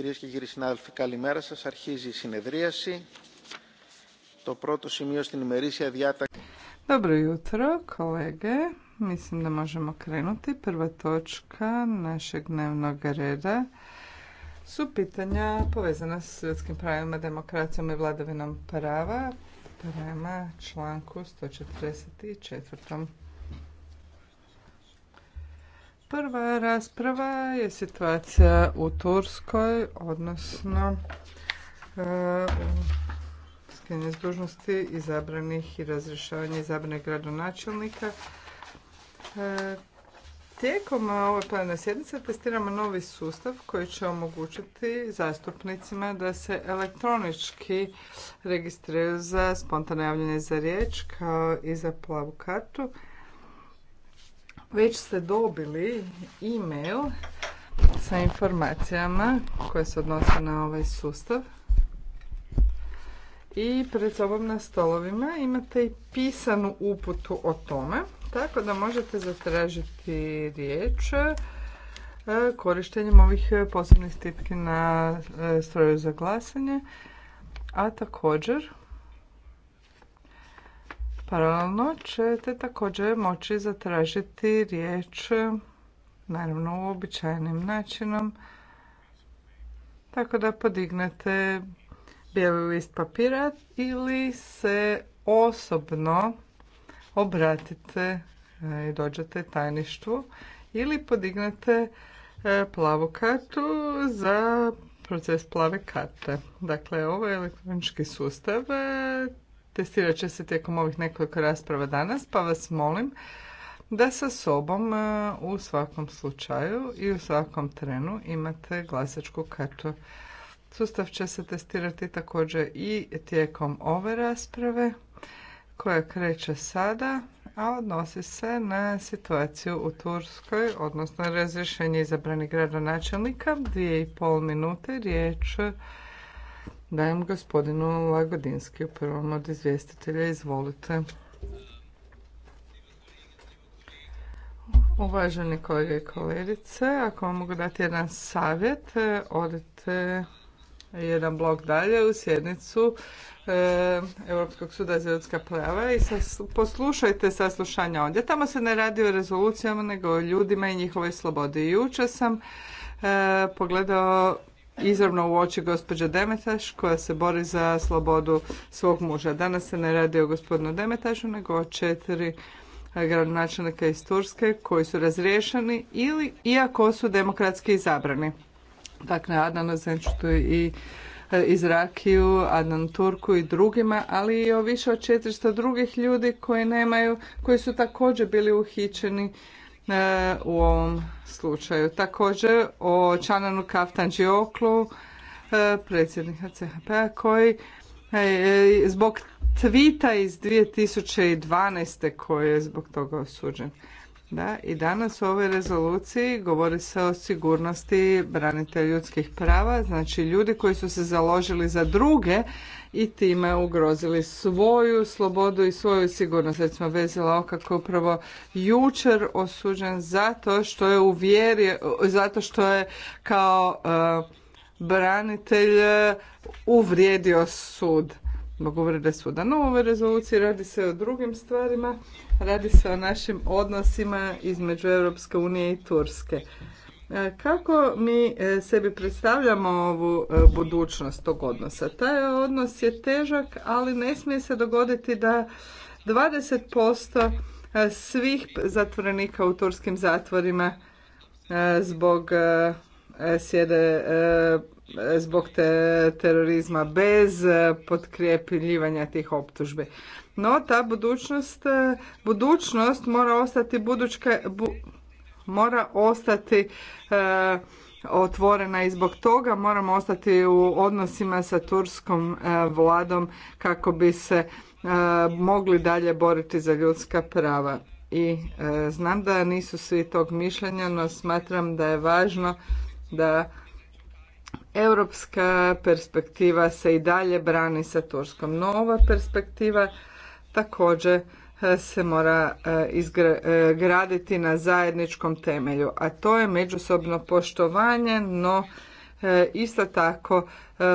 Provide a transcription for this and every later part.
Κυρίες και κύριοι συνάδελφοι, καλημέρα σας. Αρχίζει η συνεδρίαση. Το πρώτο σημείο στην ημερήσια διάταξη... Dobro jutro, kolege. Mislim da možemo krenuti. Prva točka našeg dnevnog reda su pitanja povezana s ljudskim pravima, demokracijom i vladavinom prava prema članku 144. Prva rasprava je situacija u Turskoj, odnosno e, s dužnosti izabranih i razrješavanje izabranih gradonačelnika. E, tijekom ove plane sjednice testiramo novi sustav koji će omogućiti zastupnicima da se elektronički registriraju za spontano javljanje za riječ kao i za plavu kartu. Već ste dobili e-mail sa informacijama koje se odnose na ovaj sustav. I pred sobom na stolovima imate i pisanu uputu o tome, tako da možete zatražiti riječ e, korištenjem ovih posebnih tipki na e, stroju za glasanje. A također Paralelno ćete također moći zatražiti riječ, naravno uobičajenim načinom, tako da podignete bijeli list papira ili se osobno obratite e, i dođete tajništvu ili podignete e, plavu kartu za proces plave karte. Dakle, ovo je elektronički sustav testirat će se tijekom ovih nekoliko rasprava danas, pa vas molim da sa sobom e, u svakom slučaju i u svakom trenu imate glasačku kartu. Sustav će se testirati također i tijekom ove rasprave koja kreće sada, a odnosi se na situaciju u Turskoj, odnosno razrješenje izabranih gradonačelnika, dvije i pol minute riječ dajem gospodinu Lagodinski u prvom od izvjestitelja. Izvolite. Uvaženi kolege i kolegice, ako vam mogu dati jedan savjet, e, odite jedan blok dalje u sjednicu e, Europskog suda za ljudska prava i poslušajte saslušanja ovdje. Tamo se ne radi o rezolucijama nego o ljudima i njihovoj slobodi. uče sam e, pogledao izravno u oči gospođa Demetaš koja se bori za slobodu svog muža. Danas se ne radi o gospodinu Demetašu nego o četiri gradonačelnika iz Turske koji su razriješeni ili iako su demokratski izabrani. Dakle, Adnan Zenčutu i e, Izrakiju, Adnan Turku i drugima, ali i o više od 400 drugih ljudi koji nemaju, koji su također bili uhićeni E, u ovom slučaju. Također o Čananu Kaftanđioklu, e, predsjednika CHP-a koji e, zbog tvita iz 2012. koji je zbog toga osuđen. Da, i danas u ovoj rezoluciji govori se o sigurnosti branitelja ljudskih prava, znači ljudi koji su se založili za druge i time ugrozili svoju slobodu i svoju sigurnost. Recimo Vezila Oka koji je upravo jučer osuđen zato što je vjeri zato što je kao e, branitelj e, uvrijedio sud. Zbog uvrede suda. No, u ovoj rezoluciji radi se o drugim stvarima. Radi se o našim odnosima između Europske unije i Turske. E, kako mi e, sebi predstavljamo ovu e, budućnost tog odnosa? Taj odnos je težak, ali ne smije se dogoditi da 20% svih zatvorenika u turskim zatvorima zbog sjede zbog terorizma bez potkrepljivanja tih optužbi. No, ta budućnost, budućnost mora ostati budućka, mora ostati e, otvorena i zbog toga moramo ostati u odnosima sa turskom e, vladom kako bi se e, mogli dalje boriti za ljudska prava. I znam da nisu svi tog mišljenja, no smatram da je važno da europska perspektiva se i dalje brani sa Turskom. Nova perspektiva također se mora e, e, graditi na zajedničkom temelju, a to je međusobno poštovanje, no e, isto tako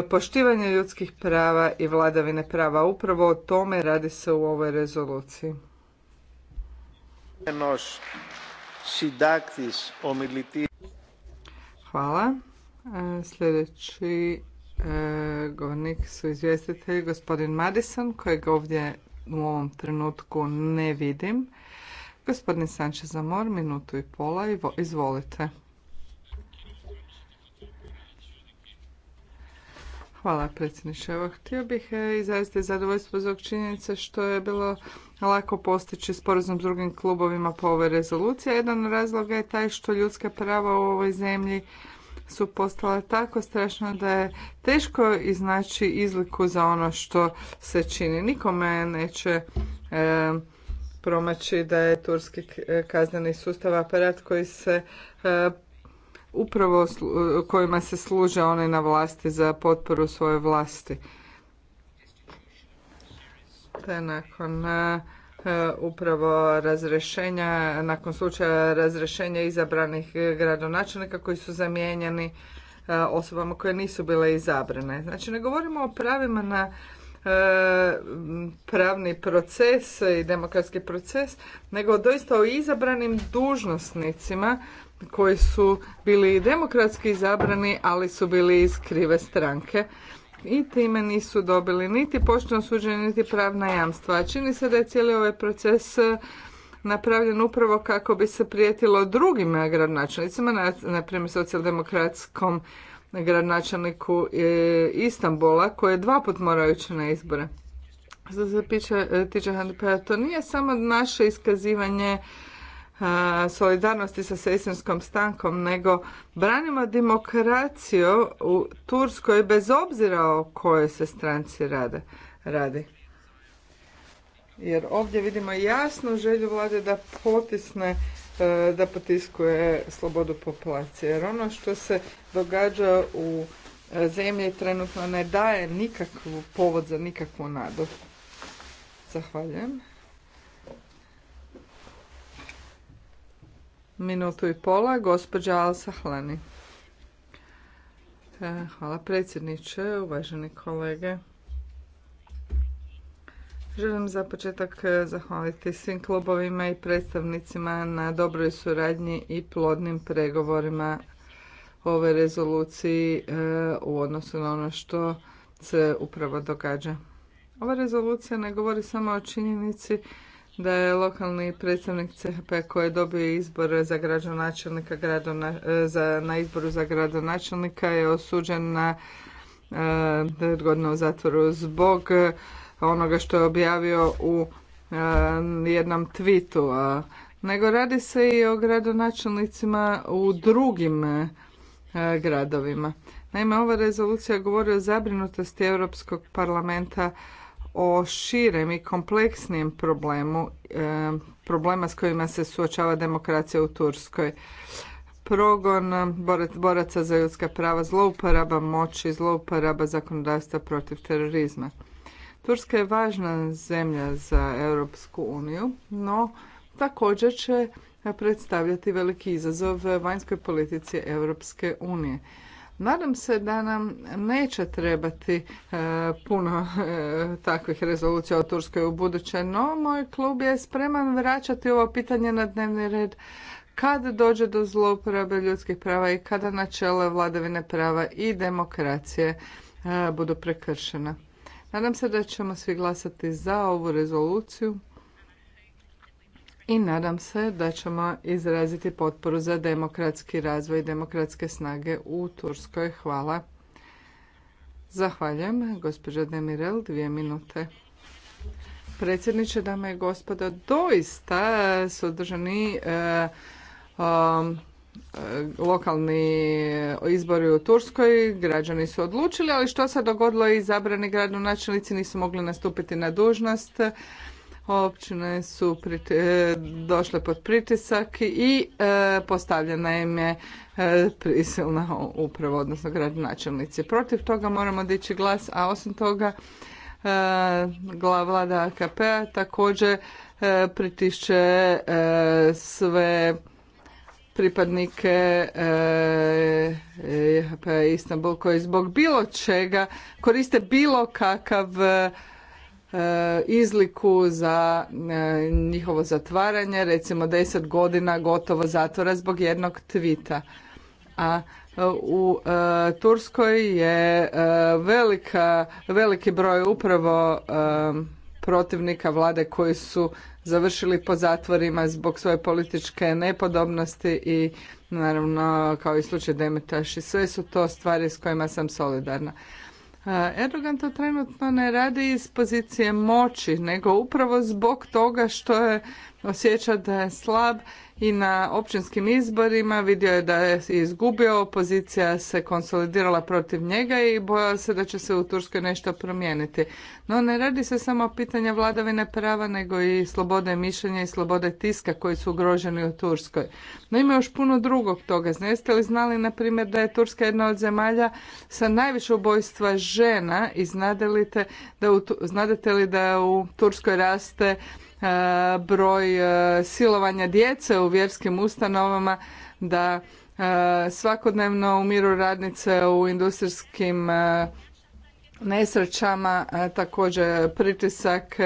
poštivanje ljudskih prava i vladavine prava. Upravo o tome radi se u ovoj rezoluciji. Hvala. Sljedeći govornik su izvjestitelji gospodin Madison kojeg ovdje u ovom trenutku ne vidim. Gospodin Sanče Zamor, minutu i pola, izvolite. Hvala predsjedniče. Evo, htio bih e, izraziti zadovoljstvo zbog činjenice što je bilo lako postići sporazum s drugim klubovima po ovoj rezoluciji. Jedan razlog razloga je taj što ljudska prava u ovoj zemlji su postala tako strašna da je teško iznaći izliku za ono što se čini. Nikome neće e, promaći da je turski e, kazneni sustav aparat koji se e, upravo kojima se služe oni na vlasti za potporu svoje vlasti. Te nakon E, upravo razrešenja, nakon slučaja razrešenja izabranih gradonačelnika koji su zamijenjeni e, osobama koje nisu bile izabrane. Znači ne govorimo o pravima na e, pravni proces i demokratski proces, nego doista o izabranim dužnosnicima koji su bili demokratski izabrani, ali su bili iz krive stranke i time nisu dobili niti pošteno suđenje, niti pravna jamstva. Čini se da je cijeli ovaj proces e, napravljen upravo kako bi se prijetilo drugim gradonačelnicima, na, primjer socijaldemokratskom gradonačelniku e, koji je dva put morao ići na izbore. Što se tiče, e, tiče p-a, to nije samo naše iskazivanje solidarnosti sa sestrinskom stankom, nego branimo demokraciju u Turskoj bez obzira o kojoj se stranci rade, radi. Jer ovdje vidimo jasnu želju vlade da potisne e, da potiskuje slobodu populacije. Jer ono što se događa u e, zemlji trenutno ne daje nikakvu povod za nikakvu nadu. Zahvaljujem. minutu i pola, gospođa Alsa Hlani. E, hvala predsjedniče, uvaženi kolege. Želim za početak e, zahvaliti svim klubovima i predstavnicima na dobroj suradnji i plodnim pregovorima o ovoj rezoluciji e, u odnosu na ono što se upravo događa. Ova rezolucija ne govori samo o činjenici da je lokalni predstavnik CHP koji je dobio izbor za gradonačelnika eh, na izboru za gradonačelnika je osuđen na eh, devet godina u zatvoru zbog eh, onoga što je objavio u jednom tweetu. nego radi se i o gradonačelnicima u drugim gradovima. Naime, ova rezolucija govori o zabrinutosti Europskog parlamenta o širem i kompleksnijem problemu, problema s kojima se suočava demokracija u Turskoj. Progon boraca za ljudska prava, zlouporaba moći, zlouporaba zakonodavstva protiv terorizma. Turska je važna zemlja za Europsku uniju, no također će predstavljati veliki izazov vanjskoj politici Europske unije. Nadam se da nam neće trebati e, puno e, takvih rezolucija o Turskoj u buduće, no moj klub je spreman vraćati ovo pitanje na dnevni red kad dođe do zlouporabe ljudskih prava i kada načele vladavine prava i demokracije e, budu prekršena. Nadam se da ćemo svi glasati za ovu rezoluciju i nadam se da ćemo izraziti potporu za demokratski razvoj i demokratske snage u Turskoj. Hvala. Zahvaljujem. Gospođa Demirel, dvije minute. Predsjedniče, dame i gospodo, doista su održani e, e, lokalni izbori u Turskoj, građani su odlučili, ali što se dogodilo i zabrani gradonačelnici nisu mogli nastupiti na dužnost općine su e, došle pod pritisak i e, postavljena im je e, prisilna uprava, odnosno gradonačelnici. Protiv toga moramo dići glas, a osim toga glava vlada AKP-a također pritišće sve pripadnike p-a Istanbul koji zbog bilo čega koriste bilo kakav E, izliku za e, njihovo zatvaranje, recimo deset godina gotovo zatvora zbog jednog tvita. A e, u Turskoj je velika, veliki broj upravo protivnika vlade koji su završili po zatvorima zbog svoje političke nepodobnosti i naravno kao i slučaj Demetaš i sve su to stvari s kojima sam solidarna. Erdogan to trenutno ne radi iz pozicije moći, nego upravo zbog toga što je osjeća da je slab i na općinskim izborima vidio je da je izgubio, opozicija se konsolidirala protiv njega i bojao se da će se u Turskoj nešto promijeniti. No ne radi se samo o pitanju vladavine prava, nego i slobode mišljenja i slobode tiska koji su ugroženi u Turskoj. No ima još puno drugog toga. Jeste li znali, na primjer, da je Turska jedna od zemalja sa najviše ubojstva žena i znadete da li da u Turskoj raste E, broj e, silovanja djece u vjerskim ustanovama, da e, svakodnevno umiru radnice u industrijskim nesrećama, također pritisak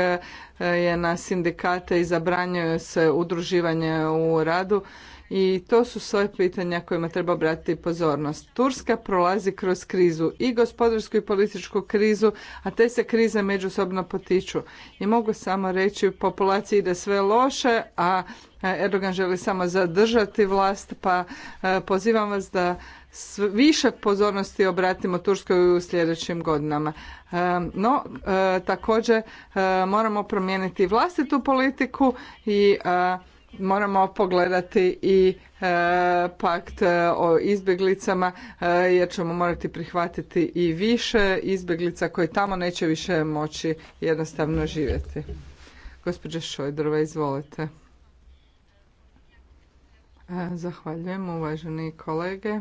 je na sindikate i zabranjuje se udruživanje u radu i to su sve pitanja kojima treba obratiti pozornost. Turska prolazi kroz krizu i gospodarsku i političku krizu, a te se krize međusobno potiču. I mogu samo reći populaciji da sve loše, a Erdogan želi samo zadržati vlast, pa e, pozivam vas da više pozornosti obratimo Turskoj u sljedećim godinama. E, no, e, također moramo promijeniti vlastitu politiku i moramo pogledati i e, pakt e, o izbjeglicama e, jer ćemo morati prihvatiti i više izbjeglica koji tamo neće više moći jednostavno živjeti. Gospođa Šojdrova, izvolite. Zahvaljujem uvaženi kolege.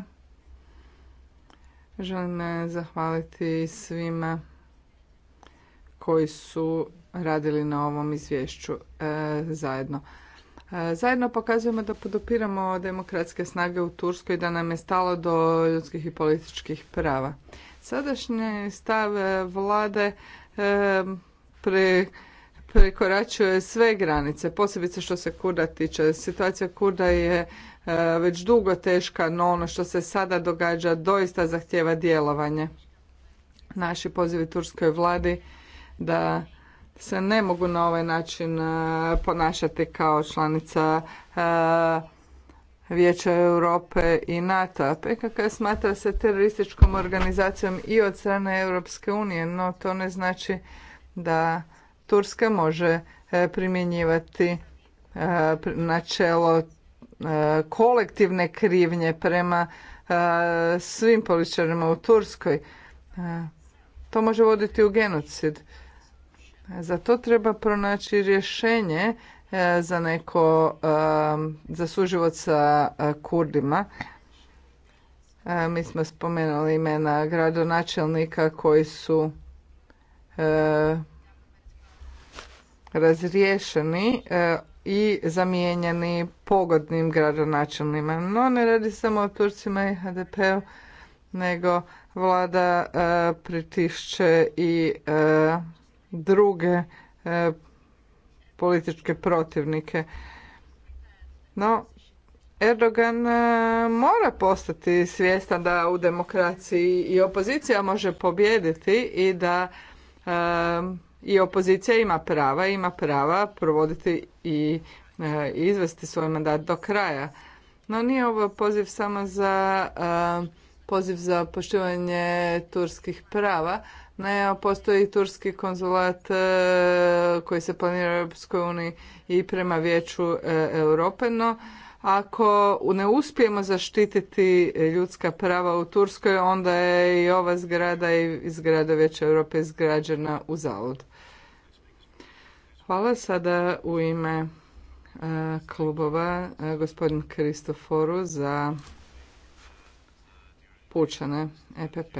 Želim zahvaliti svima koji su radili na ovom izvješću zajedno. Zajedno pokazujemo da podupiramo demokratske snage u Turskoj i da nam je stalo do ljudskih i političkih prava. Sadašnje stave vlade e, pre prekoračuje sve granice, posebice što se Kurda tiče. Situacija Kurda je e, već dugo teška, no ono što se sada događa doista zahtjeva djelovanje. Naši pozivi turskoj vladi da se ne mogu na ovaj način e, ponašati kao članica e, Vijeća Europe i NATO. PKK smatra se terorističkom organizacijom i od strane Europske unije, no to ne znači da Turska može e, primjenjivati načelo kolektivne krivnje prema svim političarima u Turskoj. To može voditi u genocid. Za to treba pronaći rješenje e, za neko, e, za suživot sa e, kurdima. Mi smo spomenuli imena gradonačelnika koji su razriješeni i zamijenjeni pogodnim gradonačelnima. No ne radi samo o Turcima i HDP-u, nego vlada pritišće i druge e, političke protivnike. No, Erdogan e, mora postati svjestan da u demokraciji i opozicija može pobijediti i da e, i opozicija ima prava, ima prava provoditi i izvesti svoj mandat do kraja. No nije ovo poziv samo za poziv za poštivanje turskih prava. Ne, postoji turski konzulat e, koji se planira u Europskoj uniji i prema vijeću e, Europe, no ako ne uspijemo zaštititi ljudska prava u Turskoj, onda je i ova zgrada i zgrada Vijeća Europe izgrađena u zalud. Hvala sada u ime e, klubova gospodin Kristoforu za pučane EPP.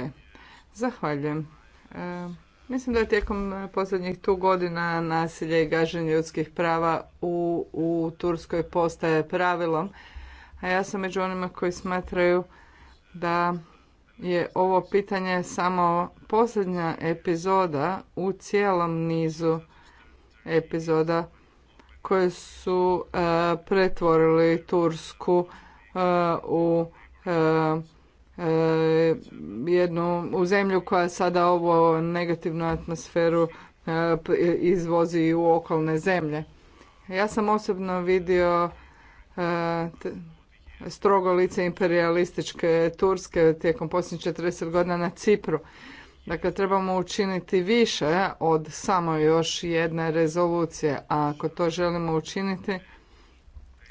Zahvaljujem. E, mislim da je tijekom posljednjih tu godina nasilje i gaženje ljudskih prava u, u Turskoj postaje pravilom, a ja sam među onima koji smatraju da je ovo pitanje samo posljednja epizoda u cijelom nizu epizoda koje su e, pretvorili Tursku e, u E, jednu u zemlju koja sada ovo negativnu atmosferu e, izvozi u okolne zemlje. Ja sam osobno vidio e, strogo lice imperialističke Turske tijekom posljednjih 40 godina na Cipru. Dakle, trebamo učiniti više od samo još jedne rezolucije, a ako to želimo učiniti,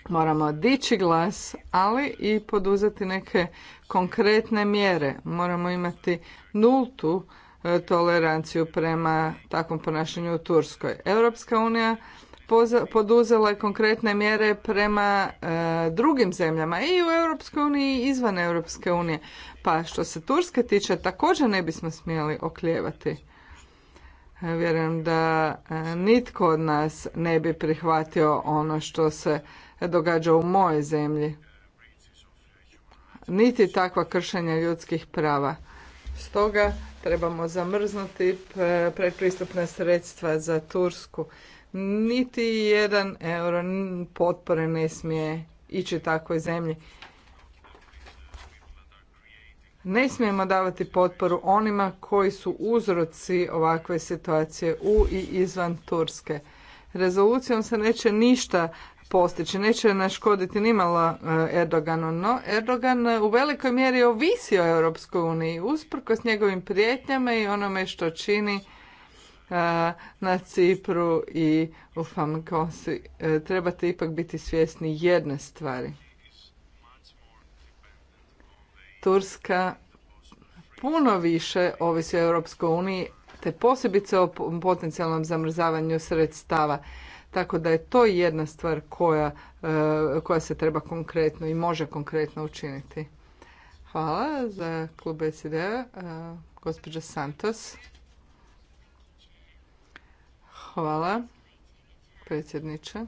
moramo dići glas, ali i poduzeti neke konkretne mjere. Moramo imati nultu e, toleranciju prema takvom ponašanju u Turskoj. Europska unija poduzela je konkretne mjere prema e, drugim zemljama i u Europskoj uniji i izvan Europske unije. Pa što se Turske tiče, također ne bismo smjeli oklijevati. E, vjerujem da nitko od nas ne bi prihvatio ono što se događa u moje zemlji. Niti takva kršenja ljudskih prava. Stoga trebamo zamrznuti predpristupne sredstva za Tursku. Niti jedan euro potpore ne smije ići takvoj zemlji. Ne smijemo davati potporu onima koji su uzroci ovakve situacije u i izvan Turske. Rezolucijom se neće ništa postići. Neće naškoditi nimalo eh, Erdoganu, no Erdogan eh, u velikoj mjeri ovisi o Europskoj uniji, usprkos njegovim prijetnjama i onome što čini eh, na Cipru i u Famkosi. Trebate ipak biti svjesni jedne stvari. Turska puno više ovisi o Europskoj uniji te posebice o potencijalnom zamrzavanju sredstava. Tako da je to jedna stvar koja, e, koja se treba konkretno i može konkretno učiniti. Hvala za klub SID, e e, gospođa Santos. Hvala, predsjedniče.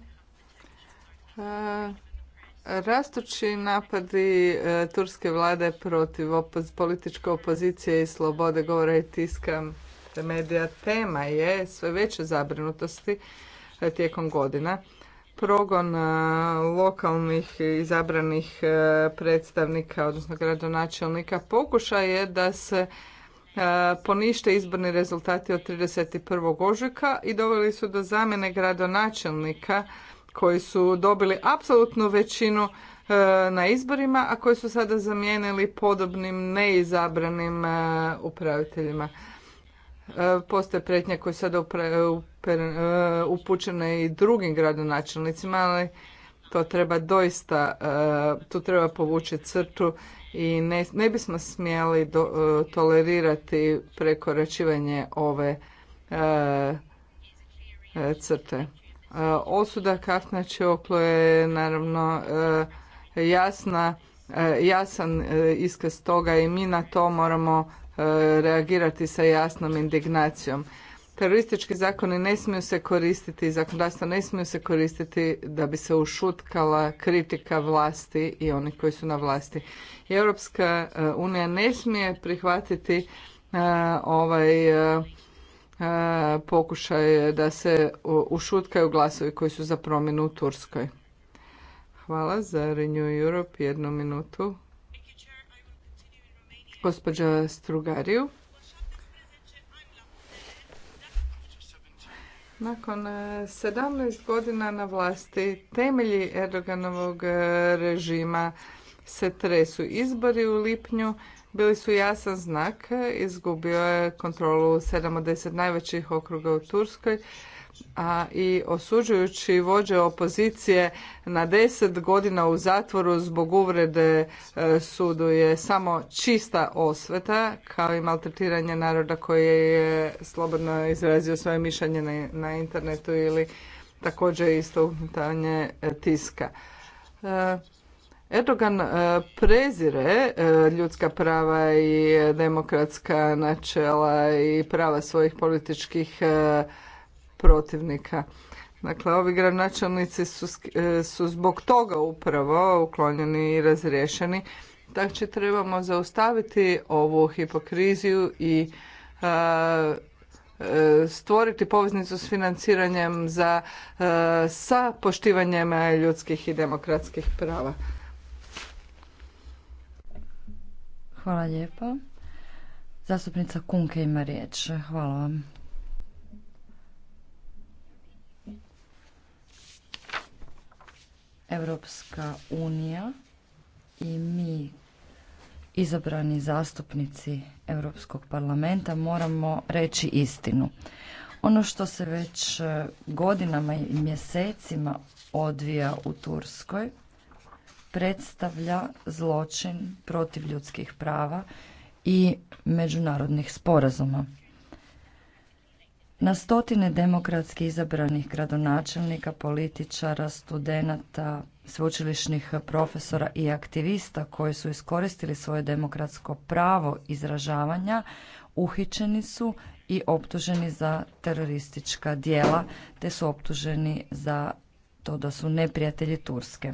Rastući napadi turske vlade protiv opoz političke opozicije i slobode govora i tiska medija tema je sve veće zabrinutosti tijekom godina. Progon e, lokalnih izabranih e, predstavnika, odnosno gradonačelnika, pokušaj je da se e, ponište izborni rezultati od 31. ožujka i doveli su do zamjene gradonačelnika koji su dobili apsolutnu većinu na izborima, a koji su sada zamijenili podobnim neizabranim upraviteljima. E, postoje pretnje koje sada e, upućene i drugim gradonačelnicima, ali to treba doista, e, tu treba povući crtu i ne, bismo smjeli tolerirati prekoračivanje ove crte. Osuda Kafna Čeoklo je naravno jasna, jasan iskaz toga i mi na to moramo E, reagirati sa jasnom indignacijom. Teroristički zakoni ne smiju se koristiti zakonodavstvo ne smiju se koristiti da bi se ušutkala kritika vlasti i onih koji su na vlasti. Europska e, unija ne smije prihvatiti e, ovaj pokušaj da se ušutkaju glasovi koji su za promjenu u Turskoj. Hvala za Renew Europe, jednu minutu gospođa Strugariju. Nakon 17 e, godina na vlasti temelji Erdoganovog e, režima se tresu. Izbori u lipnju bili su jasan znak, izgubio je kontrolu 7 od 10 najvećih okruga u Turskoj a i osuđujući vođe opozicije na deset godina u zatvoru zbog uvrede e, sudu je samo čista osveta kao i maltretiranje naroda koji je slobodno izrazio svoje mišljenje na, internetu ili također isto e, tiska. E, Erdogan prezire ljudska prava i demokratska načela i prava svojih političkih protivnika. Dakle, ovi gradonačelnici su, e, su zbog toga upravo uklonjeni i razriješeni. Tako će trebamo zaustaviti ovu hipokriziju i e, stvoriti poveznicu s financiranjem za, e, sa poštivanjem ljudskih i demokratskih prava. Hvala lijepo. Zastupnica Kunke ima riječ. Hvala vam. Europska unija i mi izabrani zastupnici Europskog parlamenta moramo reći istinu. Ono što se već e, godinama i mjesecima odvija u Turskoj predstavlja zločin protiv ljudskih prava i međunarodnih sporazuma. Na stotine demokratski izabranih gradonačelnika, političara, studenata, sveučilišnih profesora i aktivista koji su iskoristili svoje demokratsko pravo izražavanja uhičeni su i optuženi za teroristička djela te su optuženi za to da su neprijatelji Turske.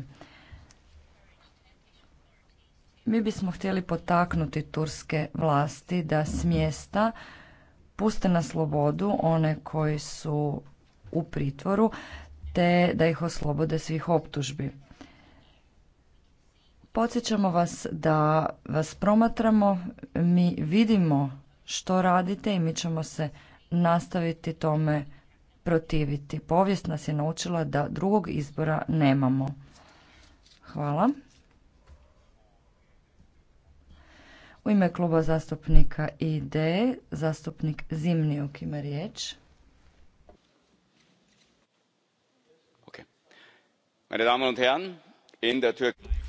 Mi bismo htjeli potaknuti turske vlasti da smjesta puste na slobodu one koji su u pritvoru te da ih oslobode svih optužbi. Podsjećamo vas da vas promatramo, mi vidimo što radite i mi ćemo se nastaviti tome protiviti. Povijest nas je naučila da drugog izbora nemamo. Hvala. U ime kluba zastupnika ID, zastupnik Zimnijuk ima riječ.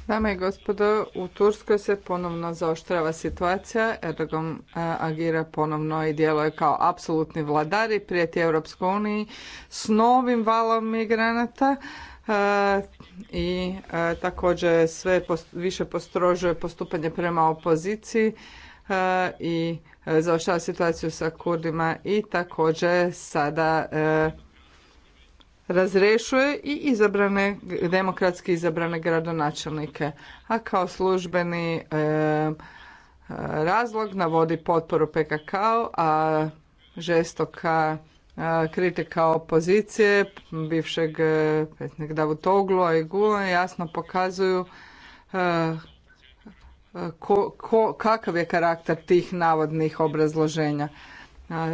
Dame i gospodo, u Turskoj se ponovno zaoštrava situacija, Erdogan e, agira ponovno i djeluje kao apsolutni vladar i prijeti Europskoj uniji s novim valom migranata E, i e, također sve više postrožuje postupanje prema opoziciji e, i završava situaciju sa kurdima i također sada razrešuje i izabrane, demokratski izabrane gradonačelnike, a kao službeni razlog navodi potporu PKK-u, a žestoka kritika opozicije, bivšeg e, predsjednik Davutoglu, i Gula jasno pokazuju e, e, kakav je karakter tih navodnih obrazloženja.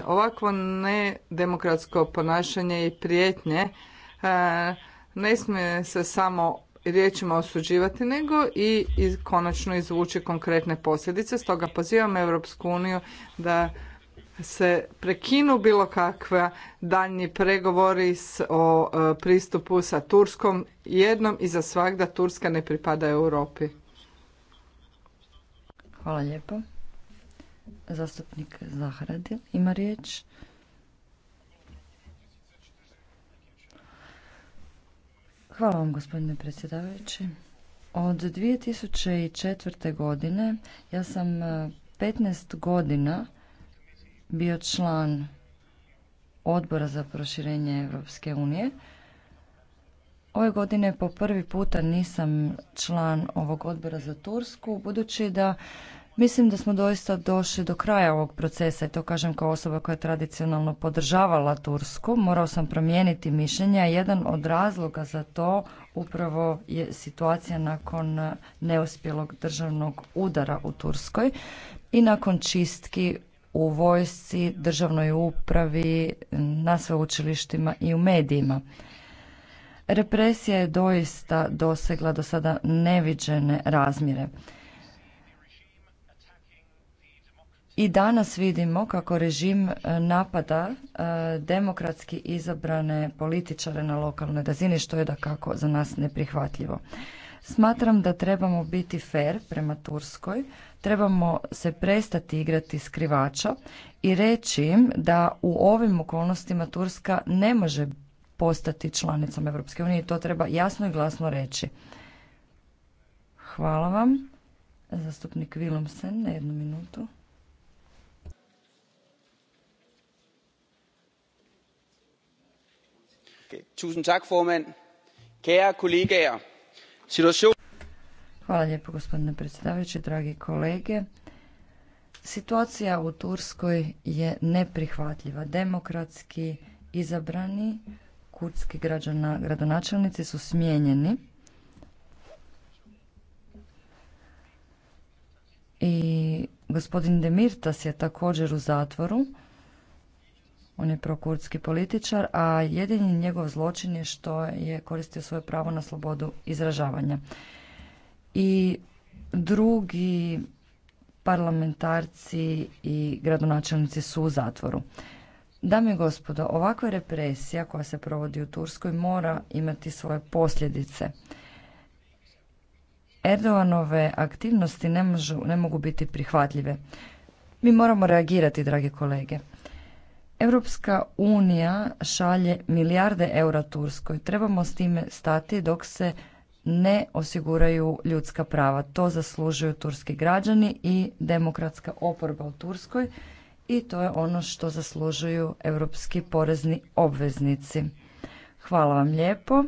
Ovakvo nedemokratsko ponašanje i prijetnje ne smije se samo riječima osuđivati, nego i konačno izvući konkretne posljedice. Stoga pozivam Europsku uniju da se prekinu bilo kakve daljnji pregovori o e, pristupu sa Turskom jednom i za da Turska ne pripada Europi. Hvala lijepo. Zastupnik Zahradil ima riječ. Hvala vam gospodine predsjedavajući. Od 2004. godine ja sam 15 e, godina bio član odbora za proširenje Europske unije. Ove godine po prvi puta nisam član ovog odbora za Tursku, budući da mislim da smo doista došli do kraja ovog procesa i to kažem kao osoba koja je tradicionalno podržavala Tursku. Morao sam promijeniti mišljenje, a Jedan od razloga za to upravo je situacija nakon neuspjelog državnog udara u Turskoj i nakon čistki u vojsci, državnoj upravi, na sveučilištima i u medijima. Represija je doista dosegla do sada neviđene razmjere. I danas vidimo kako režim e, napada e, demokratski izabrane političare na lokalnoj razini, što je da kako za nas neprihvatljivo. Smatram da trebamo biti fer prema Turskoj, trebamo se prestati igrati skrivača i reći im da u ovim okolnostima Turska ne može postati članicom Europske unije i to treba jasno i glasno reći. Hvala vam. Zastupnik Vilumsen, na jednu minutu. Tusind tak, formand. Kære kollegaer, Hvala lijepo gospodine predsjedavajući, dragi kolege. Situacija u Turskoj je neprihvatljiva. Demokratski izabrani kurdski građana, gradonačelnici su smijenjeni. I gospodin Demirtas je također u zatvoru. On je prokurdski političar, a jedini njegov zločin je što je koristio svoje pravo na slobodu izražavanja i drugi parlamentarci i gradonačelnici su u zatvoru. Dame i gospodo, ovakva represija koja se provodi u Turskoj mora imati svoje posljedice. Erdoganove aktivnosti ne, ne mogu biti prihvatljive. Mi moramo reagirati, drage kolege. Europska unija šalje milijarde eura Turskoj. Trebamo s time stati dok se ne osiguraju ljudska prava. To zaslužuju turski građani i demokratska oporba u Turskoj i to je ono što zaslužuju europski porezni obveznici. Hvala vam lijepo.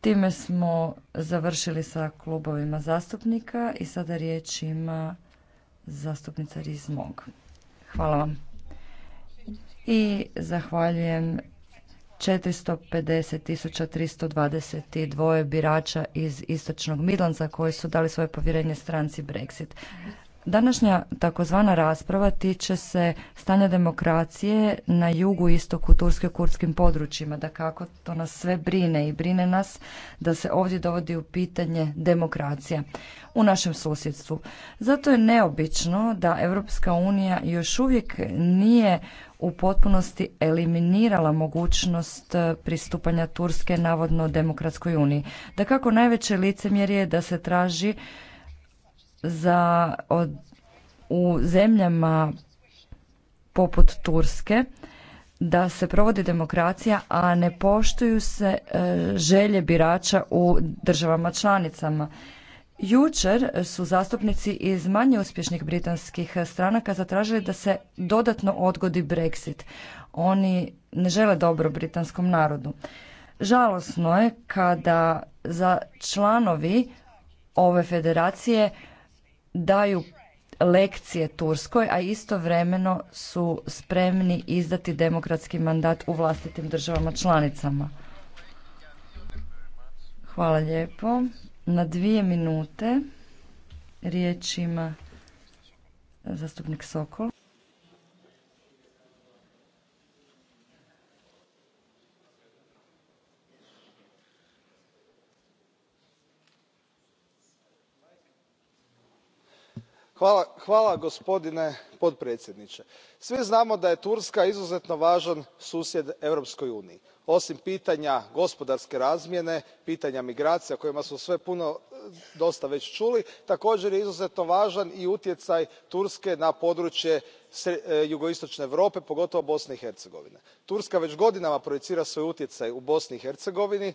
Time smo završili sa klubovima zastupnika i sada riječ ima zastupnica Rizmog. Hvala vam. I zahvaljujem 450.322 birača iz istočnog Midlandsa koji su dali svoje povjerenje stranci Brexit. Današnja takozvana rasprava tiče se stanja demokracije na jugu istoku Turske kurskim područjima, da kako to nas sve brine i brine nas da se ovdje dovodi u pitanje demokracija u našem susjedstvu. Zato je neobično da Europska unija još uvijek nije u potpunosti eliminirala mogućnost e, pristupanja Turske navodno demokratskoj uniji. Da kako najveće licemjerje je da se traži za od, u zemljama poput Turske da se provodi demokracija, a ne poštuju se e, želje birača u državama članicama. Jučer su zastupnici iz manje uspješnih britanskih stranaka zatražili da se dodatno odgodi Brexit. Oni ne žele dobro britanskom narodu. Žalosno je kada za članovi ove federacije daju lekcije Turskoj, a istovremeno su spremni izdati demokratski mandat u vlastitim državama članicama. Hvala lijepo na dvije minute riječ ima zastupnik Sokol. Hvala, hvala gospodine potpredsjedniče. Svi znamo da je Turska izuzetno važan susjed Europskoj uniji osim pitanja gospodarske razmjene pitanja migracija o kojima smo sve e, dosta već čuli također je izuzetno važan i utjecaj turske na područje e, jugoistočne europe pogotovo bosne i hercegovine. turska već godinama projicira svoj utjecaj u bosni i hercegovini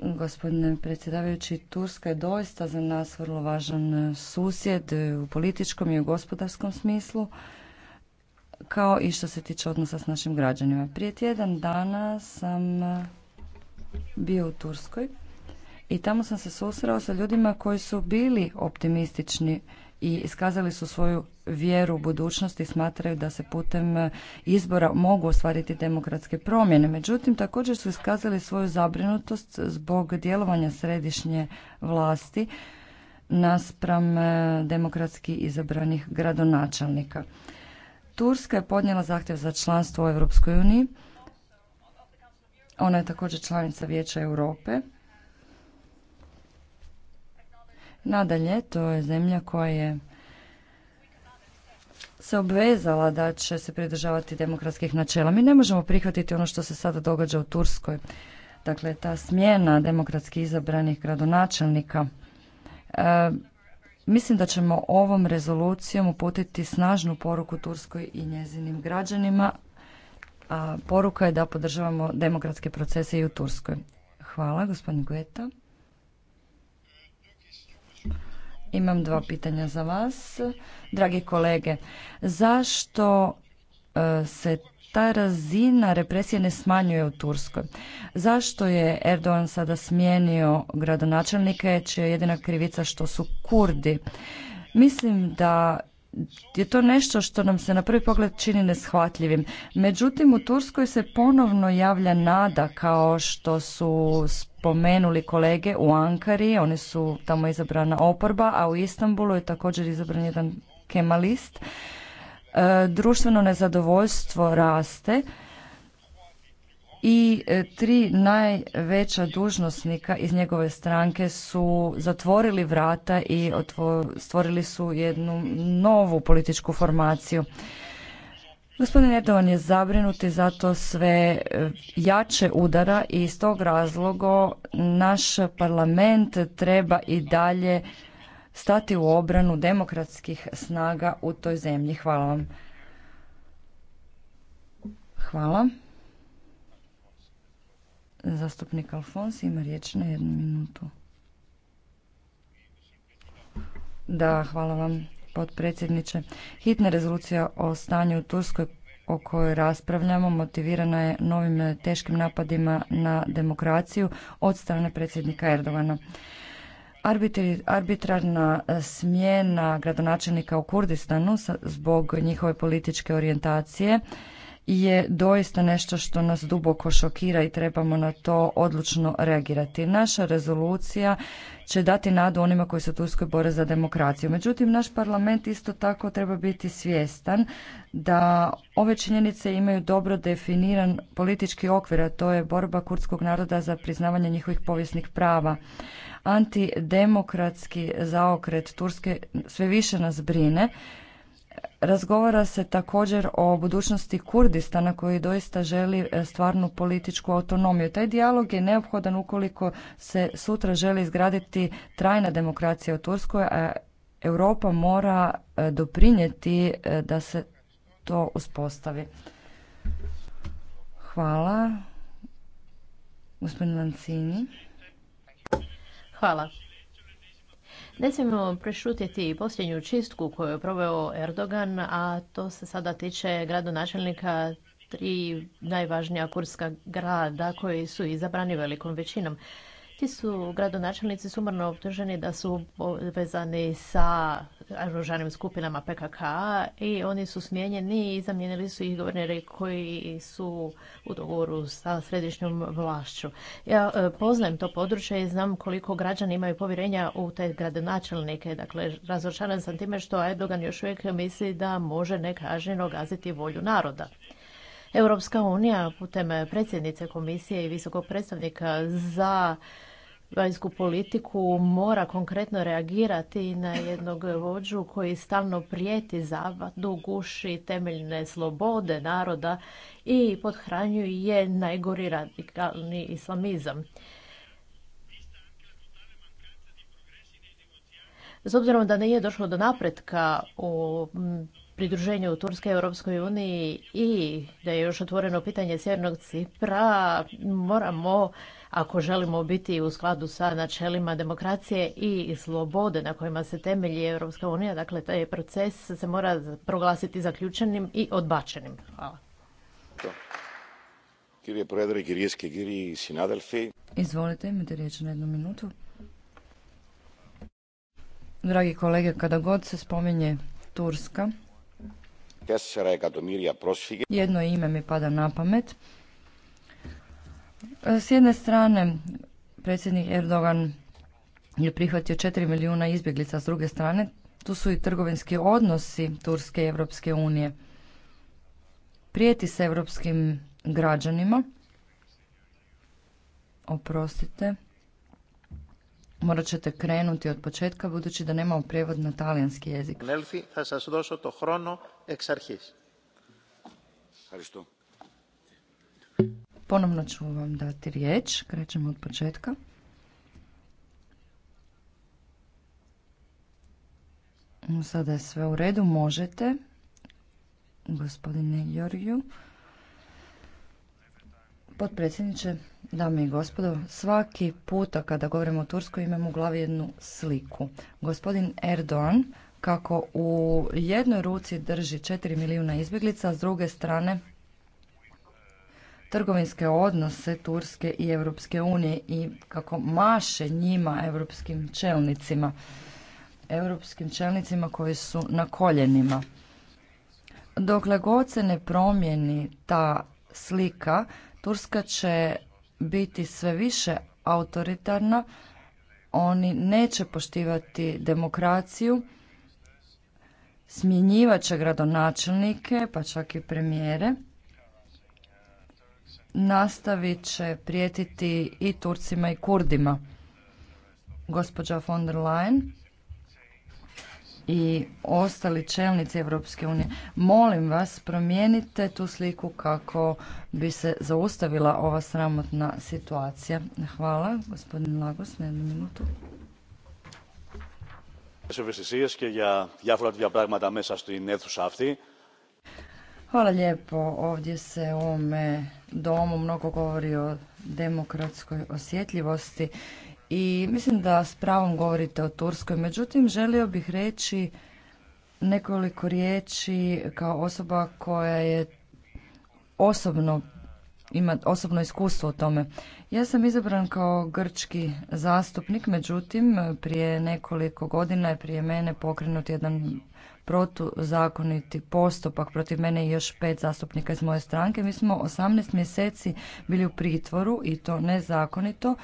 Gospodine predsjedavajući, Turska je doista za nas vrlo važan susjed u političkom i u gospodarskom smislu, kao i što se tiče odnosa s našim građanima. Prije tjedan dana sam bio u Turskoj i tamo sam se susreo sa ljudima koji su bili optimistični i iskazali su svoju vjeru u budućnosti i smatraju da se putem e, izbora mogu ostvariti demokratske promjene. Međutim, također su iskazali svoju zabrinutost zbog djelovanja središnje vlasti naspram e, demokratski izabranih gradonačelnika. Turska je podnijela zahtjev za članstvo u Europskoj uniji. Ona je također članica Vijeća Europe Nadalje, to je zemlja koja je se obvezala da će se pridržavati demokratskih načela. Mi ne možemo prihvatiti ono što se sada događa u Turskoj. Dakle, ta smjena demokratski izabranih gradonačelnika. E, mislim da ćemo ovom rezolucijom uputiti snažnu poruku Turskoj i njezinim građanima, a poruka je da podržavamo demokratske procese i u Turskoj. Hvala, gospodin Gueta. Imam dva pitanja za vas. Dragi kolege, zašto e, se ta razina represije ne smanjuje u Turskoj. Zašto je Erdogan sada smijenio gradonačelnike, čija je jedina krivica što su Kurdi? Mislim da je to nešto što nam se na prvi pogled čini neshvatljivim. Međutim, u Turskoj se ponovno javlja nada kao što su spomenuli kolege u Ankari, oni su tamo izabrana oporba, a u Istanbulu je također izabran jedan kemalist. E, društveno nezadovoljstvo raste i e, tri najveća dužnosnika iz njegove stranke su zatvorili vrata i stvorili su jednu novu političku formaciju. Gospodin Erdogan je zabrinut i zato sve e, jače udara i iz tog razloga naš parlament treba i dalje stati u obranu demokratskih snaga u toj zemlji. Hvala vam. Hvala. Zastupnik Alfons ima riječ na jednu minutu. Da, hvala vam, potpredsjedniče. Hitna rezolucija o stanju u Turskoj o kojoj raspravljamo motivirana je novim teškim napadima na demokraciju od strane predsjednika Erdogana. Arbitrarna smjena gradonačelnika u Kurdistanu zbog njihove političke orijentacije je doista nešto što nas duboko šokira i trebamo na to odlučno reagirati. Naša rezolucija će dati nadu onima koji se u Turskoj bore za demokraciju. Međutim, naš parlament isto tako treba biti svjestan da ove činjenice imaju dobro definiran politički okvir, a to je borba kurdskog naroda za priznavanje njihovih povijesnih prava. Antidemokratski zaokret Turske sve više nas brine Razgovara se također o budućnosti Kurdistana koji doista želi e, stvarnu političku autonomiju. Taj dijalog je neophodan ukoliko se sutra želi izgraditi trajna demokracija u Turskoj, a Europa mora e, doprinijeti e, da se to uspostavi. Hvala. Gospodin Lancini. Hvala. Ne smijemo prešutiti posljednju čistku koju je proveo Erdogan, a to se sada tiče gradonačelnika tri najvažnija kurska grada koji su izabrani velikom većinom. Ti su gradonačelnici sumarno optuženi da su povezani sa oružanim skupinama PKK i oni su smijenjeni i zamijenili su ih guverneri koji su u dogovoru sa središnjom vlašću. Ja e, poznajem to područje i znam koliko građani imaju povjerenja u te gradonačelnike. Dakle, razočaran sam time što Erdogan još uvijek misli da može nekažnjeno gaziti volju naroda. Europska unija putem predsjednice komisije i visokog predstavnika za vanjsku politiku mora konkretno reagirati na jednog vođu koji stalno prijeti zavadu, guši temeljne slobode naroda i podhranjuje najgori radikalni islamizam. S obzirom da nije došlo do napretka u pridruženju Turske Europskoj uniji i da je još otvoreno pitanje Sjevernog Cipra, moramo ako želimo biti u skladu sa načelima demokracije i slobode na kojima se temelji Europska unija, dakle taj proces se mora proglasiti zaključenim i odbačenim. Hvala. Izvolite, imate riječ na jednu minutu. Dragi kolege, kada god se spominje Turska, jedno ime mi pada na pamet, s jedne strane, predsjednik Erdogan je prihvatio 4 milijuna izbjeglica, s druge strane, tu su i trgovinski odnosi Turske i Europske unije. Prijeti se europskim građanima. Oprostite. Morat ćete krenuti od početka, budući da nemamo prijevod na talijanski jezik. Ponovno ću vam dati riječ. Krećemo od početka. Sada je sve u redu. Možete, gospodine Jorju. Potpredsjedniče, dame i gospodo, svaki puta kada govorimo o Turskoj imam u glavi jednu sliku. Gospodin Erdogan kako u jednoj ruci drži 4 milijuna izbjeglica, a s druge strane trgovinske odnose Turske i Europske unije i kako maše njima europskim čelnicima, europskim čelnicima koji su na koljenima. Dokle god se ne promijeni ta slika, Turska će biti sve više autoritarna, oni neće poštivati demokraciju, smjenjivat će gradonačelnike, pa čak i premijere nastavit će prijetiti i Turcima i Kurdima. Gospođa von der Leyen i ostali čelnici Europske unije, molim vas promijenite tu sliku kako bi se zaustavila ova sramotna situacija. Hvala, gospodin Lagos, na jednu minutu. Hvala, μέσα Hvala lijepo. Ovdje se u ovome domu mnogo govori o demokratskoj osjetljivosti i mislim da s pravom govorite o Turskoj. Međutim, želio bih reći nekoliko riječi kao osoba koja je osobno ima osobno iskustvo o tome. Ja sam izabran kao grčki zastupnik, međutim prije nekoliko godina je prije mene pokrenut jedan protuzakoniti postupak protiv mene i još pet zastupnika iz moje stranke. Mi smo 18 mjeseci bili u pritvoru i to nezakonito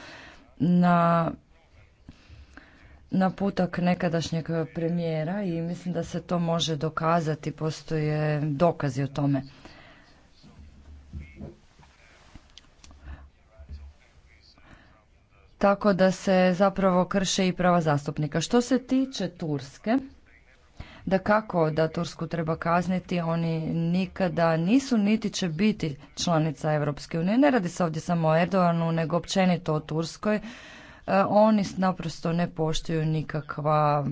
na putak nekadašnjeg premijera i mislim da se to može dokazati, postoje dokazi o tome. tako da se zapravo krše i prava zastupnika. Što se tiče Turske, da kako da Tursku treba kazniti, oni nikada nisu niti će biti članica Europske unije. Ne radi se ovdje samo o Erdoganu, nego općenito o Turskoj. E, oni naprosto ne poštuju nikakva,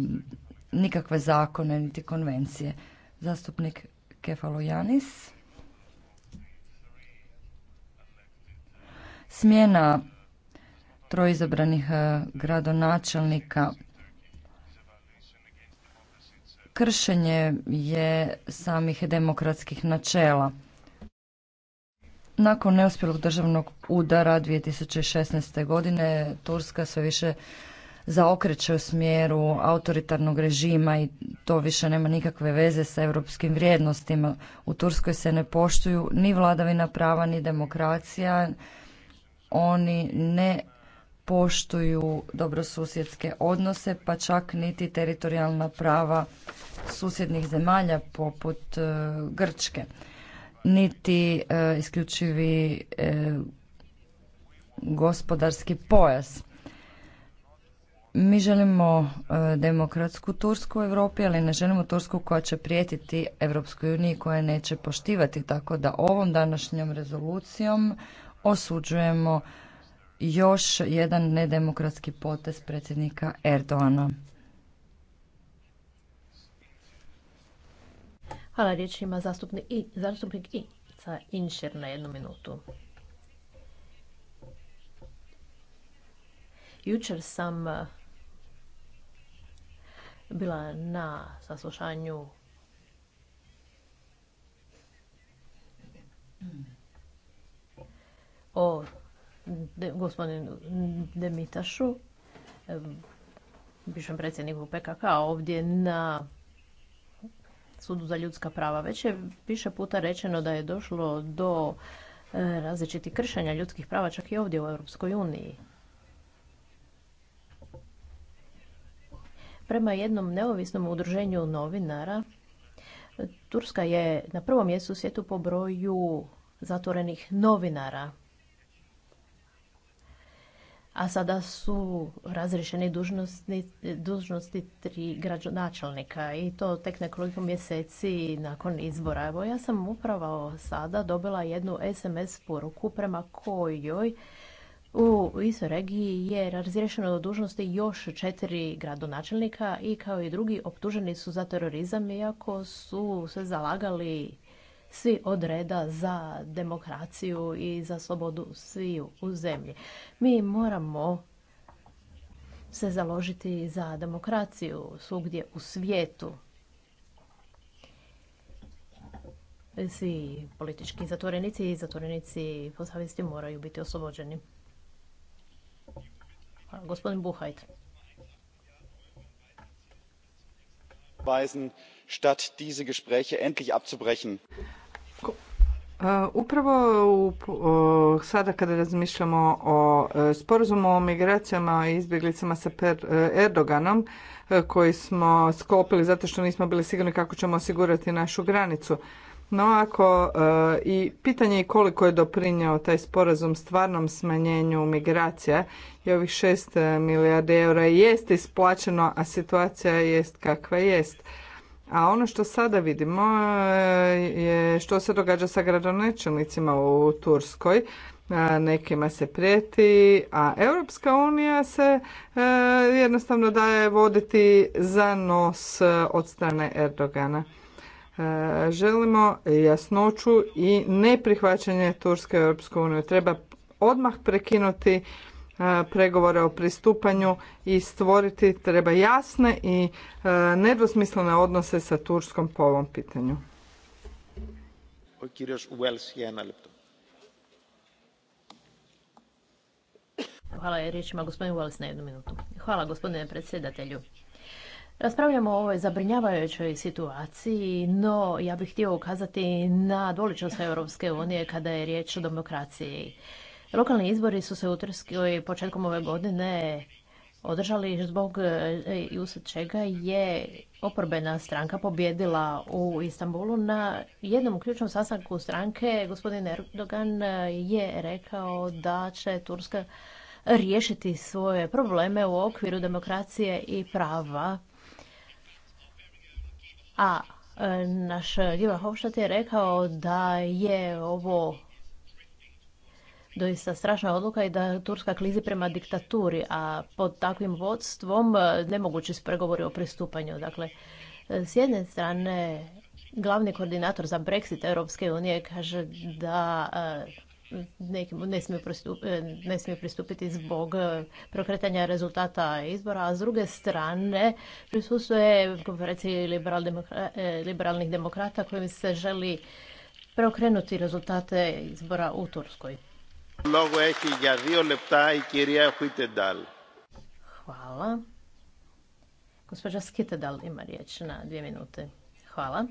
nikakve zakone niti konvencije. Zastupnik Janis. Smjena trojizabranih e, gradonačelnika. Kršenje je samih demokratskih načela. Nakon neuspjelog državnog udara 2016. godine Turska sve više zaokreće u smjeru autoritarnog režima i to više nema nikakve veze sa europskim vrijednostima. U Turskoj se ne poštuju ni vladavina prava, ni demokracija. Oni ne poštuju dobrosusjedske odnose, pa čak niti teritorijalna prava susjednih zemalja poput e, Grčke, niti e, isključivi e, gospodarski pojas. Mi želimo demokratsku Tursku u Europi, ali ne želimo Tursku koja će prijetiti Europskoj uniji koja neće poštivati, tako da ovom današnjom rezolucijom osuđujemo još jedan nedemokratski potez predsjednika Erdoana. Hvala, riječ ima zastupnik i, zastupnik i Inšer na jednu minutu. Jučer sam e, bila na saslušanju o de, gospodinu Demitašu, bivšem predsjedniku PKK, ovdje na sudu za ljudska prava. Već je više puta rečeno da je došlo do e, različitih kršenja ljudskih prava čak i ovdje u Europskoj uniji. Prema jednom neovisnom udruženju novinara, Turska je na prvom mjestu u svijetu po broju zatvorenih novinara a sada su razriješeni dužnosti, dužnosti tri gradonačelnika i to tek nekoliko mjeseci nakon izbora. Evo ja sam upravo sada dobila jednu SMS poruku prema kojoj u istoj regiji je razriješeno dužnosti još četiri gradonačelnika i kao i drugi optuženi su za terorizam iako su se zalagali svi od reda za demokraciju i za slobodu sviju u zemlji. Mi moramo se založiti za demokraciju svugdje u svijetu. Svi politički zatvorenici i zatvorenici po moraju biti oslobođeni. Gospodin Buhajt statt diese gespräche endlich abzubrechen. E, upravo u, sada kada razmišljamo o e, sporazumu o migracijama i izbjeglicama sa e, Erdoganom koji smo sklopili zato što nismo bili sigurni kako ćemo osigurati našu granicu. No ako i pitanje je koliko je doprinjao taj sporazum stvarnom smanjenju migracija i ovih 6 milijardi eura jest isplaćeno, a situacija jest kakva jest. A ono što sada vidimo e, je što se događa sa gradonačelnicima u Turskoj. E, nekima se prijeti, a Europska unija se e, jednostavno daje voditi za nos od strane Erdogana. Želimo jasnoću i neprihvaćanje Turske u Europsku uniju. Treba odmah prekinuti E, pregovore o pristupanju i stvoriti treba jasne i e, nedvosmislene odnose sa Turskom po ovom pitanju. Hvala na jednu minutu. Hvala gospodine predsjedatelju. Raspravljamo o ovoj zabrinjavajućoj situaciji, no ja bih htio ukazati na dvoličnost Europske unije kada je riječ o demokraciji. Lokalni izbori su se u Turskoj početkom ove godine održali zbog e, i usred čega je oporbena stranka pobjedila u Istanbulu. Na jednom ključnom sastanku stranke gospodin Erdogan je rekao da će Turska riješiti svoje probleme u okviru demokracije i prava. A e, naš Ljiva Hofštad je rekao da je ovo doista strašna odluka i da Turska klizi prema diktaturi, a pod takvim vodstvom e, nemogući se pregovori o pristupanju. Dakle, e, s jedne strane, glavni koordinator za Brexit Europske unije kaže da e, ne smije, pristupiti zbog prokretanja rezultata izbora, a s druge strane prisustuje konferenciji liberal liberalnih demokrata kojim se želi preokrenuti rezultate izbora u Turskoj. Hvala. Gospođa Skitedal ima riječ na dvije minute. Hvala.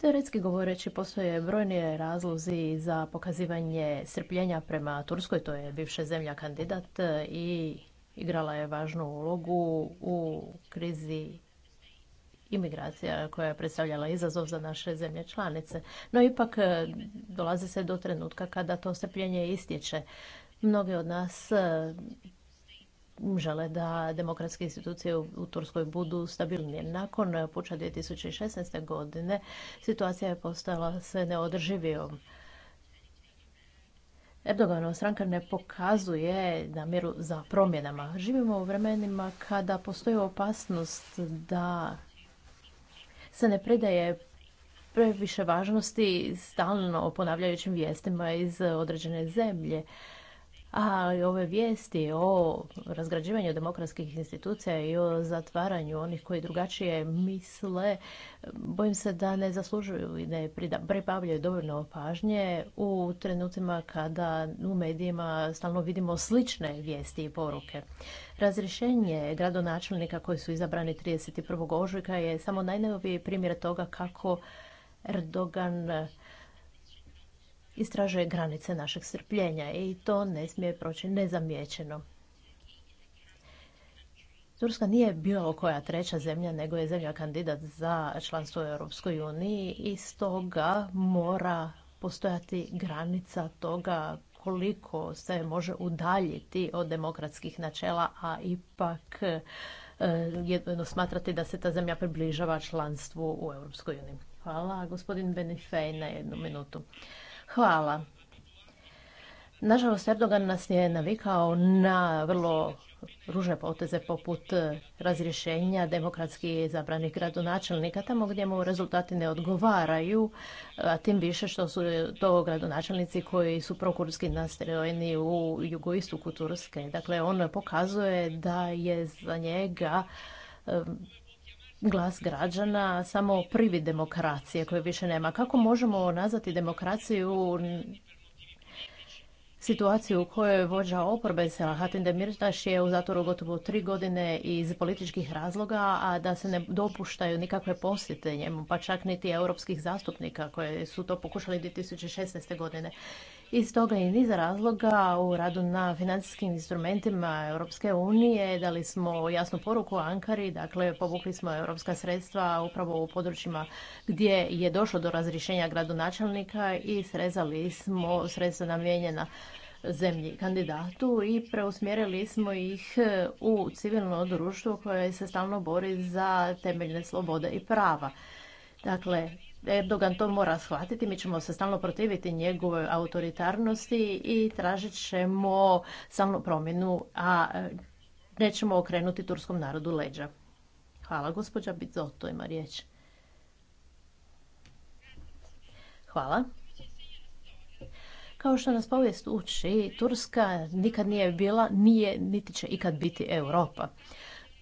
Teoretski govoreći, postoje brojni razlozi za pokazivanje srpljenja prema Turskoj, to je bivša zemlja kandidat i igrala je važnu ulogu u krizi imigracija koja je predstavljala izazov za naše zemlje članice. No ipak e, dolazi se do trenutka kada to strpljenje istječe. Mnogi od nas e, žele da demokratske institucije u Turskoj budu stabilnije. Nakon puča 2016. godine situacija je postala sve neodrživijom. Erdoganova stranka ne pokazuje namjeru za promjenama. Živimo u vremenima kada postoji opasnost da se ne predaje previše važnosti stalno ponavljajućim vijestima iz određene zemlje a ove vijesti o razgrađivanju demokratskih institucija i o zatvaranju onih koji drugačije misle, bojim se da ne zaslužuju i ne pribavljaju dovoljno pažnje u trenutima kada u medijima stalno vidimo slične vijesti i poruke. Razrješenje gradonačelnika koji su izabrani 31. ožujka je samo najnoviji primjer toga kako Erdogan istražuje granice našeg strpljenja i to ne smije proći nezamijećeno. Turska nije bilo koja treća zemlja, nego je zemlja kandidat za članstvo u Europskoj uniji i stoga mora postojati granica toga koliko se može udaljiti od demokratskih načela, a ipak e, jedno smatrati da se ta zemlja približava članstvu u Europskoj uniji. Hvala. Gospodin Benifej na jednu minutu. Hvala. Nažalost, Erdogan nas je navikao na vrlo ružne poteze poput razrješenja demokratski zabranih gradonačelnika tamo gdje mu rezultati ne odgovaraju, a tim više što su to gradonačelnici koji su prokurski nastrojeni u jugoistoku Turske. Dakle, on pokazuje da je za njega glas građana samo privid demokracije koje više nema. Kako možemo nazvati demokraciju situaciju u kojoj vođa oporbe Selahatin Demirtaš je u zatvoru gotovo tri godine iz političkih razloga, a da se ne dopuštaju nikakve posjete njemu, pa čak niti europskih zastupnika koje su to pokušali 2016. godine. Iz toga i niza razloga u radu na financijskim instrumentima Europske unije dali smo jasnu poruku Ankari, dakle povukli smo europska sredstva upravo u područjima gdje je došlo do razrješenja gradonačelnika i srezali smo sredstva namijenjena zemlji kandidatu i preusmjerili smo ih u civilno društvo koje se stalno bori za temeljne slobode i prava. Dakle, Erdogan to mora shvatiti, mi ćemo se stalno protiviti njegove autoritarnosti i tražit ćemo stalnu promjenu, a e, nećemo okrenuti turskom narodu leđa. Hvala, gospođa Bizoto ima riječ. Hvala. Kao što nas povijest uči, Turska nikad nije bila, nije, niti će ikad biti Europa.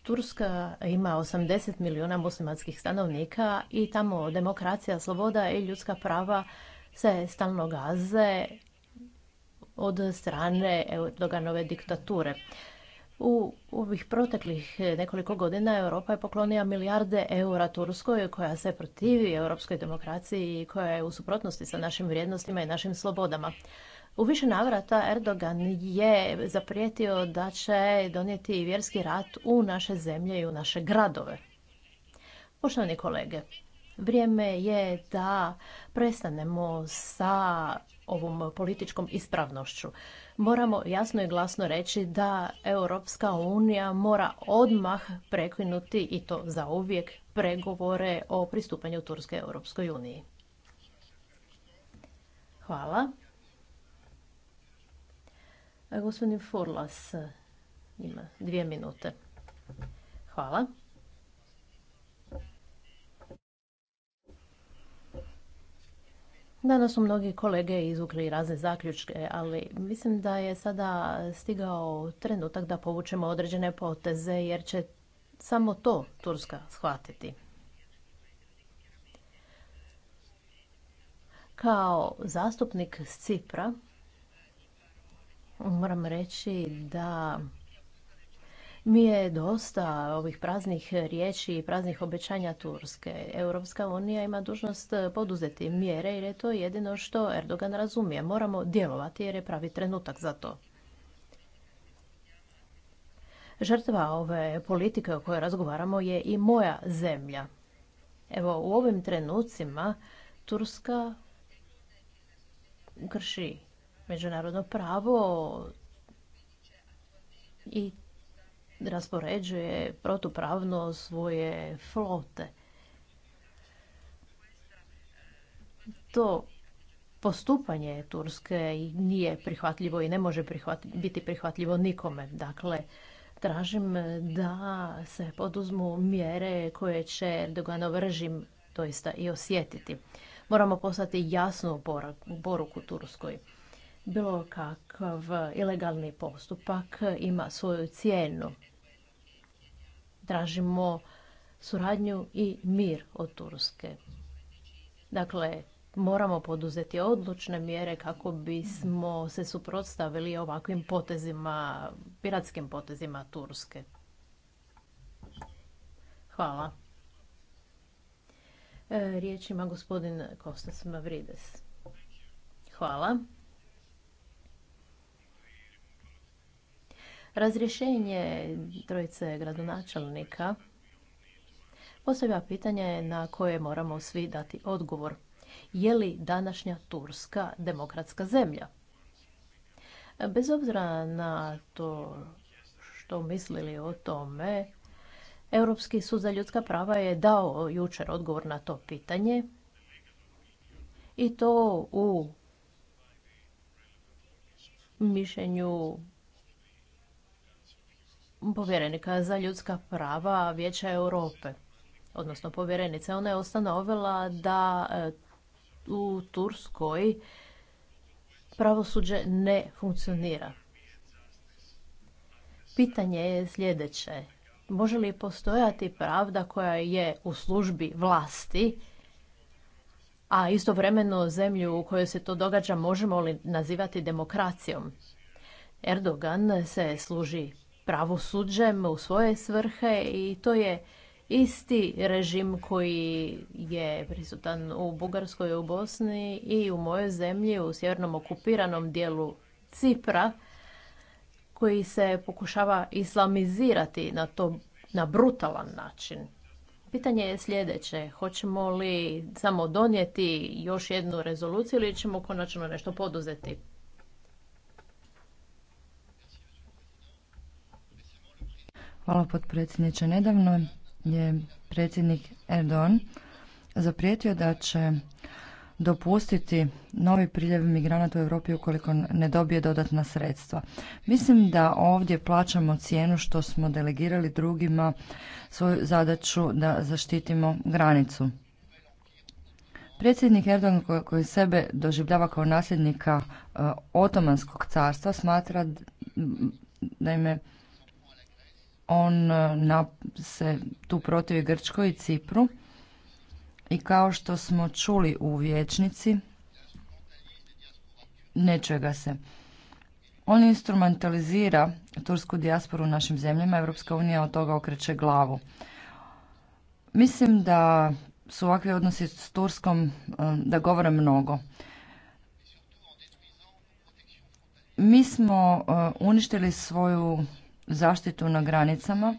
Turska ima 80 milijuna muslimanskih stanovnika i tamo demokracija, sloboda i ljudska prava se stalno gaze od strane Erdoganove diktature. U ovih proteklih nekoliko godina Europa je poklonila milijarde eura Turskoj koja se protivi europskoj demokraciji i koja je u suprotnosti sa našim vrijednostima i našim slobodama. U više navrata Erdogan je zaprijetio da će donijeti vjerski rat u naše zemlje i u naše gradove. Poštovani kolege, vrijeme je da prestanemo sa ovom političkom ispravnošću. Moramo jasno i glasno reći da Europska unija mora odmah prekinuti i to za uvijek pregovore o pristupanju Turske Europskoj uniji. Hvala. E, gospodin Furlas e, ima dvije minute. Hvala. Danas su mnogi kolege izvukli razne zaključke, ali mislim da je sada stigao trenutak da povučemo određene poteze, jer će samo to Turska shvatiti. Kao zastupnik s Cipra, Moram reći da mi je dosta ovih praznih riječi i praznih obećanja Turske. Europska unija ima dužnost poduzeti mjere jer je to jedino što Erdogan razumije. Moramo djelovati jer je pravi trenutak za to. Žrtva ove politike o kojoj razgovaramo je i moja zemlja. Evo, u ovim trenucima Turska krši međunarodno pravo i raspoređuje protupravno svoje flote. To postupanje Turske nije prihvatljivo i ne može biti prihvatljivo nikome. Dakle, tražim da se poduzmu mjere koje će Erdoganov režim doista i osjetiti. Moramo poslati jasnu poruku Turskoj bilo kakav ilegalni postupak ima svoju cijenu. Tražimo suradnju i mir od Turske. Dakle, moramo poduzeti odlučne mjere kako bismo se suprotstavili ovakvim potezima, piratskim potezima Turske. Hvala. E, riječ ima gospodin Kostas Mavrides. Hvala. Razrješenje trojice gradonačelnika postavlja pitanje na koje moramo svi dati odgovor. Je li današnja Turska demokratska zemlja? Bez obzira na to što mislili o tome, Europski sud za ljudska prava je dao jučer odgovor na to pitanje i to u mišljenju povjerenika za ljudska prava Vijeća Europe, odnosno povjerenica. Ona je ustanovila da e, u Turskoj pravosuđe ne funkcionira. Pitanje je sljedeće. Može li postojati pravda koja je u službi vlasti, a istovremeno zemlju u kojoj se to događa možemo li nazivati demokracijom? Erdogan se služi pravosuđem u svoje svrhe i to je isti režim koji je prisutan u Bugarskoj, u Bosni i u mojoj zemlji, u sjevernom okupiranom dijelu Cipra, koji se pokušava islamizirati na to na brutalan način. Pitanje je sljedeće, hoćemo li samo donijeti još jednu rezoluciju ili ćemo konačno nešto poduzeti? Hvala potpredsjedniče. Nedavno je predsjednik Erdogan zaprijetio da će dopustiti novi priljev migranata u Europi ukoliko ne dobije dodatna sredstva. Mislim da ovdje plaćamo cijenu što smo delegirali drugima svoju zadaću da zaštitimo granicu. Predsjednik Erdogan koji sebe doživljava kao nasljednika e, Otomanskog carstva smatra da im je on e, se tu protivi Grčkoj i Cipru i kao što smo čuli u vječnici, neće ga se. On instrumentalizira tursku dijasporu u našim zemljama, Europska unija od toga okreće glavu. Mislim da su ovakvi odnosi s Turskom, e, da govore mnogo. Mi smo e, uništili svoju zaštitu na granicama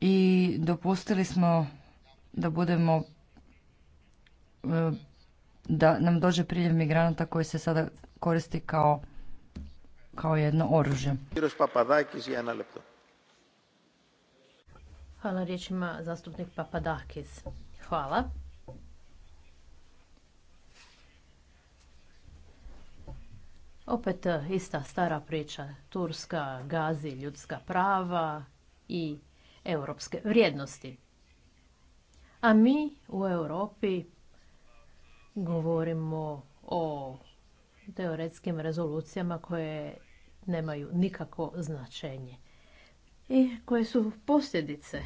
i dopustili smo da budemo e, da nam dođe priljev migranata koji se sada koristi kao kao jedno oružje. Hvala riječima zastupnik Papadakis. Hvala. Opet e, ista stara priča, Turska gazi ljudska prava i europske vrijednosti. A mi u Europi govorimo o teoretskim rezolucijama koje nemaju nikako značenje i koje su posljedice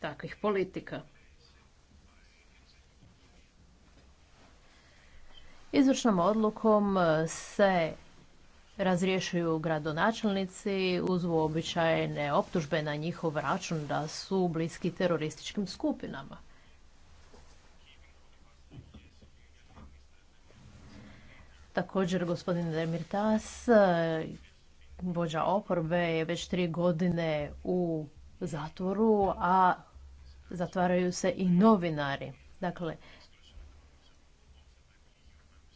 takvih politika. Izvršnom odlukom e, se razriješuju gradonačelnici uz uobičajene optužbe na njihov račun da su bliski terorističkim skupinama. Također gospodin Demirtas, e, vođa oporbe, je već tri godine u zatvoru, a zatvaraju se i novinari. Dakle,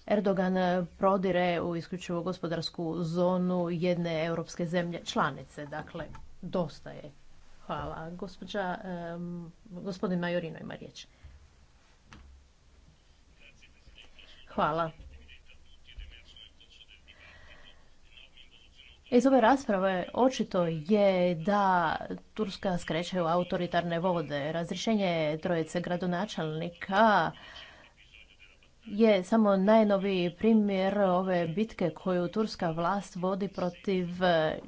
Erdogan eh, prodire u isključivo gospodarsku zonu jedne europske zemlje članice. Dakle, dosta je. Hvala. gospodin Majorino ima riječ. Hvala. Iz ove rasprave očito je da Turska skreće u autoritarne vode. Razrišenje trojice gradonačelnika je samo najnoviji primjer ove bitke koju turska vlast vodi protiv e,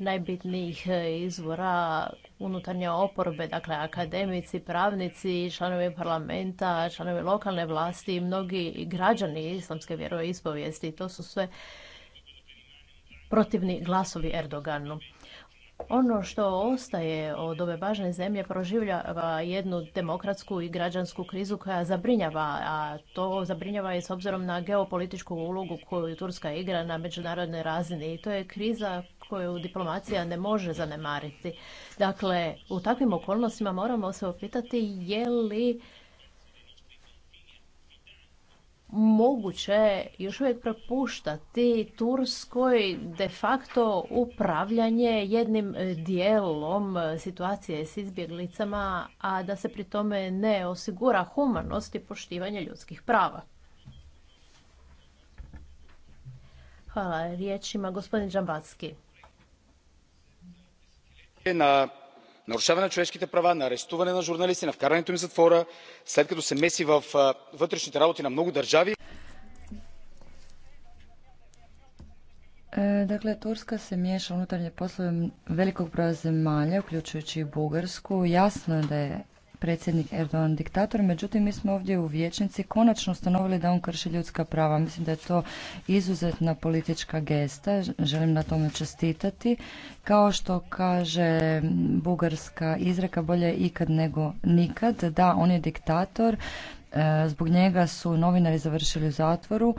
najbitnijih e, izvora unutarnje oporbe, dakle akademici, pravnici, članovi parlamenta, članovi lokalne vlasti i mnogi građani islamske vjeroispovijesti. To su sve protivni glasovi Erdoganu. Ono što ostaje od ove važne zemlje proživljava jednu demokratsku i građansku krizu koja zabrinjava, a to zabrinjava i s obzirom na geopolitičku ulogu koju Turska igra na međunarodnoj razini. I to je kriza koju diplomacija ne može zanemariti. Dakle, u takvim okolnostima moramo se opitati je li moguće još uvijek prepuštati Turskoj de facto upravljanje jednim e, dijelom e, situacije s izbjeglicama, a da se pri tome ne osigura humanost i poštivanje ljudskih prava. Hvala. Riječ ima gospodin Džambatski. Na нарушаване на човешките права на арестуване на журналисти на вкарването им в затвора след като се меси във вътрешните работи на много държаvi. Dakle, Turska se miješa unutarnje poslove velikog broja zemalja, uključujući i Bugarsku. Jasno je da je predsjednik Erdogan diktator, međutim mi smo ovdje u vječnici konačno ustanovili da on krši ljudska prava. Mislim da je to izuzetna politička gesta, želim na tome čestitati. Kao što kaže bugarska izreka bolje ikad nego nikad, da on je diktator, e, zbog njega su novinari završili u zatvoru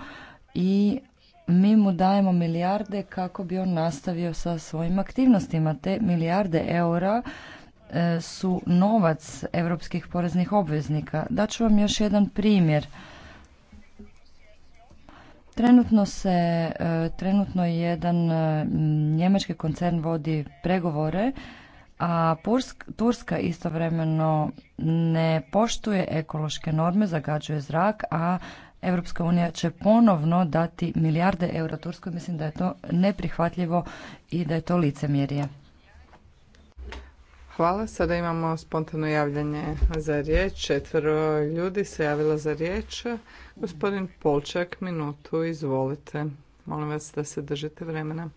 i mi mu dajemo milijarde kako bi on nastavio sa svojim aktivnostima. Te milijarde eura E, su novac europskih poreznih obveznika. Daću vam još jedan primjer. Trenutno se, e, trenutno jedan e, njemački koncern vodi pregovore, a Turska istovremeno ne poštuje ekološke norme, zagađuje zrak, a Europska unija će ponovno dati milijarde eura Turskoj. Mislim da je to neprihvatljivo i da je to licemjerje. Hvala. Sada imamo spontano javljanje za riječ. Četvero ljudi se javilo za riječ. Gospodin Polčak, minutu, izvolite. Molim vas da se držite vremena.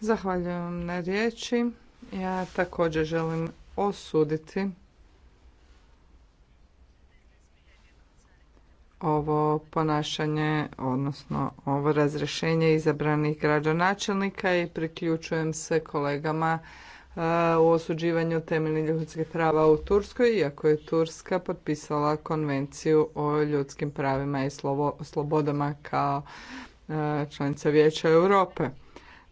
Zahvaljujem na riječi. Ja također želim osuditi ovo ponašanje, odnosno ovo razrešenje izabranih gradonačelnika i priključujem se kolegama e, u osuđivanju temeljnih ljudskih prava u Turskoj, iako je Turska potpisala konvenciju o ljudskim pravima i slobodama kao e, članica Vijeća Europe.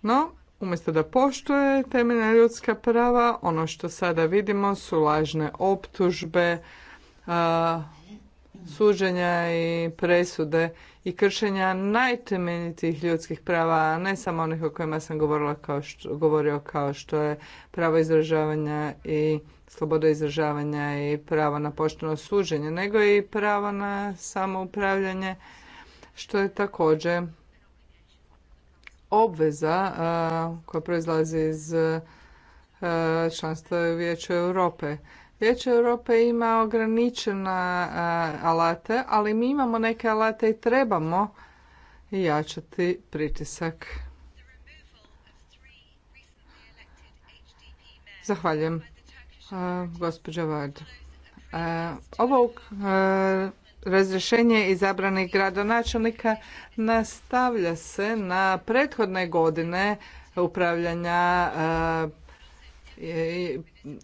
No, umjesto da poštuje temeljna ljudska prava, ono što sada vidimo su lažne optužbe e, suđenja i presude i kršenja najtemeljitih ljudskih prava, a ne samo onih o kojima sam govorila kao što, govorio kao što je pravo izražavanja i sloboda izražavanja i pravo na pošteno suđenje, nego i pravo na samoupravljanje, što je također obveza koja proizlazi iz članstva Vijeća Europe. Vijeće Europe ima ograničena alate, ali mi imamo neke alate i trebamo jačati pritisak. Zahvaljujem, gospođa Vard. Ovo razrješenje izabranih gradonačelnika nastavlja se na prethodne godine upravljanja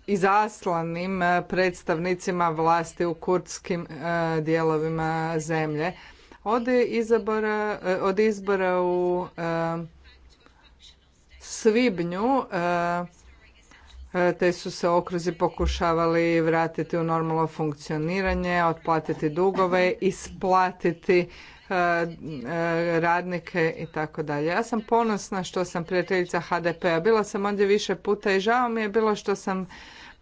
izaslanim e, predstavnicima vlasti u kurdskim e, dijelovima zemlje. Od izbora, e, od izbora u svibnju te su se okruzi pokušavali vratiti u normalno funkcioniranje, otplatiti dugove, isplatiti Eh, eh, radnike i tako dalje. Ja sam ponosna što sam prijateljica HDP-a. Bila sam ondje više puta i žao mi je bilo što sam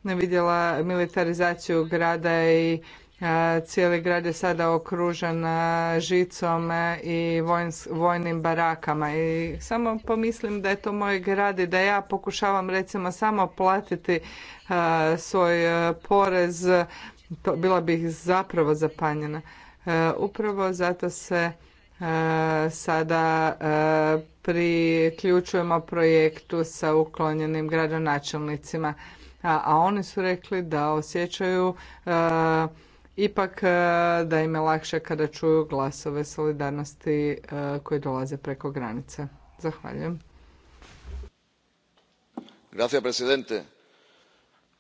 ne vidjela militarizaciju grada i eh, cijeli grad je sada okružen žicom i vojnim barakama i samo pomislim da je to moj grad i da ja pokušavam recimo samo platiti svoj porez, bila bih zapravo zapanjena. E, upravo zato se e, sada e, priključujemo projektu sa uklonjenim gradonačelnicima. A, a oni su rekli da osjećaju ipak da im je lakše kada čuju glasove solidarnosti koji dolaze preko granice. Zahvaljujem. Gracias, presidente.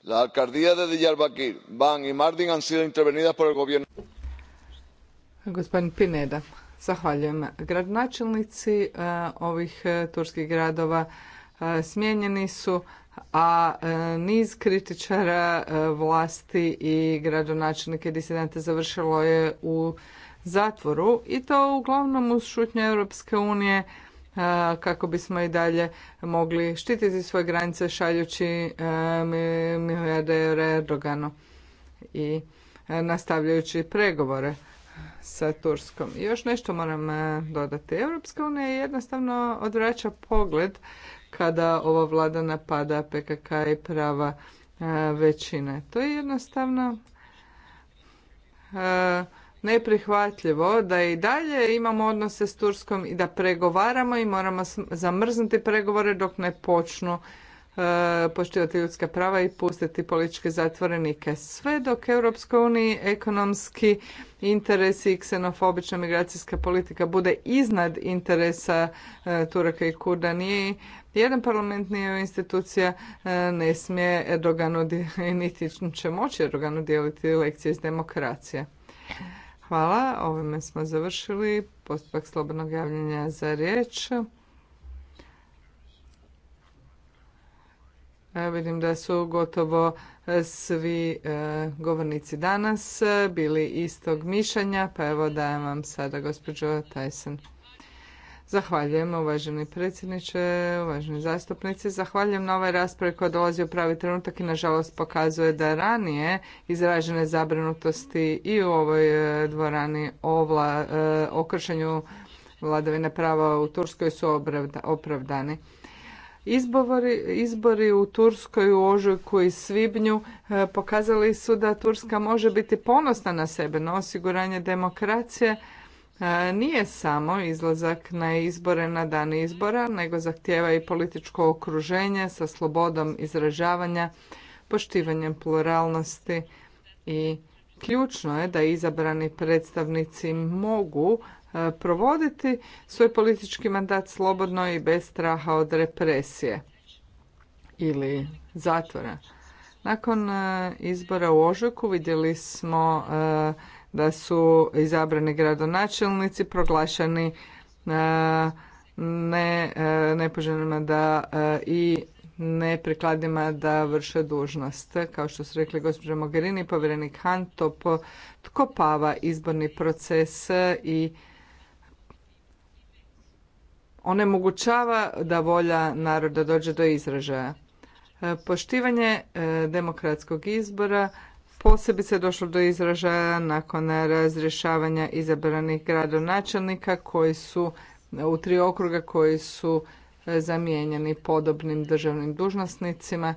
La alcaldía de Diyarbakir, Van y Mardin han sido intervenidas por el gobierno. Gospodin Pineda, zahvaljujem. Gradonačelnici e, ovih e, turskih gradova e, smijenjeni su, a niz kritičara vlasti i gradonačelnike disidente završilo je u zatvoru i to uglavnom uz šutnju Europske unije kako bismo i dalje mogli štititi svoje granice šaljući milijarde Erdoganu i nastavljajući pregovore sa Turskom. I još nešto moram e, dodati. Europska unija jednostavno odvraća pogled kada ova vlada napada PKK i prava e, većine. To je jednostavno e, neprihvatljivo da i dalje imamo odnose s Turskom i da pregovaramo i moramo zamrznuti pregovore dok ne počnu E, poštivati ljudska prava i pustiti političke zatvorenike. Sve dok Europskoj uniji ekonomski interesi i ksenofobična migracijska politika bude iznad interesa e, Turaka i Kurda, nije jedan parlament nije institucija e, ne smije Erdoganu niti će moći Erdoganu dijeliti lekcije iz demokracije. Hvala, ovime smo završili postupak slobodnog javljanja za riječ. E, vidim da su gotovo e, svi e, govornici danas bili istog mišljenja, pa evo dajem vam sada gospođo Tyson. Zahvaljujem uvaženi predsjedniče, uvaženi zastupnici. Zahvaljujem na ovoj raspravi koja dolazi u pravi trenutak i nažalost pokazuje da ranije izražene zabrinutosti i u ovoj dvorani o kršenju vladavine prava u Turskoj su opravdani. Izbori, izbori u Turskoj u ožujku i svibnju e, pokazali su da Turska može biti ponosna na sebe, na osiguranje demokracije e, nije samo izlazak na izbore na dan izbora, nego zahtjeva i političko okruženje sa slobodom izražavanja, poštivanjem pluralnosti i ključno je da izabrani predstavnici mogu E, provoditi svoj politički mandat slobodno i bez straha od represije ili zatvora. Nakon e, izbora u Ožujku vidjeli smo e, da su izabrani gradonačelnici proglašeni ne, nepoželjnima da i neprikladnima da vrše dužnost. Kao što su rekli gospođa Mogherini povjerenik Hantop to izborni proces i onemogućava da volja naroda dođe do izražaja. E, poštivanje e, demokratskog izbora se došlo do izražaja nakon razrješavanja izabranih gradonačelnika koji su u tri okruga koji su e, zamijenjeni podobnim državnim dužnosnicima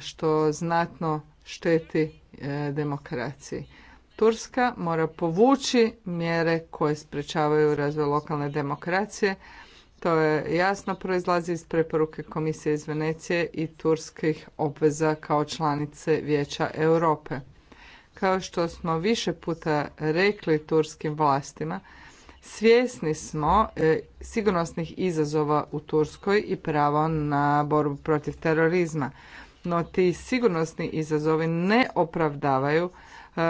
što znatno šteti demokraciji. Turska mora povući mjere koje sprečavaju razvoj lokalne demokracije, to je jasno proizlazi iz preporuke Komisije iz Venecije i turskih obveza kao članice Vijeća Europe. Kao što smo više puta rekli turskim vlastima, svjesni smo e, sigurnosnih izazova u Turskoj i pravo na borbu protiv terorizma. No ti sigurnosni izazovi ne opravdavaju E,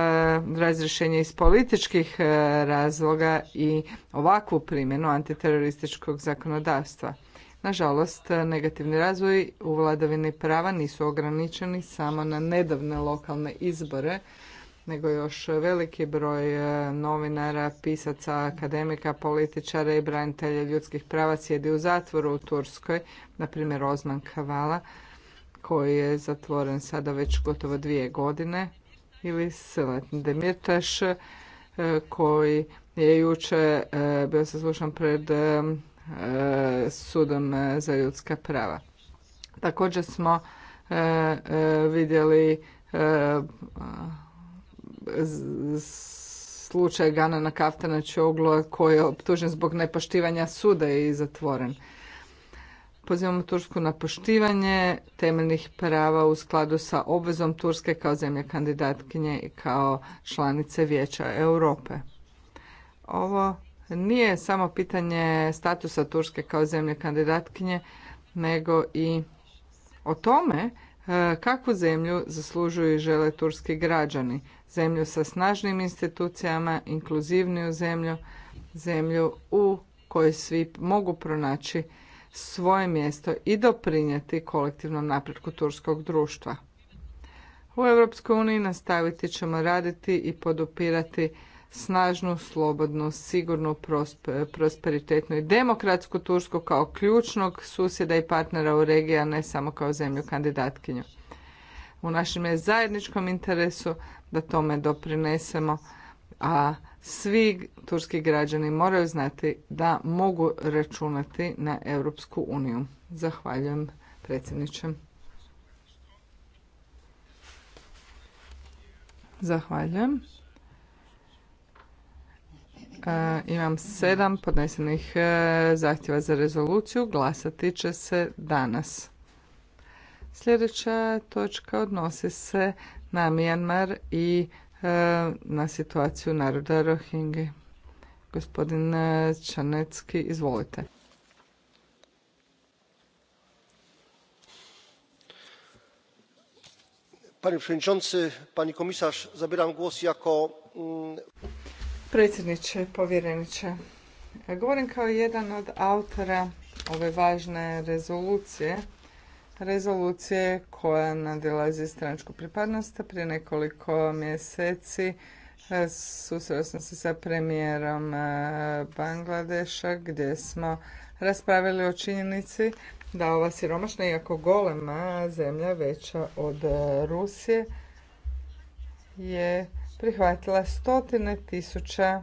razrješenje iz političkih e, razloga i ovakvu primjenu antiterorističkog zakonodavstva. Nažalost, negativni razvoj u vladavini prava nisu ograničeni samo na nedavne lokalne izbore, nego još veliki broj e, novinara, pisaca, akademika, političara i branitelja ljudskih prava sjedi u zatvoru u Turskoj, na primjer Ozman Kavala, koji je zatvoren sada već gotovo dvije godine ili Selatin Demirtaš e, koji je jučer e, bio saslušan pred e, sudom za ljudska prava. Također smo vidjeli slučaj na Kaftana Čogla koji je optužen zbog nepoštivanja suda i zatvoren. Pozivamo Tursku na poštivanje temeljnih prava u skladu sa obvezom Turske kao zemlje kandidatkinje i kao članice Vijeća Europe. Ovo nije samo pitanje statusa Turske kao zemlje kandidatkinje, nego i o tome e, kakvu zemlju zaslužuju i žele turski građani. Zemlju sa snažnim institucijama, inkluzivniju zemlju, zemlju u kojoj svi mogu pronaći svoje mjesto i doprinijeti kolektivnom napretku turskog društva. U EU nastaviti ćemo raditi i podupirati snažnu, slobodnu, sigurnu, prosperitetnu i demokratsku Tursku kao ključnog susjeda i partnera u regiji, a ne samo kao zemlju kandidatkinju. U našem je zajedničkom interesu da tome doprinesemo, a svi turski građani moraju znati da mogu računati na Europsku uniju. Zahvaljujem predsjedniče. Zahvaljujem. E, imam sedam podnesenih e, zahtjeva za rezoluciju. Glasati će se danas. Sljedeća točka odnosi se na Mijanmar i E, na situaciju naroda Rohingi. Gospodin e, Čanecki, izvolite. Panie przewodniczący, pani komisarz, zabieram głos jako... Mm, Predsjedniče, povjereniče, govorim kao jedan od autora ove važne rezolucije rezolucije koja nadilazi stranačku pripadnost. Prije nekoliko mjeseci e, susreo sam se sa premijerom e, Bangladeša gdje smo raspravili o činjenici da ova siromašna, iako golema zemlja veća od e, Rusije, je prihvatila stotine tisuća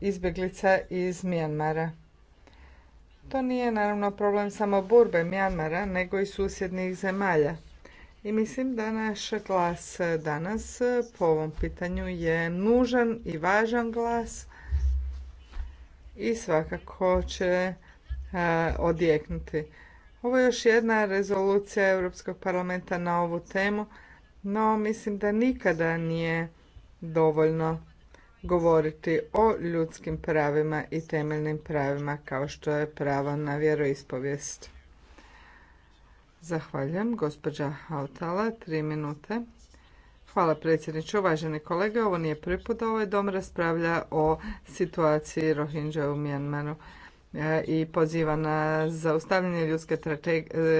izbjeglica iz Mijanmara. To nije naravno problem samo burbe Mjanmara, nego i susjednih zemalja. I mislim da naš glas danas e, po ovom pitanju je nužan i važan glas i svakako će e, odjeknuti. Ovo je još jedna rezolucija Europskog parlamenta na ovu temu, no mislim da nikada nije dovoljno govoriti o ljudskim pravima i temeljnim pravima kao što je pravo na vjeroispovijest. Zahvaljujem. Gospođa Hautala, tri minute. Hvala predsjedniče. Uvaženi kolege, ovo nije prvi put da ovaj dom raspravlja o situaciji Rohingya u Mjanmaru e, i poziva na zaustavljanje ljudske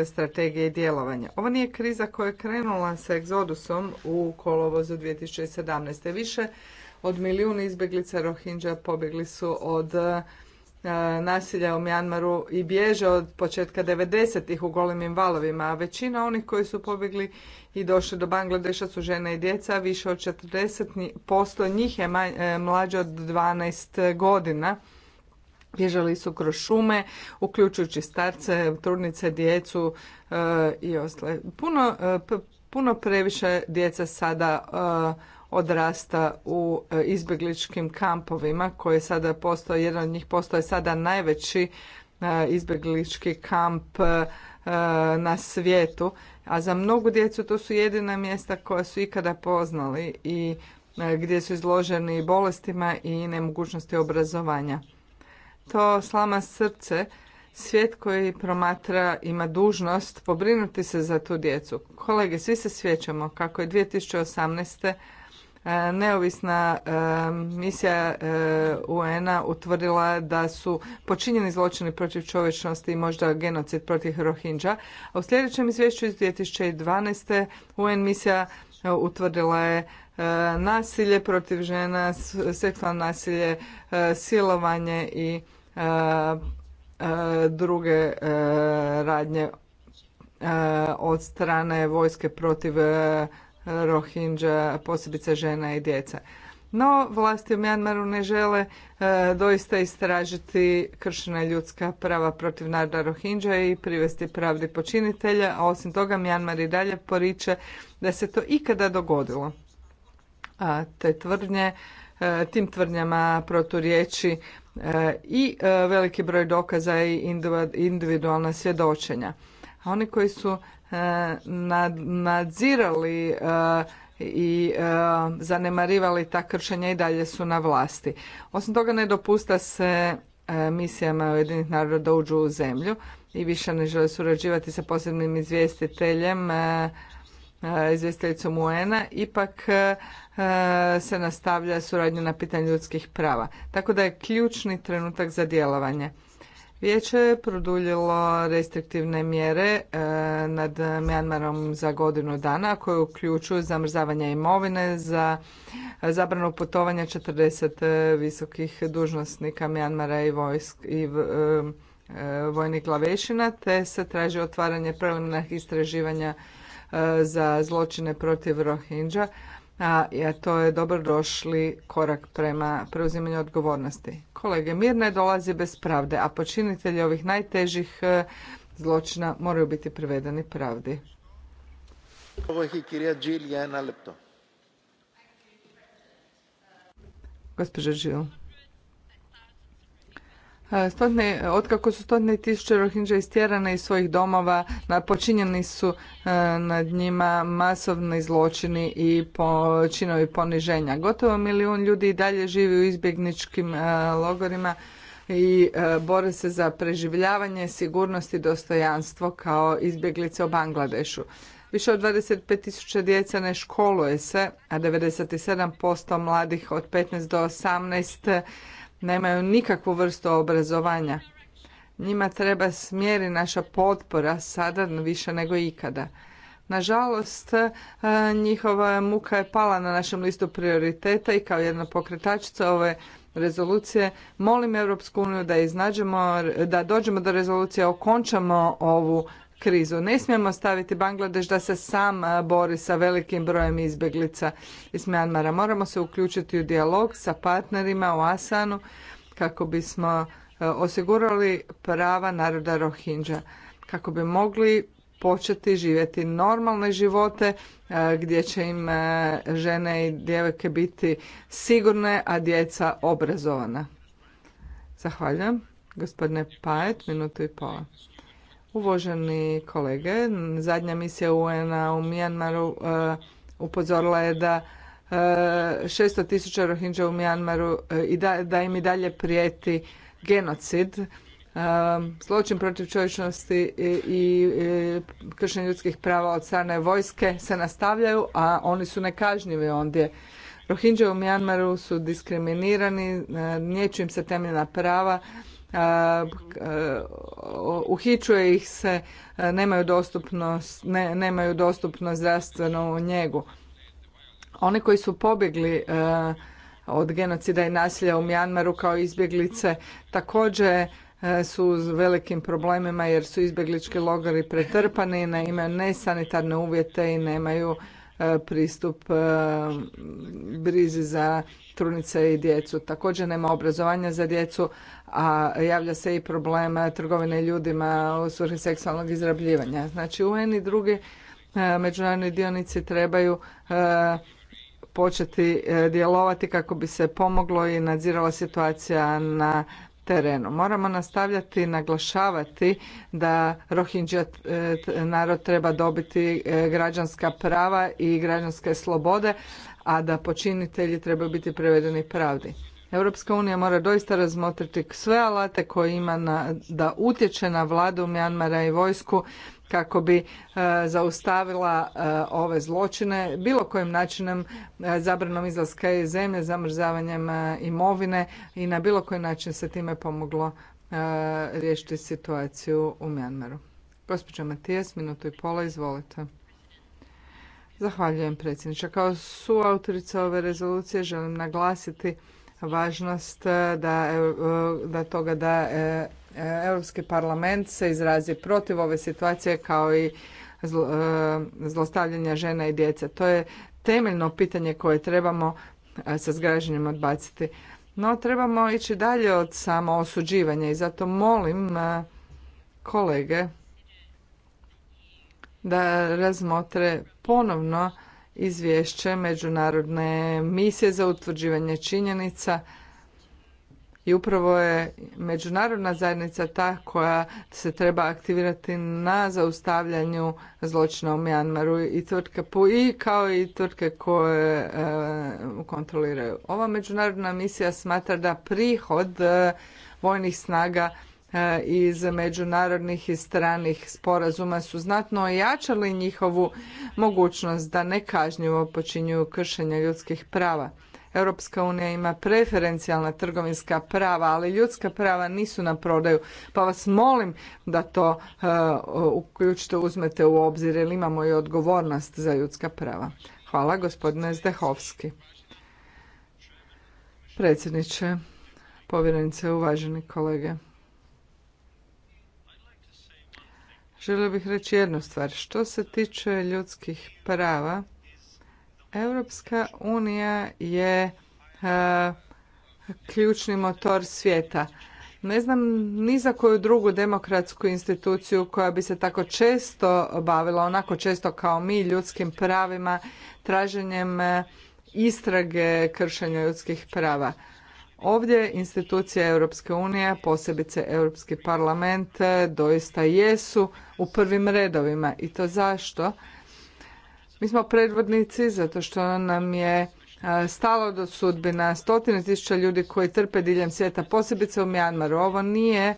strategije i djelovanja. Ovo nije kriza koja je krenula sa egzodusom u kolovozu 2017. Više od milijun izbjeglica Rohingya pobjegli su od e, nasilja u Mjanmaru i bježe od početka 90-ih u golemim valovima, a većina onih koji su pobjegli i došli do Bangladeša su žene i djeca, više od 40% njih je e, mlađe od 12 godina. Bježali su kroz šume, uključujući starce, trudnice, djecu e, i ostale. Puno, previše djeca sada odrasta u e, izbjegličkim kampovima koji sada postoje, jedan od njih postoje sada najveći e, izbjeglički kamp e, na svijetu, a za mnogu djecu to su jedina mjesta koja su ikada poznali i gdje su izloženi bolestima i nemogućnosti obrazovanja. To slama srce, svijet koji promatra ima dužnost pobrinuti se za tu djecu. Kolege, svi se sjećamo kako je 2018 E, neovisna e, misija e, UN-a utvrdila da su počinjeni zločini protiv čovječnosti i možda genocid protiv Rohingya. A u sljedećem izvješću iz 2012. UN misija utvrdila je nasilje protiv žena, seksualno nasilje, silovanje i druge radnje od strane vojske protiv Rohingya, posebice žena i djeca. No, vlasti u Mjanmaru ne žele e, doista istražiti kršena ljudska prava protiv naroda Rohingya i privesti pravdi počinitelja, a osim toga Mjanmar i dalje poriče da se to ikada dogodilo. A te tvrdnje, e, tim tvrdnjama proturiječi e, i veliki broj dokaza i individualna svjedočenja. A oni koji su nadzirali e, i e, zanemarivali ta kršenja i dalje su na vlasti. Osim toga ne dopusta se e, misijama Ujedinih naroda da uđu u zemlju i više ne žele surađivati sa posebnim izvjestiteljem izvjestiteljicom UN-a, ipak se nastavlja suradnja na pitanju ljudskih prava. Tako da je ključni trenutak za djelovanje. Vijeće je produljilo restriktivne mjere e, nad Mjanmarom za godinu dana koje uključuju zamrzavanje imovine za zabranu putovanja 40 e, visokih dužnosnika Mjanmara i, i e, vojnih glavešina te se traži otvaranje preliminarnih istraživanja za zločine protiv Rohingya a e, to je dobro došli korak prema preuzimanju odgovornosti. Kolege, mir ne dolazi bez pravde, a počinitelji ovih najtežih e, zločina moraju biti privedeni pravdi. Gospođa Stotne, otkako su stotne tisuće Rohingya istjerane iz svojih domova, počinjeni su e, nad njima masovni zločini i činovi poniženja. Gotovo milijun ljudi i dalje živi u izbjegničkim e, logorima i e, bore se za preživljavanje, sigurnost i dostojanstvo kao izbjeglice u Bangladešu. Više od 25 tisuća djeca ne školuje se, a 97% mladih od 15 do 18 nemaju nikakvu vrstu obrazovanja. Njima treba smjeri naša potpora sada više nego ikada. Nažalost, e, njihova muka je pala na našem listu prioriteta i kao jedna pokretačica ove rezolucije molim Europsku uniju da iznađemo, da dođemo do rezolucije, okončamo ovu krizu. Ne smijemo staviti Bangladeš da se sam bori sa velikim brojem izbjeglica iz Mjanmara. Moramo se uključiti u dijalog sa partnerima u Asanu kako bismo osigurali prava naroda Rohinđa, kako bi mogli početi živjeti normalne živote gdje će im žene i djevojke biti sigurne, a djeca obrazovana. Zahvaljujem. Gospodine Pajet, minutu i pola. Uvoženi kolege, zadnja misija UN-a u Mijanmaru e, upozorila je da 600 e, tisuća u Mijanmaru e, i da, im i dalje prijeti genocid, zločin protiv čovječnosti i kršenje ljudskih prava od strane vojske se nastavljaju, a oni su nekažnjivi ondje. Rohinđe u Mijanmaru su diskriminirani, nječu im se temeljna prava, E, uhićuje ih se, e, nemaju dostupnost, ne, nemaju dostupnost zdravstvenu njegu. Oni koji su pobjegli e, od genocida i nasilja u Mjanmaru kao izbjeglice također su s velikim problemima jer su izbjeglički logori pretrpani, ne imaju nesanitarne uvjete i nemaju E, pristup e, brizi za trudnice i djecu. Također nema obrazovanja za djecu, a javlja se i problem trgovine ljudima u svrhi seksualnog izrabljivanja. Znači u i drugi e, međunarodni dionici trebaju početi djelovati kako bi se pomoglo i nadzirala situacija na terenu. Moramo nastavljati naglašavati da Rohingya eh, narod treba dobiti eh, građanska prava i građanske slobode, a da počinitelji trebaju biti prevedeni pravdi. Europska unija mora doista razmotriti sve alate koje ima na, da utječe na vladu Mjanmara i vojsku kako bi e, zaustavila e, ove zločine bilo kojim načinom e, zabranom izlaska iz zemlje, zamrzavanjem imovine i na bilo koji način se time pomoglo riješiti situaciju u Mjanmaru. Gospođa Matijas, minutu i pola, izvolite. Zahvaljujem predsjedniče. Kao suautorica ove rezolucije želim naglasiti važnost da, da toga da Europski parlament se izrazi protiv ove situacije kao i e, zlostavljanja žena i djece. To je temeljno pitanje koje trebamo e, sa zgraženjem odbaciti. No, trebamo ići dalje od samo osuđivanja i zato molim e, kolege da razmotre ponovno izvješće Međunarodne misije za utvrđivanje činjenica i upravo je međunarodna zajednica ta koja se treba aktivirati na zaustavljanju zločina u Mijanmaru i tvrtke i kao i tvrtke koje e, kontroliraju. Ova međunarodna misija smatra da prihod e, vojnih snaga e, iz međunarodnih i stranih sporazuma su znatno ojačali njihovu mogućnost da nekažnjivo počinju kršenja ljudskih prava. Europska unija ima preferencijalna trgovinska prava, ali ljudska prava nisu na prodaju. Pa vas molim da to e, uključite, uzmete u obzir jer imamo i odgovornost za ljudska prava. Hvala gospodine Zdehovski. Predsjedniče, povjerenice, uvaženi kolege. Želio bih reći jednu stvar. Što se tiče ljudskih prava, Europska unija je e, ključni motor svijeta. Ne znam ni za koju drugu demokratsku instituciju koja bi se tako često bavila, onako često kao mi, ljudskim pravima, traženjem e, istrage kršenja ljudskih prava. Ovdje institucije Europske unije, posebice Europski parlament, e, doista jesu u prvim redovima. I to zašto? Mi smo predvodnici zato što nam je e, stalo do sudbina stotine tisuća ljudi koji trpe diljem svijeta, posebice u Mjanmaru. Ovo nije e,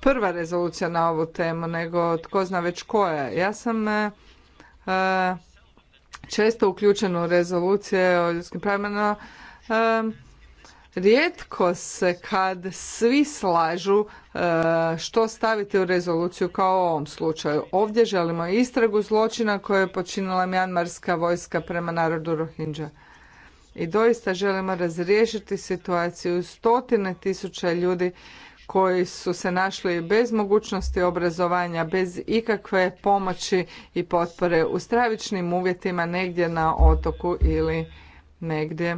prva rezolucija na ovu temu, nego tko zna već koja. Ja sam e, često uključena u rezolucije o ljudskim pravima, no rijetko se kad svi slažu e, što staviti u rezoluciju kao u ovom slučaju. Ovdje želimo istragu zločina koje je počinila mjanmarska vojska prema narodu Rohingya. I doista želimo razriješiti situaciju stotine tisuća ljudi koji su se našli bez mogućnosti obrazovanja, bez ikakve pomoći i potpore u stravičnim uvjetima negdje na otoku ili negdje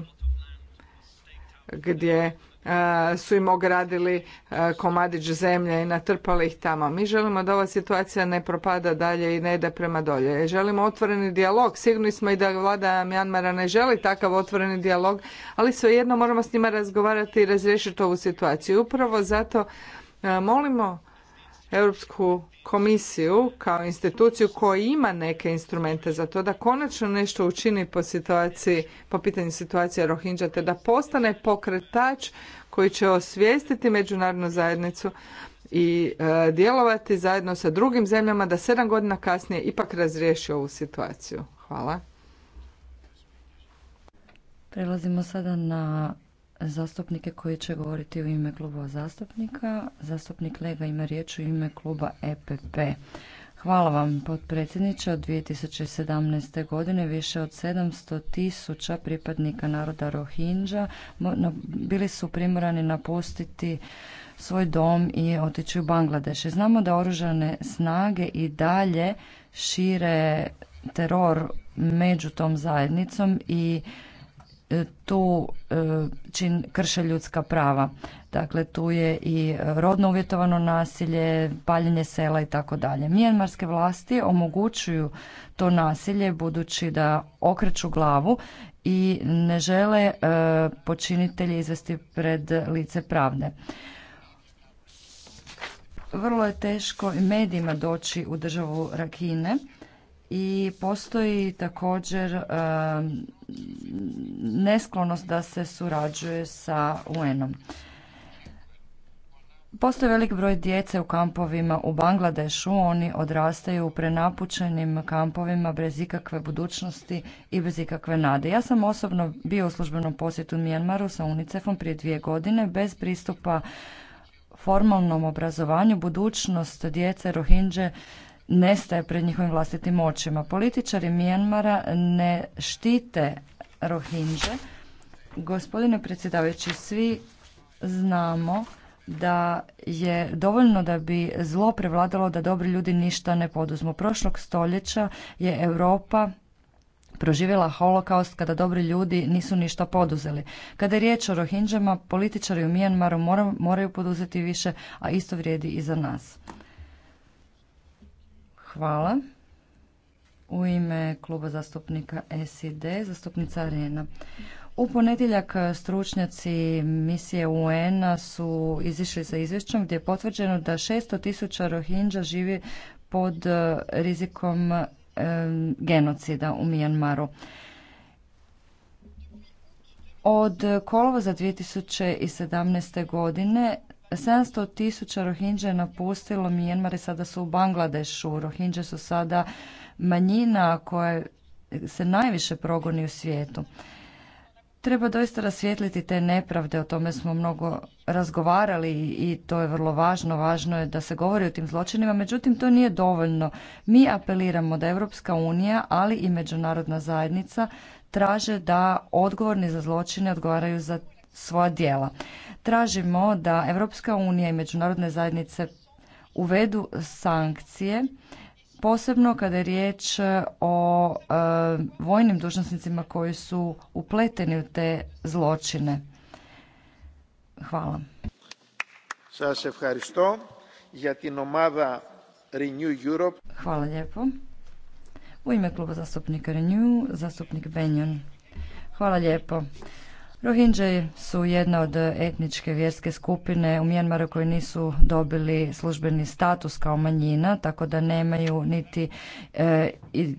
gdje e, su im ogradili e, komadić zemlje i natrpali ih tamo. Mi želimo da ova situacija ne propada dalje i ne ide prema dolje. E, želimo otvoreni dijalog. Sigurni smo i da vlada Mjanmara ne želi takav otvoreni dijalog, ali svejedno moramo s njima razgovarati i razriješiti ovu situaciju. Upravo zato molimo Europsku komisiju kao instituciju koja ima neke instrumente za to da konačno nešto učini po situaciji, po pitanju situacije Rohingya, te da postane pokretač koji će osvijestiti međunarodnu zajednicu i e, djelovati zajedno sa drugim zemljama da sedam godina kasnije ipak razriješi ovu situaciju. Hvala. Prelazimo sada na zastupnike koji će govoriti u ime klubova zastupnika. Zastupnik Lega ima riječ u ime kluba EPP. Hvala vam, potpredsjedniče. Od 2017. godine više od 700 tisuća pripadnika naroda Rohinđa bili su primorani napustiti svoj dom i otići u Bangladeš. Znamo da oružane snage i dalje šire teror među tom zajednicom i E, tu e, čin krše ljudska prava. Dakle, tu je i rodno uvjetovano nasilje, paljenje sela i tako dalje. Mijenmarske vlasti omogućuju to nasilje budući da okreću glavu i ne žele e, počinitelje izvesti pred lice pravde. Vrlo je teško i medijima doći u državu Rakine i postoji također e, nesklonost da se surađuje sa UN-om. Postoji velik broj djece u kampovima u Bangladešu, oni odrastaju u prenapučenim kampovima bez ikakve budućnosti i bez ikakve nade. Ja sam osobno bio u službenom posjetu Mijanmaru sa UNICEF-om prije dvije godine bez pristupa formalnom obrazovanju budućnost djece Rohinđe nestaje pred njihovim vlastitim očima. Političari Mijanmara ne štite Rohinže. Gospodine predsjedavajući, svi znamo da je dovoljno da bi zlo prevladalo da dobri ljudi ništa ne poduzmu. Prošlog stoljeća je Europa proživjela holokaust kada dobri ljudi nisu ništa poduzeli. Kada je riječ o Rohinđama, političari u Mijanmaru moraju poduzeti više, a isto vrijedi i za nas. Hvala. U ime kluba zastupnika SID, zastupnica Arena. U ponedjeljak stručnjaci misije un su izišli sa izvješćem gdje je potvrđeno da 600 tisuća rohinđa živi pod eh, rizikom genocida u Mijanmaru. Od kolova za 2017. godine 700 tisuća rohinđa je napustilo Mijenmar i sada su u Bangladešu. Rohinđe su sada manjina koja se najviše progoni u svijetu. Treba doista rasvijetliti te nepravde, o tome smo mnogo razgovarali i to je vrlo važno. Važno je da se govori o tim zločinima, međutim to nije dovoljno. Mi apeliramo da Europska unija, ali i međunarodna zajednica traže da odgovorni za zločine odgovaraju za svoja djela. Tražimo da Europska unija i međunarodne zajednice uvedu sankcije posebno kada je riječ e, o e, vojnim dužnosnicima koji su upleteni u te zločine. Hvala. Hvala lijepo. U ime kluba zastupnika Renew, zastupnik Benjon. Hvala lijepo. Rohinđe su jedna od etničke vjerske skupine u Mijanmaru koji nisu dobili službeni status kao manjina, tako da nemaju niti e,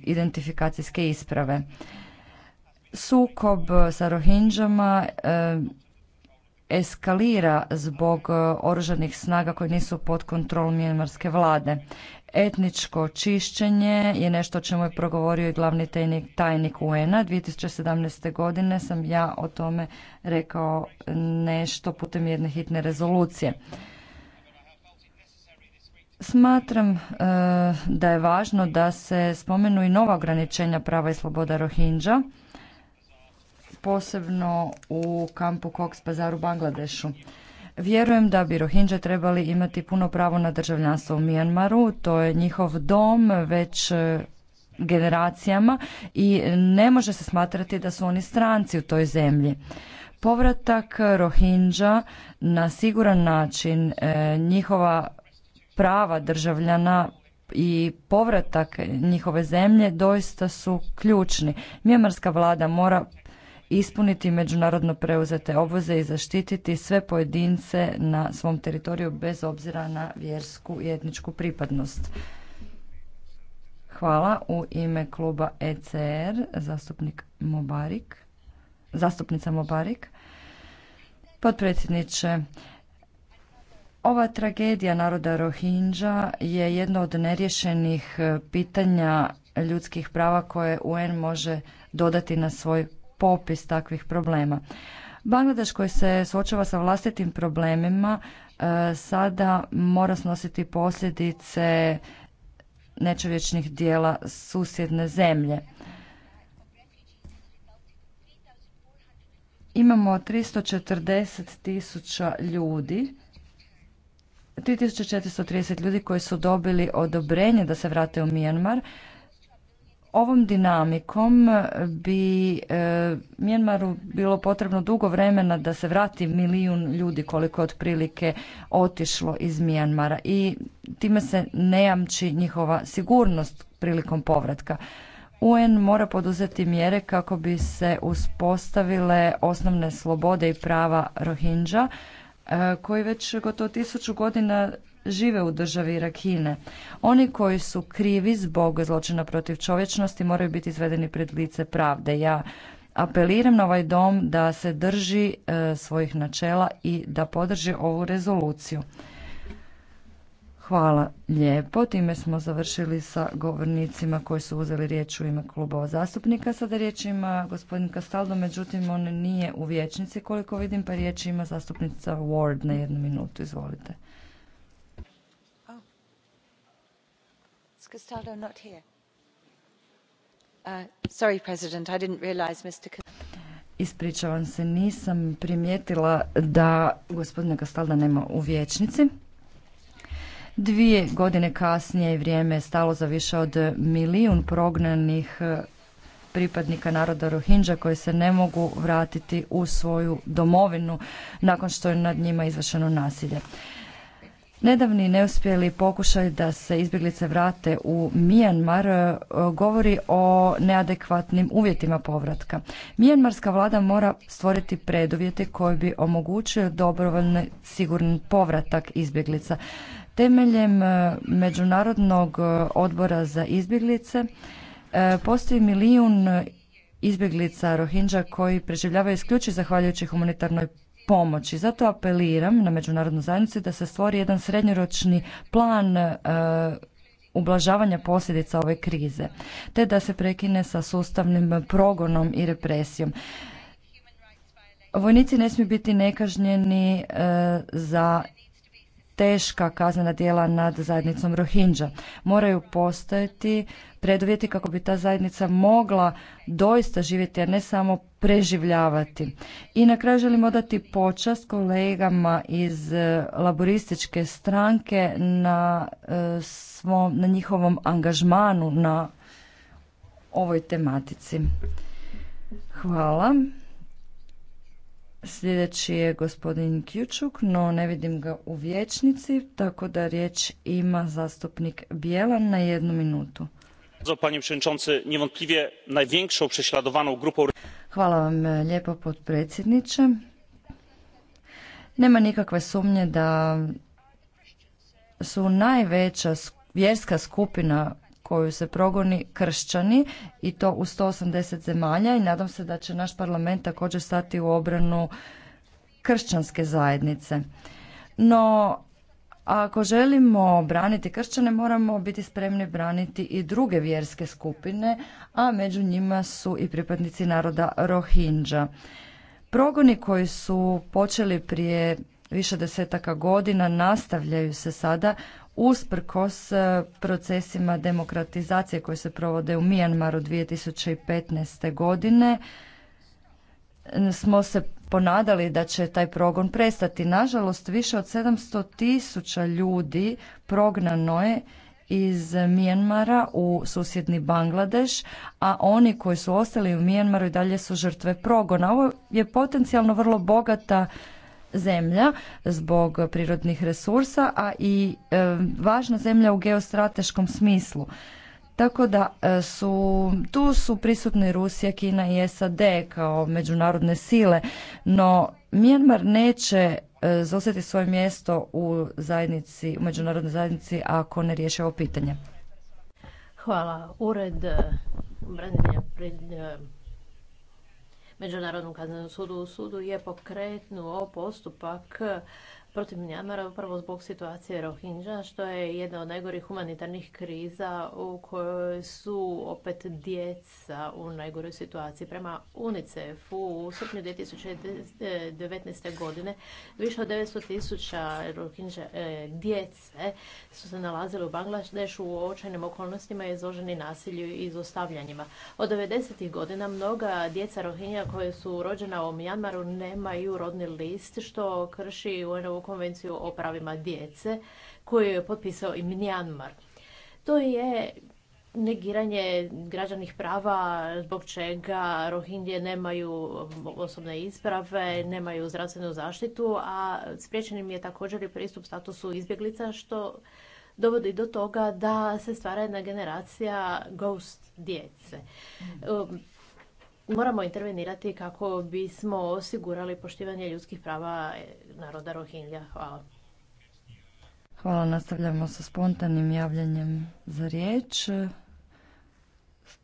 identifikacijske isprave. Sukob sa Rohinđama e, eskalira zbog e, oružanih snaga koje nisu pod kontrolom mjenmarske vlade. Etničko čišćenje je nešto o čemu je progovorio i glavni tajnik, tajnik UN-a. 2017. godine sam ja o tome rekao nešto putem jedne hitne rezolucije. Smatram e, da je važno da se spomenu i nova ograničenja prava i sloboda rohinđa posebno u kampu Cox's Bazar u Bangladešu. Vjerujem da bi Rohinđe trebali imati puno pravo na državljanstvo u Mijanmaru. To je njihov dom već e, generacijama i ne može se smatrati da su oni stranci u toj zemlji. Povratak Rohinđa na siguran način e, njihova prava državljana i povratak njihove zemlje doista su ključni. Mijanmarska vlada mora ispuniti međunarodno preuzete obveze i zaštititi sve pojedince na svom teritoriju bez obzira na vjersku i etničku pripadnost. Hvala. U ime kluba ECR, zastupnik Mobarik, zastupnica Mobarik. Potpredsjedniče, ova tragedija naroda Rohinđa je jedno od neriješenih pitanja ljudskih prava koje UN može dodati na svoj popis takvih problema. Bangladeš koji se suočava sa vlastitim problemima e, sada mora snositi posljedice nečovječnih dijela susjedne zemlje. Imamo 340 tisuća ljudi 3430 ljudi koji su dobili odobrenje da se vrate u Mijanmar Ovom dinamikom bi e, bilo potrebno dugo vremena da se vrati milijun ljudi koliko je otprilike otišlo iz Mjenmara i time se ne jamči njihova sigurnost prilikom povratka. UN mora poduzeti mjere kako bi se uspostavile osnovne slobode i prava Rohinđa e, koji već gotovo tisuću godina žive u državi Rakine. Oni koji su krivi zbog zločina protiv čovječnosti moraju biti izvedeni pred lice pravde. Ja apeliram na ovaj dom da se drži e, svojih načela i da podrži ovu rezoluciju. Hvala lijepo. Time smo završili sa govornicima koji su uzeli riječ u ime klubova zastupnika. Sada riječ ima gospodin Kastaldo, međutim on nije u vječnici koliko vidim, pa riječ ima zastupnica Ward na jednu minutu. Izvolite. Uh, Ispričavam se, nisam primijetila da gospodina Kastalda nema u vijećnici Dvije godine kasnije je vrijeme stalo za više od milijun prognanih uh, pripadnika naroda Rohingya koji se ne mogu vratiti u svoju domovinu nakon što je nad njima izvršeno nasilje. Nedavni neuspjeli pokušaj da se izbjeglice vrate u Mijanmar e, govori o neadekvatnim uvjetima povratka. Mijanmarska vlada mora stvoriti preduvjete koji bi omogućio dobrovoljni siguran povratak izbjeglica. Temeljem e, Međunarodnog e, odbora za izbjeglice postoji milijun izbjeglica Rohinđa koji preživljavaju isključivo zahvaljujući humanitarnoj pomoći. Zato apeliram na međunarodnu zajednicu da se stvori jedan srednjoročni plan e, ublažavanja posljedica ove krize, te da se prekine sa sustavnim progonom i represijom. Vojnici ne smiju biti nekažnjeni e, za teška kaznena djela nad zajednicom Rohingya. Moraju postojati preduvjeti kako bi ta zajednica mogla doista živjeti, a ne samo preživljavati. I na kraju želim odati počast kolegama iz e, laborističke stranke na, e, svom, na njihovom angažmanu na ovoj tematici. Hvala. Sljedeći je gospodin Kjučuk, no ne vidim ga u vječnici, tako da riječ ima zastupnik Bjelan na jednu minutu. przewodniczący, niewątpliwie Hvala vam e, lijepo potpredsjedniče. Nema nikakve sumnje da su najveća vjerska skupina koju se progoni kršćani i to u 180 zemalja i nadam se da će naš parlament također stati u obranu kršćanske zajednice. No, ako želimo braniti kršćane, moramo biti spremni braniti i druge vjerske skupine, a među njima su i pripadnici naroda Rohingja. Progoni koji su počeli prije više desetaka godina nastavljaju se sada usprkos e, procesima demokratizacije koje se provode u Mijanmaru 2015. godine smo se ponadali da će taj progon prestati. Nažalost, više od 700 tisuća ljudi prognano je iz Mijenmara u susjedni Bangladeš, a oni koji su ostali u Mijenmaru i dalje su žrtve progona. Ovo je potencijalno vrlo bogata zemlja zbog prirodnih resursa, a i e, važna zemlja u geostrateškom smislu. Tako da e, su, tu su prisutne Rusija, Kina i SAD kao međunarodne sile, no Mijanmar neće e, zauzeti svoje mjesto u zajednici, u međunarodnoj zajednici ako ne riješi ovo pitanje. Hvala. Ured Međunarodnom kaznenom sudu u sudu je pokretnuo postupak protiv Mjanmara upravo zbog situacije Rohingya, što je jedna od najgorih humanitarnih kriza u kojoj su opet djeca u najgoroj situaciji. Prema UNICEF-u u srpnju 2019. godine više od 900 tisuća e, djece su se nalazili u Bangladešu u očajnim okolnostima izloženi nasilju i izostavljanjima. Od 90. godina mnoga djeca Rohingya koje su rođena u Mjanmaru nemaju rodni list, što krši u konvenciju o pravima djece koju je potpisao i Mnjanmar. To je negiranje građanih prava zbog čega Rohingje nemaju osobne isprave, nemaju zdravstvenu zaštitu, a spriječenim je također i pristup statusu izbjeglica što dovodi do toga da se stvara jedna generacija ghost djece. Mhm. Moramo intervenirati kako bismo osigurali poštivanje ljudskih prava naroda Rohingja. Hvala. Hvala, nastavljamo sa spontanim javljanjem za riječ.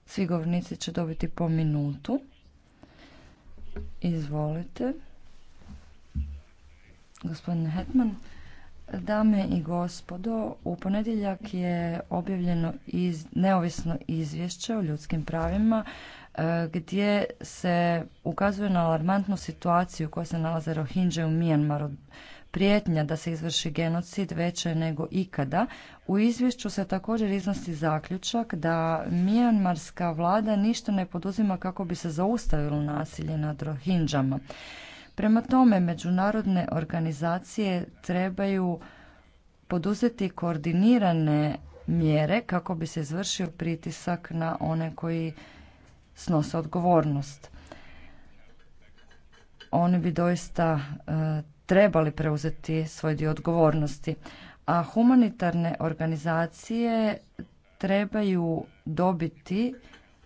Svi govornici će dobiti po minutu. Izvolite. Gospodine Hetman, dame i gospodo, u ponedjeljak je objavljeno iz, neovisno izvješće o ljudskim pravima E, gdje se ukazuje na alarmantnu situaciju koja se nalaze Rohingje u Mijanmaru. Prijetnja da se izvrši genocid veća nego ikada. U izvješću se također iznosi zaključak da mijanmarska vlada ništa ne poduzima kako bi se zaustavilo nasilje nad Rohingjama. Prema tome, međunarodne organizacije trebaju poduzeti koordinirane mjere kako bi se izvršio pritisak na one koji snose odgovornost. Oni bi doista e, trebali preuzeti svoj dio odgovornosti. A humanitarne organizacije trebaju dobiti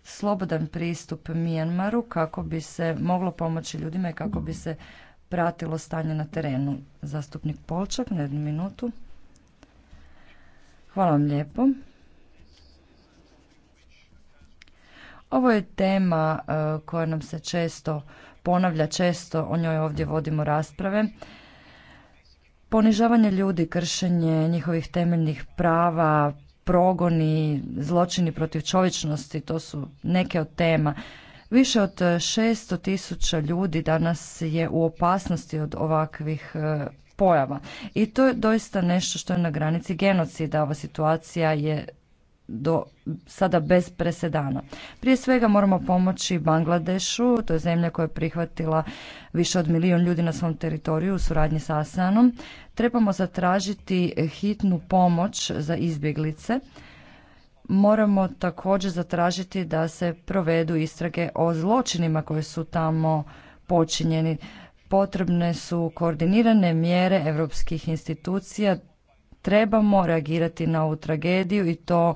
slobodan pristup Mijanmaru kako bi se moglo pomoći ljudima i kako bi se pratilo stanje na terenu. Zastupnik Polčak, na jednu minutu. Hvala vam lijepo. Ovo je tema e, koja nam se često ponavlja, često o njoj ovdje vodimo rasprave. Ponižavanje ljudi, kršenje njihovih temeljnih prava, progoni, zločini protiv čovječnosti, to su neke od tema. Više od 600 tisuća ljudi danas je u opasnosti od ovakvih e, pojava. I to je doista nešto što je na granici genocida. Ova situacija je do sada bez presedana. Prije svega moramo pomoći Bangladešu, to je zemlja koja je prihvatila više od milijun ljudi na svom teritoriju u suradnji sa ASEANom. Trebamo zatražiti hitnu pomoć za izbjeglice. Moramo također zatražiti da se provedu istrage o zločinima koji su tamo počinjeni. Potrebne su koordinirane mjere europskih institucija Trebamo reagirati na ovu tragediju i to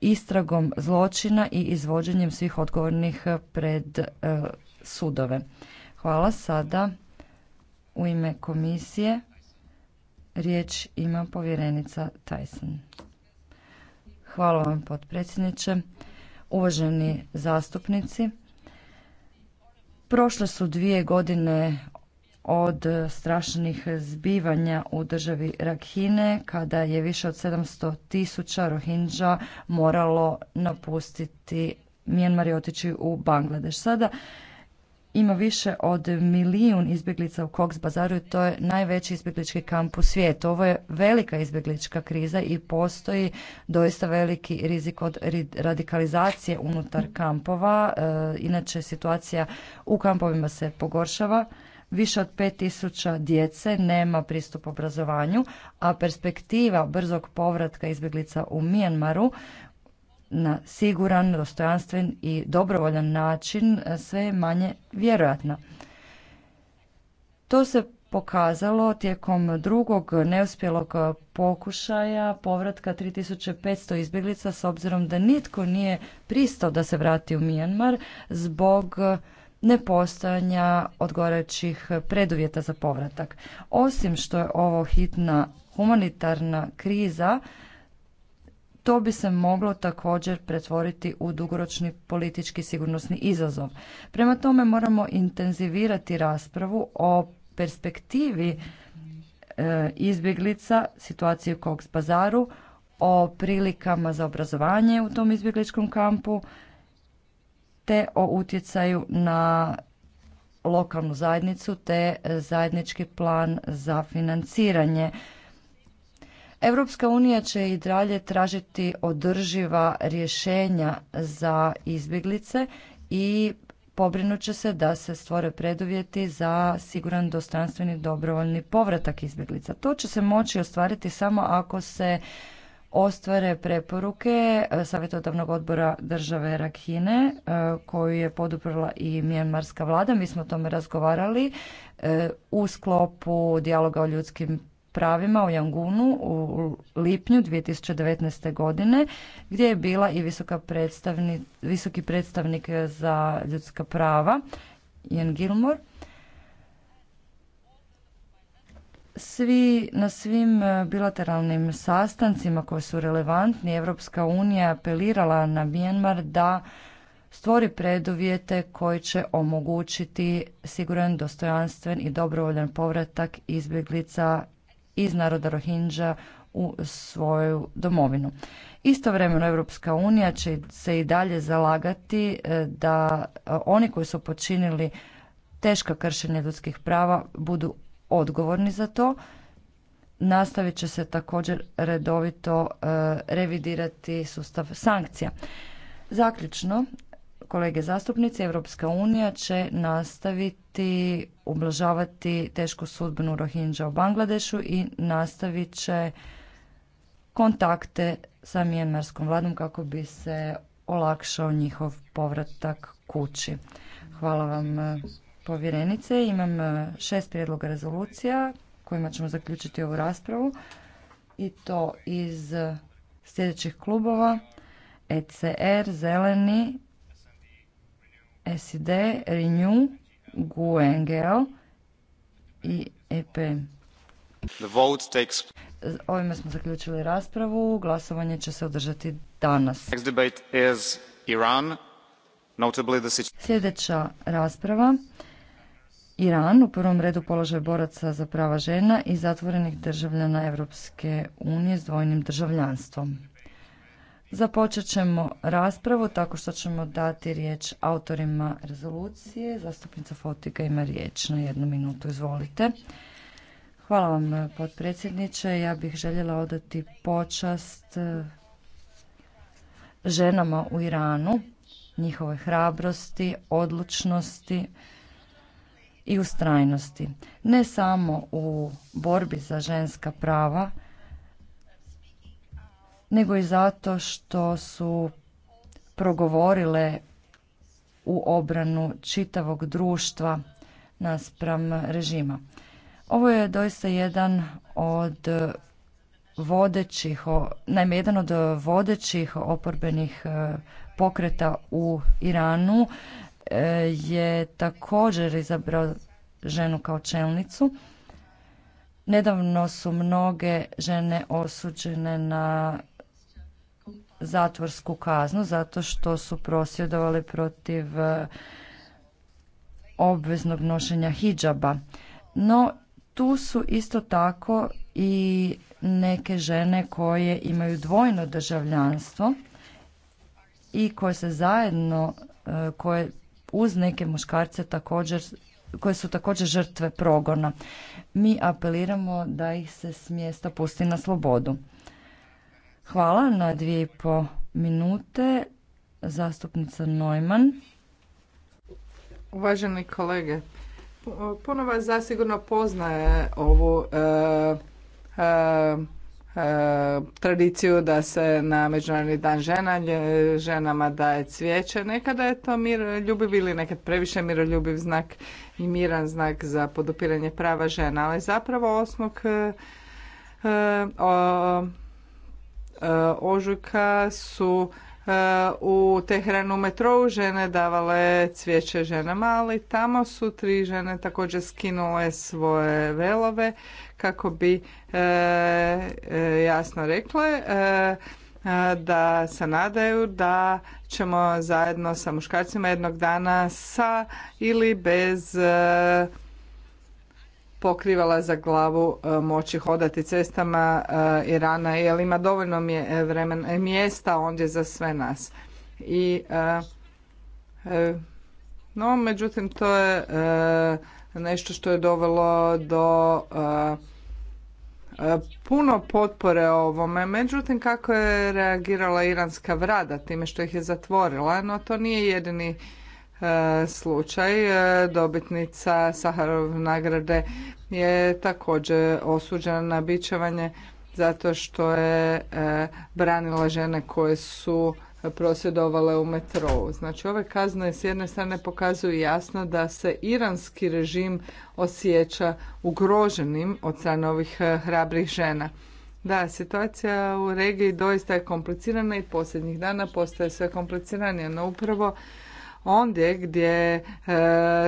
istragom zločina i izvođenjem svih odgovornih pred e, sudove. Hvala sada u ime komisije. Riječ ima povjerenica Tyson. Hvala vam potpredsjedniče. Uvaženi zastupnici, prošle su dvije godine od strašnih zbivanja u državi Rakhine kada je više od 700 tisuća rohinđa moralo napustiti Mijenmar i otići u Bangladeš. Sada ima više od milijun izbjeglica u Cox Bazaru i to je najveći izbjeglički kamp u svijetu. Ovo je velika izbjeglička kriza i postoji doista veliki rizik od radikalizacije unutar kampova. E, inače, situacija u kampovima se pogoršava. Više od 5000 djece nema pristup obrazovanju, a perspektiva brzog povratka izbjeglica u Mijenmaru na siguran, dostojanstven i dobrovoljan način e, sve je manje vjerojatna. To se pokazalo tijekom drugog neuspjelog pokušaja povratka 3500 izbjeglica s obzirom da nitko nije pristao da se vrati u Mijenmar zbog nepostojanja odgovarajućih preduvjeta za povratak. Osim što je ovo hitna humanitarna kriza, to bi se moglo također pretvoriti u dugoročni politički sigurnosni izazov. Prema tome moramo intenzivirati raspravu o perspektivi e, izbjeglica, situacije u Koks Bazaru, o prilikama za obrazovanje u tom izbjegličkom kampu, te o utjecaju na lokalnu zajednicu te zajednički plan za financiranje. Europska unija će i dalje tražiti održiva rješenja za izbjeglice i pobrinut će se da se stvore preduvjeti za siguran, dostojanstveni, dobrovoljni povratak izbjeglica. To će se moći ostvariti samo ako se ostvare preporuke e, Savjetodavnog odbora države Rakhine e, koju je poduprla i mjenmarska vlada. Mi smo o tome razgovarali e, u sklopu dijaloga o ljudskim pravima u Jangunu u lipnju 2019. godine gdje je bila i visoka predstavni, visoki predstavnik za ljudska prava Ian Gilmore svi, na svim e, bilateralnim sastancima koji su relevantni, Evropska unija apelirala na Mijenmar da stvori preduvjete koji će omogućiti siguran, dostojanstven i dobrovoljan povratak izbjeglica iz naroda Rohinđa u svoju domovinu. Istovremeno Evropska unija će se i dalje zalagati e, da e, oni koji su počinili teška kršenja ljudskih prava budu odgovorni za to. Nastavit će se također redovito e, revidirati sustav sankcija. Zaključno, kolege zastupnici, Europska unija će nastaviti ublažavati tešku sudbinu Rohingya u Bangladešu i nastavit će kontakte sa mijenmarskom vladom kako bi se olakšao njihov povratak kući. Hvala vam e, povjerenice. Imam e, šest prijedloga rezolucija kojima ćemo zaključiti ovu raspravu i to iz sljedećih klubova ECR, Zeleni, SID, Renew, Guengel i EP. The Ovime smo zaključili raspravu. Glasovanje će se održati danas. Sljedeća rasprava Iran, u prvom redu položaj boraca za prava žena i zatvorenih državljana Evropske unije s dvojnim državljanstvom. Započet ćemo raspravu tako što ćemo dati riječ autorima rezolucije. Zastupnica Fotika ima riječ na jednu minutu. Izvolite. Hvala vam, potpredsjedniče. Ja bih željela odati počast eh, ženama u Iranu, njihove hrabrosti, odlučnosti, i ustrajnosti. Ne samo u borbi za ženska prava, nego i zato što su progovorile u obranu čitavog društva naspram režima. Ovo je doista jedan od vodećih, naime jedan od vodećih oporbenih e, pokreta u Iranu E, je također izabrao ženu kao čelnicu. Nedavno su mnoge žene osuđene na zatvorsku kaznu zato što su prosvjedovali protiv e, obveznog nošenja hidžaba. No, tu su isto tako i neke žene koje imaju dvojno državljanstvo i koje se zajedno, e, koje uz neke muškarce također koje su također žrtve progona. Mi apeliramo da ih se s mjesta pusti na slobodu. Hvala na dvije i po minute. Zastupnica Neumann. Uvaženi kolege, puno vas zasigurno poznaje ovu e, e, tradiciju da se na Međunarodni dan žena ženama daje cvijeće. Nekada je to mir ljubiv ili nekad previše miroljubiv znak i miran znak za podupiranje prava žena, ali zapravo 8. E, e, e, ožujka su u tehranu metrou žene davale cvijeće ženama, ali tamo su tri žene također skinule svoje velove kako bi e, e, jasno rekle e, da se nadaju da ćemo zajedno sa muškarcima jednog dana sa ili bez pokrivala za glavu moći hodati cestama Irana jer ima dovoljno vremena, mjesta ondje za sve nas. I, no, međutim, to je nešto što je dovelo do E, puno potpore ovome, međutim kako je reagirala iranska vrada time što ih je zatvorila, no to nije jedini e, slučaj. E, dobitnica Saharov nagrade je također osuđena na bičevanje zato što je branila žene koje su prosvjedovale u metrou. Znači ove kazne s jedne strane pokazuju jasno da se iranski režim osjeća ugroženim od strane ovih eh, hrabrih žena. Da, situacija u regiji doista je komplicirana i posljednjih dana postaje sve kompliciranija, no upravo ondje gdje eh,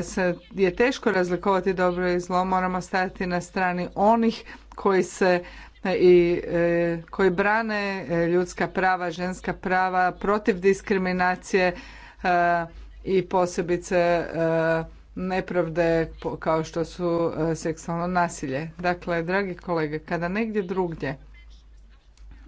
se, je teško razlikovati dobro i zlo moramo stajati na strani onih koji se i e, koji brane e, ljudska prava, ženska prava, protiv diskriminacije e, i posebice nepravde kao što su seksualno nasilje. Dakle, dragi kolege, kada negdje drugdje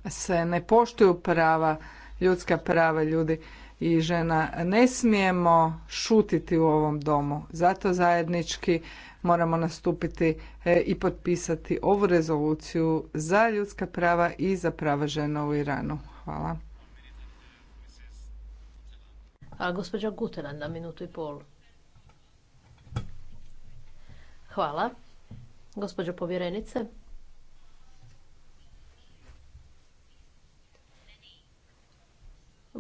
se ne poštuju prava, ljudska prava ljudi i žena, ne smijemo šutiti u ovom domu. Zato zajednički moramo nastupiti e, i potpisati ovu rezoluciju za ljudska prava i za prava žena u Iranu. Hvala. A gospođa Guteran na minutu i pol. Hvala. Gospođo povjerenice.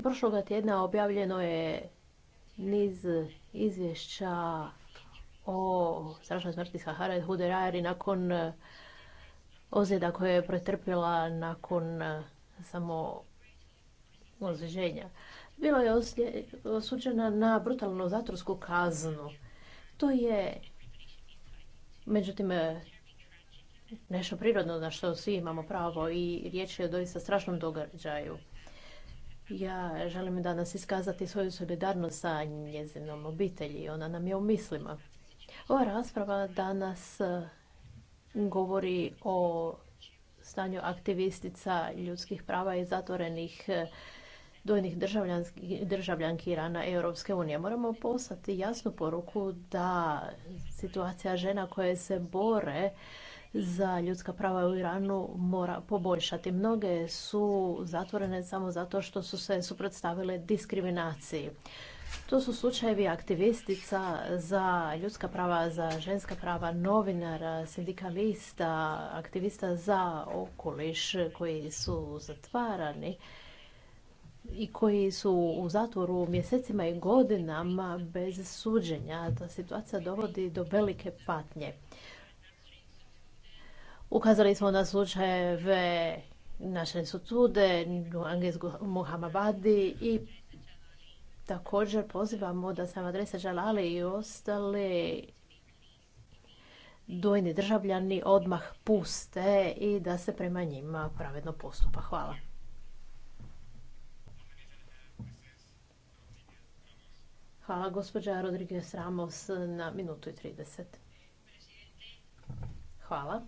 Prošloga tjedna objavljeno je niz izvješća o strašnoj smrti Sahara i Huderari nakon e, ozljeda koje je pretrpjela nakon e, samo ozljeđenja. Bila je osuđena na brutalnu zatvorsku kaznu. To je, međutim, e, nešto prirodno na što svi imamo pravo i riječ je o doista strašnom događaju. Ja želim danas iskazati svoju solidarnost sa njezinom obitelji. Ona nam je u mislima. Ova rasprava danas e, govori o stanju aktivistica ljudskih prava i zatvorenih e, dojnih državljanki Irana i Europske unije. Moramo poslati jasnu poruku da situacija žena koje se bore za ljudska prava u Iranu mora poboljšati. Mnoge su zatvorene samo zato što su se suprotstavile diskriminaciji. To su slučajevi aktivistica za ljudska prava, za ženska prava, novinara, sindikalista, aktivista za okoliš koji su zatvarani i koji su u zatvoru mjesecima i godinama bez suđenja. Ta situacija dovodi do velike patnje. Ukazali smo na slučajeve naše sutude, Anges Muhammadi i Također pozivamo da sam adrese žalali i ostali dojni državljani odmah puste i da se prema njima pravedno postupa. Hvala. Hvala gospođa Rodriguez Ramos na minutu i 30. Hvala.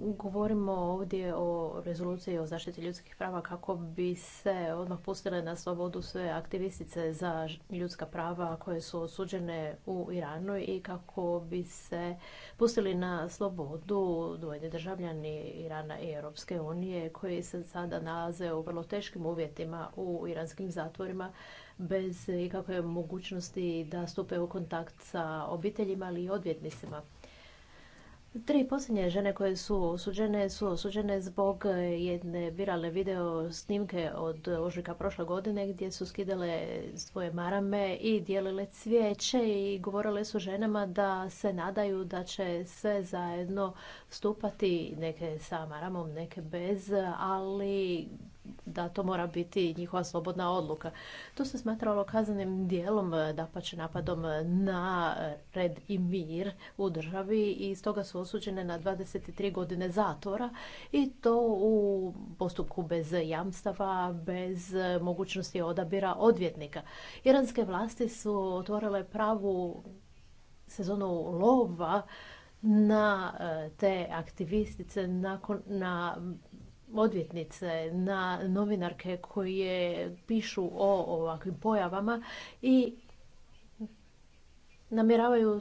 Govorimo ovdje o rezoluciji o zaštiti ljudskih prava kako bi se odmah pustile na slobodu sve aktivistice za ljudska prava koje su osuđene u Iranu i kako bi se pustili na slobodu dvojni državljani Irana i Europske unije koji se sada nalaze u vrlo teškim uvjetima u iranskim zatvorima bez ikakve mogućnosti da stupe u kontakt sa obiteljima ali i odvjetnicima. Tri posljednje žene koje su osuđene su osuđene zbog e, jedne virale video snimke od ožujka prošle godine gdje su skidale svoje marame i dijelile cvijeće i govorile su ženama da se nadaju da će sve zajedno stupati neke sa maramom, neke bez, ali da to mora biti njihova slobodna odluka. To se smatralo kaznenim dijelom, e, dapače napadom na e, red i mir u državi i stoga su osuđene na 23 godine zatvora i to u postupku bez jamstava, bez e, mogućnosti odabira odvjetnika. Iranske vlasti su otvorile pravu sezonu lova na te aktivistice na odvjetnice, na novinarke koje pišu o ovakvim pojavama i namjeravaju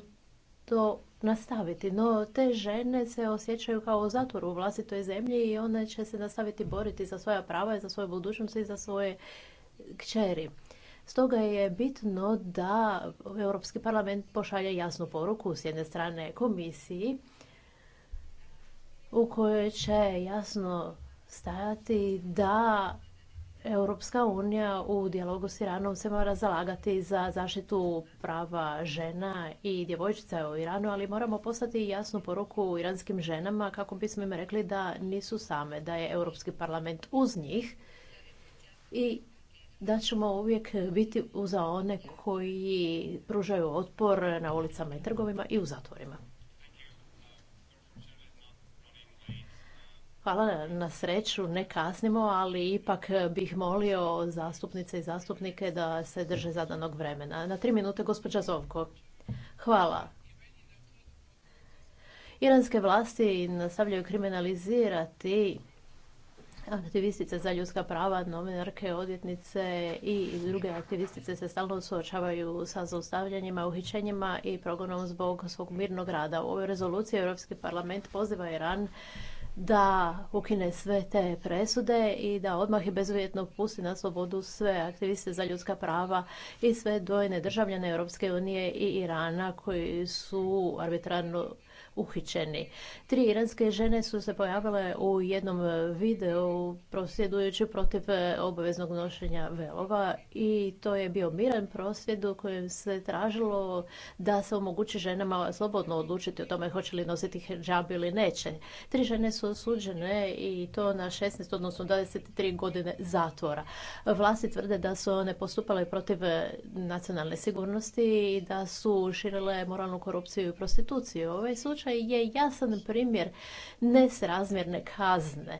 to nastaviti. No te žene se osjećaju kao u zatvoru u vlastitoj zemlji i one će se nastaviti boriti za svoja prava i za svoju budućnost i za svoje kćeri. Stoga je bitno da Europski parlament pošalje jasnu poruku s jedne strane komisiji u kojoj će jasno stajati da Europska unija u dijalogu s Iranom se mora zalagati za zaštitu prava žena i djevojčica u Iranu, ali moramo poslati jasnu poruku iranskim ženama kako bismo im rekli da nisu same, da je Europski parlament uz njih i da ćemo uvijek biti uza one koji pružaju otpor na ulicama i trgovima i u zatvorima. Hvala na sreću, ne kasnimo, ali ipak bih molio zastupnice i zastupnike da se drže zadanog vremena. Na tri minute, gospođa Zovko. Hvala. Iranske vlasti nastavljaju kriminalizirati aktivistice za ljudska prava, novinarke, odvjetnice i druge aktivistice se stalno suočavaju sa zaustavljanjima, uhićenjima i progonom zbog svog mirnog rada. U ovoj rezoluciji Europski parlament poziva Iran da ukine sve te presude i da odmah i bezuvjetno pusti na slobodu sve aktiviste za ljudska prava i sve dojne državljane Europske unije i Irana koji su arbitrarno uhićeni. Tri iranske žene su se pojavile u jednom videu prosvjedujući protiv e, obaveznog nošenja velova i to je bio miran prosvjed u kojem se tražilo da se omogući ženama slobodno odlučiti o tome hoće li nositi hijab ili neće. Tri žene su osuđene i to na 16, odnosno 23 godine zatvora. Vlasti tvrde da su one postupale protiv e, nacionalne sigurnosti i da su širile moralnu korupciju i prostituciju. Ovaj slučaj je jasan primjer nesrazmjerne kazne.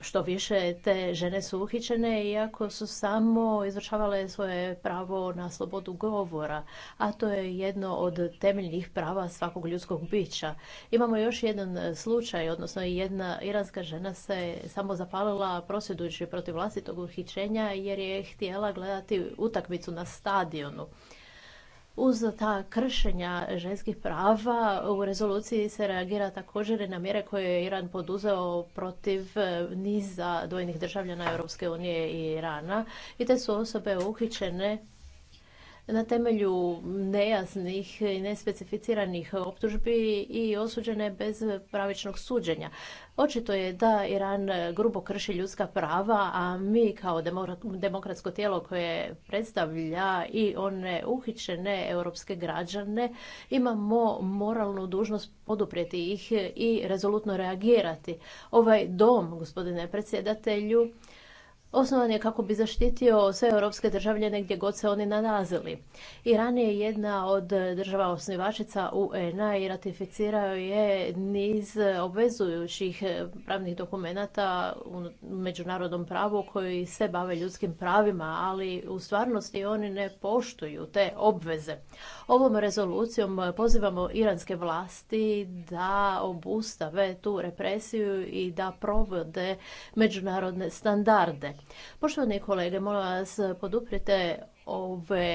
Što više, te žene su uhićene iako su samo izvršavale svoje pravo na slobodu govora, a to je jedno od temeljnih prava svakog ljudskog bića. Imamo još jedan slučaj, odnosno jedna iranska žena se samo zapalila prosvjedujući protiv vlastitog uhićenja jer je htjela gledati utakmicu na stadionu. Uz ta kršenja ženskih prava u rezoluciji se reagira također i na mjere koje je Iran poduzeo protiv niza dojnih državljana Europske unije i Irana i te su osobe uhićene na temelju nejasnih i nespecificiranih optužbi i osuđene bez pravičnog suđenja. Očito je da Iran grubo krši ljudska prava, a mi kao demokratsko tijelo koje predstavlja i one uhičene europske građane imamo moralnu dužnost poduprijeti ih i rezolutno reagirati. Ovaj dom, gospodine predsjedatelju, Osnovan je kako bi zaštitio sve europske državljane gdje god se oni nalazili. Iran je jedna od država osnivačica UN-a i ratificirao je niz obvezujućih pravnih dokumenata u međunarodnom pravu koji se bave ljudskim pravima, ali u stvarnosti oni ne poštuju te obveze. Ovom rezolucijom pozivamo iranske vlasti da obustave tu represiju i da provode međunarodne standarde. Poštovani kolege, molim vas poduprite ove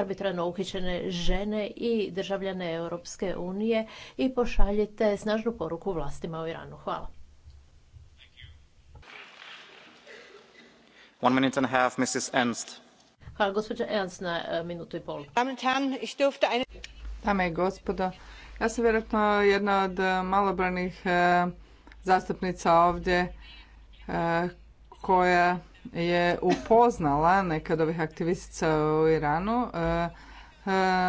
arbitrarno uhićene žene i državljane Europske unije i pošaljite snažnu poruku vlastima u Iranu. Hvala. One minute and a half, Mrs. Ernst. Hvala, gospođa Ernst na e, minutu i pol. Dame i gospodo, ja sam vjerojatno jedna od malobranih e, zastupnica ovdje e, koja je upoznala neke od ovih aktivistica u Iranu e, e,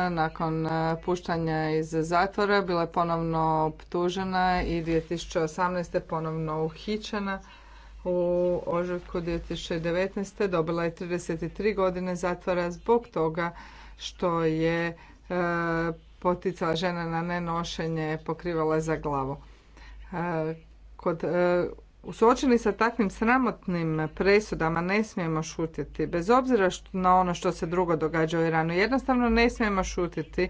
nakon e, puštanja iz zatvora bila je ponovno optužena i 2018. ponovno uhićena u ožujku 2019. dobila je 33 godine zatvora zbog toga što je poticala žene na nenošenje pokrivala za glavu. Kod Suočeni sa takvim sramotnim presudama ne smijemo šutiti, bez obzira na ono što se drugo događa u Iranu. Jednostavno ne smijemo šutiti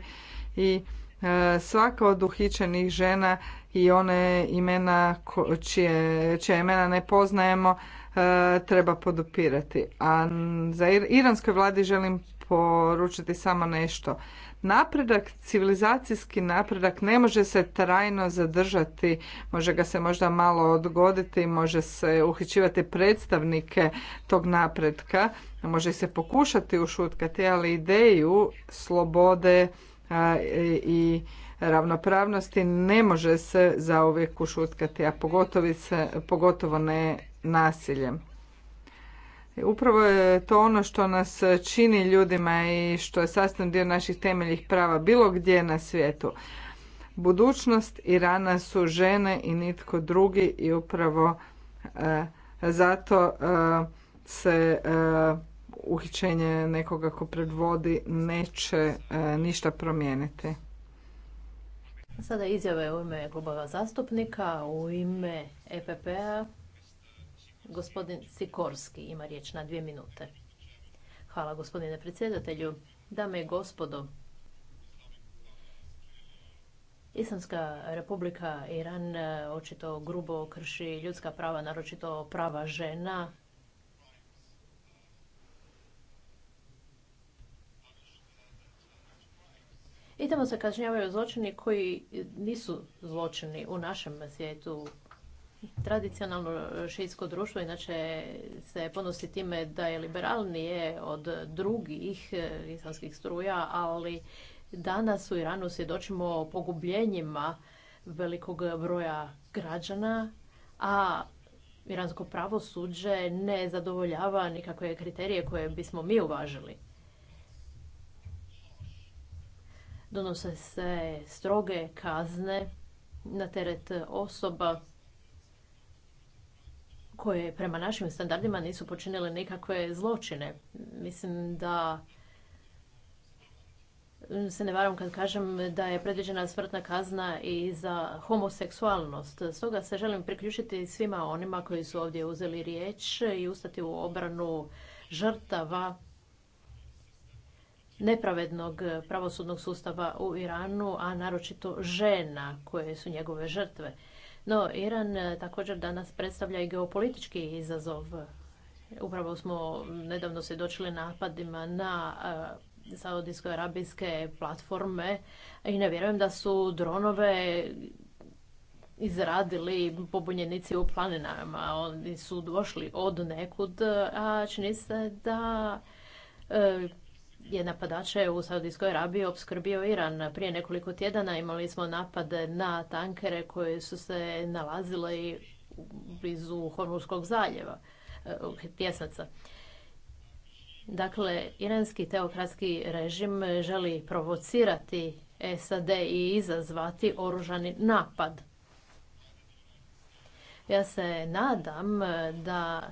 i e, svaka od uhićenih žena i one imena čije, imena ne poznajemo e, treba podupirati. A za iranskoj vladi želim poručiti samo nešto napredak, civilizacijski napredak ne može se trajno zadržati, može ga se možda malo odgoditi, može se uhićivati predstavnike tog napretka, može se pokušati ušutkati, ali ideju slobode i ravnopravnosti ne može se zauvijek ušutkati, a pogotovo, se, pogotovo ne nasiljem. Upravo je to ono što nas čini ljudima i što je sastavni dio naših temeljih prava bilo gdje na svijetu. Budućnost i rana su žene i nitko drugi i upravo e, zato e, se e, uhićenje nekoga ko predvodi neće ništa promijeniti. Sada izjave u ime klubova zastupnika, u ime EPP-a Gospodin Sikorski ima riječ na dvije minute. Hvala gospodine predsjedatelju. Dame i gospodo, Islamska republika Iran e, očito grubo krši ljudska prava, naročito prava žena. I se kažnjavaju zločini koji nisu zločini u našem svijetu Tradicionalno e, šijsko društvo inače se ponosi time da je liberalnije od drugih e, islamskih struja, ali danas u Iranu svjedočimo pogubljenjima velikog broja građana, a iransko pravosuđe ne zadovoljava nikakve kriterije koje bismo mi uvažili. Donose se stroge kazne na teret osoba koje prema našim standardima nisu počinile nikakve zločine. Mislim da mm, se ne varam kad kažem da je predviđena smrtna kazna i za homoseksualnost. Stoga se želim priključiti svima onima koji su ovdje uzeli riječ i ustati u obranu žrtava nepravednog pravosudnog sustava u Iranu, a naročito žena koje su njegove žrtve. No, Iran e, također danas predstavlja i geopolitički izazov. Upravo smo nedavno se napadima na e, saudijsko-arabijske platforme i ne vjerujem da su dronove izradili pobunjenici u planinama. Oni su došli od nekud, a čini se da e, je napadače u Saudijskoj Arabiji opskrbio Iran. Prije nekoliko tjedana imali smo napade na tankere koje su se nalazile blizu Hormuzskog zaljeva, e, tjesnaca. Dakle, iranski teokratski režim želi provocirati SAD i izazvati oružani napad. Ja se nadam da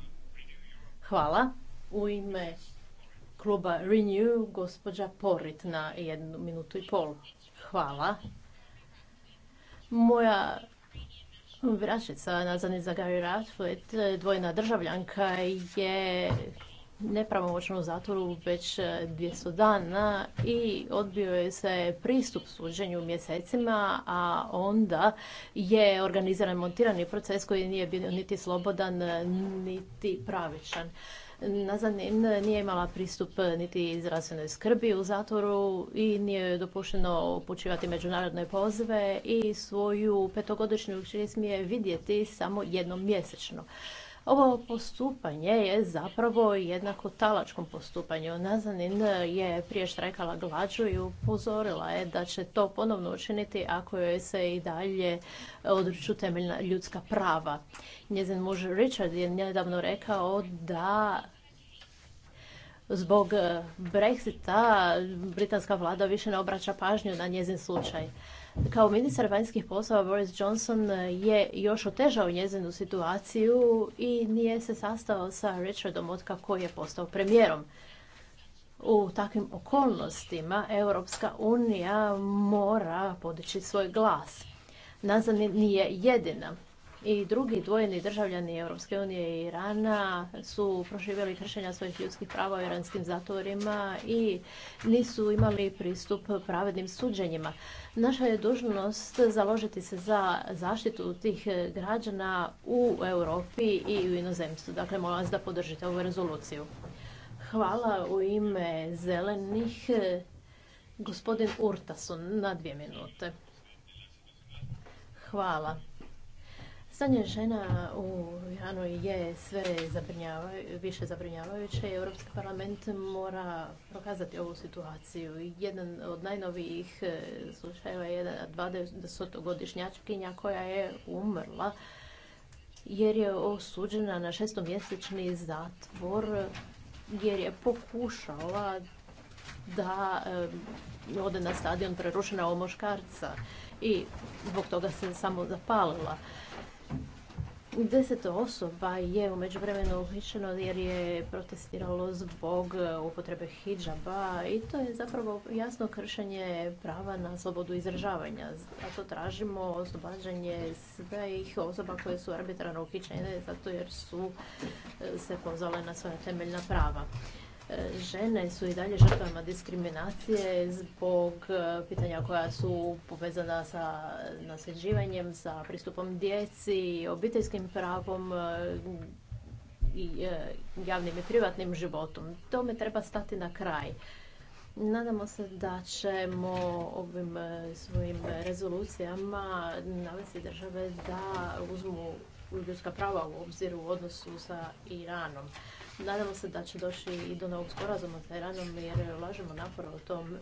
Hvala. U ime kluba Renew, gospođa Porit na jednu minutu i pol. Hvala. Moja vraćica, nazvani za Gary Radford, dvojna državljanka, je nepravomoćno u zatvoru već 200 e, dana i odbio je se pristup suđenju mjesecima, a onda je organiziran montirani proces koji nije bio niti slobodan, niti pravičan. Nazanin nije imala pristup niti zdravstvenoj skrbi u zatvoru i nije dopušteno upućivati međunarodne pozve i svoju petogodišnju smije vidjeti samo jednom mjesečno. Ovo postupanje je zapravo jednako talačkom postupanju. Nazanin je prije štrajkala glađu i upozorila je da će to ponovno učiniti ako joj se i dalje odriču temeljna ljudska prava. Njezin muž Richard je nedavno rekao da zbog Brexita britanska vlada više ne obraća pažnju na njezin slučaj. Kao ministar vanjskih poslova Boris Johnson e, je još otežao njezinu situaciju i nije se sastao sa Richardom koji je postao premijerom. U takvim okolnostima Europska unija mora podići svoj glas. Nazan nije jedina i drugi dvojeni državljani Europske unije i Irana su proživjeli kršenja svojih ljudskih prava u iranskim zatvorima i nisu imali pristup pravednim suđenjima. Naša je dužnost založiti se za zaštitu tih građana u Europi i u inozemstvu. Dakle, molim vas da podržite ovu rezoluciju. Hvala u ime zelenih gospodin Urtasun na dvije minute. Hvala. Stanje žena u Iranu je sve zabrinjavajuće, više zabrinjavajuće i Europski parlament mora prokazati ovu situaciju. Jedan od najnovijih e, slučajeva je 20-godišnjačkinja koja je umrla jer je osuđena na šestomjesečni zatvor jer je pokušala da e, ode na stadion prerušena omoškarca i zbog toga se samo zapalila. Deset osoba je u međuvremenu uhićeno jer je protestiralo zbog e, upotrebe hijaba i to je zapravo jasno kršenje prava na slobodu izražavanja. Zato tražimo oslobađanje svih osoba koje su arbitrarno uhićene zato jer su e, se pozvale na svoja temeljna prava. Žene su i dalje žrtvama diskriminacije zbog e, pitanja koja su povezana sa nasljeđivanjem, sa pristupom djeci, obiteljskim pravom e, i e, javnim i privatnim životom. Tome treba stati na kraj. Nadamo se da ćemo ovim svojim rezolucijama navesti države da uzmu ljudska prava u obzir u odnosu sa Iranom. Nadamo se da će doći i do novog sporazuma sa Iranom jer ulažemo napor o tom, e,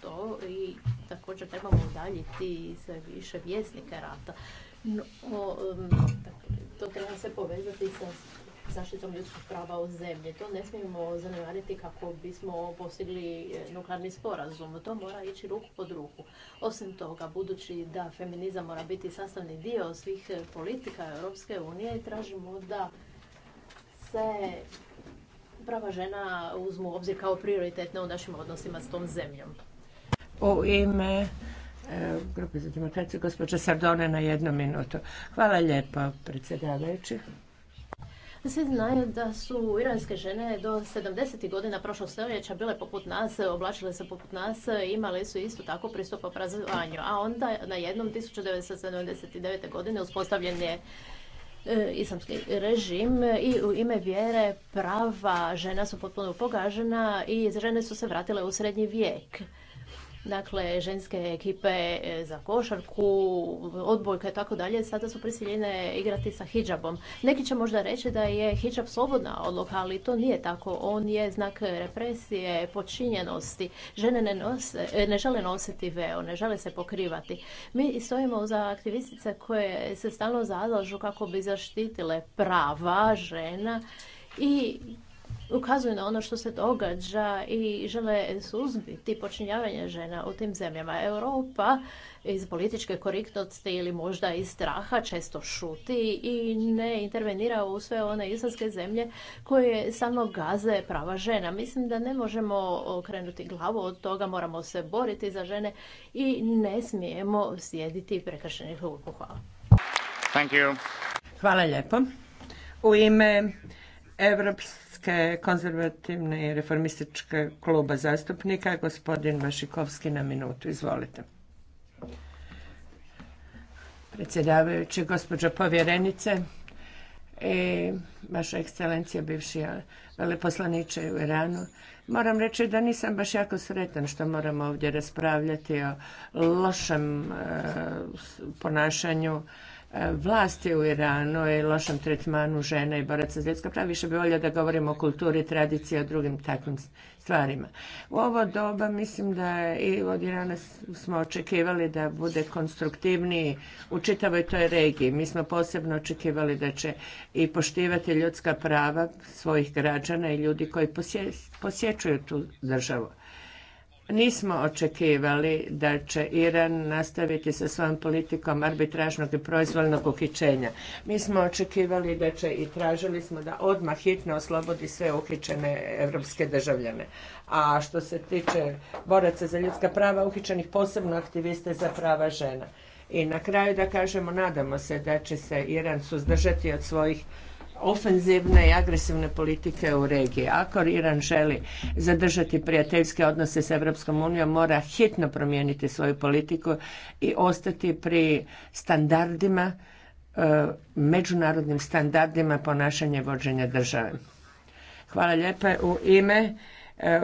to i također trebamo udaljiti sve više vjesnika rata. No, dakle, to treba se povezati sa zaštitom ljudskih prava u zemlji. To ne smijemo zanemariti kako bismo postigli e, nuklearni sporazum. To mora ići ruku pod ruku. Osim toga, budući da feminizam mora biti sastavni dio svih e, politika Europske unije, tražimo da se prava žena uzmu u obzir kao prioritetne u našim odnosima s tom zemljom. U ime e, Grupe za demokraciju, gospođa Sardone na jednu minutu. Hvala lijepo, predsjedavajući. Svi znaju da su iranske žene do 70. godina prošlog stoljeća bile poput nas, oblačile se poput nas, imale su isto tako pristup obrazovanju. A onda na jednom 1979. godine uspostavljen je E, islamski režim i u ime vjere prava žena su potpuno pogažena i žene su se vratile u srednji vijek dakle ženske ekipe e, za košarku, odbojka i tako dalje, sada su prisiljene igrati sa hijabom. Neki će možda reći da je hijab slobodna odluka, ali to nije tako. On je znak represije, počinjenosti. Žene ne, nose, e, ne žele nositi veo, ne žele se pokrivati. Mi stojimo za aktivistice koje se stalno zalažu kako bi zaštitile prava žena i ukazuju na ono što se događa i žele suzbiti počinjavanje žena u tim zemljama. Europa iz političke korektnosti ili možda iz straha često šuti i ne intervenira u sve one islamske zemlje koje samo gaze prava žena. Mislim da ne možemo okrenuti glavu od toga, moramo se boriti za žene i ne smijemo sjediti prekršenih ruku. Hvala. Hvala lijepo. U ime Evropske Hrvatske konzervativne i reformističke kluba zastupnika, gospodin Vašikovski na minutu. Izvolite. Predsjedavajući, gospođo povjerenice i vaša ekscelencija, bivši veleposlaniče u Iranu, moram reći da nisam baš jako sretan što moramo ovdje raspravljati o lošem e, ponašanju vlasti u Iranu i lošem tretmanu žena i boraca za ljudska prava, više bi volio da govorimo o kulturi, tradiciji i o drugim takvim stvarima. U ovo doba mislim da i od Irana smo očekivali da bude konstruktivniji u čitavoj toj regiji. Mi smo posebno očekivali da će i poštivati ljudska prava svojih građana i ljudi koji posjećuju tu državu. Nismo očekivali da će Iran nastaviti sa svojom politikom arbitražnog i proizvoljnog uhićenja. Mi smo očekivali da će i tražili smo da odmah hitno oslobodi sve uhićene evropske državljane. A što se tiče boraca za ljudska prava, uhićenih posebno aktiviste za prava žena. I na kraju da kažemo, nadamo se da će se Iran suzdržati od svojih ofenzivne i agresivne politike u regiji. Ako Iran želi zadržati prijateljske odnose s Europskom unijom, mora hitno promijeniti svoju politiku i ostati pri standardima, e, međunarodnim standardima ponašanja i vođenja države. Hvala lijepa. U ime e,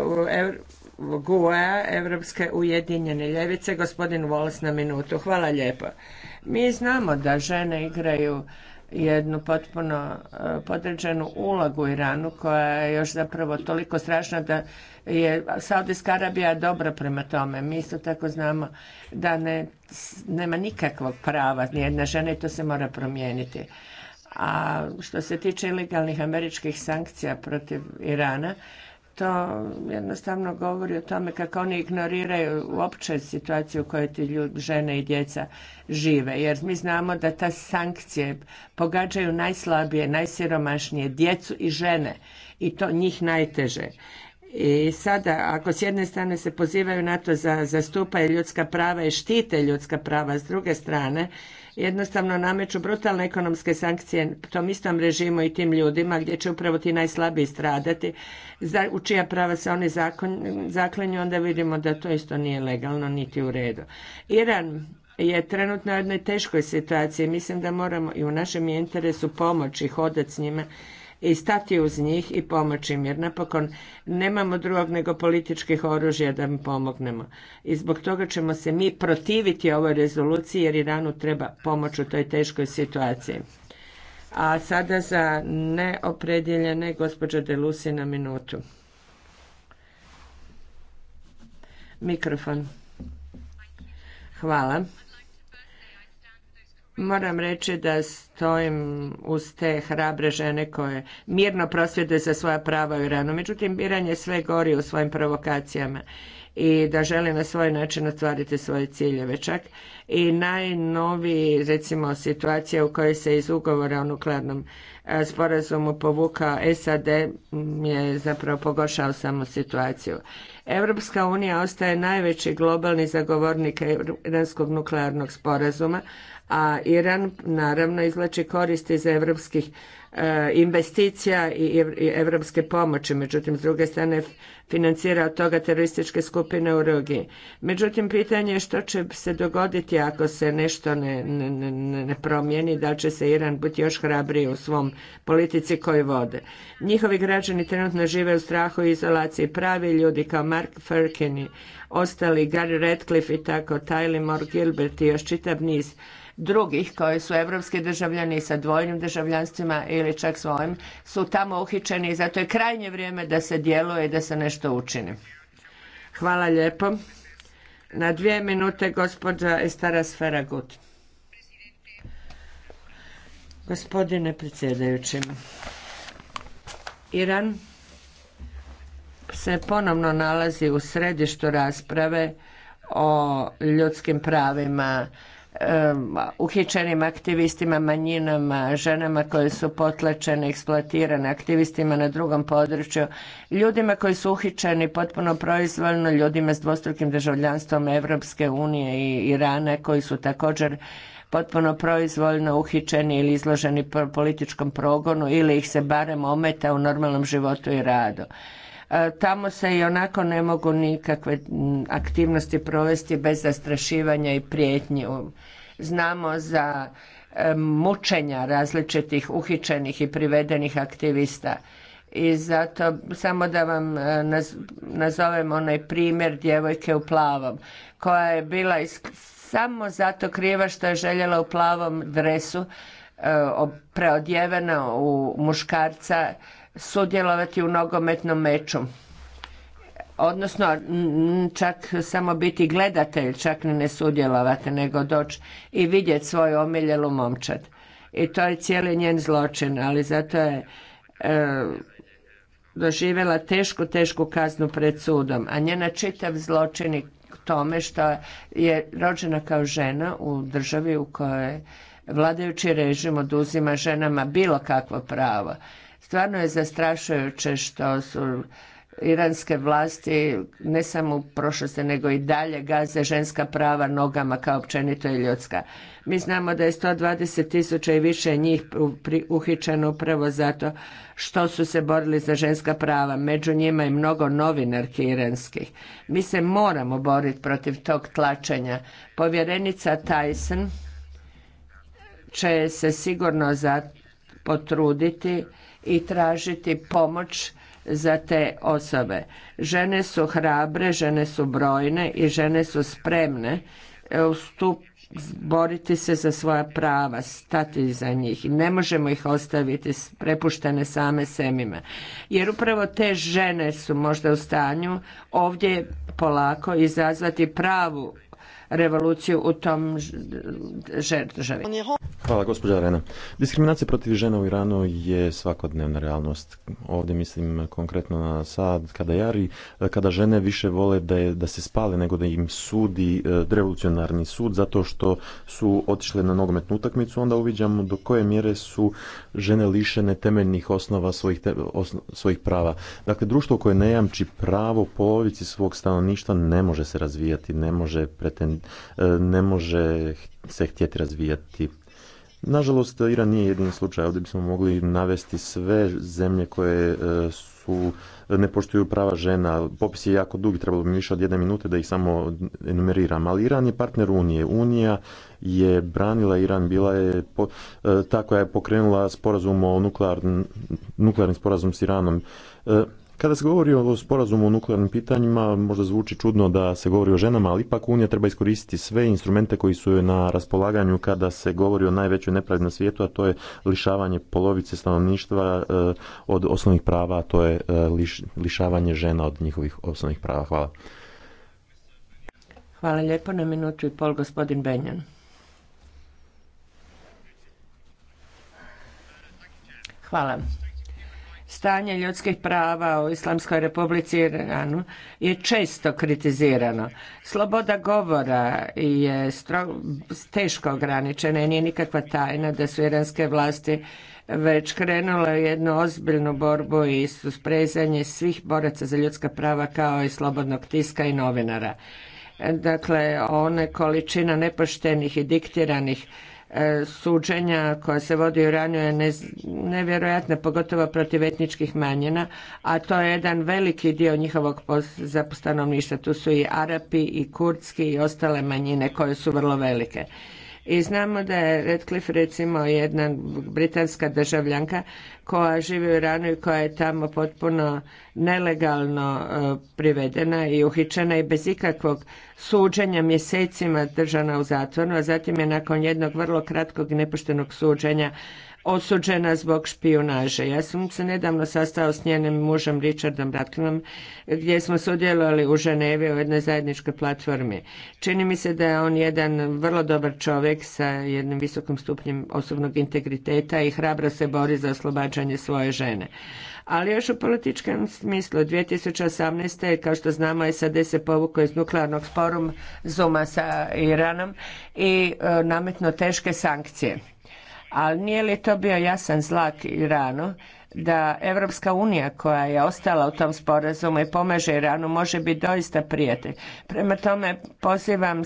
u GUA, Evropske ujedinjene ljevice, gospodin Wallace na minutu. Hvala lijepo. Mi znamo da žene igraju jednu potpuno e, podređenu ulogu Iranu koja je još zapravo toliko strašna da je Saudijska Arabija dobra prema tome. Mi isto tako znamo da ne, nema nikakvog prava jedna žena i to se mora promijeniti. A što se tiče ilegalnih američkih sankcija protiv Irana, to jednostavno govori o tome kako oni ignoriraju uopće situaciju u kojoj ti ljudi, žene i djeca žive. Jer mi znamo da ta sankcije pogađaju najslabije, najsiromašnije, djecu i žene i to njih najteže. I sada, ako s jedne strane se pozivaju na to za zastupaju ljudska prava i štite ljudska prava, s druge strane jednostavno nameću brutalne ekonomske sankcije tom istom režimu i tim ljudima gdje će upravo ti najslabiji stradati, u čija prava se oni zaklenju, onda vidimo da to isto nije legalno niti u redu. Iran je trenutno u jednoj teškoj situaciji. Mislim da moramo i u našem interesu pomoći hodati s njima i stati uz njih i pomoći im, jer napokon nemamo drugog nego političkih oružja da im pomognemo. I zbog toga ćemo se mi protiviti ovoj rezoluciji jer Iranu treba pomoć u toj teškoj situaciji. A sada za neopredjeljene gospođa Delusi na minutu. Mikrofon. Hvala. Moram reći da to im uz te hrabre žene koje mirno prosvjede za svoja prava i Iranu. Međutim, biranje je sve gori u svojim provokacijama i da žele na svoj način ostvariti svoje ciljeve čak. I najnoviji, recimo, situacija u kojoj se iz ugovora o nuklearnom e, sporazumu povukao SAD je zapravo pogoršao samo situaciju. Europska unija ostaje najveći globalni zagovornik iranskog nuklearnog sporazuma, a Iran naravno izvlači koristi iz europskih e, investicija i europske pomoći, međutim s druge strane financira od toga terorističke skupine u regiji. Međutim, pitanje je što će se dogoditi ako se nešto ne, ne, ne, ne promijeni, da li će se Iran biti još hrabriji u svom politici koju vode. Njihovi građani trenutno žive u strahu i izolaciji. Pravi ljudi kao Mark Ferkin, ostali Gary Radcliffe i tako, Tyler Moore Gilbert i još čitav niz drugih koji su evropski državljani sa dvojnim državljanstvima ili čak svojim su tamo uhičeni i zato je krajnje vrijeme da se djeluje i da se nešto učini. Hvala lijepo. Na dvije minute gospođa Estara Sferagut. Gospodine predsjedajući, Iran se ponovno nalazi u središtu rasprave o ljudskim pravima uhićenim aktivistima, manjinama, ženama koje su potlačene, eksploatirane, aktivistima na drugom području, ljudima koji su uhićeni potpuno proizvoljno, ljudima s dvostrukim državljanstvom Evropske unije i Irana koji su također potpuno proizvoljno uhićeni ili izloženi političkom progonu ili ih se barem ometa u normalnom životu i radu. E, tamo se i onako ne mogu nikakve aktivnosti provesti bez zastrašivanja i prijetnji. Znamo za e, mučenja različitih uhićenih i privedenih aktivista i zato samo da vam e, nazovem onaj primjer djevojke u plavom koja je bila samo zato kriva što je željela u plavom dresu preodjevena u muškarca sudjelovati u nogometnom meču odnosno čak samo biti gledatelj, čak ni ne sudjelovati, nego doći i vidjeti svoju omiljelu momčad. I to je cijeli njen zločin, ali zato je e, doživjela tešku, tešku kaznu pred sudom. A njena čitav zločin je tome što je rođena kao žena u državi u kojoj vladajući režim oduzima ženama bilo kakvo pravo Stvarno je zastrašujuće što su iranske vlasti ne samo u prošlosti nego i dalje gaze ženska prava nogama kao općenito i ljudska. Mi znamo da je 120 tisuća i više njih uhićeno upravo zato što su se borili za ženska prava. Među njima je mnogo novinarki iranskih. Mi se moramo boriti protiv tog tlačenja. Povjerenica Tyson će se sigurno za potruditi i tražiti pomoć za te osobe. Žene su hrabre, žene su brojne i žene su spremne e, ustup, boriti se za svoja prava, stati za njih. Ne možemo ih ostaviti prepuštene same semima. Jer upravo te žene su možda u stanju ovdje polako izazvati pravu revoluciju u tom državi. Hvala gospođa Arena. Diskriminacija protiv žena u Iranu je svakodnevna realnost. Ovdje mislim konkretno na sad kada jari, kada žene više vole da, da se spale nego da im sudi e, revolucionarni sud zato što su otišle na nogometnu utakmicu, onda uviđamo do koje mjere su žene lišene temeljnih osnova svojih, svojih prava. Dakle, društvo koje ne jamči pravo polovici svog stanovništva ne može se razvijati, ne može pretendirati E, ne može se htjeti razvijati. Nažalost, Iran nije jedini slučaj. Ovdje bismo mogli navesti sve zemlje koje e, su ne poštuju prava žena. Popis je jako dugi, trebalo bi mi više od jedne minute da ih samo enumeriram. Ali Iran je partner Unije. Unija je branila Iran, bila je e, ta koja je pokrenula sporazum o nuklearnim nuklearni sporazum s Iranom. Kada se govori o sporazumu o nuklearnim pitanjima, možda zvuči čudno da se govori o ženama, ali ipak Unija treba iskoristiti sve instrumente koji su na raspolaganju kada se govori o najvećoj nepravdi na svijetu, a to je lišavanje polovice stanovništva eh, od osnovnih prava, a to je eh, lišavanje žena od njihovih osnovnih prava. Hvala. Hvala lijepo. Na minutu i pol gospodin Benjan. Hvala stanje ljudskih prava u Islamskoj republici Iranu je često kritizirano. Sloboda govora je teško ograničena i nije nikakva tajna da su iranske vlasti već krenule u jednu ozbiljnu borbu i susprezanje svih boraca za ljudska prava kao i slobodnog tiska i novinara. Dakle, one količina nepoštenih i diktiranih E, suđenja koja se vodi u Iranu je nevjerojatna, pogotovo protiv etničkih manjina, a to je jedan veliki dio njihovog stanovništva. Tu su i Arapi i Kurdski i ostale manjine koje su vrlo velike. I znamo da je Redcliffe recimo jedna britanska državljanka koja živi u Iranu i koja je tamo potpuno nelegalno e, privedena i uhičena i bez ikakvog suđenja mjesecima držana u zatvoru, a zatim je nakon jednog vrlo kratkog i nepoštenog suđenja osuđena zbog špijunaže. Ja sam se nedavno sastao s njenim mužem Richardom Ratkinom gdje smo sudjelovali u Ženevi u jednoj zajedničkoj platformi. Čini mi se da je on jedan vrlo dobar čovjek sa jednim visokim stupnjem osobnog integriteta i hrabro se bori za oslobađanje svoje žene. Ali još u političkom smislu, 2018. kao što znamo SAD se povukao iz nuklearnog sporum Zuma sa Iranom i e, nametno teške sankcije ali nije li to bio jasan zlak Iranu da Evropska unija koja je ostala u tom sporazumu i pomaže Iranu može biti doista prijatelj. Prema tome pozivam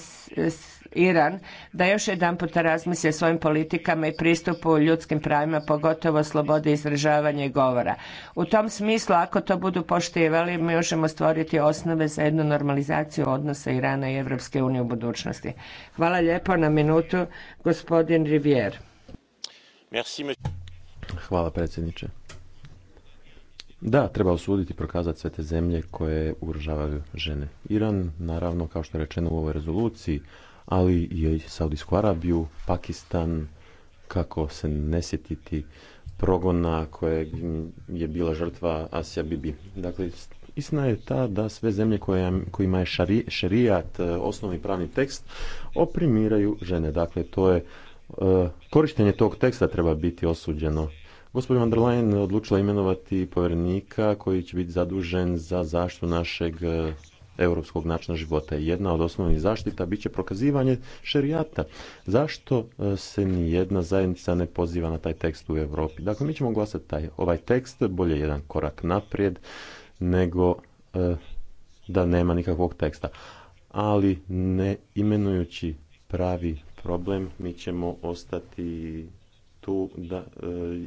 Iran da još jedan puta razmisli o svojim politikama i pristupu ljudskim pravima, pogotovo slobode izražavanja i govora. U tom smislu, ako to budu poštivali, mi možemo stvoriti osnove za jednu normalizaciju odnosa Irana i Evropske unije u budućnosti. Hvala lijepo na minutu, gospodin Rivier. Hvala predsjedniče. Da, treba osuditi i prokazati sve te zemlje koje ugrožavaju žene. Iran, naravno, kao što je rečeno u ovoj rezoluciji, ali i Saudijsku Arabiju, Pakistan, kako se ne sjetiti progona koje je bila žrtva Asija Bibi. Dakle, istina je ta da sve zemlje koje, kojima je šerijat, e, osnovni pravni tekst, oprimiraju žene. Dakle, to je E, korištenje tog teksta treba biti osuđeno. Gospodin van der Leyen odlučila imenovati povjerenika koji će biti zadužen za zaštitu našeg e, europskog načina života. Jedna od osnovnih zaštita bit će prokazivanje šerijata. Zašto e, se ni jedna zajednica ne poziva na taj tekst u Europi? Dakle, mi ćemo glasati taj ovaj tekst, bolje jedan korak naprijed nego da nema nikakvog teksta. Ali ne imenujući pravi problem, mi ćemo ostati tu da, e,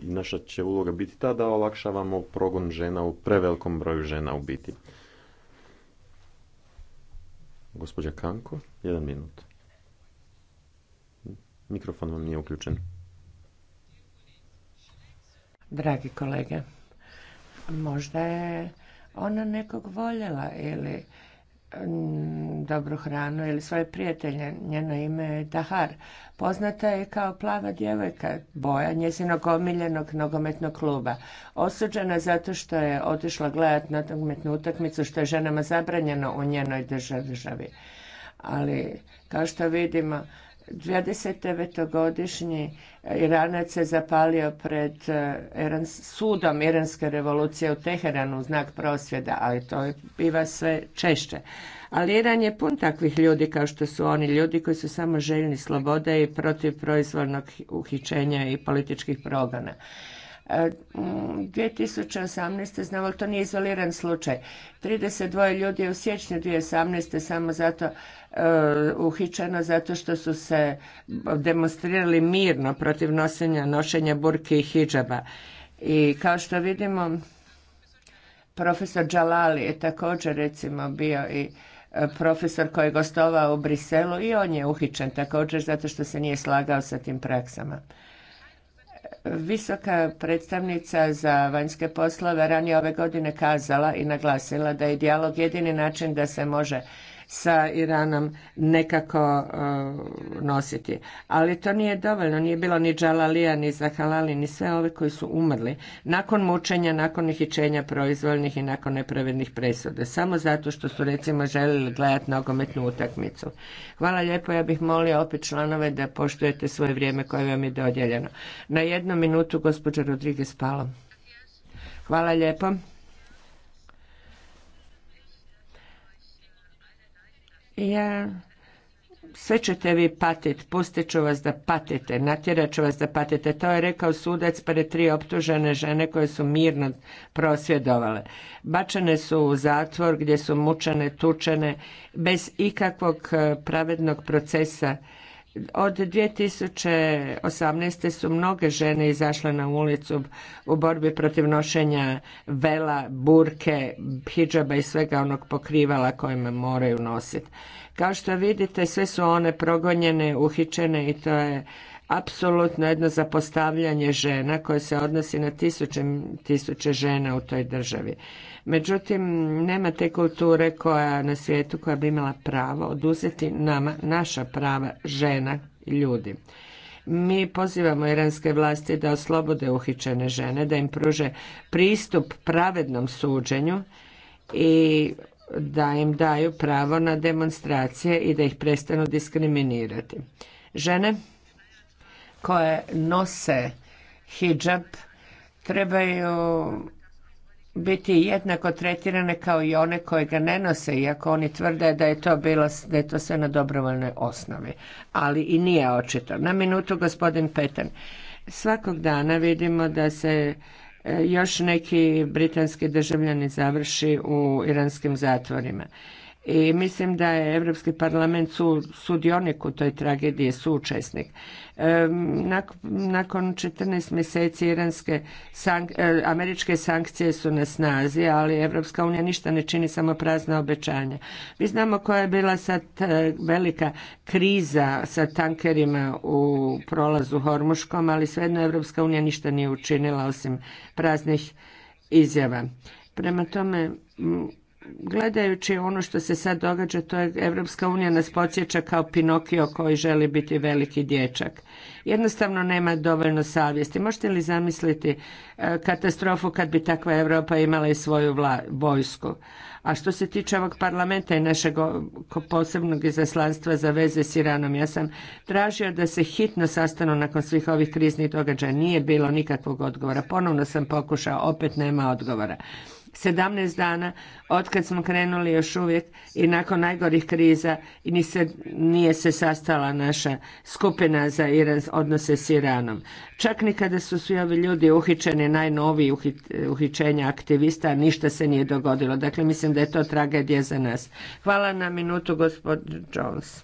i naša će uloga biti ta da olakšavamo progon žena u prevelikom broju žena u biti. Gospođa Kanko, jedan minut. Mikrofon vam nije uključen. Dragi kolege, možda je ona nekog voljela ili Mm, dobru hranu ili svoje prijatelje. Njeno ime je Dahar. Poznata je kao plava djevojka boja njezinog omiljenog nogometnog kluba. Osuđena zato što je otišla gledat nogometnu utakmicu što je ženama zabranjeno u njenoj državi. Ali kao što vidimo 29-godišnji Iranac se zapalio pred e, sudom Iranske revolucije u Teheranu u znak prosvjeda, ali to biva sve češće. Ali Iran je pun takvih ljudi kao što su oni ljudi koji su samo željni slobode i protiv proizvoljnog uhićenja i političkih progona. 2018. E, mm, znamo, ali to nije izoliran slučaj. 32 ljudi je u siječnju 2018. samo zato e, uhičeno zato što su se demonstrirali mirno protiv nosenja, nošenja burke i hidžaba. I kao što vidimo, profesor Džalali je također recimo bio i e, profesor koji je gostovao u Briselu i on je uhičen također zato što se nije slagao sa tim praksama. Visoka predstavnica za vanjske poslove ranije ove godine kazala i naglasila da je dijalog jedini način da se može sa Iranom nekako uh, nositi. Ali to nije dovoljno, nije bilo ni Džalalija, ni Zahalali, ni sve ove koji su umrli nakon mučenja, nakon hićenja proizvoljnih i nakon nepravednih presuda. Samo zato što su recimo željeli gledati nogometnu utakmicu. Hvala lijepo, ja bih molio opet članove da poštujete svoje vrijeme koje vam je dodjeljeno. Na jednu minutu gospođa Rodriguez Palo. Hvala lijepo. Ja, sve ćete vi patit, pustit ću vas da patite, natjerat ću vas da patite. To je rekao sudac pred tri optužene žene koje su mirno prosvjedovale. Bačene su u zatvor gdje su mučene, tučene, bez ikakvog eh, pravednog procesa od 2018. su mnoge žene izašle na ulicu u borbi protiv nošenja vela, burke, hijaba i svega onog pokrivala kojima moraju nositi. Kao što vidite, sve su one progonjene, uhičene i to je apsolutno jedno zapostavljanje žena koje se odnosi na tisuće žena u toj državi. Međutim, nema te kulture koja na svijetu koja bi imala pravo oduzeti nama naša prava žena i ljudi. Mi pozivamo iranske vlasti da oslobode uhičene žene, da im pruže pristup pravednom suđenju i da im daju pravo na demonstracije i da ih prestanu diskriminirati. Žene koje nose hijab trebaju biti jednako tretirane kao i one koje ga ne nose, iako oni tvrde da je to bilo, da je to sve na dobrovoljnoj osnovi. Ali i nije očito. Na minutu gospodin Petan. Svakog dana vidimo da se e, još neki britanski državljani završi u iranskim zatvorima i mislim da je Europski parlament su, sudionik u toj tragediji, suučesnik. E, nakon 14 mjeseci iranske e, američke sankcije su na snazi, ali Europska unija ništa ne čini, samo prazna obećanja. Mi znamo koja je bila sad e, velika kriza sa tankerima u prolazu Hormuškom, ali svejedno Europska unija ništa nije učinila osim praznih izjava. Prema tome, gledajući ono što se sad događa, to je Evropska unija nas podsjeća kao Pinokio koji želi biti veliki dječak. Jednostavno nema dovoljno savjesti. Možete li zamisliti e, katastrofu kad bi takva Europa imala i svoju vojsku? A što se tiče ovog parlamenta i našeg posebnog izaslanstva za veze s Iranom, ja sam tražio da se hitno sastanu nakon svih ovih kriznih događaja. Nije bilo nikakvog odgovora. Ponovno sam pokušao, opet nema odgovora. 17 dana od kad smo krenuli još uvijek i nakon najgorih kriza ni se, nije se sastala naša skupina za odnose s Iranom. Čak ni kada su svi ovi ljudi uhičeni, najnoviji uhićenja uhičenja aktivista, ništa se nije dogodilo. Dakle, mislim da je to tragedija za nas. Hvala na minutu, gospod Jones.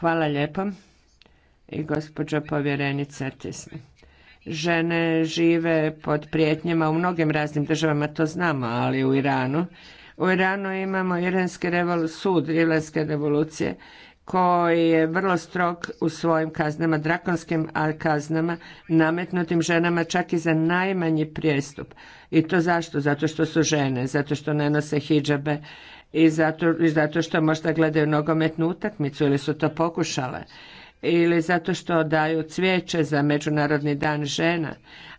Hvala lijepo i gospođo povjerenica Tisne. Žene žive pod prijetnjama u mnogim raznim državama, to znamo, ali u Iranu. U Iranu imamo iranski revolu, sud iranske revolucije koji je vrlo strog u svojim kaznama, drakonskim kaznama, nametnutim ženama čak i za najmanji prijestup. I to zašto? Zato što su žene, zato što ne nose hidžabe i zato, i zato što možda gledaju nogometnu utakmicu ili su to pokušale ili zato što daju cvijeće za Međunarodni dan žena,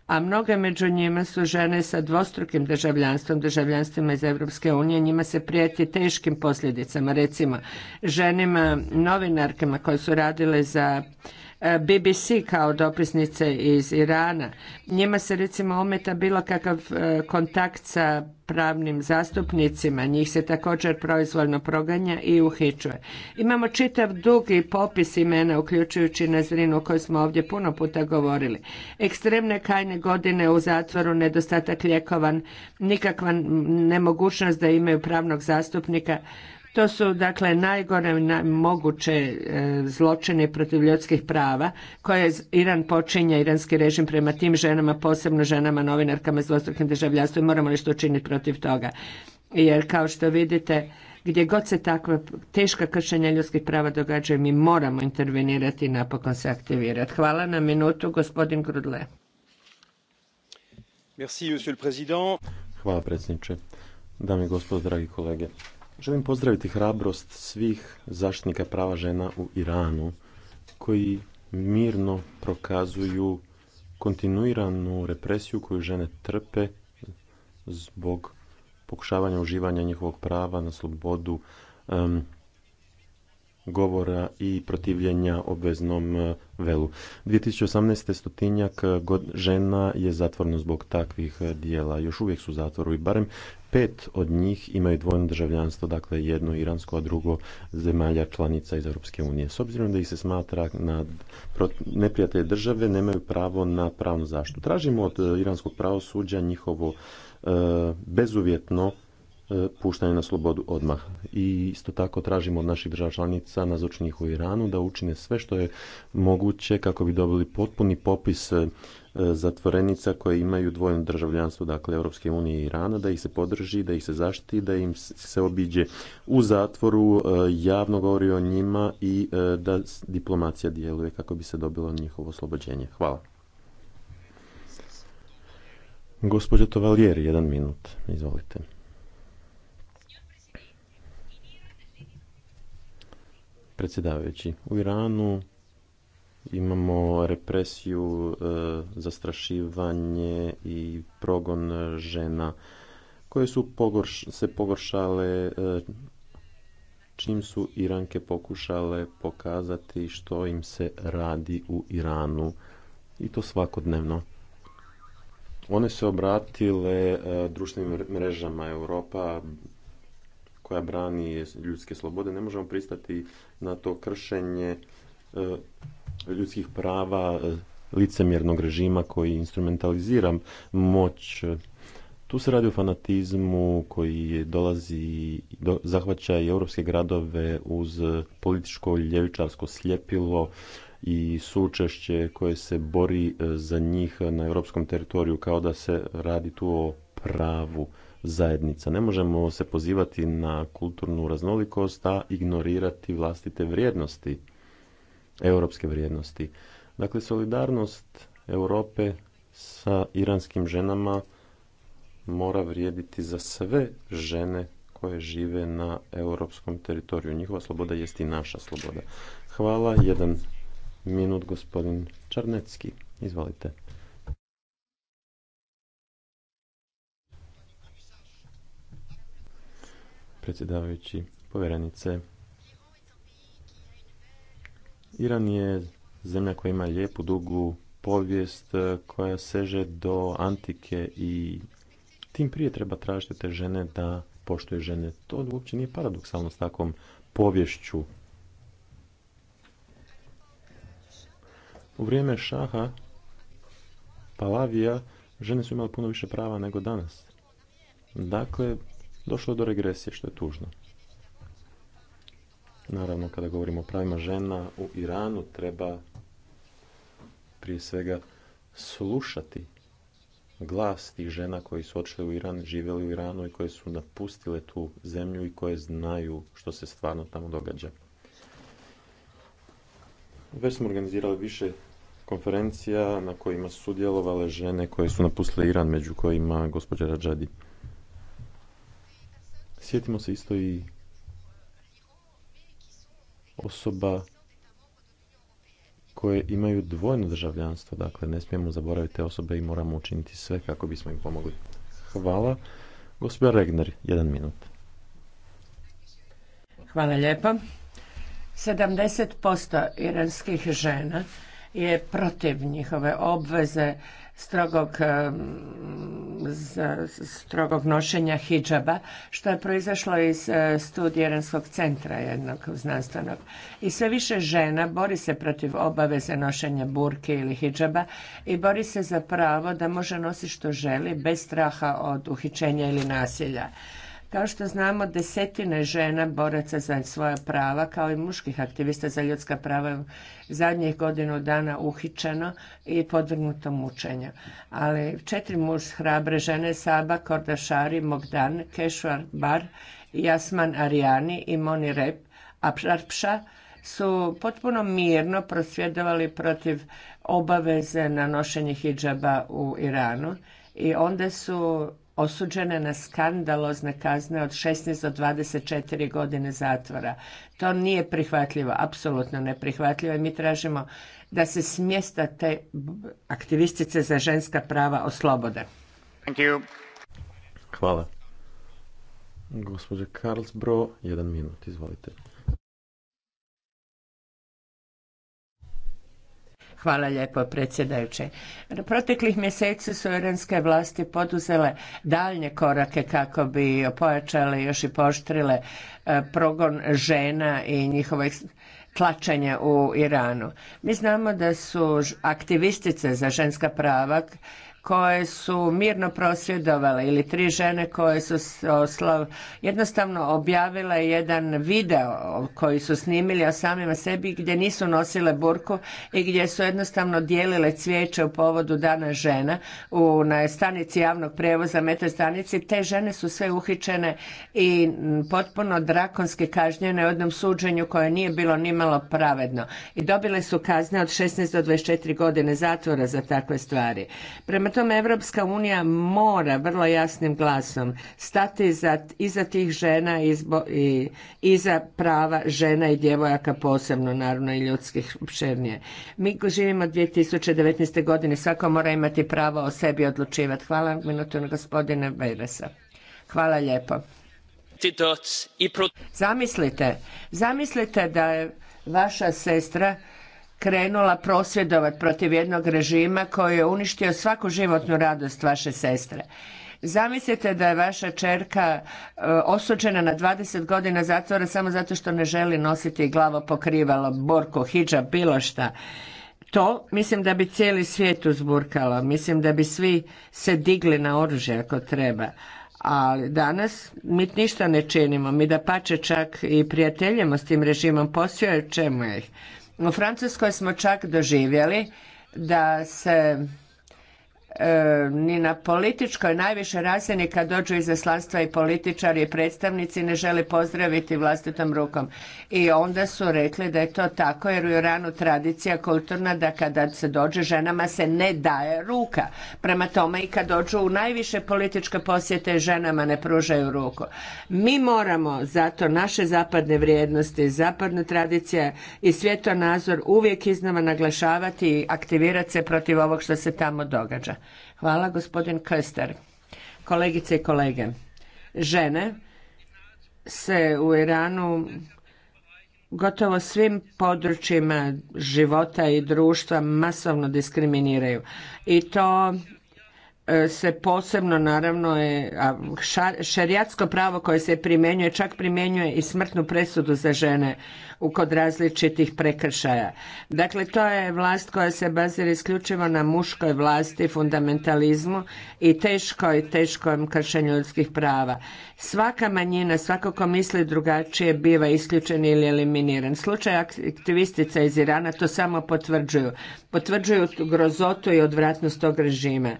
a mnoge među njima su žene sa dvostrukim državljanstvom, državljanstvima iz Europske unije, njima se prijeti teškim posljedicama, recimo ženima, novinarkama koje su radile za BBC kao dopisnice iz Irana. Njima se recimo ometa bilo kakav e, kontakt sa pravnim zastupnicima, njih se također proizvoljno proganja i uhićuje. Imamo čitav dugi popis imena, uključujući Nazrinu o kojoj smo ovdje puno puta govorili. Ekstremne kajne godine u zatvoru, nedostatak lijekova, nikakva nemogućnost da imaju pravnog zastupnika, to su dakle najgore moguće e, zločine protiv ljudskih prava koje Iran počinja, iranski režim prema tim ženama, posebno ženama, novinarkama s dvostrukim državljanstvom i moramo nešto učiniti protiv toga. Jer kao što vidite, gdje god se takva teška kršenja ljudskih prava događaju, mi moramo intervenirati i napokon se aktivirati. Hvala na minutu, gospodin Grudle. Hvala predsjedniče. Dame i gospodo, dragi kolege. Želim pozdraviti hrabrost svih zaštitnika prava žena u Iranu koji mirno prokazuju kontinuiranu represiju koju žene trpe zbog pokušavanja uživanja njihovog prava na slobodu govora i protivljenja obveznom e, velu. 2018. stotinjak žena je zatvorno zbog takvih e, dijela. Još uvijek su zatvoru i barem pet od njih imaju dvojno državljanstvo, dakle jedno iransko, a drugo zemalja članica iz Europske unije. S obzirom da ih se smatra na neprijatelje države, nemaju pravo na pravnu zaštitu. Tražimo od e, iranskog pravosuđa njihovo e, bezuvjetno e, puštanje na slobodu odmah. I isto tako tražimo od naših država članica nazočnih u Iranu da učine sve što je moguće kako bi dobili potpuni popis zatvorenica koje imaju dvojno državljanstvo, dakle Europske unije i Irana, da ih se podrži, da ih se zaštiti, da im se obiđe u zatvoru, e, javno govori o njima i e, da diplomacija djeluje kako bi se dobilo njihovo oslobođenje. Hvala. gospođa Tovaljer jedan minut, izvolite. Predsjedavajući, u Iranu imamo represiju, e, zastrašivanje i progon žena koje su se pogoršale e, čim su Iranke pokušale pokazati što im se radi u Iranu i to svakodnevno. One se obratile e, društvenim mrežama Europa koja brani ljudske slobode. Ne možemo pristati na to kršenje ljudskih prava e, licemjernog režima koji instrumentalizira moć. Tu se radi o fanatizmu koji dolazi, zahvaća i europske gradove uz političko ljevičarsko sljepilo i sučešće koje se bori e, za njih na europskom teritoriju kao da se radi tu o pravu zajednica. Ne možemo se pozivati na kulturnu raznolikost, a ignorirati vlastite vrijednosti europske vrijednosti. Dakle, solidarnost Europe sa iranskim ženama mora vrijediti za sve žene koje žive na europskom teritoriju. Njihova sloboda jest i naša sloboda. Hvala. Jedan minut, gospodin Čarnecki. Izvolite. Predsjedavajući povjerenice, Iran je zemlja koja ima lijepu, dugu povijest e, koja seže do antike i tim prije treba tražiti te žene da poštuju žene. To uopće nije paradoksalno s takvom povješću. U vrijeme Šaha, Palavija, žene su imale puno više prava nego danas. Dakle, došlo je do regresije, što je tužno. Naravno, kada govorimo o pravima žena u Iranu, treba prije svega slušati glas tih žena koji su odšli u Iran, živjeli u Iranu i koje su napustile tu zemlju i koje znaju što se stvarno tamo događa. Već smo organizirali više konferencija na kojima su sudjelovale žene koje su napustile Iran, među kojima gospođa Rajadi. Sjetimo se isto i osoba koje imaju dvojno državljanstvo. Dakle, ne smijemo zaboraviti te osobe i moramo učiniti sve kako bismo im pomogli. Hvala. Gospodin Regner, jedan minut. Hvala lijepa. 70% iranskih žena je protiv njihove obveze strogog, eh, strogog nošenja hidžaba što je proizašlo iz eh, studije centra jednog znanstvenog. I sve više žena bori se protiv obaveze nošenja burke ili hidžaba i bori se za pravo da može nositi što želi bez straha od uhićenja ili nasilja. Kao što znamo, desetine žena boraca za svoja prava, kao i muških aktivista za ljudska prava, zadnjih godinu dana uhičeno i podvrgnuto mučenja. Ali četiri muž hrabre žene, Saba, Kordašari, Mogdan, Kešvar, Bar, Jasman, Arijani i Moni Rep, Apšarpša, su potpuno mirno prosvjedovali protiv obaveze na nošenje hijaba u Iranu i onda su Osuđene na skandalozne kazne od 16 do 24 godine zatvora. To nije prihvatljivo, apsolutno neprihvatljivo i mi tražimo da se smjesta te aktivistice za ženska prava oslobode. Thank Hvala. Karlsbro, jedan minut, izvolite. Hvala lijepo predsjedajući. Proteklih mjeseci su iranske vlasti poduzele daljnje korake kako bi pojačale još i poštrile e, progon žena i njihove tlačenje u Iranu. Mi znamo da su aktivistice za ženska prava koje su mirno prosvjedovale ili tri žene koje su oslav, jednostavno objavile jedan video koji su snimili o samima sebi gdje nisu nosile burku i gdje su jednostavno dijelile cvijeće u povodu dana žena u, na stanici javnog prijevoza metro stanici. Te žene su sve uhičene i potpuno drakonske kažnjene u jednom suđenju koje nije bilo nimalo pravedno i dobile su kazne od 16 do 24 godine zatvora za takve stvari. Prema tome, Evropska unija mora vrlo jasnim glasom stati iza, tih žena i iza prava žena i djevojaka posebno, naravno i ljudskih opširnije. Mi živimo 2019. godine, svako mora imati pravo o sebi odlučivati. Hvala minutu na gospodine Bejresa. Hvala lijepo. Zamislite, zamislite da je vaša sestra krenula prosvjedovat protiv jednog režima koji je uništio svaku životnu radost vaše sestre. Zamislite da je vaša čerka e, osuđena na 20 godina zatvora samo zato što ne želi nositi glavo pokrivalo, borko hijab, bilo šta. To mislim da bi cijeli svijet uzburkalo, mislim da bi svi se digli na oružje ako treba. Ali danas mi ništa ne činimo, mi da pače čak i prijateljemo s tim režimom, posjeo čemu ih. U Francuskoj smo čak doživjeli da se E, ni na političkoj najviše razini kad dođu izaslanstva i političari i predstavnici ne žele pozdraviti vlastitom rukom. I onda su rekli da je to tako jer u Iranu tradicija kulturna da kada se dođe ženama se ne daje ruka. Prema tome i kad dođu u najviše političke posjete ženama ne pružaju ruku. Mi moramo zato naše zapadne vrijednosti, zapadne tradicije i svjetonazor uvijek iznova naglašavati i aktivirati se protiv ovog što se tamo događa. Hvala gospodin Köster. Kolegice i kolege, žene se u Iranu gotovo svim područjima života i društva masovno diskriminiraju i to E, se posebno naravno je šerijatsko pravo koje se primjenjuje čak primjenjuje i smrtnu presudu za žene kod različitih prekršaja. Dakle, to je vlast koja se bazira isključivo na muškoj vlasti, fundamentalizmu i teškoj, teškom kršenju ljudskih prava. Svaka manjina, svako ko misli drugačije, biva isključen ili eliminiran. Slučaj aktivistica iz Irana to samo potvrđuju. Potvrđuju grozotu i odvratnost tog režima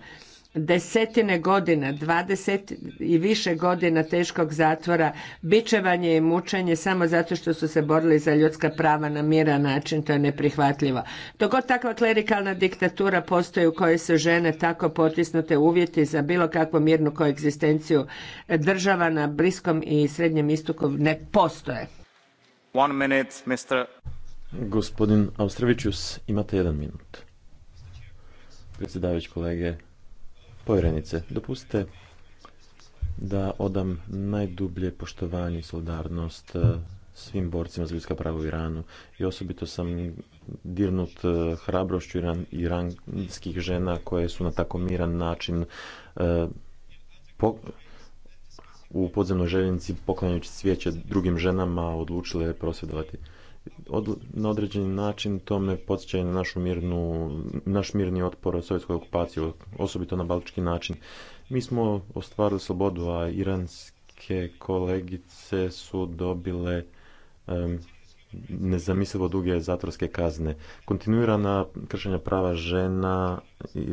desetine godina, dvadeset i više godina teškog zatvora, bičevanje i mučenje samo zato što su se borili za ljudska prava na miran način, to je neprihvatljivo. Dok takva klerikalna diktatura postoji u kojoj se žene tako potisnute uvjeti za bilo kakvu mirnu koegzistenciju država na Bliskom i Srednjem istoku ne postoje. Gospodin imate jedan minut. Predsjedavajući kolege, Povjerenice, dopustite da odam najdublje poštovanje i solidarnost eh, svim borcima za ljudska prava u Iranu i osobito sam dirnut eh, hrabrošću iranskih žena koje su na tako miran način eh, u podzemnoj željenici poklanjajući cvijeće drugim ženama odlučile prosvjedovati od, na određeni način to me podsjeća na našu mirnu, naš mirni otpor od sovjetskoj okupaciji, osobito na balčki način. Mi smo ostvarili slobodu, a iranske kolegice su dobile nezamislivo duge zatvorske kazne. Kontinuirana kršenja prava žena i,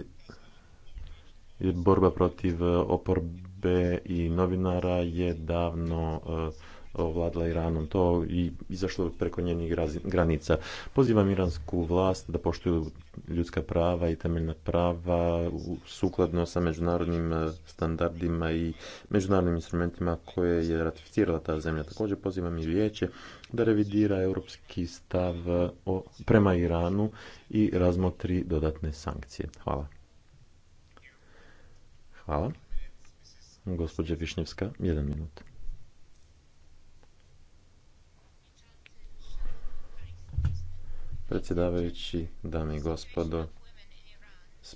i borba protiv oporbe i novinara je davno eh, ovladala Iranom. To i izašlo preko njenih granica. Pozivam iransku vlast da poštuju ljudska prava i temeljna prava sukladno sa međunarodnim e, standardima i međunarodnim instrumentima koje je ratificirala ta zemlja. Također pozivam i vijeće da revidira europski stav e, prema Iranu i razmotri dodatne sankcije. Hvala. Hvala. Gospođa Višnjevska, jedan minut. predsjedavajući, dame i gospodo.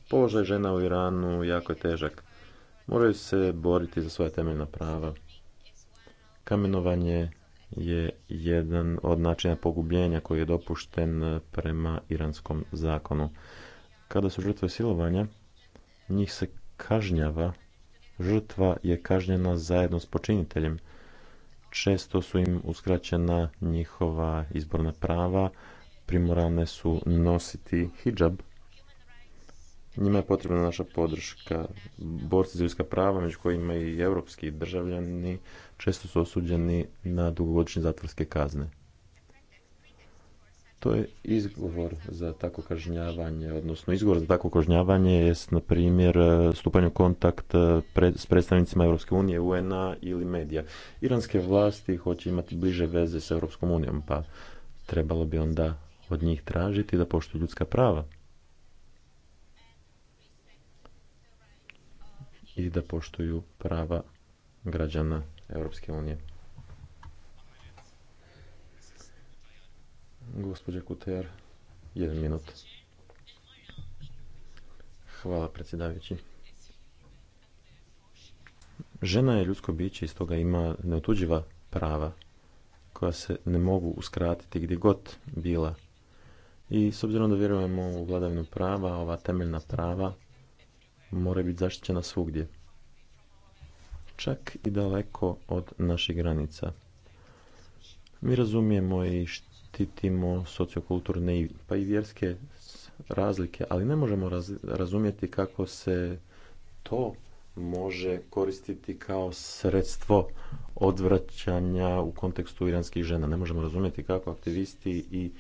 Položaj žena u Iranu jako je težak. Moraju se boriti za svoja temeljna prava. Kamenovanje je jedan od načina pogubljenja koji je dopušten prema iranskom zakonu. Kada su žrtve silovanja, njih se kažnjava. Žrtva je kažnjena zajedno s počiniteljem. Često su im uskraćena njihova izborna prava, primorane su nositi hijab. Njima je potrebna naša podrška. Borci za ljudska prava, među kojima i europski državljani, često su osuđeni na dugogodišnje zatvorske kazne. To je izgovor za tako kažnjavanje, odnosno izgovor za tako kažnjavanje jest, na primjer, stupanje u kontakt eh, s predstavnicima Europske unije, un ili medija. Iranske vlasti hoće imati bliže veze s Europskom unijom, pa trebalo bi onda od njih tražiti da poštuju ljudska prava i da poštuju prava građana Europske unije. Gospodje Kuter, jedan minut. Hvala predsjedavići. Žena je ljudsko biće i stoga ima neotuđiva prava koja se ne mogu uskratiti gdje god bila. I s obzirom da vjerujemo u vladavinu prava, ova temeljna prava mora biti zaštićena svugdje. Čak i daleko od naših granica. Mi razumijemo i štitimo sociokulturne pa i vjerske razlike, ali ne možemo razumjeti kako se to može koristiti kao sredstvo odvraćanja u kontekstu iranskih žena. Ne možemo razumjeti kako aktivisti i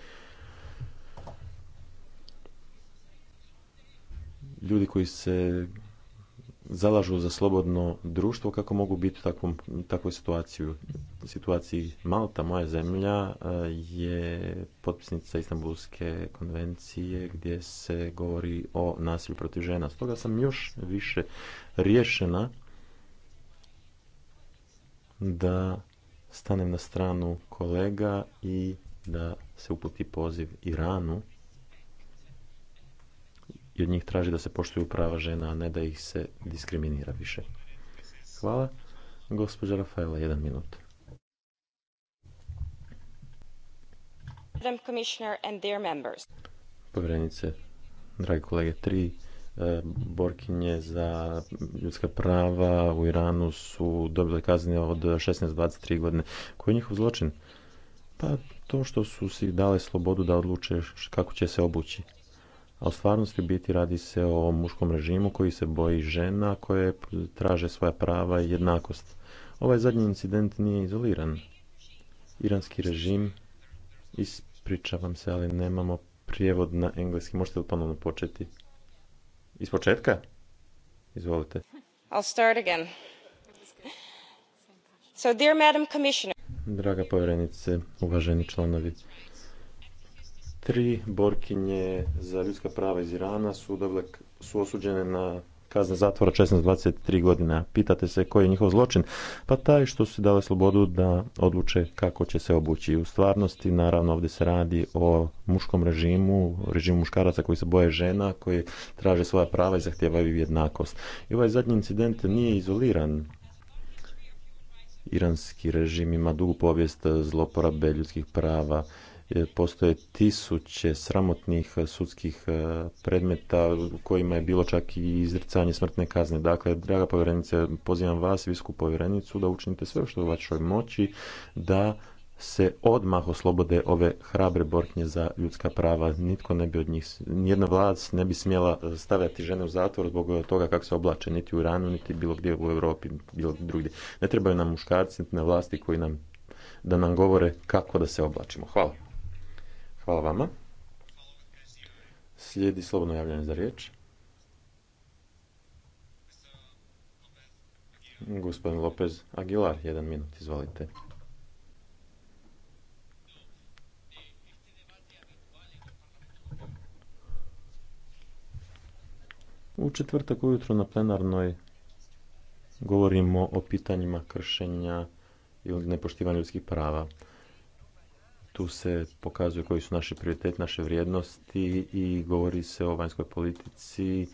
ljudi koji se zalažu za slobodno društvo kako mogu biti u takvom, takvoj situaciji. situaciji Malta, moja zemlja, e, je potpisnica Istanbulske konvencije gdje se govori o nasilju protiv žena. Stoga sam još više riješena da stanem na stranu kolega i da se uputi poziv Iranu i od njih traži da se poštuju prava žena, a ne da ih se diskriminira više. Hvala. Gospođa Rafaela, jedan minut. Povjerenice, dragi kolege, tri e, borkinje za ljudska prava u Iranu su dobile kazne od 16-23 godine. Koji je njihov zločin? Pa to što su si dale slobodu da odluče kako će se obući a u stvarnosti biti radi se o muškom režimu koji se boji žena koje traže svoja prava i jednakost. Ovaj zadnji incident nije izoliran. Iranski režim, ispričavam se, ali nemamo prijevod na engleski. Možete li ponovno početi? Iz početka? Izvolite. Draga povjerenice, uvaženi članovi, Tri borkinje za ljudska prava iz Irana su, osuđene na kazne zatvora 16-23 godina. Pitate se koji je njihov zločin? Pa taj što su dale slobodu da odluče kako će se obući. U stvarnosti, naravno, ovdje se radi o muškom režimu, režimu muškaraca koji se boje žena, koji traže svoja prava i zahtijevaju jednakost. I ovaj zadnji incident nije izoliran. Iranski režim ima dugu povijest zloporabe ljudskih prava E, postoje tisuće sramotnih e, sudskih e, predmeta u kojima je bilo čak i izricanje smrtne kazne. Dakle, draga povjerenice, pozivam vas, visku povjerenicu, da učinite sve što u vašoj moći, da se odmah oslobode ove hrabre bornje za ljudska prava. Nitko ne bi od njih, nijedna vlast ne bi smjela stavljati žene u zatvor zbog toga kako se oblače, niti u Iranu, niti bilo gdje u Europi, bilo drugdje. Ne trebaju nam muškarci, niti na vlasti koji nam, da nam govore kako da se oblačimo. Hvala. Hvala vama. Slijedi slobodno javljanje za riječ. Gospodin Lopez Aguilar, jedan minut, izvolite. U četvrtak ujutro na plenarnoj govorimo o pitanjima kršenja ili nepoštivanja ljudskih prava tu se pokazuje koji su naši prioriteti, naše vrijednosti i govori se o vanjskoj politici e,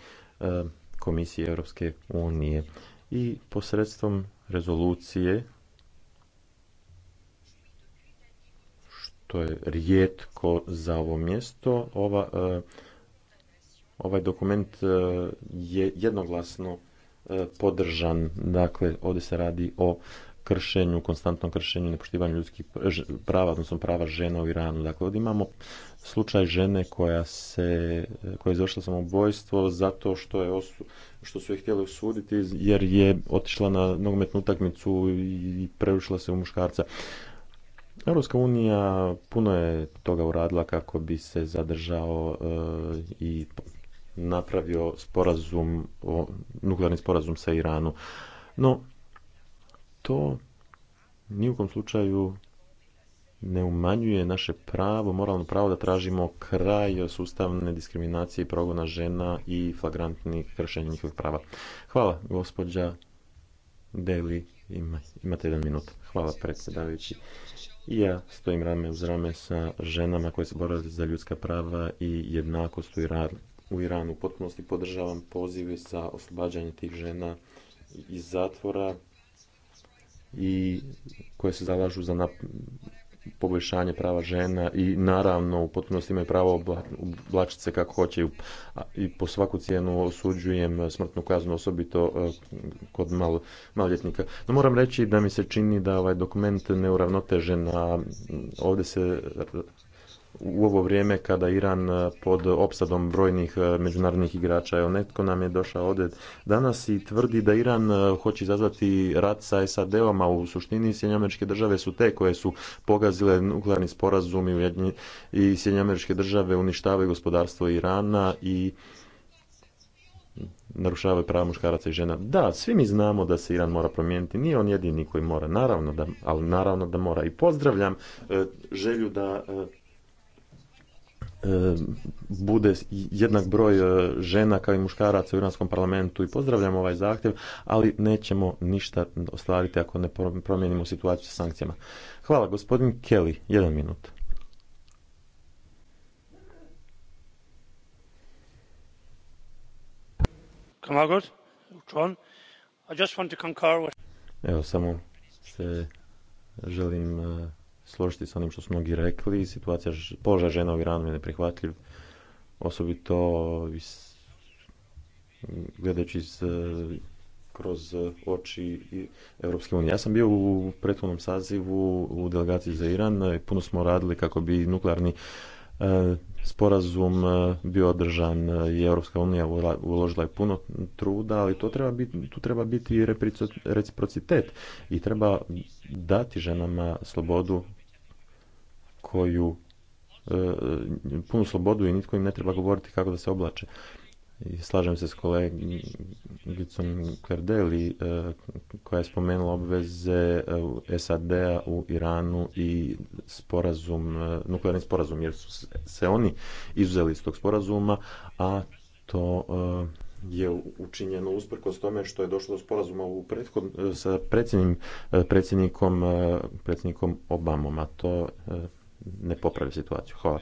Komisije Europske unije. I posredstvom rezolucije, što je rijetko za ovo mjesto, ova, e, ovaj dokument e, je jednoglasno podržan. Dakle, ovdje se radi o kršenju, konstantnom kršenju, nepoštivanju ljudskih prava, odnosno prava žena u Iranu. Dakle, ovdje imamo slučaj žene koja se, koja je izvršila samobojstvo zato što je što su je htjeli osuditi jer je otišla na nogometnu utakmicu i prerušila se u muškarca. Europska unija puno je toga uradila kako bi se zadržao eh, i napravio sporazum, o, nuklearni sporazum sa Iranu. No, to ni u kom slučaju ne umanjuje naše pravo, moralno pravo da tražimo kraj sustavne diskriminacije i progona žena i flagrantnih kršenja njihovih prava. Hvala, gospođa Deli, imate jedan minut. Hvala, predsjedavajući. I ja stojim rame uz rame sa ženama koje se bore za ljudska prava i jednakost u Iranu. U potpunosti podržavam pozive za oslobađanje tih žena iz zatvora i koje se zalažu za poboljšanje prava žena i naravno u potpunosti imaju pravo oblačiti se kako hoće i po svaku cijenu osuđujem smrtnu kaznu osobito e, kod maloljetnika. No moram reći da mi se čini da ovaj dokument neuravnotežen, a ovdje se u ovo vrijeme kada Iran e, pod opsadom brojnih e, međunarodnih igrača. Evo, netko nam je došao ovdje danas i tvrdi da Iran e, hoće izazvati rat sa SAD-om, a u suštini Sjedinjameričke države su te koje su pogazile nuklearni sporazum i, i države uništavaju gospodarstvo Irana i narušavaju prava muškaraca i žena. Da, svi mi znamo da se Iran mora promijeniti, nije on jedini koji mora, naravno da, ali naravno da mora. I pozdravljam želju da E, bude jednak broj e, žena kao i muškaraca u Iranskom parlamentu i pozdravljamo ovaj zahtjev, ali nećemo ništa ostvariti ako ne promijenimo situaciju sa sankcijama. Hvala, gospodin Kelly, jedan minut. Evo, samo se želim e, složiti s onim što su mnogi rekli. Situacija poža žena u Iranu je neprihvatljiv, osobito gledajući e, kroz oči Europske unije. Ja sam bio u prethodnom sazivu u delegaciji za Iran i puno smo radili kako bi nuklearni e, sporazum e, bio održan i Europska unija uložila je puno truda, ali tu treba biti reciprocitet i treba dati ženama slobodu koju e, punu slobodu i nitko im ne treba govoriti kako da se oblače. I slažem se s kolegicom Klerdeli e, koja je spomenula obveze e, SAD-a u Iranu i sporazum, nuklearni sporazum, jer su se oni izuzeli iz tog sporazuma, a to je učinjeno usprkos tome što je došlo do sporazuma u prethod, sa predsjednikom, predsjednikom Obamom, a to ne popravi situaciju. Hvala.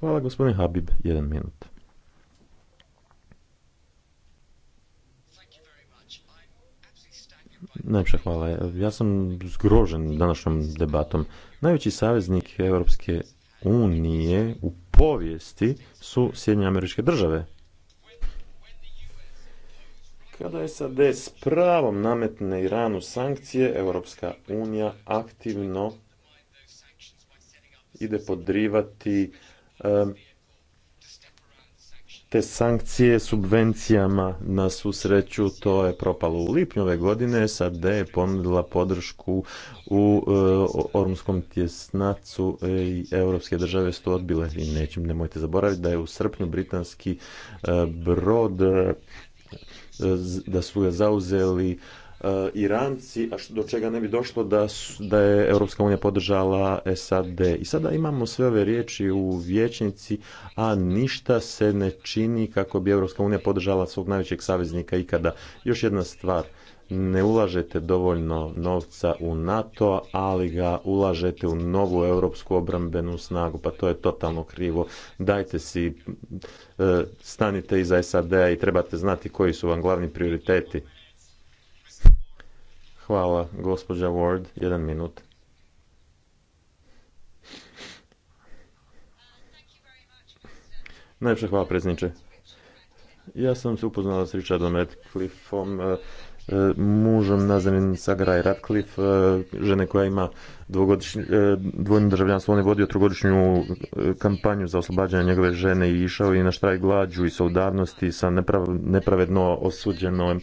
Hvala gospodin Habib, jedan minut. Najpša hvala. Ja sam zgrožen današnjom debatom. Najveći saveznik Europske unije u povijesti su Sjedinje američke države. Kada SAD s pravom nametne Iranu sankcije, Europska unija aktivno ide podrivati te sankcije subvencijama na susreću, to je propalo u lipnju ove godine, SAD je ponudila podršku u e, ormskom tjesnacu e, i europske države su to odbile i nećem, nemojte zaboraviti da je u srpnju britanski e, brod da su ga zauzeli Eh, Iranci, a do čega ne bi došlo da, da je Europska unija podržala SAD. I sada imamo sve ove riječi u vječnici, a ništa se ne čini kako bi Europska unija podržala svog najvećeg saveznika ikada. Još jedna stvar, ne ulažete dovoljno novca u NATO, ali ga ulažete u novu europsku obrambenu snagu, pa to je totalno krivo. Dajte si, eh, stanite iza SAD-a i trebate znati koji su vam glavni prioriteti. Hvala, gospođa Ward, jedan minut. Najljepša hvala, predsjedniče. Ja sam se upoznala s Richardom Radcliffeom, eh, eh, mužem nazvanim Sagraj radcliff eh, žene koja ima dvojno državljanstvo. On je vodio trogodišnju kampanju za oslobađanje njegove žene i išao i na štraj glađu i solidarnosti sa nepravedno osuđenom,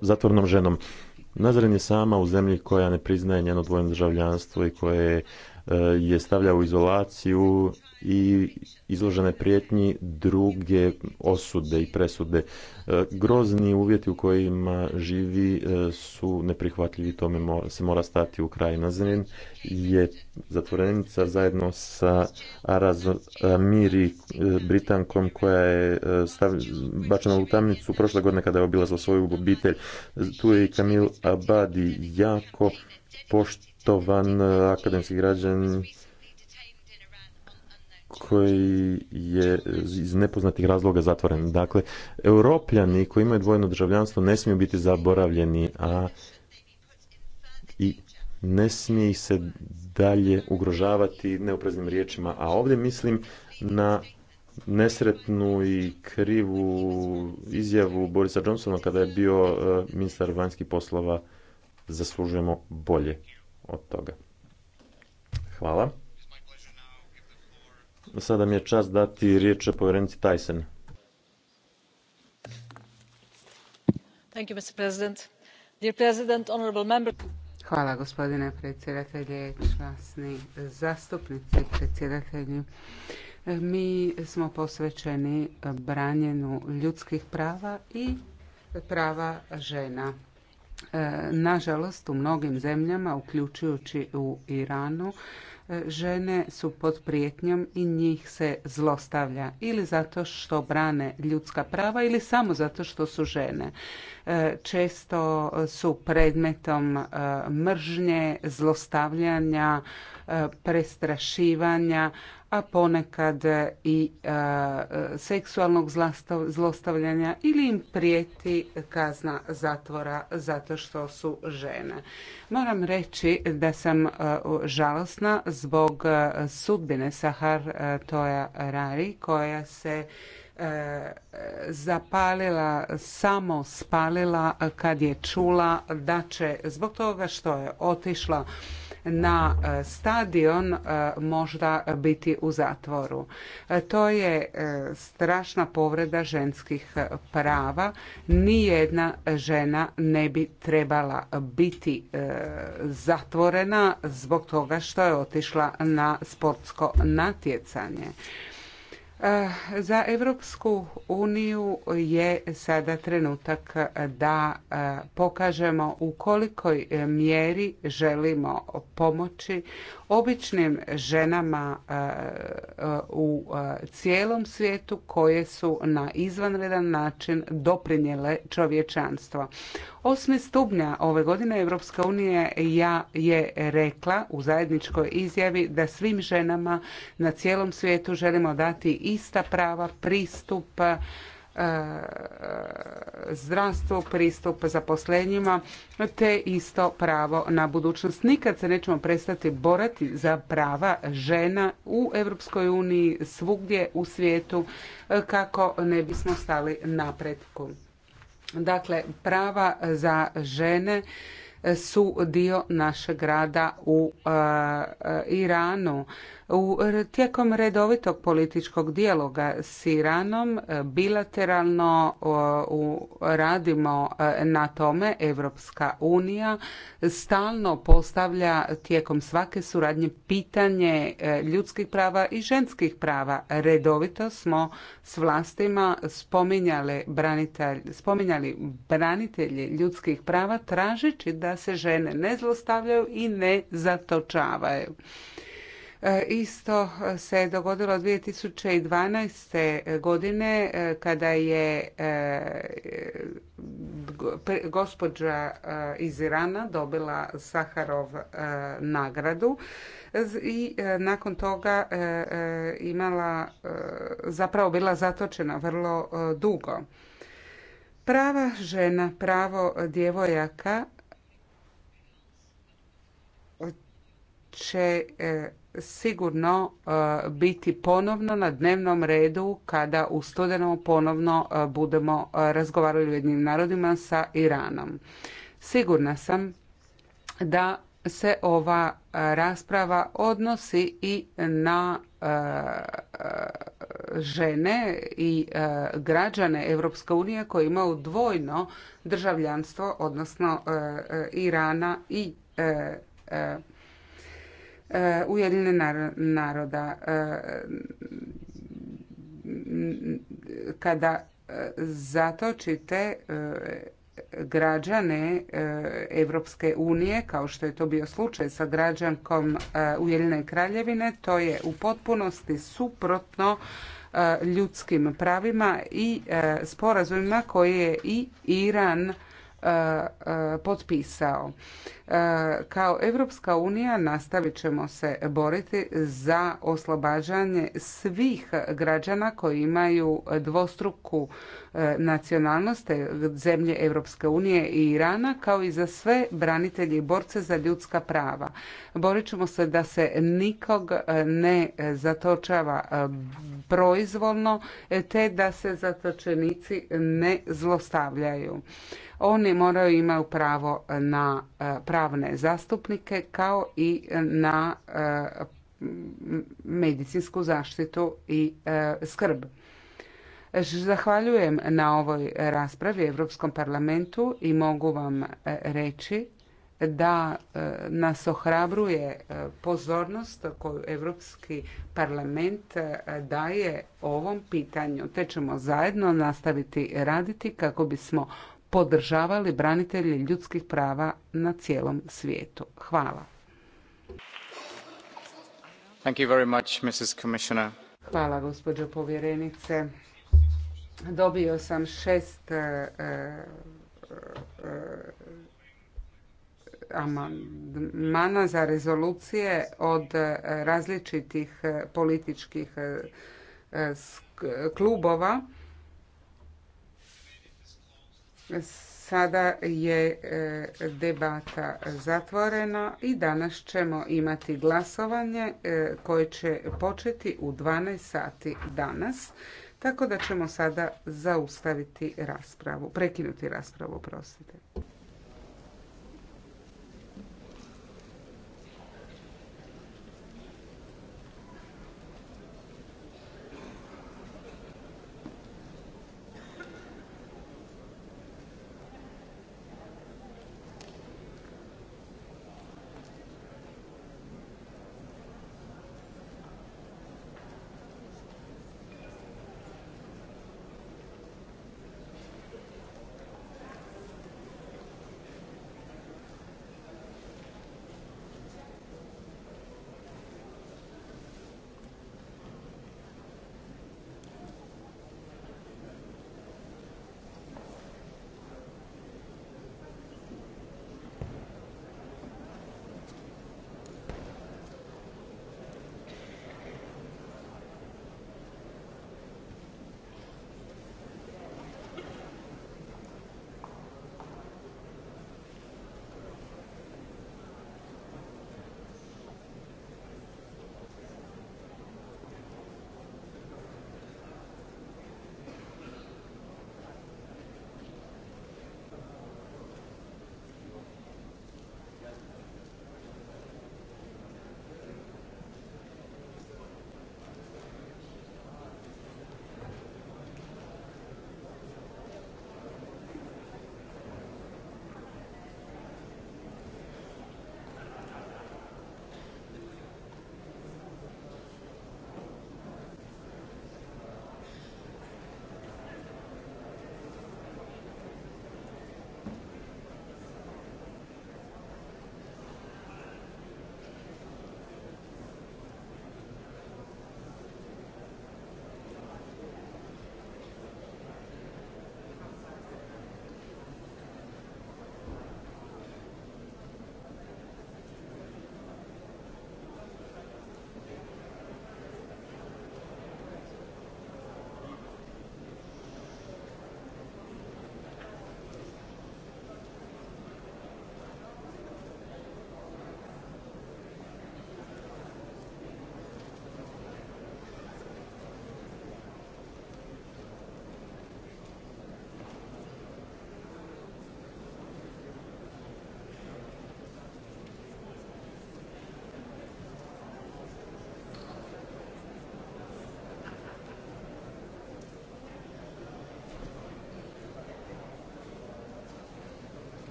zatvornom ženom. Nazaren je sama u zemlji koja ne priznaje njeno dvojno državljanstvo i koje Eh, je stavljao u izolaciju i izložene prijetnji druge osude i presude. Eh, grozni uvjeti u kojima živi eh, su neprihvatljivi, tome se mora stati u kraj. je zatvorenica zajedno sa Araz Miri Britankom koja je stav, bačena u tamnicu prošle godine kada je za svoju obitelj. Tu je i Kamil Abadi jako pošten van eh, akademski građan koji je iz nepoznatih razloga zatvoren. Dakle, europljani koji imaju dvojno državljanstvo ne smiju biti zaboravljeni, a i ne smije ih se dalje ugrožavati neopreznim riječima. A ovdje mislim na nesretnu i krivu izjavu Borisa Johnsona kada je bio eh, ministar vanjskih poslova zaslužujemo bolje od toga. Hvala. Sada mi je čas dati riječ povjerenici Tyson. Hvala gospodine predsjedatelje, časni zastupnici, predsjedatelji. Mi smo posvećeni branjenu ljudskih prava i prava žena. E, nažalost, u mnogim zemljama, uključujući u Iranu, e, žene su pod prijetnjom i njih se zlostavlja ili zato što brane ljudska prava ili samo zato što su žene. E, često su predmetom mržnje, zlostavljanja, prestrašivanja, a ponekad i seksualnog zlostavljanja ili im prijeti kazna zatvora zato što su žene. Moram reći da sam žalosna zbog sudbine Sahar Toja Rari koja se zapalila, samo spalila kad je čula da će zbog toga što je otišla na e, stadion e, možda biti u zatvoru. E, to je strašna povreda ženskih prava. Nijedna žena ne bi trebala biti zatvorena zbog toga što je otišla na sportsko natjecanje. Za Europsku uniju je sada trenutak da pokažemo u kolikoj mjeri želimo pomoći običnim ženama u cijelom svijetu koje su na izvanredan način doprinjele čovječanstvo. Osmi stupnja ove godine Europska unija ja je rekla u zajedničkoj izjavi da svim ženama na cijelom svijetu želimo dati ista prava, pristup e, zdravstvu, pristup zaposlenjima, te isto pravo na budućnost. Nikad se nećemo prestati borati za prava žena u Europskoj uniji, svugdje u svijetu, e, kako ne bismo stali napretku. Dakle, prava za žene eh, su dio našeg rada u eh, eh, Iranu. U tijekom redovitog političkog dijaloga s Iranom e, bilateralno radimo e, na tome Evropska unija stalno postavlja tijekom svake suradnje pitanje e, ljudskih prava i ženskih prava. Redovito smo s vlastima spominjali branitelj, spominjali branitelje ljudskih prava tražeći da se žene ne zlostavljaju i ne zatočavaju. E, isto se dogodilo 2012. godine e, kada je e, gospođa iz Irana dobila Saharov nagradu i nakon toga imala, zapravo bila zatočena vrlo dugo. Prava žena, pravo djevojaka će sigurno e, biti ponovno na dnevnom redu kada u studenom ponovno e, budemo e, razgovarali u jednim narodima sa Iranom. Sigurna sam da se ova rasprava odnosi i na žene i građane Europske unije koji imaju dvojno državljanstvo, odnosno Irana i E, Ujedine naroda e, kada e, zatočite građane Evropske unije, kao što je to bio slučaj sa građankom Ujedinjene kraljevine, to je u potpunosti suprotno ljudskim pravima i sporazumima koje je i Iran Eh, potpisao. Eh, kao Evropska unija nastavit ćemo se boriti za oslobađanje svih građana koji imaju dvostruku E, nacionalnost zemlje Europske unije i Irana kao i za sve branitelje i borce za ljudska prava. Borit ćemo se da se nikog e, ne zatočava e, proizvolno te da se zatočenici ne zlostavljaju. Oni moraju imaju pravo na pravne zastupnike kao i na medicinsku zaštitu i skrb. Zahvaljujem na ovoj raspravi Europskom parlamentu i mogu vam e, reći da e, nas ohrabruje e, pozornost koju Europski parlament daje ovom pitanju. Te ćemo zajedno nastaviti raditi kako bismo podržavali branitelje ljudskih prava na cijelom svijetu. Hvala. Hvala gospođo povjerenice. Dobio sam šest e, e, e, amandmana za rezolucije od e, različitih političkih klubova. Sada je debata zatvorena i danas ćemo imati glasovanje koje će početi u 12 sati danas. Tako da ćemo sada zaustaviti raspravu, prekinuti raspravu, oprostite.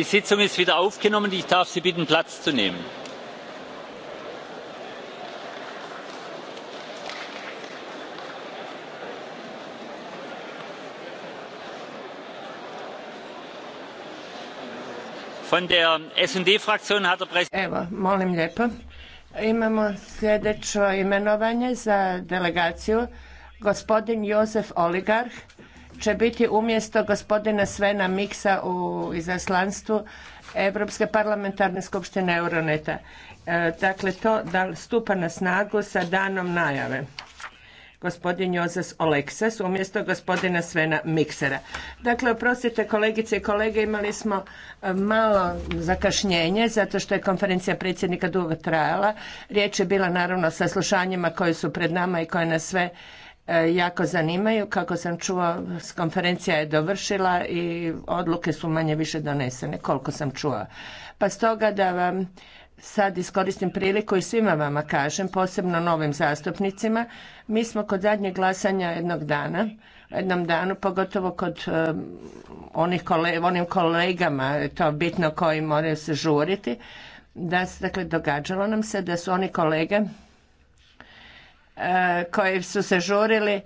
die sitzung ist wieder aufgenommen. ich darf sie bitten platz zu nehmen. Von der fraktion hat der Evo, molim lepo. Imamo sljedeće imenovanje za delegaciju. Gospodin Josef Oligarh, će biti umjesto gospodina Svena Miksa u izaslanstvu Europske parlamentarne skupštine Euroneta. E, dakle, to da stupa na snagu sa danom najave gospodin Jozas Oleksas umjesto gospodina Svena Miksera. Dakle, oprostite kolegice i kolege, imali smo e, malo zakašnjenje zato što je konferencija predsjednika dugo trajala. Riječ je bila naravno sa slušanjima koje su pred nama i koje nas sve E, jako zanimaju. Kako sam čuo, konferencija je dovršila i odluke su manje više donesene, koliko sam čuo. Pa stoga da vam sad iskoristim priliku i svima vama kažem, posebno novim zastupnicima, mi smo kod zadnjeg glasanja jednog dana, jednom danu, pogotovo kod e, onih onim kolegama, je to bitno koji moraju se žuriti, da se, dakle, događalo nam se da su oni kolege koji su se žurili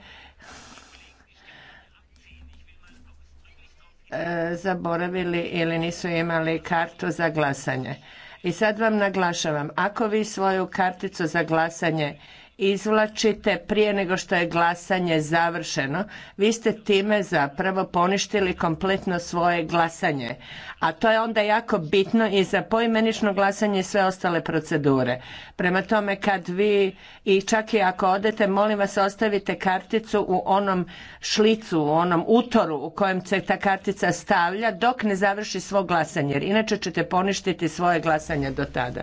e, zaboravili ili nisu imali kartu za glasanje. I sad vam naglašavam, ako vi svoju karticu za glasanje izvlačite prije nego što je glasanje završeno, vi ste time zapravo poništili kompletno svoje glasanje. A to je onda jako bitno i za poimenično glasanje i sve ostale procedure. Prema tome kad vi i čak i ako odete, molim vas ostavite karticu u onom šlicu, u onom utoru u kojem se ta kartica stavlja dok ne završi svo glasanje. Jer inače ćete poništiti svoje glasanje do tada.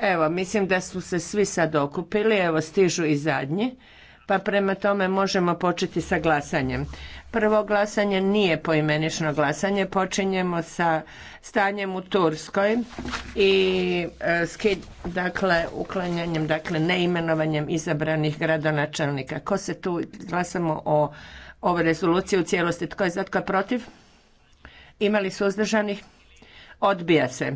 Evo, mislim da su se svi sad okupili, evo stižu i zadnji, pa prema tome možemo početi sa glasanjem. Prvo glasanje nije poimenično glasanje, počinjemo sa stanjem u Turskoj i e, dakle, uklanjanjem, dakle, neimenovanjem izabranih gradonačelnika. Ko se tu, glasamo o ovoj rezoluciji u cijelosti, tko je za, tko je protiv? Imali suzdržanih? Odbija se.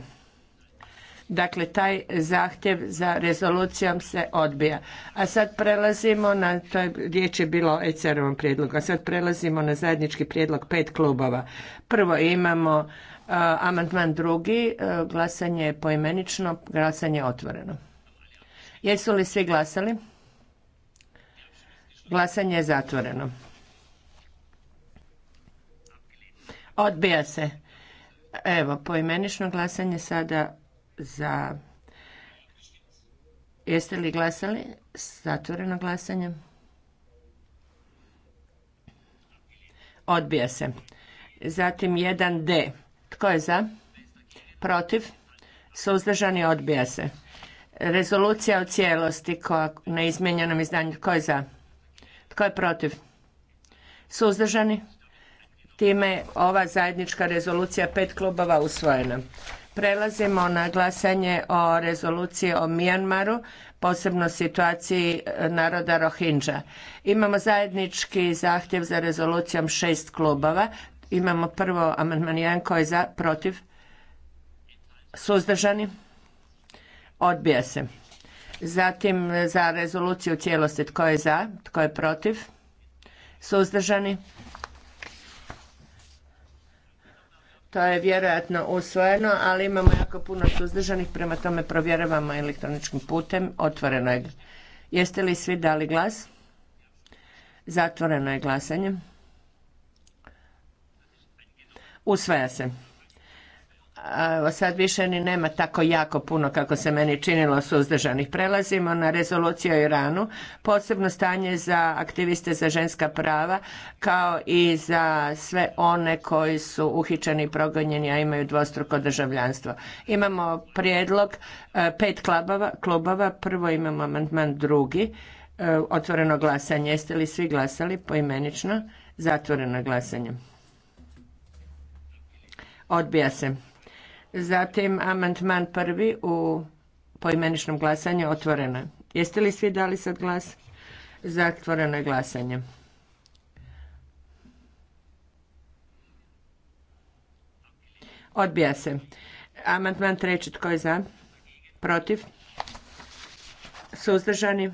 Dakle, taj zahtjev za rezolucijom se odbija. A sad prelazimo na, to je, riječ je bilo o ECR-ovom prijedlogu, a sad prelazimo na zajednički prijedlog pet klubova. Prvo imamo uh, amandman drugi, uh, glasanje je poimenično, glasanje je otvoreno. Jesu li svi glasali? Glasanje je zatvoreno. Odbija se. Evo, poimenično glasanje sada za... Jeste li glasali? Zatvoreno glasanje. Odbija se. Zatim 1D. Tko je za? Protiv? Suzdržani odbija se. Rezolucija u cijelosti koja na izmijenjenom izdanju. Tko je za? Tko je protiv? Suzdržani? Time ova zajednička rezolucija pet klubova usvojena. Prelazimo na glasanje o rezoluciji o Mijanmaru, posebno situaciji e, naroda Rohingya. Imamo zajednički zahtjev za rezolucijom šest klubova. Imamo prvo amandman jedan koji je za, protiv, suzdržani, odbija se. Zatim e, za rezoluciju cijelosti tko je za, tko je protiv, suzdržani, To je vjerojatno usvojeno, ali imamo jako puno suzdržanih, prema tome provjeravamo elektroničkim putem. Otvoreno je. Jeste li svi dali glas? Zatvoreno je glasanje. Usvaja se evo sad više ni nema tako jako puno kako se meni činilo suzdržanih. Prelazimo na rezoluciju o Iranu, posebno stanje za aktiviste za ženska prava kao i za sve one koji su uhićeni i progonjeni, a imaju dvostruko državljanstvo. Imamo prijedlog e, pet klubova, klubova. prvo imamo amandman drugi, e, otvoreno glasanje. Jeste li svi glasali poimenično? Zatvoreno glasanje. Odbija se. Zatim amandman prvi u poimeničnom glasanju otvoreno. Jeste li svi dali sad glas? Zatvoreno je glasanje. Odbija se. Amandman treći, tko je za? Protiv? Suzdržani?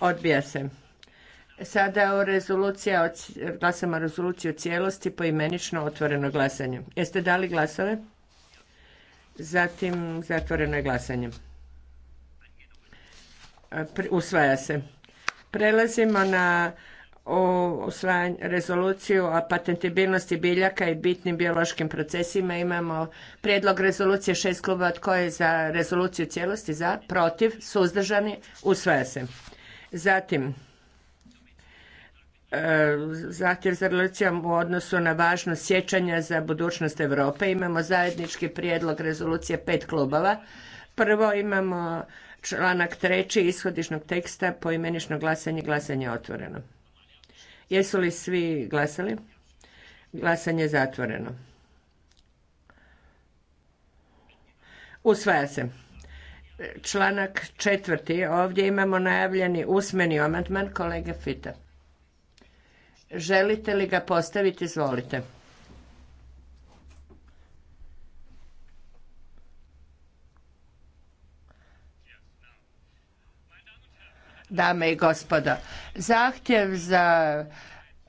Odbija se. Sada o rezolucija, glasamo rezoluciju cijelosti poimenično otvoreno glasanje. Jeste dali glasove? Zatim zatvoreno je glasanje. Usvaja se. Prelazimo na rezoluciju o patentibilnosti biljaka i bitnim biološkim procesima. Imamo prijedlog rezolucije šest kluba od koje za rezoluciju cijelosti za, protiv, suzdržani, usvaja se. Zatim E, zahtjev za rezolucijom u odnosu na važnost sjećanja za budućnost Europe. Imamo zajednički prijedlog rezolucije pet klubova. Prvo imamo članak treći ishodišnog teksta poimenično glasanje, glasanje je otvoreno. Jesu li svi glasali? Glasanje je zatvoreno. Usvaja se. Članak četvrti, ovdje imamo najavljeni usmeni amandman kolege Fita. Želite li ga postaviti? Izvolite. Dame i gospodo, zahtjev za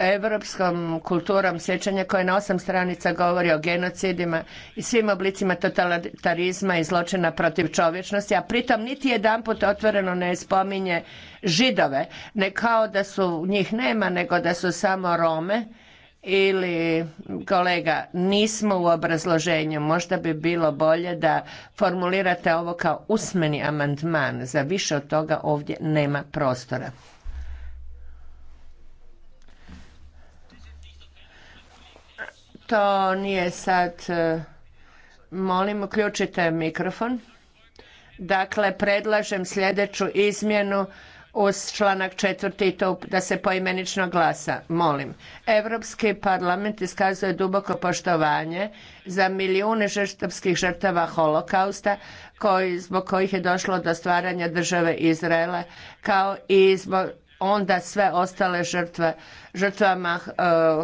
europskom kulturom sjećanja koja na osam stranica govori o genocidima i svim oblicima totalitarizma i zločina protiv čovječnosti, a pritom niti jedanput otvoreno ne spominje židove, ne kao da su njih nema, nego da su samo Rome ili kolega nismo u obrazloženju, možda bi bilo bolje da formulirate ovo kao usmeni amandman, za više od toga ovdje nema prostora. to nije sad... E, molim, uključite mikrofon. Dakle, predlažem sljedeću izmjenu uz članak četvrti i to da se poimenično glasa. Molim. Europski parlament iskazuje duboko poštovanje za milijune žrtavskih žrtava holokausta zbog kojih je došlo do stvaranja države Izraela kao i zbog onda sve ostale žrtve, žrtvama eh,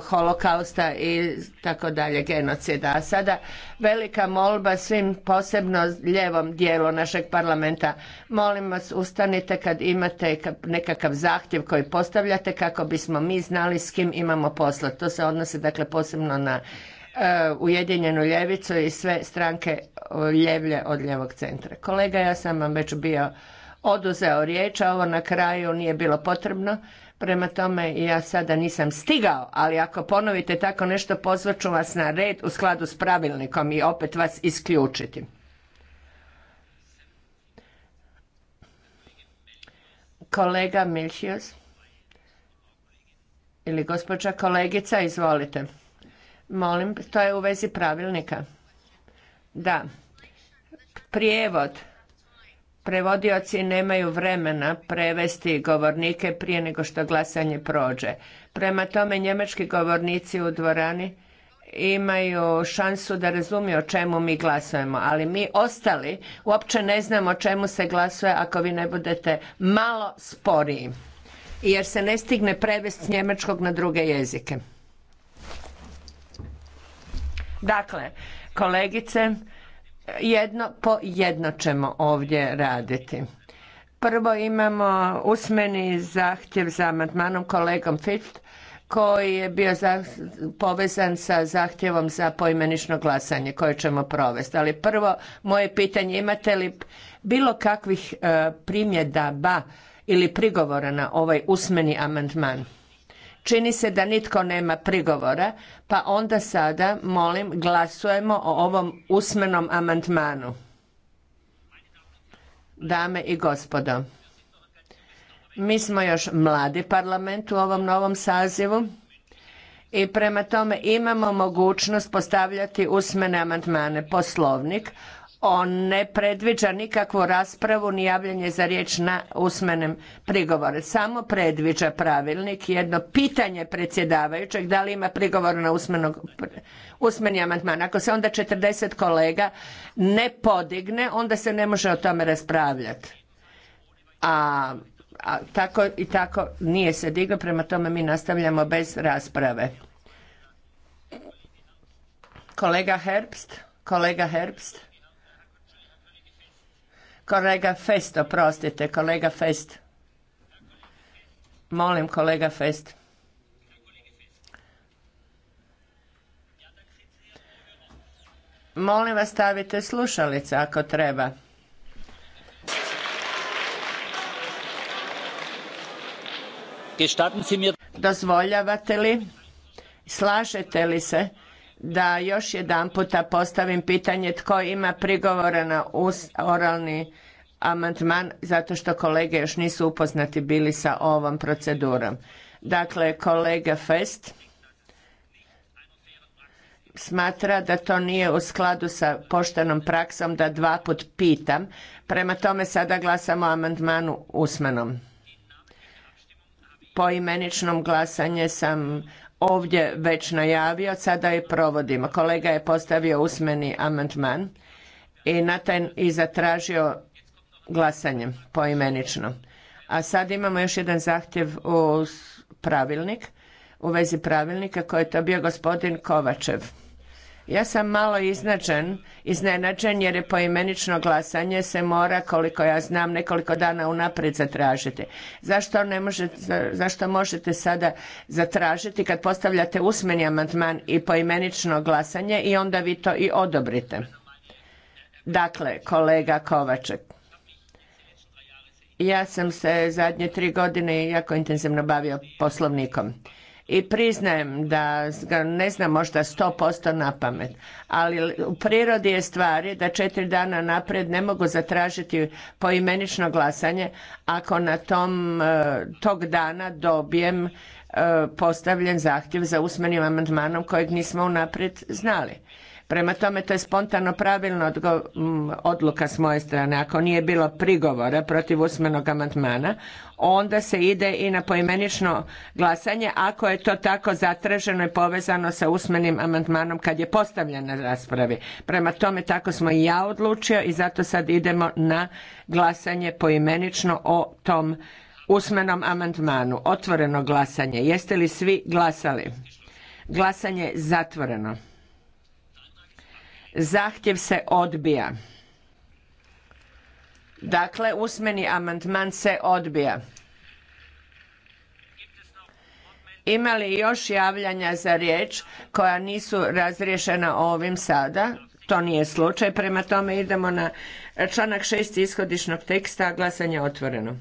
holokausta i tako dalje, genocida. A sada velika molba svim posebno ljevom dijelu našeg parlamenta. Molim vas, ustanite kad imate nekakav zahtjev koji postavljate kako bismo mi znali s kim imamo posla. To se odnosi dakle posebno na eh, Ujedinjenu ljevicu i sve stranke eh, ljevlje od ljevog centra. Kolega, ja sam vam već bio oduzeo riječ, a ovo na kraju nije bilo potrebno. Prema tome ja sada nisam stigao, ali ako ponovite tako nešto pozvaću vas na red u skladu s pravilnikom i opet vas isključiti. Kolega Milhius ili gospođa kolegica, izvolite. Molim, to je u vezi pravilnika. Da. Prijevod prevodioci nemaju vremena prevesti govornike prije nego što glasanje prođe. Prema tome, njemački govornici u dvorani imaju šansu da razumiju o čemu mi glasujemo, ali mi ostali uopće ne znamo o čemu se glasuje ako vi ne budete malo sporiji, jer se ne stigne prevesti s njemačkog na druge jezike. Dakle, kolegice, jedno po jedno ćemo ovdje raditi. Prvo imamo usmeni zahtjev za amandmanom kolegom Fift koji je bio za, povezan sa zahtjevom za poimenično glasanje koje ćemo provesti. Ali prvo moje pitanje imate li bilo kakvih e, primjedaba ili prigovora na ovaj usmeni amandman? Čini se da nitko nema prigovora, pa onda sada, molim, glasujemo o ovom usmenom amandmanu. Dame i gospodo, mi smo još mladi parlament u ovom novom sazivu i prema tome imamo mogućnost postavljati usmene amandmane. Poslovnik on ne predviđa nikakvu raspravu ni javljanje za riječ na usmenem prigovore. Samo predviđa pravilnik jedno pitanje predsjedavajućeg da li ima prigovor na usmeni amandman. Ako se onda 40 kolega ne podigne, onda se ne može o tome raspravljati. A, tako i tako nije se diglo, prema tome mi nastavljamo bez rasprave. Kolega Herbst, kolega Herbst. Kolega Fest, oprostite, kolega Fest. Molim, kolega Fest. Molim vas, stavite slušalice ako treba. Dozvoljavate li? Slažete li se? da još jedan puta postavim pitanje tko ima prigovora na oralni amandman zato što kolege još nisu upoznati bili sa ovom procedurom. Dakle, kolega Fest smatra da to nije u skladu sa poštenom praksom da dva put pitam. Prema tome sada glasamo o amandmanu usmenom. Po imeničnom glasanje sam ovdje već najavio, sada je provodimo. Kolega je postavio usmeni amandman i, na taj, i zatražio glasanje poimenično. A sad imamo još jedan zahtjev u pravilnik, u vezi pravilnika koji je to bio gospodin Kovačev. Ja sam malo iznačen, iznenačen jer je poimenično glasanje se mora, koliko ja znam, nekoliko dana unaprijed zatražiti. Zašto, možete, zašto možete sada zatražiti kad postavljate usmeni amandman i poimenično glasanje i onda vi to i odobrite? Dakle, kolega Kovaček, ja sam se zadnje tri godine jako intenzivno bavio poslovnikom i priznajem da ga ne znam možda posto na pamet, ali u prirodi je stvari da četiri dana naprijed ne mogu zatražiti poimenično glasanje ako na tom e, tog dana dobijem e, postavljen zahtjev za usmenim amandmanom kojeg nismo unaprijed znali. Prema tome, to je spontano pravilna odluka s moje strane. Ako nije bilo prigovora protiv usmenog amandmana, onda se ide i na poimenično glasanje ako je to tako zatraženo i povezano sa usmenim amandmanom kad je postavljen na raspravi. Prema tome, tako smo i ja odlučio i zato sad idemo na glasanje poimenično o tom usmenom amandmanu. Otvoreno glasanje. Jeste li svi glasali? Glasanje zatvoreno. Zahtjev se odbija. Dakle, usmeni amandman se odbija. Ima li još javljanja za riječ koja nisu razriješena ovim sada? To nije slučaj, prema tome idemo na članak 6 ishodišnog teksta, glasanje otvoreno.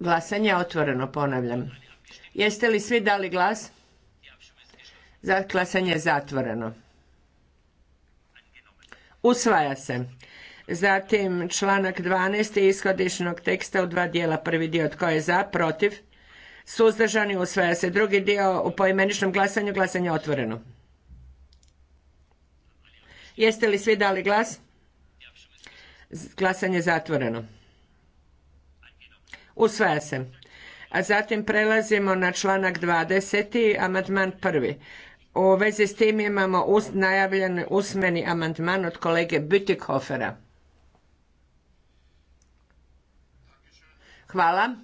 Glasanje je otvoreno, ponavljam. Jeste li svi dali glas? Za glasanje je zatvoreno. Usvaja se. Zatim članak 12. ishodišnog teksta u dva dijela. Prvi dio tko je za, protiv, suzdržani, usvaja se. Drugi dio u poimeničnom glasanju, glasanje otvoreno. Jeste li svi dali glas? Glasanje zatvoreno. Usvaja se. A zatim prelazimo na članak 20. amandman prvi. U vezi s tim imamo najavljen usmeni amandman od kolege Bütikhofera. Hvala.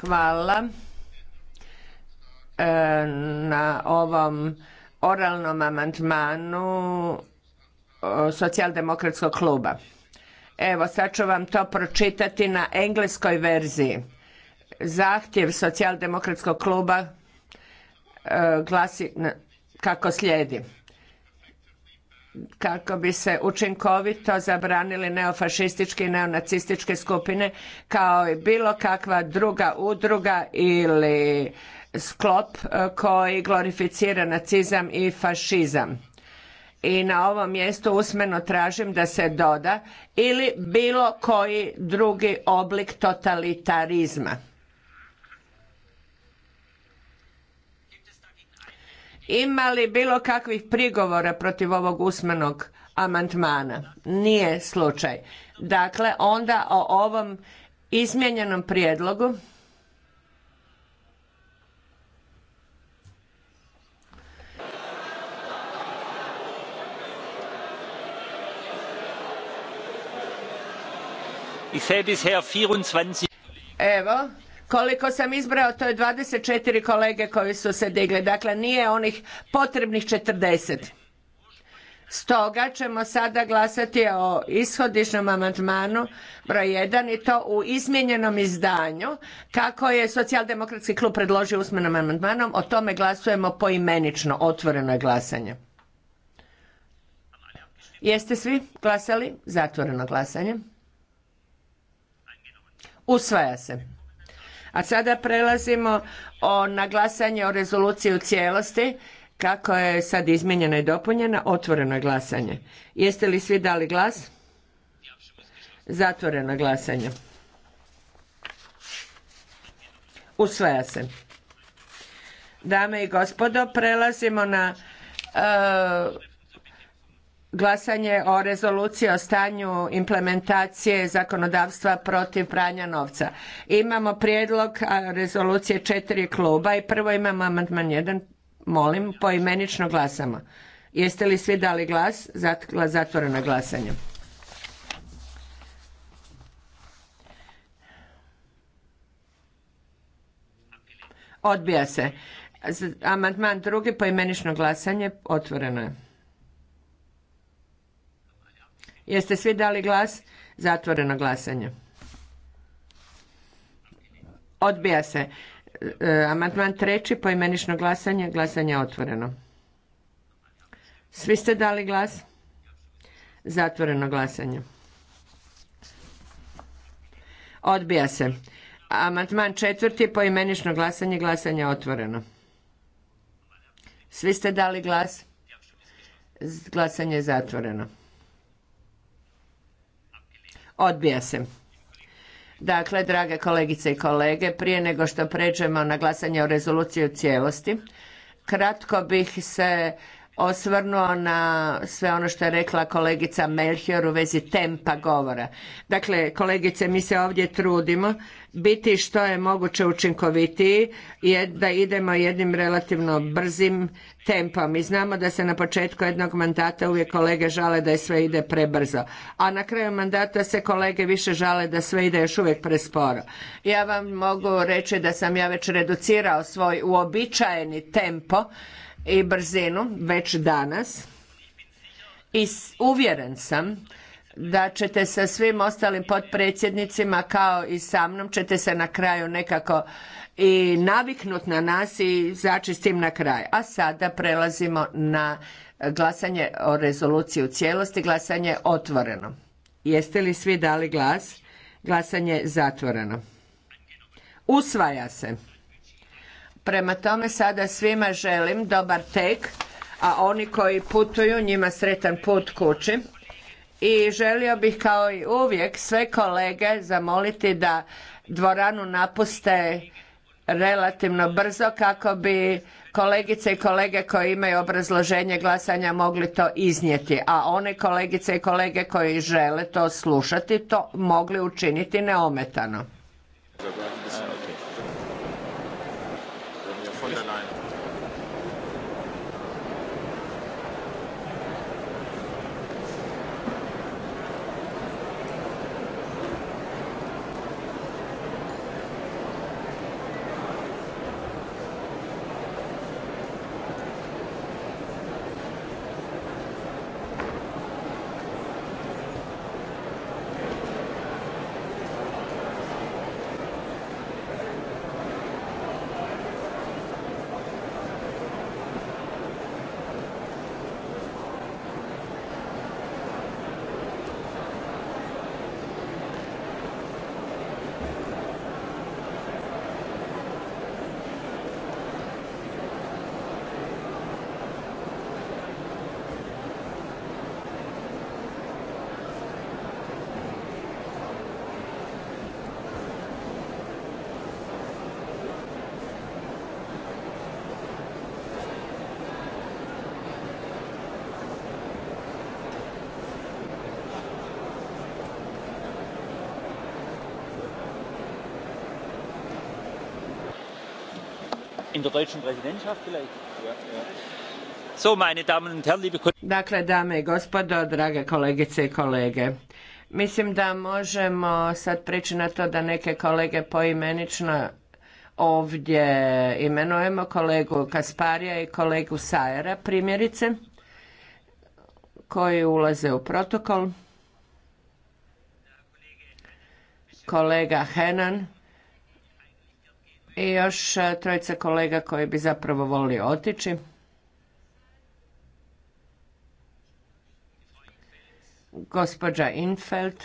Hvala e, na ovom oralnom amandmanu e, socijaldemokratskog kluba. Evo, sad ću vam to pročitati na engleskoj verziji. Zahtjev socijaldemokratskog kluba e, glasi kako slijedi. Kako bi se učinkovito zabranili neofašističke i neonacističke skupine kao i bilo kakva druga udruga ili sklop e, koji glorificira nacizam i fašizam i na ovom mjestu usmeno tražim da se doda ili bilo koji drugi oblik totalitarizma. Ima li bilo kakvih prigovora protiv ovog usmenog amandmana? Nije slučaj. Dakle, onda o ovom izmijenjenom prijedlogu Evo, koliko sam izbrao, to je 24 kolege koji su se digli. Dakle, nije onih potrebnih 40. Stoga ćemo sada glasati o ishodišnom amandmanu broj jedan i to u izmijenjenom izdanju kako je socijaldemokratski klub predložio usmenom amandmanom. O tome glasujemo poimenično. Otvoreno je glasanje. Jeste svi glasali? Zatvoreno glasanje. Usvaja se. A sada prelazimo o, na glasanje o rezoluciji u cijelosti kako je sad izmijenjena i dopunjena, otvoreno je glasanje. Jeste li svi dali glas? Zatvoreno glasanje. Usvaja se. Dame i gospodo, prelazimo na e, glasanje o rezoluciji o stanju implementacije zakonodavstva protiv pranja novca. Imamo prijedlog rezolucije četiri kluba i prvo imamo amandman jedan, molim, poimenično glasamo. Jeste li svi dali glas? Zatvoreno glasanje. Odbija se. Amandman drugi, poimenično glasanje, otvoreno je. Jeste svi dali glas? Zatvoreno glasanje. Odbija se. E, amandman treći, poimenično glasanje, glasanje otvoreno. Svi ste dali glas? Zatvoreno glasanje. Odbija se. Amandman četvrti, poimenično glasanje, glasanje otvoreno. Svi ste dali glas? Glasanje je zatvoreno. Odbija se. Dakle, drage kolegice i kolege, prije nego što pređemo na glasanje o rezoluciji u cijelosti, kratko bih se osvrnuo na sve ono što je rekla kolegica Melchior u vezi tempa govora. Dakle, kolegice, mi se ovdje trudimo biti što je moguće učinkovitiji da idemo jednim relativno brzim tempom. I znamo da se na početku jednog mandata uvijek kolege žale da je sve ide prebrzo. A na kraju mandata se kolege više žale da sve ide još uvijek presporo. Ja vam mogu reći da sam ja već reducirao svoj uobičajeni tempo i brzinu već danas i uvjeren sam da ćete sa svim ostalim potpredsjednicima kao i sa mnom ćete se na kraju nekako i naviknut na nas i zaći s tim na kraj. A sada prelazimo na glasanje o rezoluciji u cijelosti. Glasanje otvoreno. Jeste li svi dali glas? Glasanje je zatvoreno. Usvaja se. Prema tome sada svima želim dobar tek, a oni koji putuju njima sretan put kući. I želio bih kao i uvijek sve kolege zamoliti da dvoranu napuste relativno brzo kako bi kolegice i kolege koji imaju obrazloženje glasanja mogli to iznijeti, a one kolegice i kolege koji žele to slušati to mogli učiniti neometano von der In Dakle, dame i gospodo, drage kolegice i kolege. Mislim da možemo sad prići na to da neke kolege poimenično ovdje imenujemo kolegu Kasparija i kolegu Sajera primjerice koji ulaze u protokol. Kolega Henan i još e, trojica kolega koji bi zapravo volili otići. Gospođa Infeld,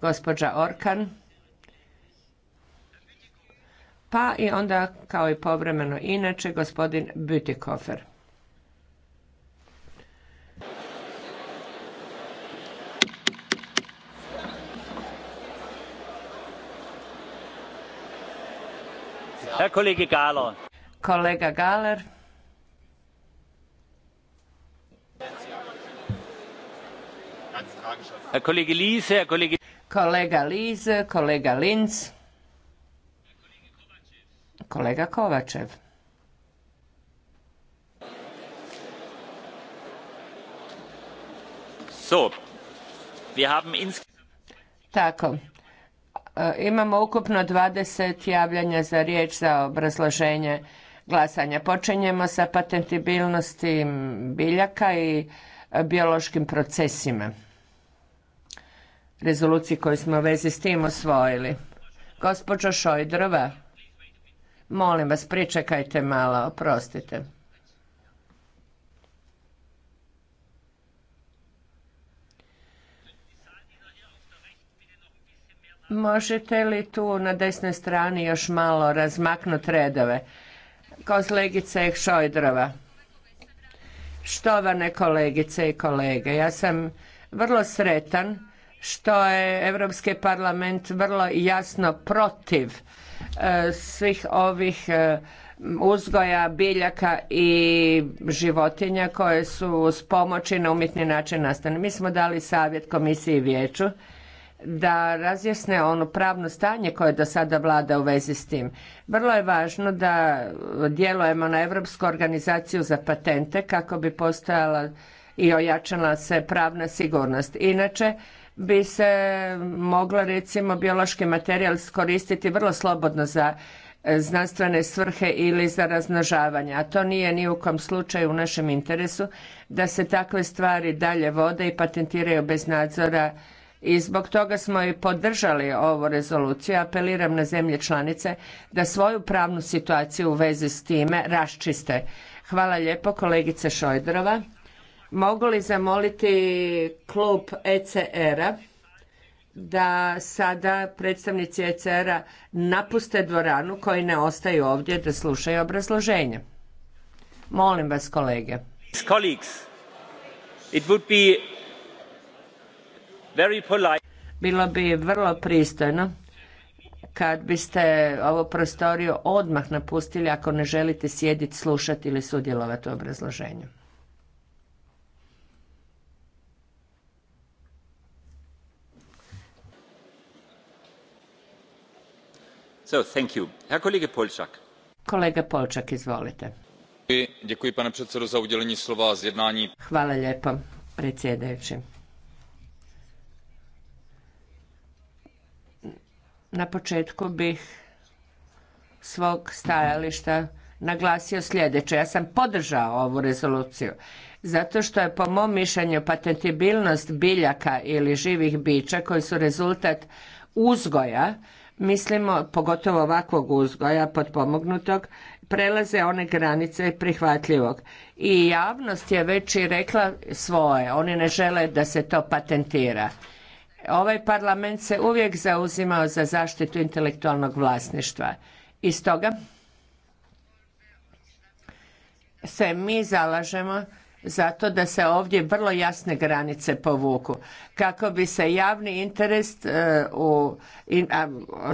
gospođa Orkan, pa i onda kao i povremeno inače gospodin Bütikofer. Herr Kollege Galer. Kolega Galer. Herr Kollege Liese, Herr Kollege... Kolega Liese, kolega Linz. Kolega Kovačev. So, wir haben ins... Tako, Imamo ukupno 20 javljanja za riječ za obrazloženje glasanja. Počinjemo sa patentibilnosti biljaka i biološkim procesima. Rezoluciji koju smo u vezi s tim osvojili. Gospođo Šojdrova, molim vas, pričekajte malo, oprostite. Možete li tu na desnoj strani još malo razmaknuti redove? Kolegice Šojdrova. Štovane kolegice i kolege, ja sam vrlo sretan što je Europski parlament vrlo jasno protiv e, svih ovih e, uzgoja biljaka i životinja koje su s pomoći na umjetni način nastane. Mi smo dali savjet komisiji i vijeću da razjasne ono pravno stanje koje do sada vlada u vezi s tim. Vrlo je važno da djelujemo na Europsku organizaciju za patente kako bi postojala i ojačala se pravna sigurnost. Inače bi se mogla recimo biološki materijal koristiti vrlo slobodno za e, znanstvene svrhe ili za raznožavanje. a to nije ni u kom slučaju u našem interesu da se takve stvari dalje vode i patentiraju bez nadzora i zbog toga smo i podržali ovu rezoluciju. Apeliram na zemlje članice da svoju pravnu situaciju u vezi s time raščiste. Hvala lijepo kolegice Šojdrova. Mogu li zamoliti klub ECR-a da sada predstavnici ECR-a napuste dvoranu koji ne ostaju ovdje da slušaju obrazloženje? Molim vas kolege. Bilo bi vrlo pristojno kad biste ovo prostorio odmah napustili ako ne želite sjediti, slušati ili sudjelovati u obrazloženju. So, thank you. Herr Kollege Polčak. Kolega Polčak, izvolite. Děkuji, pane předsedo, za Hvala lijepo, predsjedajući. na početku bih svog stajališta naglasio sljedeće. Ja sam podržao ovu rezoluciju zato što je po mom mišljenju patentibilnost biljaka ili živih bića koji su rezultat uzgoja, mislimo pogotovo ovakvog uzgoja potpomognutog, prelaze one granice prihvatljivog. I javnost je već i rekla svoje, oni ne žele da se to patentira. Ovaj parlament se uvijek zauzimao za zaštitu intelektualnog vlasništva. I stoga se mi zalažemo zato da se ovdje vrlo jasne granice povuku kako bi se javni interes e, u,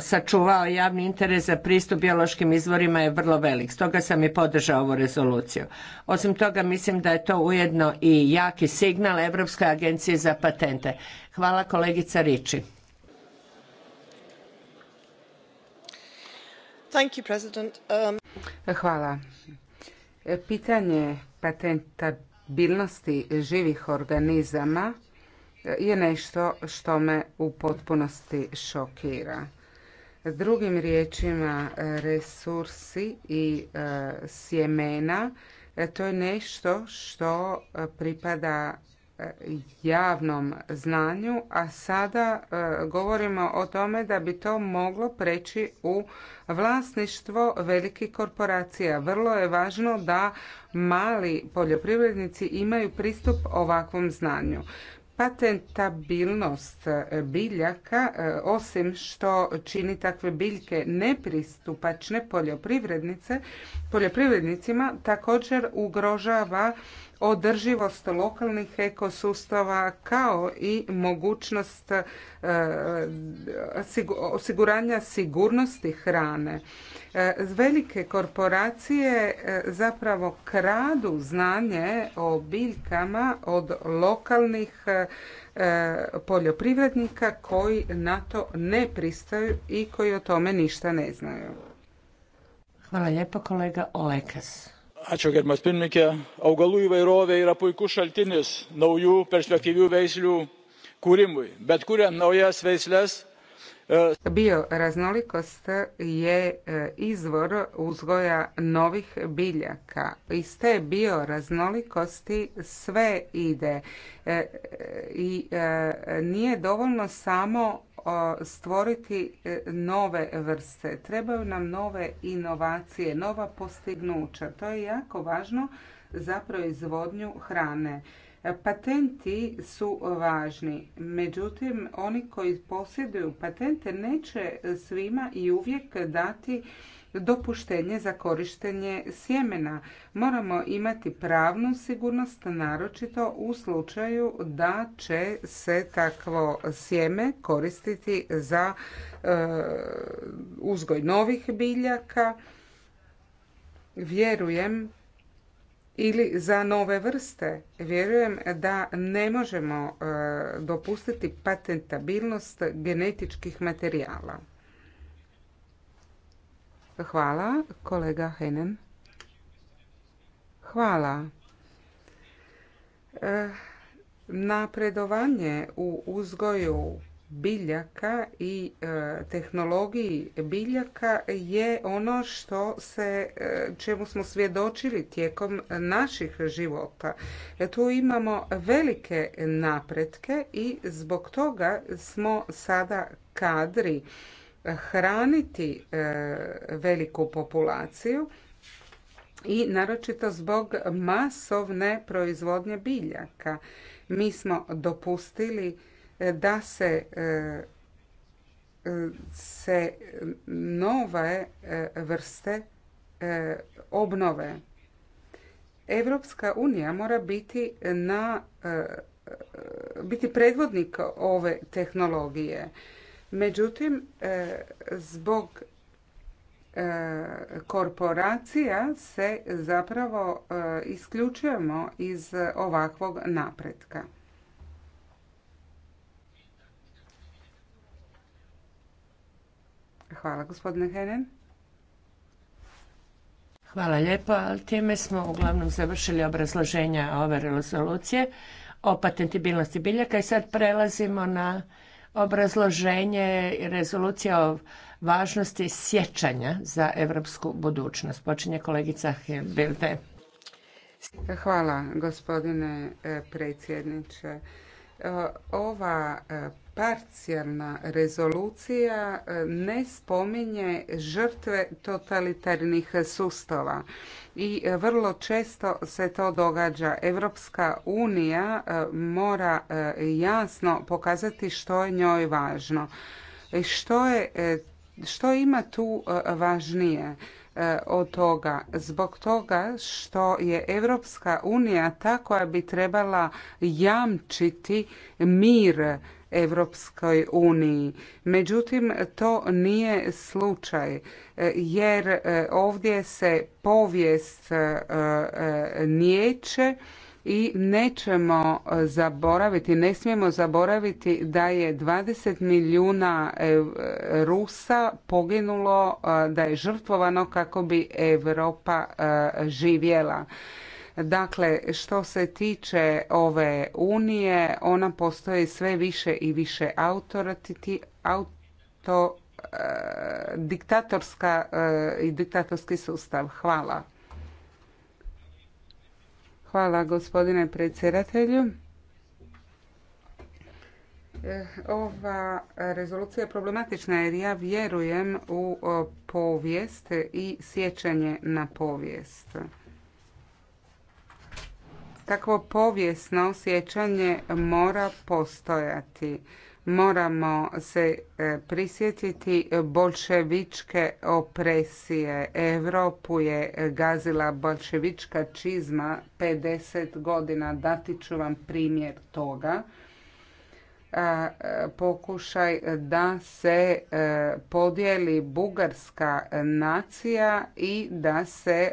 sačuvao javni interes za pristup biološkim izvorima je vrlo velik. Stoga sam i podržao ovu rezoluciju. Osim toga mislim da je to ujedno i jaki signal Europske agencije za patente. Hvala kolegica Riči. Um, Hvala. Pitanje patentabilnosti živih organizama je nešto što me u potpunosti šokira. Drugim riječima, resursi i e, sjemena e, to je nešto što pripada javnom znanju, a sada e, govorimo o tome da bi to moglo preći u vlasništvo velikih korporacija. Vrlo je važno da mali poljoprivrednici imaju pristup ovakvom znanju. Patentabilnost e, biljaka, e, osim što čini takve biljke nepristupačne poljoprivrednice, poljoprivrednicima, također ugrožava održivost lokalnih ekosustava kao i mogućnost e, osiguranja sigurnosti hrane. E, velike korporacije e, zapravo kradu znanje o biljkama od lokalnih poljoprivrednika koji na to ne pristaju i koji o tome ništa ne znaju. Hvala lijepo kolega Olekas gerbiamas pirmininke augalų įvairovė yra puikus šaltinis naujų perspektyvių veislių kūrimui bet kuriant naujas veisles Bioraznolikost je e, izvor uzgoja novih biljaka. Iz te bioraznolikosti sve ide e, i e, nije dovoljno samo stvoriti nove vrste. Trebaju nam nove inovacije, nova postignuća. To je jako važno za proizvodnju hrane. Patenti su važni, međutim oni koji posjeduju patente neće svima i uvijek dati dopuštenje za korištenje sjemena. Moramo imati pravnu sigurnost, naročito u slučaju da će se takvo sjeme koristiti za e, uzgoj novih biljaka. Vjerujem ili za nove vrste. Vjerujem da ne možemo e, dopustiti patentabilnost genetičkih materijala. Hvala, kolega Henen. Hvala. E, napredovanje u uzgoju biljaka i e, tehnologiji biljaka je ono što se, e, čemu smo svjedočili tijekom naših života. E, tu imamo velike napretke i zbog toga smo sada kadri hraniti veliku populaciju i naročito zbog masovne proizvodnje biljaka. Mi smo dopustili da se se nove e, vrste e, obnove. Evropska unija mora biti na e, biti predvodnik ove tehnologije. Međutim, zbog korporacija se zapravo isključujemo iz ovakvog napretka. Hvala gospodine Henen. Hvala lijepo, ali time smo uglavnom završili obrazloženja ove rezolucije o patentibilnosti biljaka i sad prelazimo na obrazloženje rezolucije o važnosti sjećanja za europsku budućnost. Počinje kolegica Hilde. Hvala gospodine eh, predsjedniče. Eh, ova eh, parcijalna rezolucija e, ne spominje žrtve totalitarnih sustava i e, vrlo često se to događa. Europska unija e, mora jasno pokazati što je njoj važno. Što, je, što ima tu važnije? od toga zbog toga što je Europska unija ta koja bi trebala jamčiti mir Europskoj uniji. Međutim, to nije slučaj e, jer e, ovdje se povijest e, niječe i nećemo zaboraviti, ne smijemo zaboraviti da je 20 milijuna Rusa poginulo, da je žrtvovano kako bi Europa živjela. Dakle, što se tiče ove unije, ona postoji sve više i više auto e, diktatorska e, i diktatorski sustav. Hvala. Hvala gospodine predsjedatelju. E, ova rezolucija je problematična jer ja vjerujem u povijest i sjećanje na povijest. Takvo povijesno osjećanje mora postojati. Moramo se e, prisjetiti bolševičke opresije. Europu je gazila bolševička čizma 50 godina. Dati ću vam primjer toga pokušaj da se e, podijeli bugarska nacija i da se e,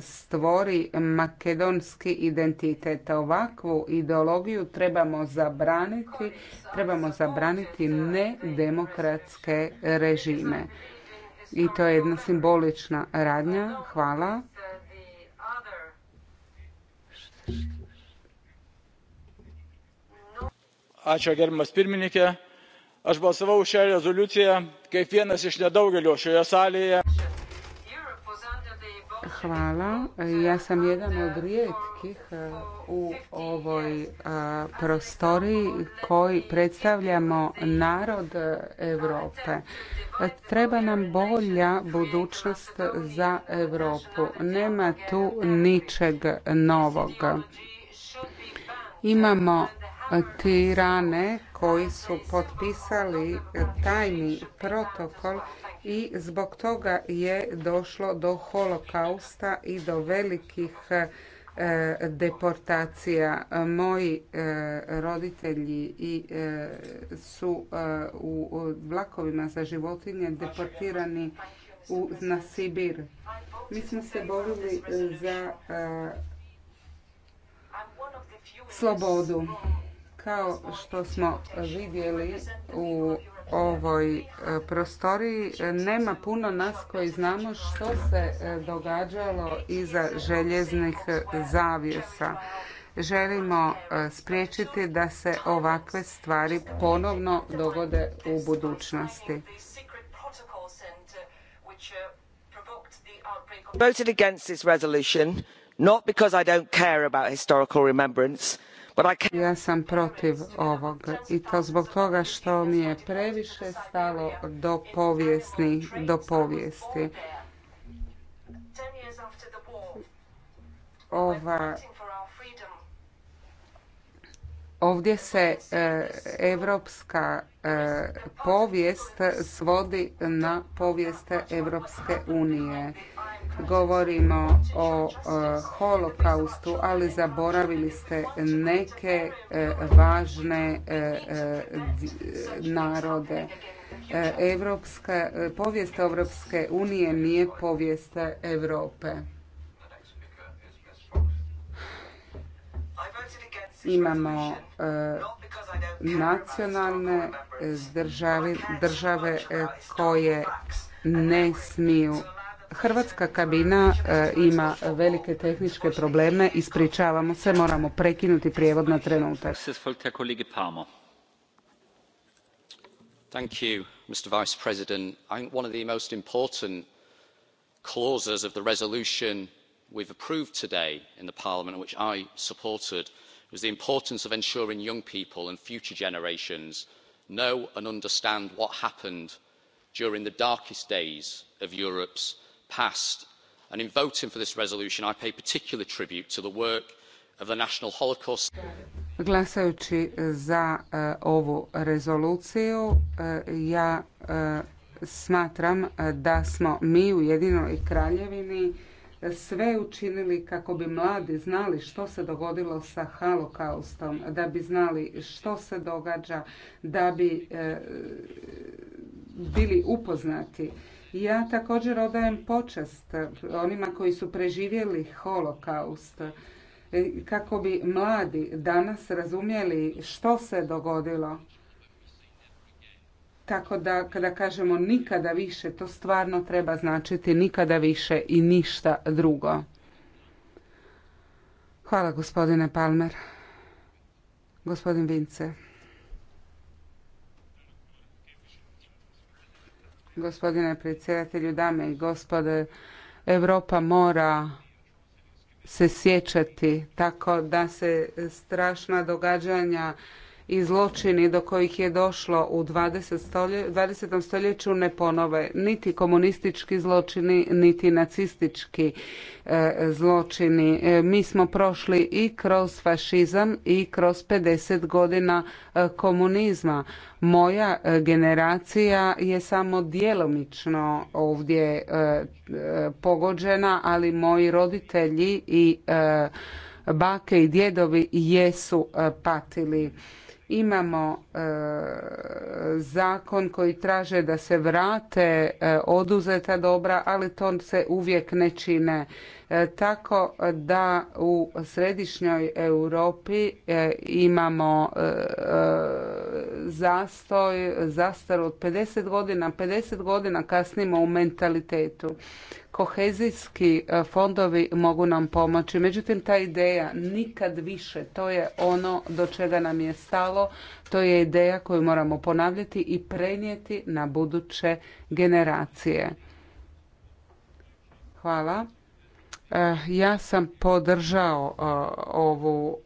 stvori makedonski identitet. Ovakvu ideologiju trebamo zabraniti, trebamo zabraniti nedemokratske režime. I to je jedna simbolična radnja. Hvala. gerbiamas pirmininke aš balsavau už šią rezoliuciją kaip vienas iš nedaugelio šioje salėje Hvala. Ja sam jedan od rijetkih e, u ovoj e, prostoriji koji predstavljamo narod Europe. Treba nam bolja budućnost za Europu. Nema tu ničeg novog. Imamo tirane koji su potpisali tajni protokol i zbog toga je došlo do holokausta i do velikih e, deportacija. Moji e, roditelji e, su u vlakovima za životinje deportirani na Sibir. Mi smo se borili za slobodu. Kao što smo vidjeli u ovoj e, prostoriji nema puno nas koji znamo što se e, događalo iza željeznih e, zavjesa. Želimo spriječiti da se ovakve stvari ponovno dogode u budućnosti. Voted against this resolution not because I don't care about historical remembrance ja sam protiv ovog i to zbog toga što mi je previše stalo do povijesni, do povijesti. Ova Ovdje se europska e, povijest svodi na povijest Evropske unije. Govorimo o e, holokaustu, ali zaboravili ste neke e, važne narode. Evropska, povijest Europske unije nije povijest Europe. imamo e, nacionalne države, države koje ne smiju Hrvatska kabina e, ima velike tehničke probleme, ispričavamo se, moramo prekinuti prijevod na trenutak. Thank you, Mr Vice President. I think one of the most important clauses of the resolution we've approved today in the Parliament, which I supported, it was the importance of ensuring young people and future generations know and understand what happened during the darkest days of europe's past and in voting for this resolution i pay particular tribute to the work of the national holocaust Glasajući za e, ovu rezoluciju e, ja e, smatram da smo mi u Jedinoj kraljevini sve učinili kako bi mladi znali što se dogodilo sa holokaustom, da bi znali što se događa, da bi e, bili upoznati. Ja također odajem počest onima koji su preživjeli holokaust e, kako bi mladi danas razumjeli što se dogodilo tako da kada kažemo nikada više, to stvarno treba značiti nikada više i ništa drugo. Hvala gospodine Palmer. Gospodin Vince. Gospodine predsjedatelju, dame i gospode, Europa mora se sjećati tako da se strašna događanja i zločini do kojih je došlo u 20. stoljeću ne ponove niti komunistički zločini niti nacistički e, zločini. E, mi smo prošli i kroz fašizam i kroz 50 godina e, komunizma. Moja generacija je samo djelomično ovdje pogođena, ali moji roditelji i bake i djedovi jesu patili imamo e, zakon koji traže da se vrate e, oduzeta dobra, ali to se uvijek ne čine. E, tako da u središnjoj Europi imamo zastoj, zastar od 50 godina, 50 godina kasnimo u mentalitetu kohezijski e, fondovi mogu nam pomoći. Međutim, ta ideja nikad više, to je ono do čega nam je stalo, to je ideja koju moramo ponavljati i prenijeti na buduće generacije. Hvala. E, ja sam podržao e, ovu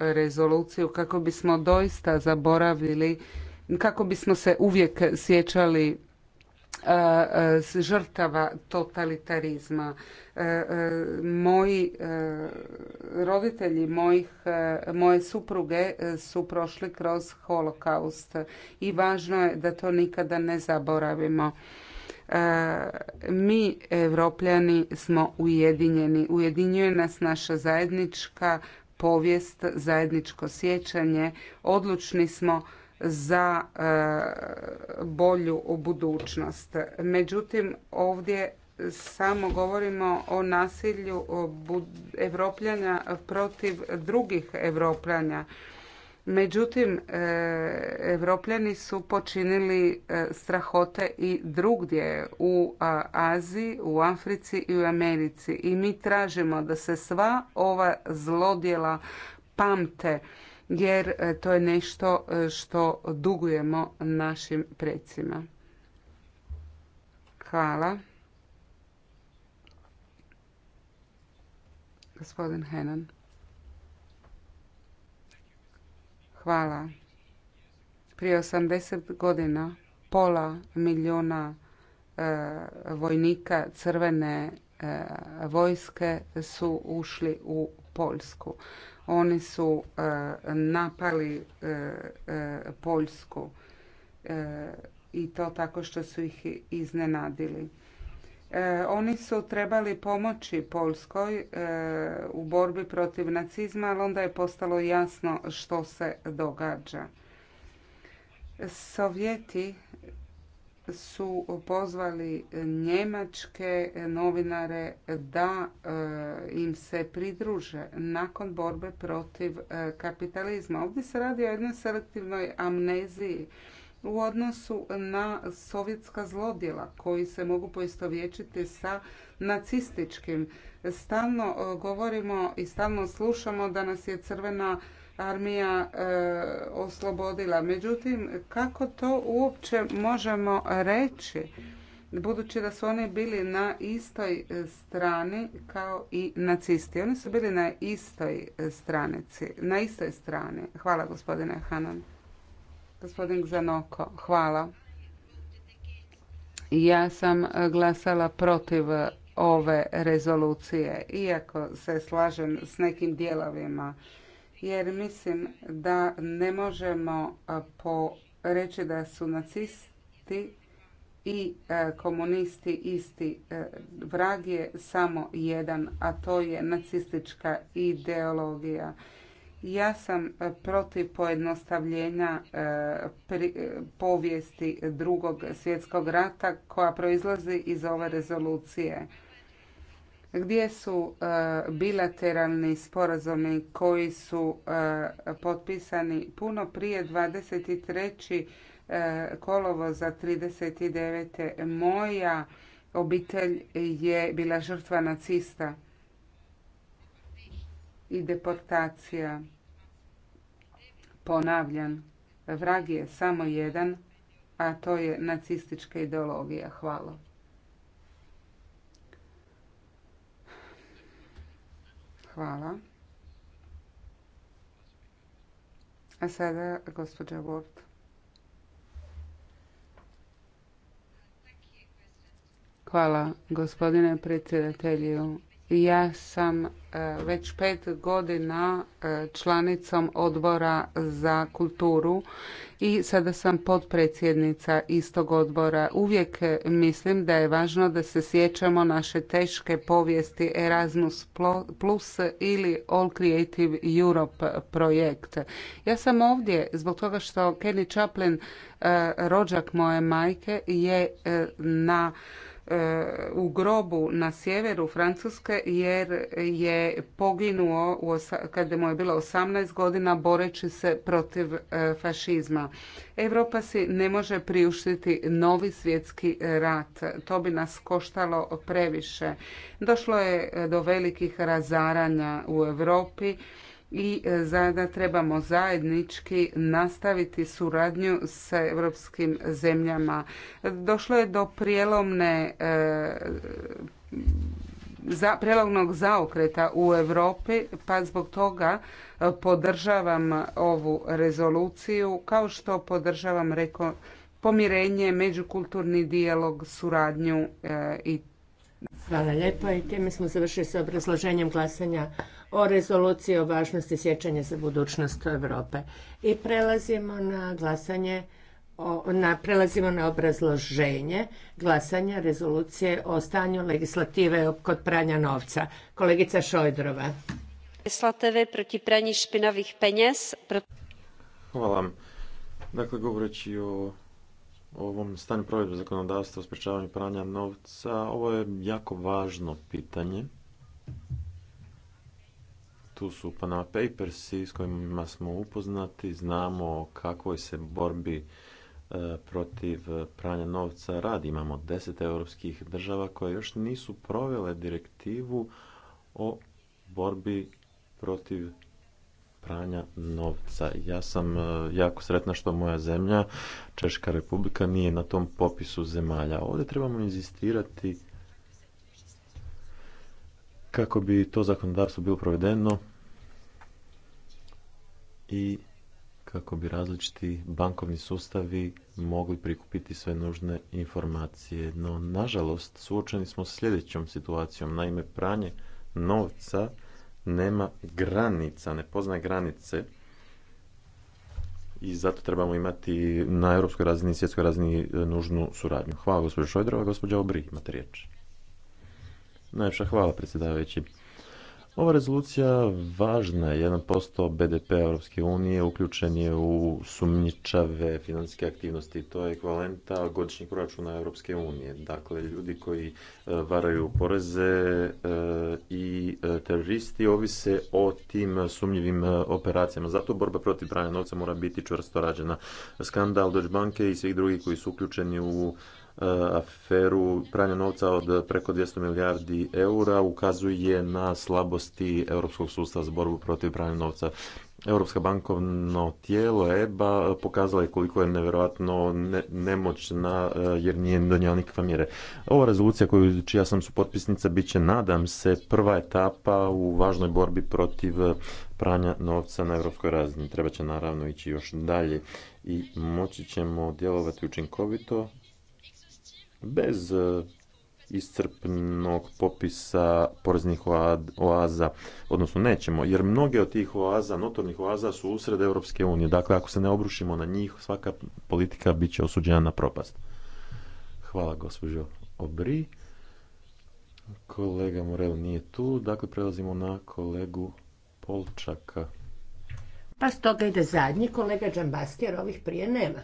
rezoluciju kako bismo doista zaboravili, kako bismo se uvijek sjećali E, e, žrtava totalitarizma. E, moji roditelji mojih, moje supruge su prošli kroz holokaust i važno je da to nikada ne zaboravimo. Mi, Evropljani, smo ujedinjeni. Ujedinjuje nas naša zajednička povijest, zajedničko sjećanje. Odlučni smo za e, bolju budućnost. Međutim, ovdje samo govorimo o nasilju Evropljanja protiv drugih Evropljanja. Međutim, e, Evropljani su počinili e, strahote i drugdje u Aziji, u Africi i u Americi. I mi tražimo da se sva ova zlodjela pamte jer e, to je nešto e, što dugujemo našim predsima. Hvala. Gospodin Henan. Hvala. Prije 80 godina pola milijuna e, vojnika crvene vojske su ušli u Poljsku. Oni su e, napali e, e, Poljsku i to tako što su ih iznenadili. Oni su trebali pomoći Poljskoj u borbi protiv nacizma, ali onda je postalo jasno što se događa. Sovjeti su pozvali njemačke novinare da e, im se pridruže nakon borbe protiv e, kapitalizma. Ovdje se radi o jednoj selektivnoj amneziji u odnosu na sovjetska zlodjela koji se mogu poistovjećiti sa nacističkim. Stalno e, govorimo i stalno slušamo da nas je crvena armija e, oslobodila. Međutim, kako to uopće možemo reći? Budući da su oni bili na istoj strani kao i nacisti. Oni su bili na istoj stranici, na istoj strani. Hvala gospodine Hanan. Gospodin Zanoko, hvala. Ja sam glasala protiv ove rezolucije, iako se slažem s nekim dijelovima jer mislim da ne možemo po reći da su nacisti i e, komunisti isti e, vrag je samo jedan, a to je nacistička ideologija. Ja sam e, protiv pojednostavljenja povijesti drugog svjetskog rata koja proizlazi iz ove rezolucije gdje su e, bilateralni sporazumi koji su e, potpisani puno prije 23. kolovo za 39. Moja obitelj je bila žrtva nacista i deportacija. ponavljan. vrag je samo jedan, a to je nacistička ideologija. Hvala. Hvala. A sada gospođa Ward. Hvala gospodine predsjedatelju. Ja sam e, već pet godina e, članicom odbora za kulturu i sada sam potpredsjednica istog odbora. Uvijek e, mislim da je važno da se sjećamo naše teške povijesti Erasmus Plus ili All Creative Europe projekt. Ja sam ovdje zbog toga što Kenny Chaplin, rođak moje majke, je na u grobu na sjeveru Francuske jer je poginuo kada mu je bilo 18 godina boreći se protiv e, fašizma. Europa si ne može priuštiti novi svjetski rat. To bi nas koštalo previše. Došlo je do velikih razaranja u Europi i e, da trebamo zajednički nastaviti suradnju sa europskim zemljama. Došlo je do prijelomne e, za, zaokreta u Europi, pa zbog toga e, podržavam ovu rezoluciju, kao što podržavam reko, pomirenje, međukulturni dijalog, suradnju i Hvala lijepa i time smo završili sa obrazloženjem glasanja o rezoluciji o važnosti sjećanja za budućnost Europe. I prelazimo na glasanje na, prelazimo na obrazloženje glasanja rezolucije o stanju legislative kod pranja novca. Kolegica Šojdrova. Legislative proti špinavih Hvala vam. Dakle, govoreći o ovom stanju provedbe zakonodavstva o sprečavanju pranja novca, ovo je jako važno pitanje tu su Panama Papersi s kojima smo upoznati, znamo o kakvoj se borbi e, protiv pranja novca radi. Imamo deset europskih država koje još nisu provele direktivu o borbi protiv pranja novca. Ja sam e, jako sretna što moja zemlja, Češka republika, nije na tom popisu zemalja. Ovdje trebamo inzistirati kako bi to zakonodavstvo bilo provedeno i kako bi različiti bankovni sustavi mogli prikupiti sve nužne informacije. No, nažalost, suočeni smo s sljedećom situacijom. Naime, pranje novca nema granica, ne poznaje granice i zato trebamo imati na europskoj razini i svjetskoj razini e, nužnu suradnju. Hvala gospođo Šojdrova, gospođa Obri, imate riječ. Najljepša hvala predsjedavajući. Ova rezolucija važna je, 1% BDP Europske unije uključen je u sumničave financijske aktivnosti. To je ekvalenta godišnjeg proračuna Europske unije. Dakle, ljudi koji e, varaju poreze e, i e, teroristi ovise o tim sumnjivim operacijama. Zato borba protiv pranja novca mora biti čvrsto rađena. Skandal Deutsche Banke i svih drugih koji su uključeni u aferu pranja novca od preko 200 milijardi eura ukazuje na slabosti europskog sustava za borbu protiv pranja novca. Europska bankovno tijelo EBA pokazala je koliko je nevjerojatno nemoćna eh, jer nije donijela nikakve mjere. Ova rezolucija koju čija sam su potpisnica bit će, nadam se, prva etapa u važnoj borbi protiv eh, pranja novca na europskoj razini. Treba će naravno ići još dalje i moći ćemo djelovati učinkovito bez e, iscrpnog popisa poreznih oaza, odnosno nećemo, jer mnoge od tih oaza, notornih oaza su usred Europske unije. Dakle, ako se ne obrušimo na njih, svaka politika bit će osuđena na propast. Hvala, gospođo Obri. Kolega Morel nije tu, dakle prelazimo na kolegu Polčaka. Pa stoga ide zadnji, kolega Džambaski, ovih prije nema.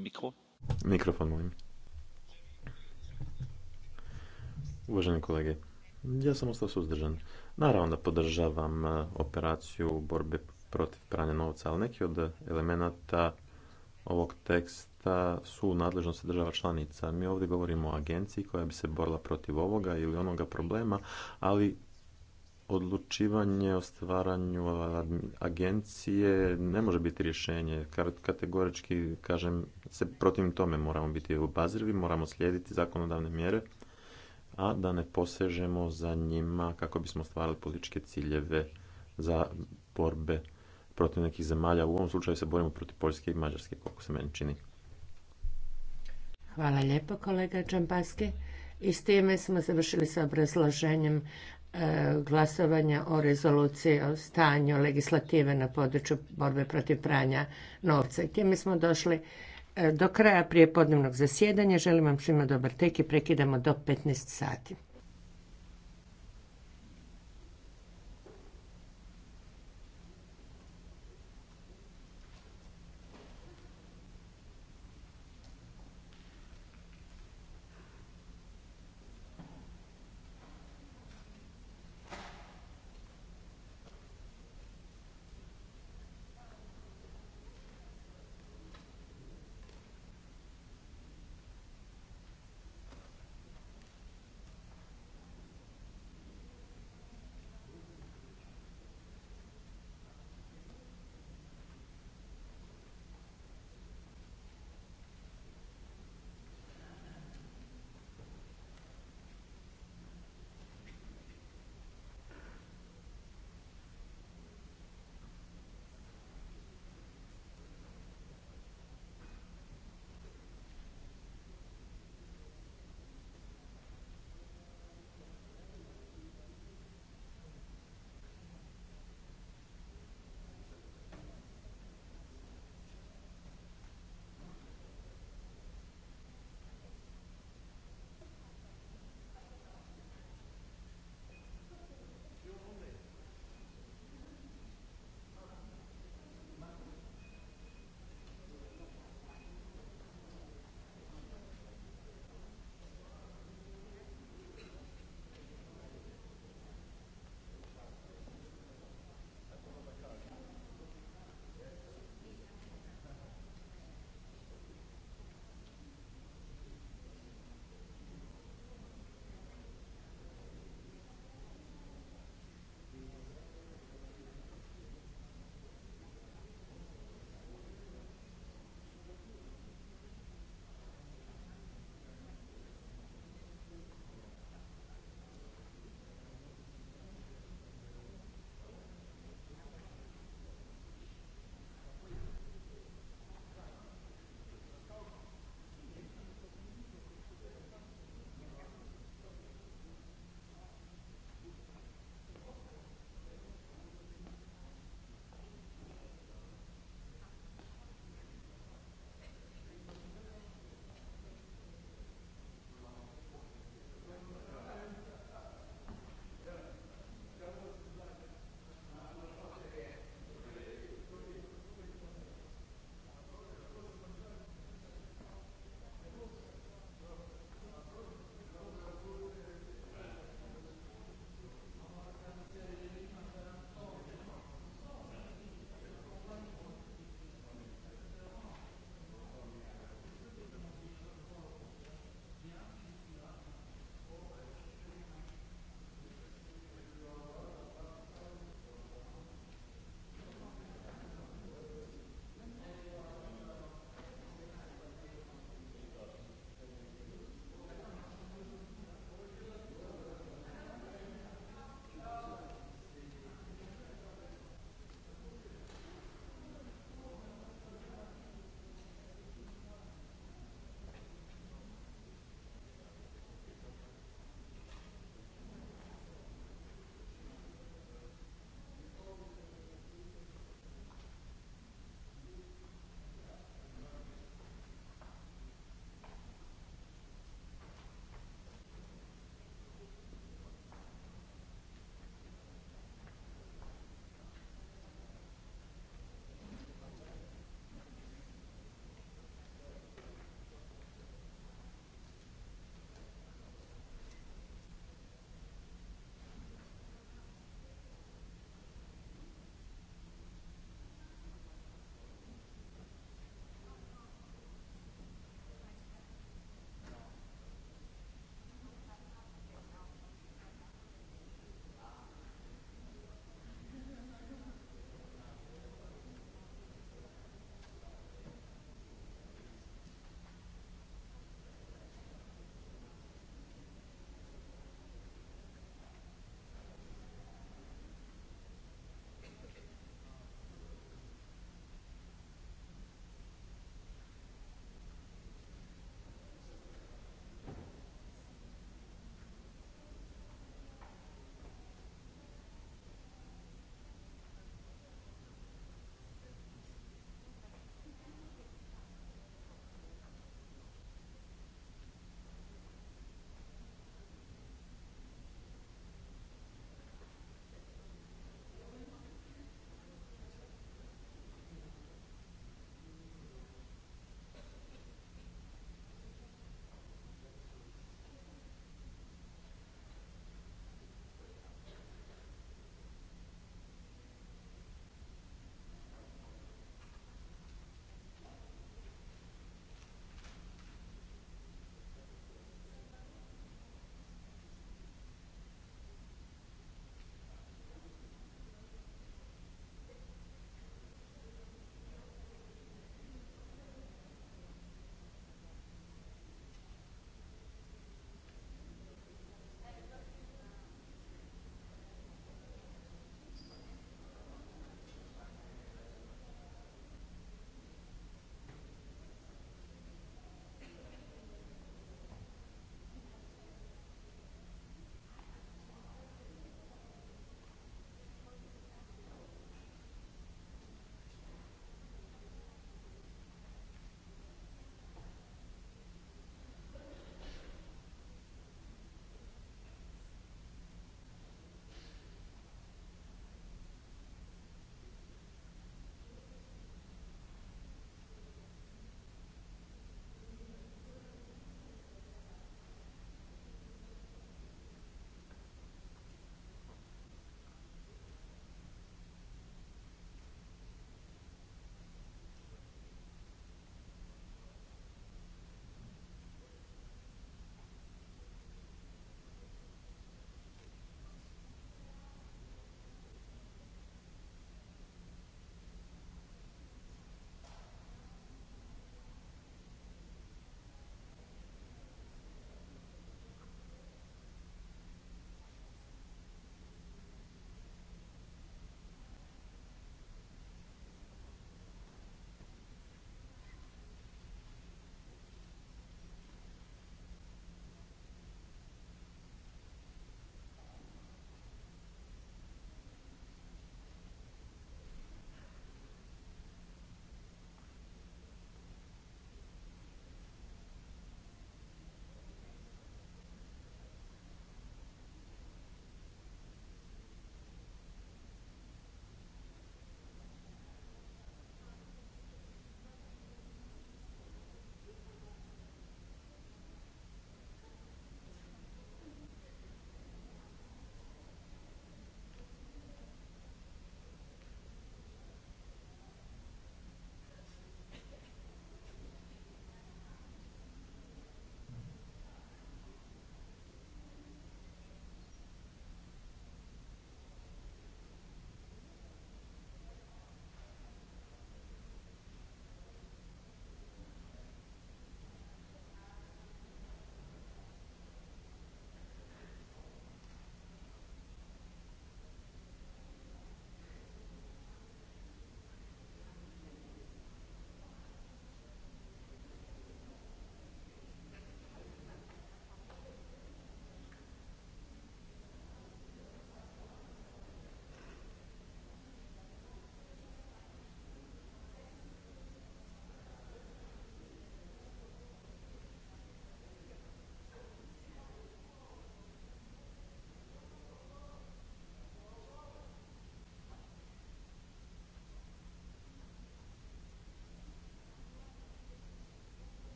Mikro. Mikrofon molim. Uvaženi kolege, ja sam ostao suzdržan. Naravno da podržavam e, operaciju borbe protiv pranja novca, ali neki od elemenata ovog teksta su u nadležnosti država članica. Mi ovdje govorimo o agenciji koja bi se borila protiv ovoga ili onoga problema, ali odlučivanje o stvaranju agencije ne može biti rješenje. Kategorički, kažem, se protiv tome moramo biti obazrivi, moramo slijediti zakonodavne mjere, a da ne posežemo za njima kako bismo stvarali političke ciljeve za borbe protiv nekih zemalja. U ovom slučaju se borimo protiv Poljske i Mađarske, koliko se meni čini. Hvala lijepo kolega Čampaske. I s time smo završili sa obrazloženjem E, glasovanja o rezoluciji o stanju legislative na području borbe protiv pranja novca. I time smo došli e, do kraja prijepodnevnog zasjedanja. Želim vam svima dobar tek i prekidamo do 15 sati.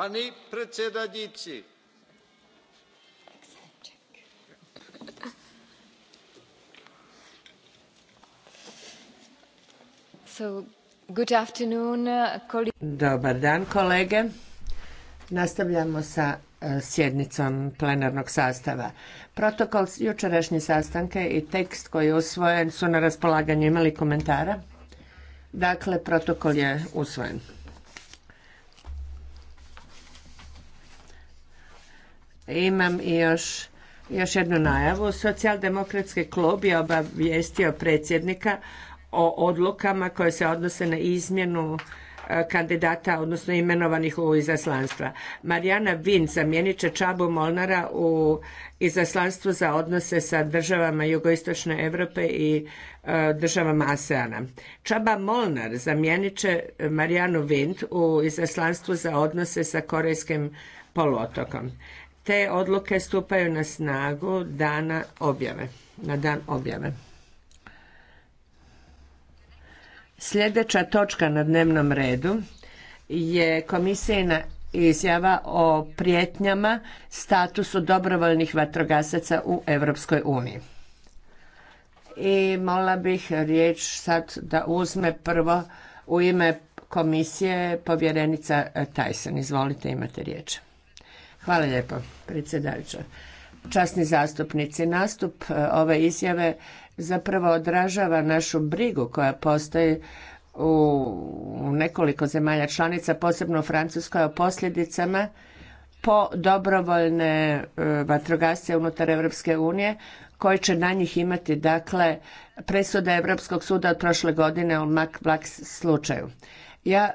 Pani predsjedateljici. Uh, Dobar dan kolege. Nastavljamo sa uh, sjednicom plenarnog sastava. Protokol jučerašnje sastanke i tekst koji je usvojen su na raspolaganju imali komentara. Dakle, protokol je usvojen. imam i još, još jednu najavu. Socijaldemokratski klub je obavijestio predsjednika o odlukama koje se odnose na izmjenu e, kandidata, odnosno imenovanih u izaslanstva. Marijana Vin zamijenit će Čabu Molnara u izaslanstvu za odnose sa državama jugoistočne Europe i e, državama ASEANA. Čaba Molnar zamijenit će Marijanu Vint u izaslanstvu za odnose sa Korejskim poluotokom te odluke stupaju na snagu dana objave, na dan objave. Sljedeća točka na dnevnom redu je komisijina izjava o prijetnjama statusu dobrovoljnih vatrogasaca u Europskoj uniji. I mola bih riječ sad da uzme prvo u ime komisije povjerenica Tyson. Izvolite, imate riječ. Hvala lijepo, predsjedajuća. Časni zastupnici, nastup e, ove izjave zapravo odražava našu brigu koja postoji u nekoliko zemalja članica, posebno u Francuskoj, o posljedicama po dobrovoljne e, vatrogasce unutar Europske unije koji će na njih imati dakle presuda Europskog suda od prošle godine u Mac Black slučaju. Ja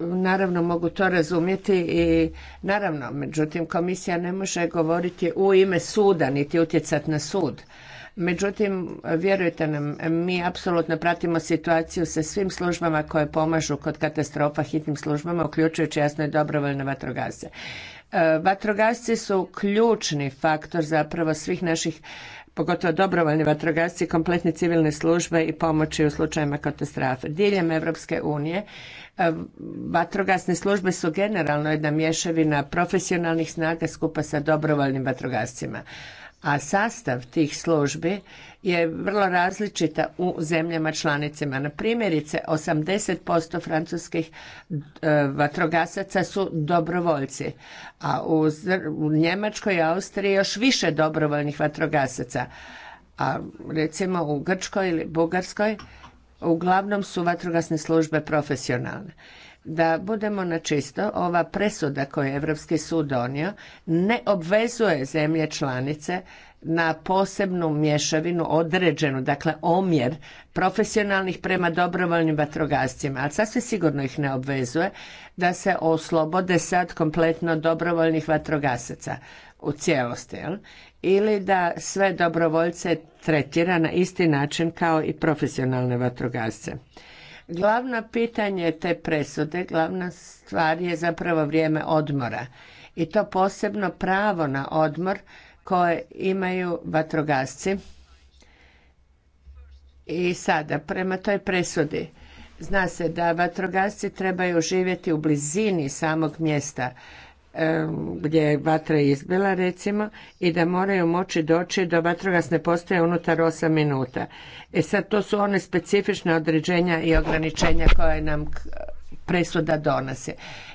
naravno mogu to razumjeti i naravno, međutim komisija ne može govoriti u ime suda niti utjecati na sud. Međutim, vjerujte nam, mi apsolutno pratimo situaciju sa svim službama koje pomažu kod katastrofa, hitnim službama, uključujući jasno i dobrovoljne vatrogasce. E, vatrogasci su ključni faktor zapravo svih naših pogotovo dobrovoljni vatrogasci, kompletne civilne službe i pomoći u slučajevima katastrofe. Diljem Evropske unije e, vatrogasne službe su generalno jedna mješavina profesionalnih snaga skupa sa dobrovoljnim vatrogascima a sastav tih službi je vrlo različita u zemljama članicama. Na primjerice 80% francuskih e, vatrogasaca su dobrovoljci, a u Njemačkoj i Austriji još više dobrovoljnih vatrogasaca. A recimo u Grčkoj ili Bugarskoj uglavnom su vatrogasne službe profesionalne. Da budemo na čisto, ova presuda koju je Europski sud donio ne obvezuje zemlje članice na posebnu mješavinu određenu, dakle omjer profesionalnih prema dobrovoljnim vatrogascima, ali sasvim sigurno ih ne obvezuje da se oslobode sad kompletno dobrovoljnih vatrogasaca u cijelosti, jel? ili da sve dobrovoljce tretira na isti način kao i profesionalne vatrogasce. Glavno pitanje te presude, glavna stvar je zapravo vrijeme odmora i to posebno pravo na odmor koje imaju vatrogasci. I sada, prema toj presudi, zna se da vatrogasci trebaju živjeti u blizini samog mjesta gdje je vatra izbila recimo i da moraju moći doći do vatrogasne postoje unutar 8 minuta. E sad to su one specifične određenja i ograničenja koje nam presuda donose.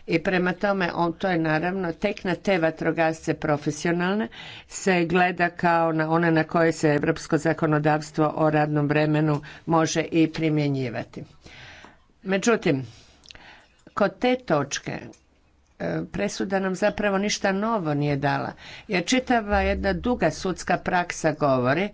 I prema tome, on, to je naravno, tek na te vatrogasce profesionalne se gleda kao na one na koje se europsko zakonodavstvo o radnom vremenu može i primjenjivati. Međutim, kod te točke E, presuda nam zapravo ništa novo nije dala. Jer čitava jedna duga sudska praksa govori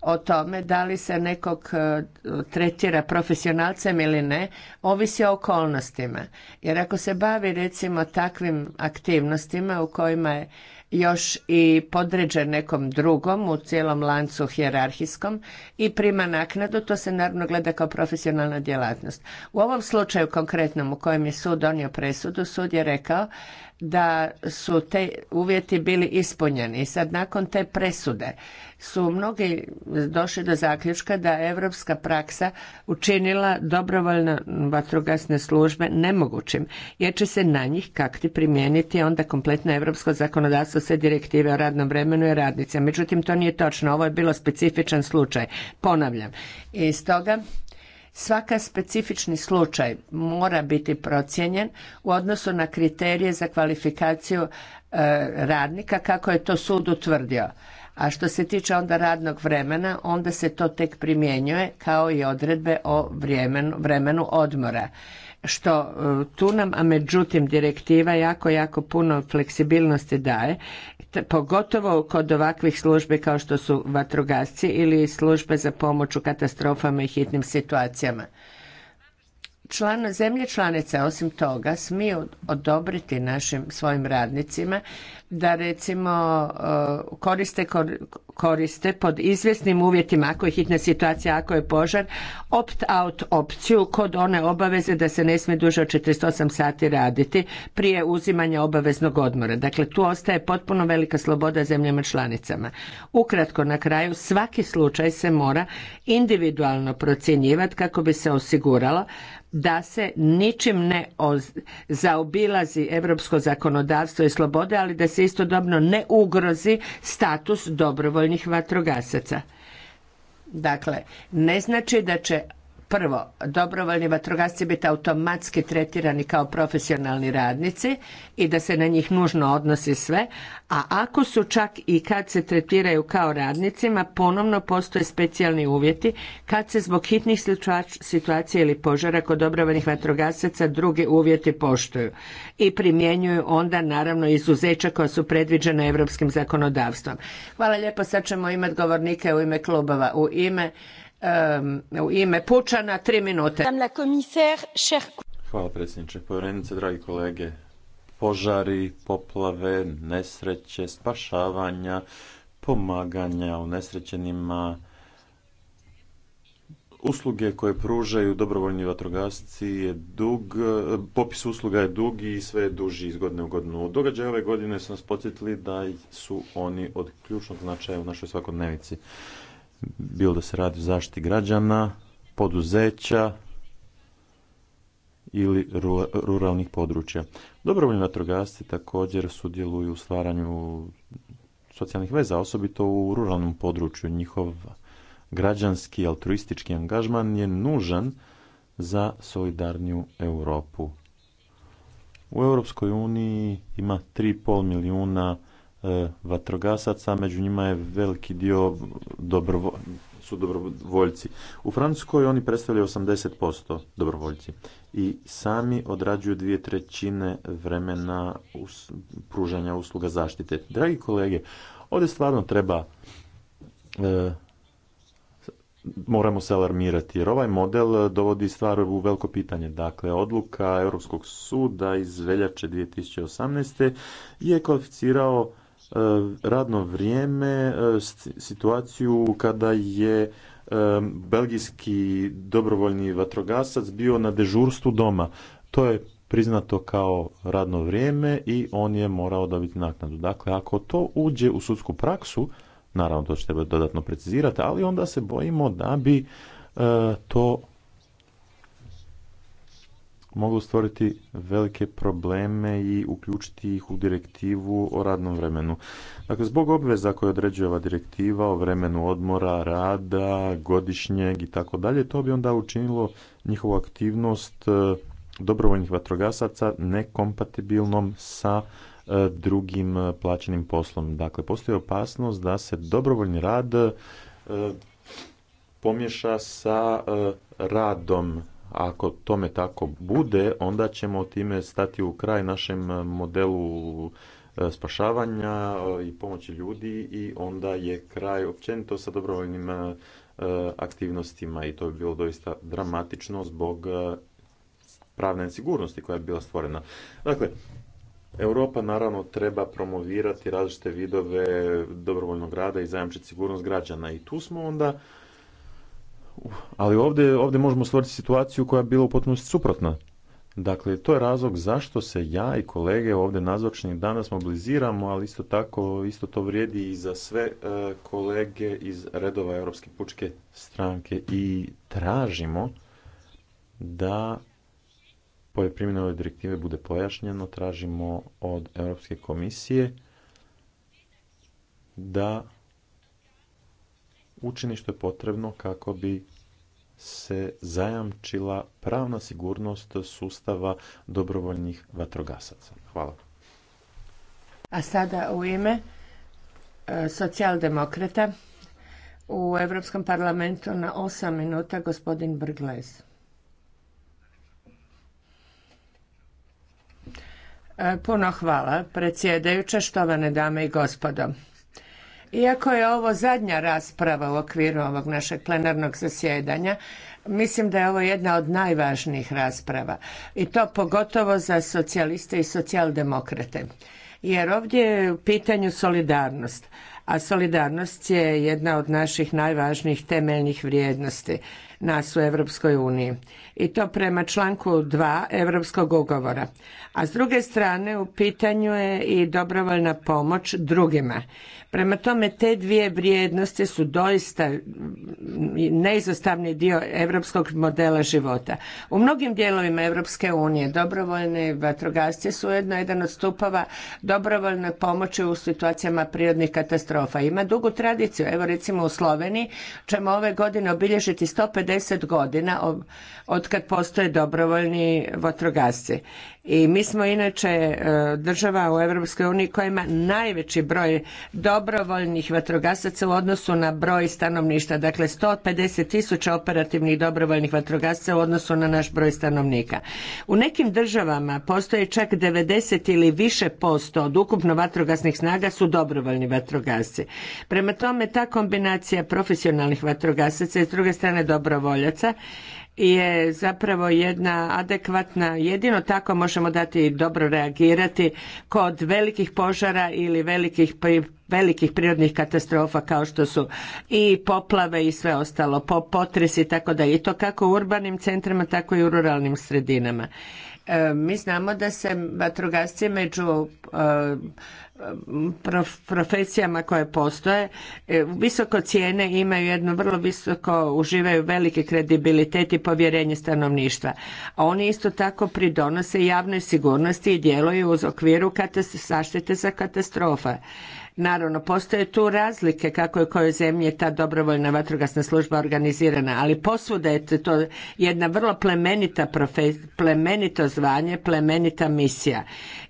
o tome da li se nekog e, tretira profesionalcem ili ne, ovisi o okolnostima. Jer ako se bavi recimo takvim aktivnostima u kojima je još i podređen nekom drugom u cijelom lancu hijerarhijskom i prima naknadu, to se naravno gleda kao profesionalna djelatnost. U ovom slučaju konkretnom u kojem je sud donio presudu, sud je rekao da su te uvjeti bili ispunjeni. I sad nakon te presude su mnogi došli do zaključka da je evropska praksa učinila dobrovoljne vatrogasne službe nemogućim, jer će se na njih kakti primijeniti onda kompletno evropsko zakonodavstvo sve direktive o radnom vremenu i radnicima. Međutim, to nije točno. Ovo je bilo specifičan slučaj. Ponavljam. I stoga Svaka specifični slučaj mora biti procijenjen u odnosu na kriterije za kvalifikaciju e, radnika kako je to sud utvrdio. A što se tiče onda radnog vremena, onda se to tek primjenjuje kao i odredbe o vremenu, vremenu odmora. Što e, tu nam, a međutim direktiva jako, jako puno fleksibilnosti daje pogotovo kod ovakvih službi kao što su vatrogasci ili službe za pomoć u katastrofama i hitnim situacijama zemlje članice osim toga smiju odobriti našim svojim radnicima da recimo e, koriste, koriste pod izvjesnim uvjetima ako je hitna situacija, ako je požar opt-out opciju kod one obaveze da se ne smije duže od 48 sati raditi prije uzimanja obaveznog odmora. Dakle, tu ostaje potpuno velika sloboda zemljama članicama. Ukratko na kraju, svaki slučaj se mora individualno procjenjivati kako bi se osiguralo da se ničim ne zaobilazi europsko zakonodavstvo i slobode, ali da se istodobno ne ugrozi status dobrovoljnih vatrogasaca. Dakle, ne znači da će Prvo, dobrovoljni vatrogasci biti automatski tretirani kao profesionalni radnici i da se na njih nužno odnosi sve, a ako su čak i kad se tretiraju kao radnicima, ponovno postoje specijalni uvjeti kad se zbog hitnih situacija ili požara kod dobrovoljnih vatrogasaca drugi uvjeti poštuju i primjenjuju onda naravno izuzeća koja su predviđena europskim zakonodavstvom. Hvala lijepo, sad ćemo imati govornike u ime klubova. U ime u ime Pučana, tri minute. Hvala predsjedniče, povjerenice, dragi kolege. Požari, poplave, nesreće, spašavanja, pomaganja u nesrećenima, usluge koje pružaju dobrovoljni vatrogasci je dug, popis usluga je dug i sve je duži iz godine u godinu. Događaje ove godine su nas podsjetili da su oni od ključnog značaja u našoj svakodnevici bilo da se radi o zaštiti građana, poduzeća ili ruralnih područja. Dobrovoljni vatrogasci također sudjeluju u stvaranju socijalnih veza, osobito u ruralnom području. Njihov građanski, altruistički angažman je nužan za solidarniju Europu. U Europskoj uniji ima 3,5 milijuna E, vatrogasaca, među njima je veliki dio su dobrovoljci. U Francuskoj oni predstavljaju 80% dobrovoljci i sami odrađuju dvije trećine vremena us, pružanja usluga zaštite. Dragi kolege, ovdje stvarno treba e, moramo se alarmirati jer ovaj model dovodi stvar u veliko pitanje. Dakle, odluka Europskog suda iz veljače 2018. je kvalificirao E, radno vrijeme, e, situaciju kada je e, belgijski dobrovoljni vatrogasac bio na dežurstvu doma. To je priznato kao radno vrijeme i on je morao dobiti naknadu. Dakle, ako to uđe u sudsku praksu, naravno to ćete dodatno precizirati, ali onda se bojimo da bi to mogu stvoriti velike probleme i uključiti ih u direktivu o radnom vremenu. Dakle, zbog obveza koje određuje ova direktiva o vremenu odmora, rada, godišnjeg i tako dalje, to bi onda učinilo njihovu aktivnost e, dobrovoljnih vatrogasaca nekompatibilnom sa e, drugim e, plaćenim poslom. Dakle, postoji opasnost da se dobrovoljni rad pomješa sa radom ako tome tako bude, onda ćemo time stati u kraj našem modelu e, spašavanja e, i pomoći ljudi i onda je kraj općenito sa dobrovoljnim e, aktivnostima i to bi bilo doista dramatično zbog pravne sigurnosti koja je bila stvorena. Dakle, Europa naravno treba promovirati različite vidove dobrovoljnog rada i zajamčiti sigurnost građana i tu smo onda ali ovdje, ovdje možemo stvoriti situaciju koja je bila u potpunosti suprotna. Dakle, to je razlog zašto se ja i kolege ovdje nazočni danas mobiliziramo, ali isto tako, isto to vrijedi i za sve e, kolege iz redova Europske pučke stranke i tražimo da poje primjene ove direktive bude pojašnjeno, tražimo od Europske komisije da učini što je potrebno kako bi se zajamčila pravna sigurnost sustava dobrovoljnih vatrogasaca. Hvala. A sada u ime e, socijaldemokrata u Europskom parlamentu na 8 minuta gospodin Brglez. E, puno hvala predsjedajuća, štovane dame i gospodo. Iako je ovo zadnja rasprava u okviru ovog našeg plenarnog zasjedanja, mislim da je ovo jedna od najvažnijih rasprava i to pogotovo za socijaliste i socijaldemokrate. Jer ovdje je u pitanju solidarnost, a solidarnost je jedna od naših najvažnijih temeljnih vrijednosti nas u Europskoj uniji. I to prema članku 2 Europskog ugovora. A s druge strane u pitanju je i dobrovoljna pomoć drugima. Prema tome te dvije vrijednosti su doista neizostavni dio europskog modela života. U mnogim dijelovima Europske unije dobrovoljne vatrogasci su ujedno jedan od stupova dobrovoljne pomoći u situacijama prirodnih katastrofa. Ima dugu tradiciju. Evo recimo u Sloveniji ćemo ove godine obilježiti 150 50 godina od kad postoje dobrovoljni vatrogasci. I mi smo inače e, država u EU koja ima najveći broj dobrovoljnih vatrogasaca u odnosu na broj stanovništva. Dakle, 150 tisuća operativnih dobrovoljnih vatrogasaca u odnosu na naš broj stanovnika. U nekim državama postoje čak 90 ili više posto od ukupno vatrogasnih snaga su dobrovoljni vatrogasci. Prema tome, ta kombinacija profesionalnih vatrogasaca i s druge strane dobrovoljaca je zapravo jedna adekvatna, jedino tako možemo dati dobro reagirati kod velikih požara ili velikih, velikih prirodnih katastrofa kao što su i poplave i sve ostalo, potresi tako da i to kako u urbanim centrima tako i u ruralnim sredinama. E, mi znamo da se vatrogasci među e, profesijama koje postoje e, visoko cijene imaju jedno vrlo visoko uživaju veliki kredibilitet i povjerenje stanovništva a oni isto tako pridonose javnoj sigurnosti i djeluju uz okviru zaštite za katastrofa Naravno, postoje tu razlike kako je u kojoj zemlji je ta dobrovoljna vatrogasna služba organizirana, ali posvuda je to jedna vrlo plemenita plemenito zvanje, plemenita misija.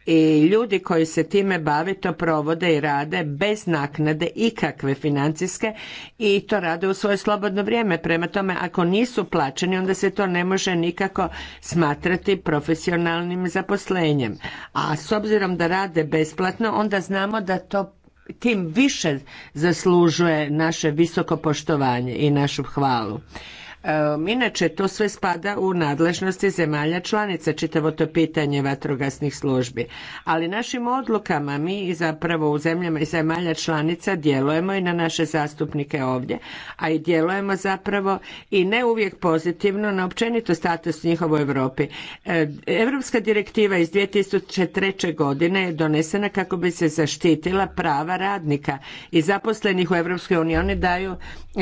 I ljudi koji se time bave to provode i rade bez naknade ikakve financijske i to rade u svoje slobodno vrijeme. Prema tome, ako nisu plaćeni, onda se to ne može nikako smatrati profesionalnim zaposlenjem. A s obzirom da rade besplatno, onda znamo da to tim više zaslužuje naše visoko poštovanje i našu hvalu. Inače, to sve spada u nadležnosti zemalja članica, čitavo to pitanje vatrogasnih službi. Ali našim odlukama mi zapravo u zemljama i zemalja članica djelujemo i na naše zastupnike ovdje, a i djelujemo zapravo i ne uvijek pozitivno na općenito status njihov u Europi. E, Europska direktiva iz 2003. godine je donesena kako bi se zaštitila prava radnika i zaposlenih u Europskoj uniji. daju,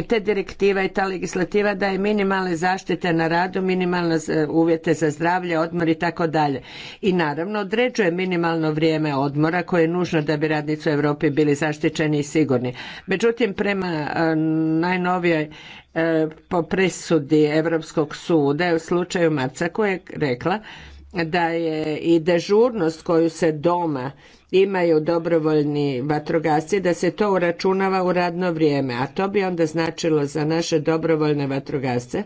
te direktiva i ta legislativa daje minimalne zaštite na radu, minimalne uvjete za zdravlje, odmor i tako dalje. I naravno određuje minimalno vrijeme odmora koje je nužno da bi radnici u Europi bili zaštićeni i sigurni. Međutim, prema e, najnovijoj e, po presudi Europskog suda u slučaju Marca koja je rekla da je i dežurnost koju se doma imaju dobrovoljni vatrogasci, da se to uračunava u radno vrijeme, a to bi onda značilo za naše dobrovoljne vatrogasce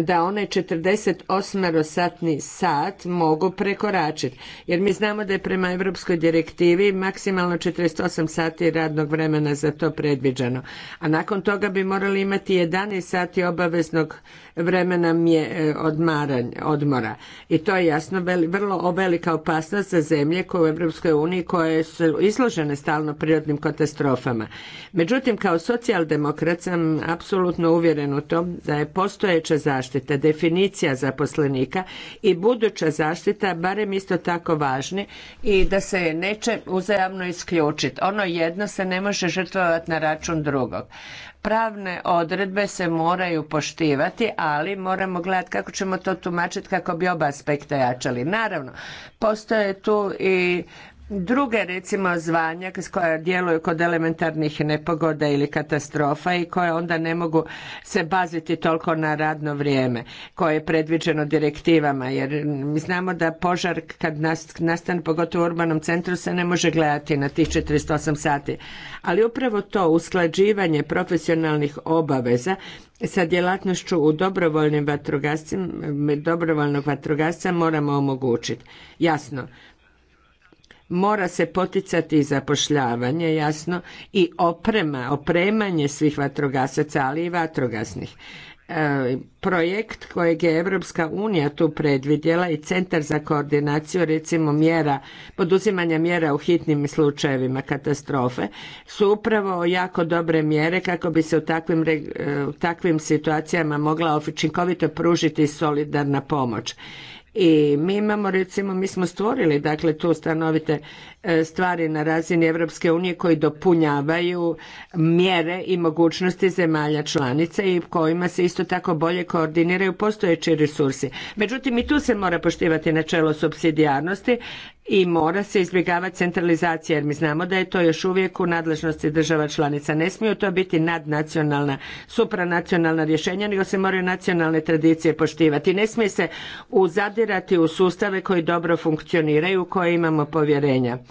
da one 48-satni sat mogu prekoračiti. Jer mi znamo da je prema Europskoj direktivi maksimalno 48 sati radnog vremena za to predviđeno. A nakon toga bi morali imati 11 sati obaveznog vremena e, odmaranja, odmora. I to je jasno vrlo velika opasnost za zemlje koje u EU koje su izložene stalno prirodnim katastrofama. Međutim, kao socijaldemokrat sam apsolutno uvjeren u tom da je postojeća zaštita, definicija zaposlenika i buduća zaštita barem isto tako važni i da se neće uzajamno isključiti. Ono jedno se ne može žrtvovati na račun drugog pravne odredbe se moraju poštivati, ali moramo gledati kako ćemo to tumačiti kako bi oba aspekta jačali. Naravno, postoje tu i druge recimo zvanja koja djeluju kod elementarnih nepogoda ili katastrofa i koje onda ne mogu se baziti toliko na radno vrijeme koje je predviđeno direktivama jer mi znamo da požar kad nastane pogotovo u urbanom centru se ne može gledati na tih 48 sati ali upravo to usklađivanje profesionalnih obaveza sa djelatnošću u dobrovoljnim vatrogascima, dobrovoljnog vatrogasca moramo omogućiti. Jasno, mora se poticati i zapošljavanje jasno i oprema, opremanje svih vatrogasaca, ali i vatrogasnih. E, projekt kojeg je Evropska unija tu predvidjela i Centar za koordinaciju recimo mjera, poduzimanja mjera u hitnim slučajevima katastrofe su upravo jako dobre mjere kako bi se u takvim, e, u takvim situacijama mogla učinkovito pružiti solidarna pomoć i mi imamo recimo, mi smo stvorili dakle tu stanovite E, stvari na razini Europske unije koji dopunjavaju mjere i mogućnosti zemalja članica i kojima se isto tako bolje koordiniraju postojeći resursi. Međutim, i tu se mora poštivati načelo subsidijarnosti i mora se izbjegavati centralizacija jer mi znamo da je to još uvijek u nadležnosti država članica. Ne smiju to biti nadnacionalna, supranacionalna rješenja, nego se moraju nacionalne tradicije poštivati. Ne smije se uzadirati u sustave koji dobro funkcioniraju, u koje imamo povjerenja.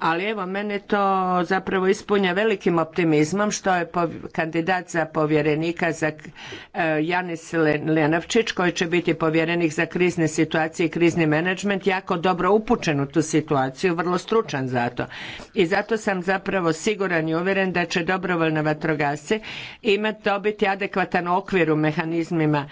ali evo mene to zapravo ispunja velikim optimizmom što je kandidat za povjerenika za e, Janis Lenovčić koji će biti povjerenik za krizne situacije i krizni menadžment jako dobro upućen u tu situaciju, vrlo stručan za to. I zato sam zapravo siguran i uvjeren da će dobrovoljna vatrogasci imati dobiti adekvatan okvir u mehanizmima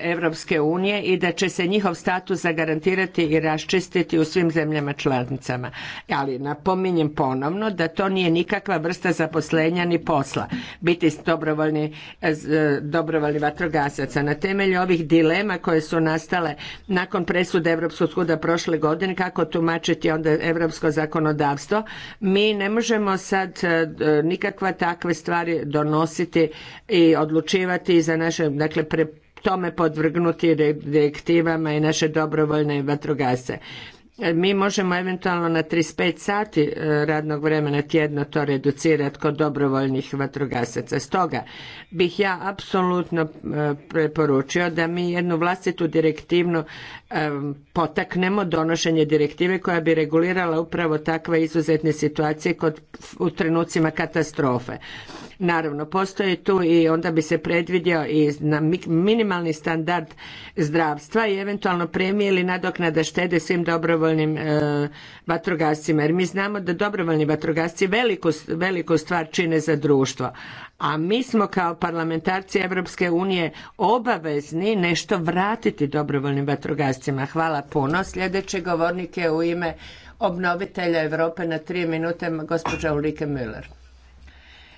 Europske unije i da će se njihov status zagarantirati i raščistiti u svim zemljama članicama. Ali na napominjem ponovno da to nije nikakva vrsta zaposlenja ni posla biti dobrovoljni, e, dobrovoljni vatrogasaca. Na temelju ovih dilema koje su nastale nakon presude Europskog suda prošle godine kako tumačiti onda europsko zakonodavstvo, mi ne možemo sad e, nikakva takve stvari donositi i odlučivati za naše, dakle pre tome podvrgnuti direktivama i naše dobrovoljne vatrogasce. E, mi možemo eventualno na 35 sati e, radnog vremena tjedno to reducirati kod dobrovoljnih vatrogasaca. Stoga bih ja apsolutno e, preporučio da mi jednu vlastitu direktivnu potaknemo donošenje direktive koja bi regulirala upravo takve izuzetne situacije kod, u trenucima katastrofe. Naravno, postoji tu i onda bi se predvidio i na minimalni standard zdravstva i eventualno premije ili nadoknada štede svim dobrovoljnim e, vatrogascima. Jer mi znamo da dobrovoljni vatrogasci veliku, stvar čine za društvo. A mi smo kao parlamentarci Europske unije obavezni nešto vratiti dobrovoljnim vatrogascima Hvala puno. Sljedeći govornik je u ime obnovitelja Europe na tri minute gospođa Ulrike Müller.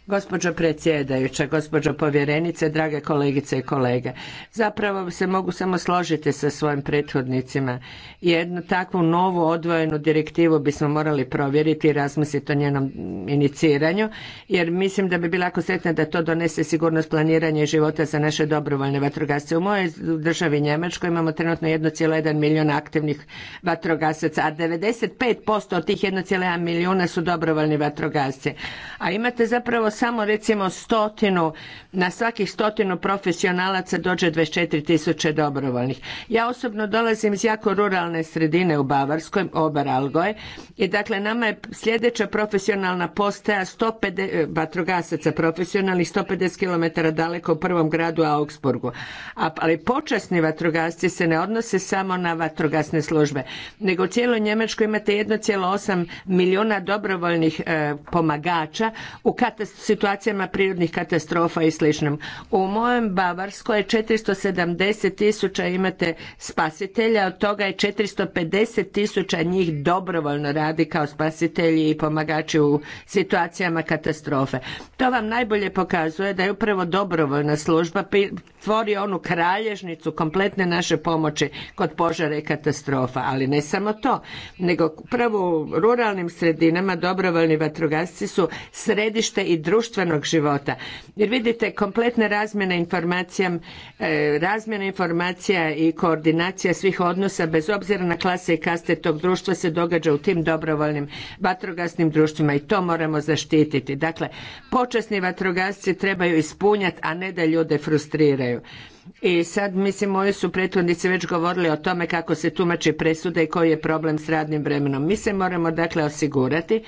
Gospođo predsjedajuća, gospođo povjerenice, drage kolegice i kolege, zapravo se mogu samo složiti sa svojim prethodnicima. Jednu takvu novu odvojenu direktivu bismo morali provjeriti i razmisliti o njenom iniciranju, jer mislim da bi bila jako sretna da to donese sigurnost planiranja i života za naše dobrovoljne vatrogasce. U mojoj državi Njemačkoj imamo trenutno 1,1 milijuna aktivnih vatrogasaca, a 95% od tih 1,1 milijuna su dobrovoljni vatrogasci. A imate zapravo samo recimo stotinu, na svakih stotinu profesionalaca dođe 24 tisuće dobrovoljnih. Ja osobno dolazim iz jako ruralne sredine u Bavarskoj, Oberalgoj, i dakle nama je sljedeća profesionalna postaja 150, vatrogasaca profesionalnih 150 km daleko u prvom gradu Augsburgu. A, ali počasni vatrogasci se ne odnose samo na vatrogasne službe, nego u cijeloj Njemačkoj imate 1,8 milijuna dobrovoljnih e, pomagača u katastrofi situacijama prirodnih katastrofa i sličnom. U mojem Bavarskoj je 470 tisuća imate spasitelja, od toga je 450 tisuća njih dobrovoljno radi kao spasitelji i pomagači u situacijama katastrofe. To vam najbolje pokazuje da je upravo dobrovoljna služba tvori onu kralježnicu kompletne naše pomoći kod požara i katastrofa, ali ne samo to, nego upravo u ruralnim sredinama dobrovoljni vatrogasci su središte i društvenog života. Jer vidite, kompletna razmjena informacija, e, razmjena informacija i koordinacija svih odnosa bez obzira na klase i kaste tog društva se događa u tim dobrovoljnim vatrogasnim društvima i to moramo zaštititi. Dakle, počasni vatrogasci trebaju ispunjati, a ne da ljude frustriraju. I sad, mislim, moji su prethodnici već govorili o tome kako se tumači presuda i koji je problem s radnim vremenom. Mi se moramo, dakle, osigurati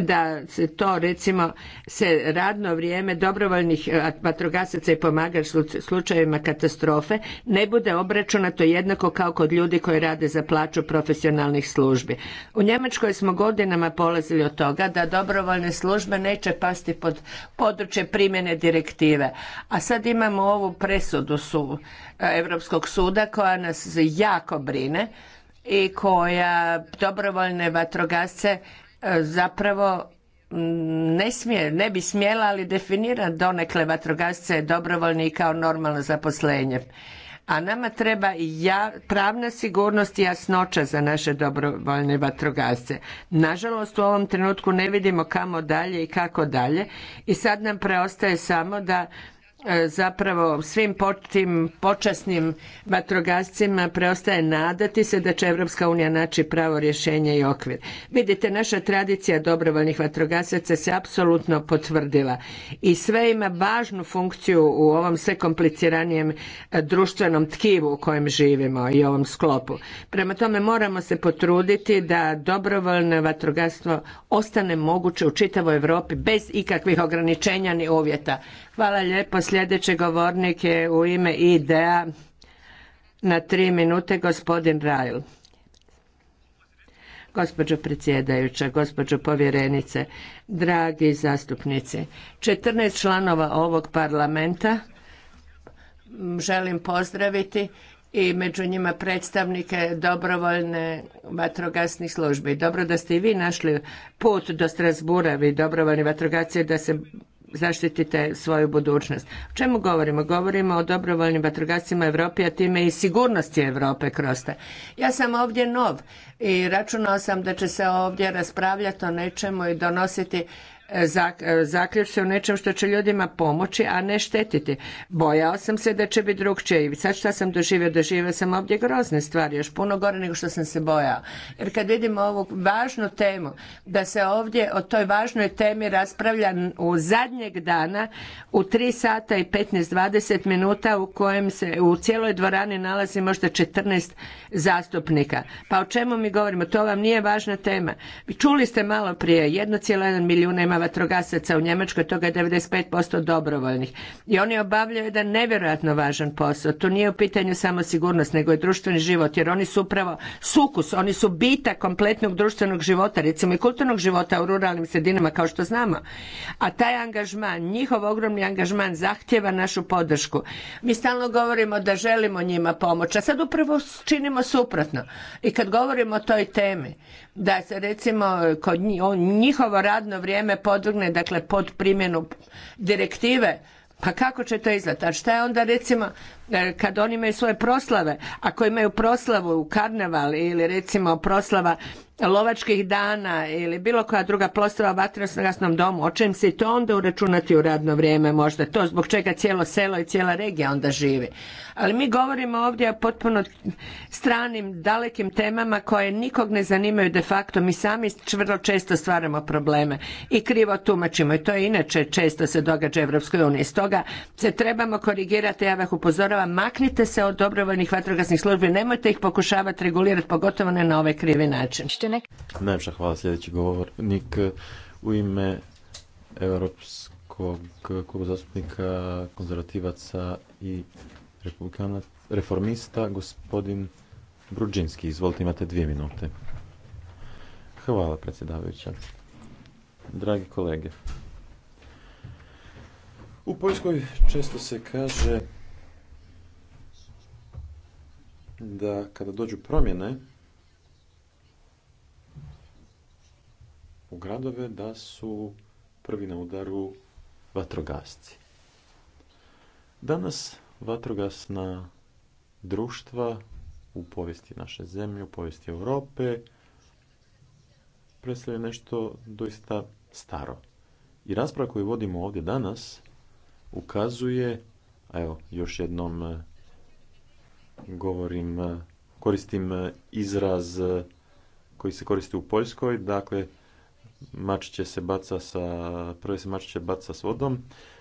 da se to recimo se radno vrijeme dobrovoljnih e, vatrogasaca i pomagač slučajevima katastrofe ne bude obračunato jednako kao kod ljudi koji rade za plaću profesionalnih službi. U Njemačkoj smo godinama polazili od toga da dobrovoljne službe neće pasti pod područje primjene direktive. A sad imamo ovu presudu su Europskog suda koja nas jako brine i koja dobrovoljne vatrogasce zapravo ne smije, ne bi smjela, ali definira donekle vatrogasce dobrovoljni kao normalno zaposlenje. A nama treba i ja, pravna sigurnost i jasnoća za naše dobrovoljne vatrogasce. Nažalost, u ovom trenutku ne vidimo kamo dalje i kako dalje i sad nam preostaje samo da E, zapravo svim tim počasnim vatrogascima preostaje nadati se da će Europska unija naći pravo rješenje i okvir. Vidite, naša tradicija dobrovoljnih vatrogasaca se apsolutno potvrdila i sve ima važnu funkciju u ovom sve kompliciranijem e, društvenom tkivu u kojem živimo i ovom sklopu. Prema tome moramo se potruditi da dobrovoljno vatrogastvo ostane moguće u čitavoj Europi bez ikakvih ograničenja ni uvjeta. Hvala lijepo. Sljedeći govornik je u ime IDEA na tri minute gospodin Rajl. Gospođo predsjedajuća, gospođo povjerenice, dragi zastupnici, 14 članova ovog parlamenta želim pozdraviti i među njima predstavnike dobrovoljne vatrogasnih službi. Dobro da ste i vi našli put do Strasbura, vi dobrovoljni vatrogasci, da se zaštitite svoju budućnost. O čemu govorimo? Govorimo o dobrovoljnim vatrogascima Europe, a time i sigurnosti Europe kroz Ja sam ovdje nov i računao sam da će se ovdje raspravljati o nečemu i donositi se o nečem što će ljudima pomoći, a ne štetiti. Bojao sam se da će biti drugčije i sad šta sam doživio, doživio sam ovdje grozne stvari, još puno gore nego što sam se bojao. Jer kad vidimo ovu važnu temu, da se ovdje o toj važnoj temi raspravlja u zadnjeg dana u 3 sata i 15-20 minuta u kojem se u cijeloj dvorani nalazi možda 14 zastupnika. Pa o čemu mi govorimo? To vam nije važna tema. Čuli ste malo prije, 1,1 milijuna ima ima vatrogasaca u Njemačkoj, toga je 95% dobrovoljnih. I oni obavljaju jedan nevjerojatno važan posao. Tu nije u pitanju samo sigurnost, nego i društveni život, jer oni su upravo sukus, oni su bita kompletnog društvenog života, recimo i kulturnog života u ruralnim sredinama, kao što znamo. A taj angažman, njihov ogromni angažman zahtjeva našu podršku. Mi stalno govorimo da želimo njima pomoć, a sad upravo činimo suprotno. I kad govorimo o toj temi, da se recimo kod njihovo radno vrijeme podvrgne dakle pod primjenu direktive pa kako će to izgledati? A šta je onda recimo E, kad oni imaju svoje proslave, ako imaju proslavu u karneval ili recimo proslava lovačkih dana ili bilo koja druga proslava u vatrogasnom domu, o im se i to onda uračunati u radno vrijeme možda, to zbog čega cijelo selo i cijela regija onda živi. Ali mi govorimo ovdje o potpuno stranim, dalekim temama koje nikog ne zanimaju de facto, mi sami vrlo često stvaramo probleme i krivo tumačimo i to je inače često se događa u Europskoj uniji. Stoga se trebamo korigirati, ja vas upozoravam maknite se od dobrovoljnih vatrogasnih službi, nemojte ih pokušavati regulirati, pogotovo ne na ovaj krivi način. Najpša hvala sljedeći govornik u ime Europskog kluba zastupnika konzervativaca i reformista, gospodin Bruđinski. Izvolite, imate dvije minute. Hvala, predsjedavajuća. Dragi kolege, u Poljskoj često se kaže da kada dođu promjene u gradove, da su prvi na udaru vatrogasci. Danas vatrogasna društva u povijesti naše zemlje, u povijesti Europe, predstavlja nešto doista staro. I rasprava koju vodimo ovdje danas ukazuje, evo još jednom govorim, e, koristim e, izraz e, koji se koristi u Poljskoj, dakle mačiće se baca sa, prve se mačiće baca s vodom.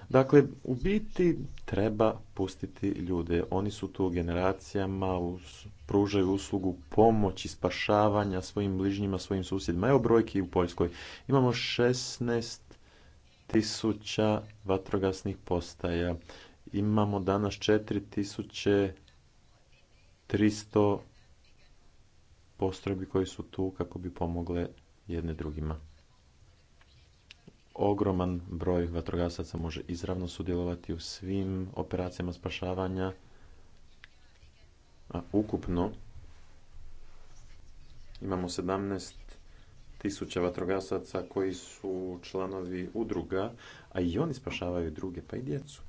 Dakle, u biti treba pustiti ljude. Oni su tu generacijama, pružaju uslugu pomoći, spašavanja svojim bližnjima, svojim susjedima. Evo brojki u Poljskoj. Imamo 16 tisuća vatrogasnih postaja. Imamo danas 4 tisuće 300 postrojbi koji su tu kako bi pomogle jedne drugima. Ogroman broj vatrogasaca može izravno sudjelovati u svim operacijama spašavanja, a ukupno imamo 17 vatrogasaca koji su članovi udruga, a i oni spašavaju druge, pa i djecu.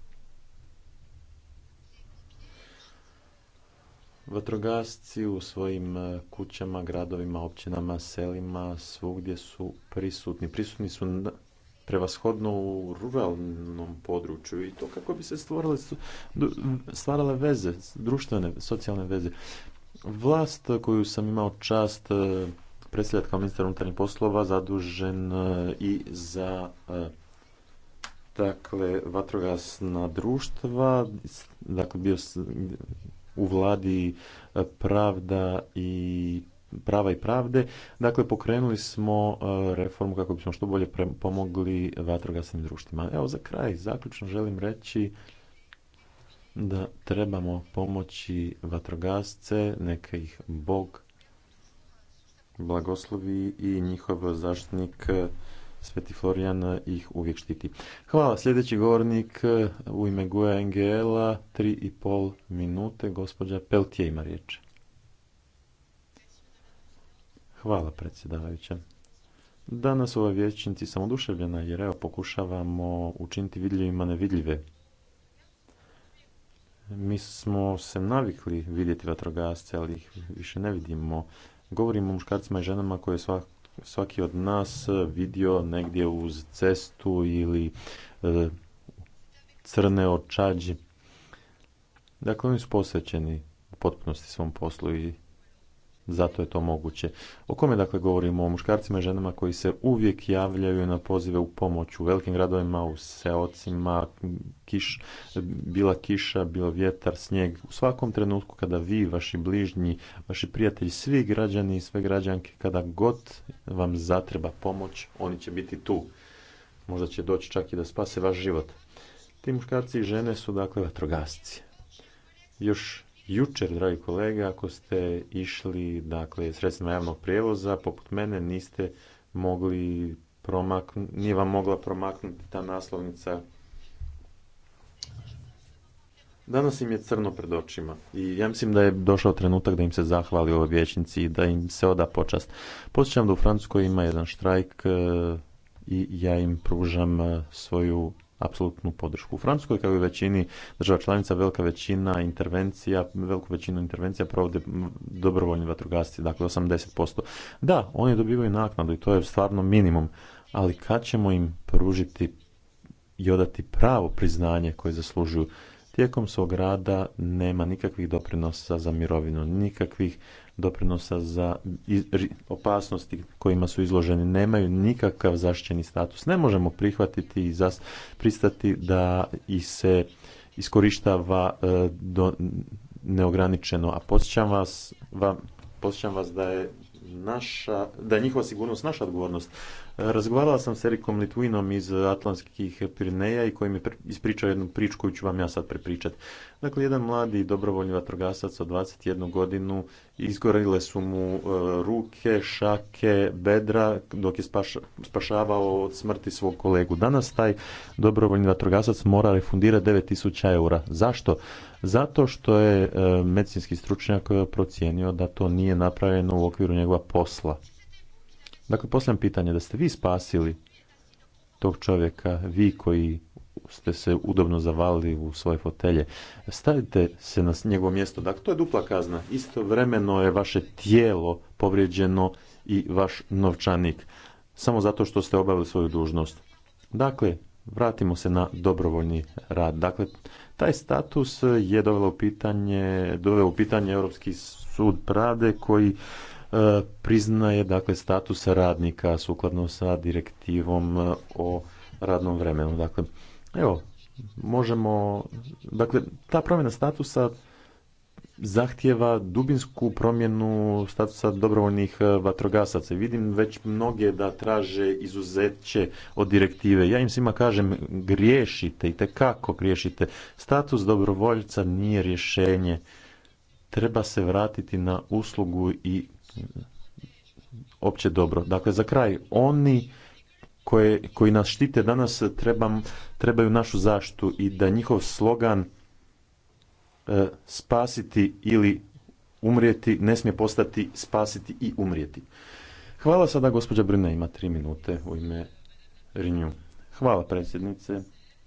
Vatrogasci u svojim e, kućama, gradovima, općinama, selima, svugdje su prisutni. Prisutni su prevashodno u ruralnom području i to kako bi se su stvarale veze, društvene, socijalne veze. Vlast koju sam imao čast e, predstavljati kao ministar unutarnjih poslova zadužen e, i za dakle vatrogasna društva, dakle bio u vladi e, pravda i prava i pravde. Dakle, pokrenuli smo e, reformu kako bismo što bolje pomogli vatrogasnim društvima. Evo za kraj, zaključno želim reći da trebamo pomoći vatrogasce, neka ih Bog blagoslovi i njihov zaštitnik Sveti Florijan ih uvijek štiti. Hvala. Sljedeći govornik e, u ime Guja e a tri i pol minute, gospođa Peltije ima riječ. Hvala predsjedavajuća. Danas u ovoj vječnici sam oduševljena jer evo pokušavamo učiniti vidljivima nevidljive. Mi smo se navikli vidjeti vatrogasce, ali ih više ne vidimo. Govorimo o muškarcima i ženama koje svak, svaki od nas vidio negdje uz cestu ili e, crne očađi. Dakle, oni su posvećeni u potpunosti svom poslu i zato je to moguće. O kome dakle govorimo? O muškarcima i ženama koji se uvijek javljaju na pozive u pomoć u velikim gradovima, u seocima, kiš, bila kiša, bilo vjetar, snijeg. U svakom trenutku kada vi, vaši bližnji, vaši prijatelji, svi građani i sve građanke, kada god vam zatreba pomoć, oni će biti tu. Možda će doći čak i da spase vaš život. Ti muškarci i žene su dakle vatrogasci. Još Jučer, dragi kolege, ako ste išli dakle, sredstvima javnog prijevoza, poput mene niste mogli promaknuti, nije vam mogla promaknuti ta naslovnica. Danas im je crno pred očima i ja mislim da je došao trenutak da im se zahvali ovoj vječnici i da im se oda počast. Posjećam da u Francuskoj ima jedan štrajk e, i ja im pružam e, svoju apsolutnu podršku. U Francuskoj, kao i u većini država članica, velika većina intervencija, veliku većinu intervencija provode dobrovoljni vatrogasci, dakle 80%. Da, oni dobivaju naknadu i to je stvarno minimum, ali kad ćemo im pružiti i odati pravo priznanje koje zaslužuju? Tijekom svog rada nema nikakvih doprinosa za mirovinu, nikakvih doprinosa za opasnosti kojima su izloženi nemaju nikakav zaštićeni status. Ne možemo prihvatiti i pristati da i se iskorištava e, do neograničeno. A posjećam vas, vas da je naša, da je njihova sigurnost naša odgovornost. Razgovarala sam s Erikom Litvinom iz Atlantskih Pirineja i koji mi je ispričao jednu priču koju ću vam ja sad prepričati. Dakle, jedan mladi dobrovoljni vatrogasac od 21 godinu izgorile su mu e, ruke, šake, bedra dok je spašavao od smrti svog kolegu. Danas taj dobrovoljni vatrogasac mora refundirati 9000 eura. Zašto? Zato što je e, medicinski stručnjak procijenio da to nije napravljeno u okviru njegova posla. Dakle, posljedno pitanje da ste vi spasili tog čovjeka, vi koji ste se udobno zavali u svoje fotelje, stavite se na njegovo mjesto. Dakle, to je dupla kazna. Istovremeno je vaše tijelo povrijeđeno i vaš novčanik. Samo zato što ste obavili svoju dužnost. Dakle, vratimo se na dobrovoljni rad. Dakle, taj status je doveo u pitanje, doveo u pitanje Europski sud pravde koji E, priznaje dakle status radnika sukladno sa direktivom e, o radnom vremenu. Dakle, evo, možemo, dakle, ta promjena statusa zahtjeva dubinsku promjenu statusa dobrovoljnih e, vatrogasaca. Vidim već mnoge da traže izuzeće od direktive. Ja im svima kažem griješite i tekako griješite. Status dobrovoljca nije rješenje. Treba se vratiti na uslugu i opće dobro. Dakle, za kraj, oni koji nas štite danas trebam, trebaju našu zaštu i da njihov slogan e, spasiti ili umrijeti ne smije postati spasiti i umrijeti. Hvala sada gospođa Brune, ima tri minute u ime Rinju. Hvala predsjednice,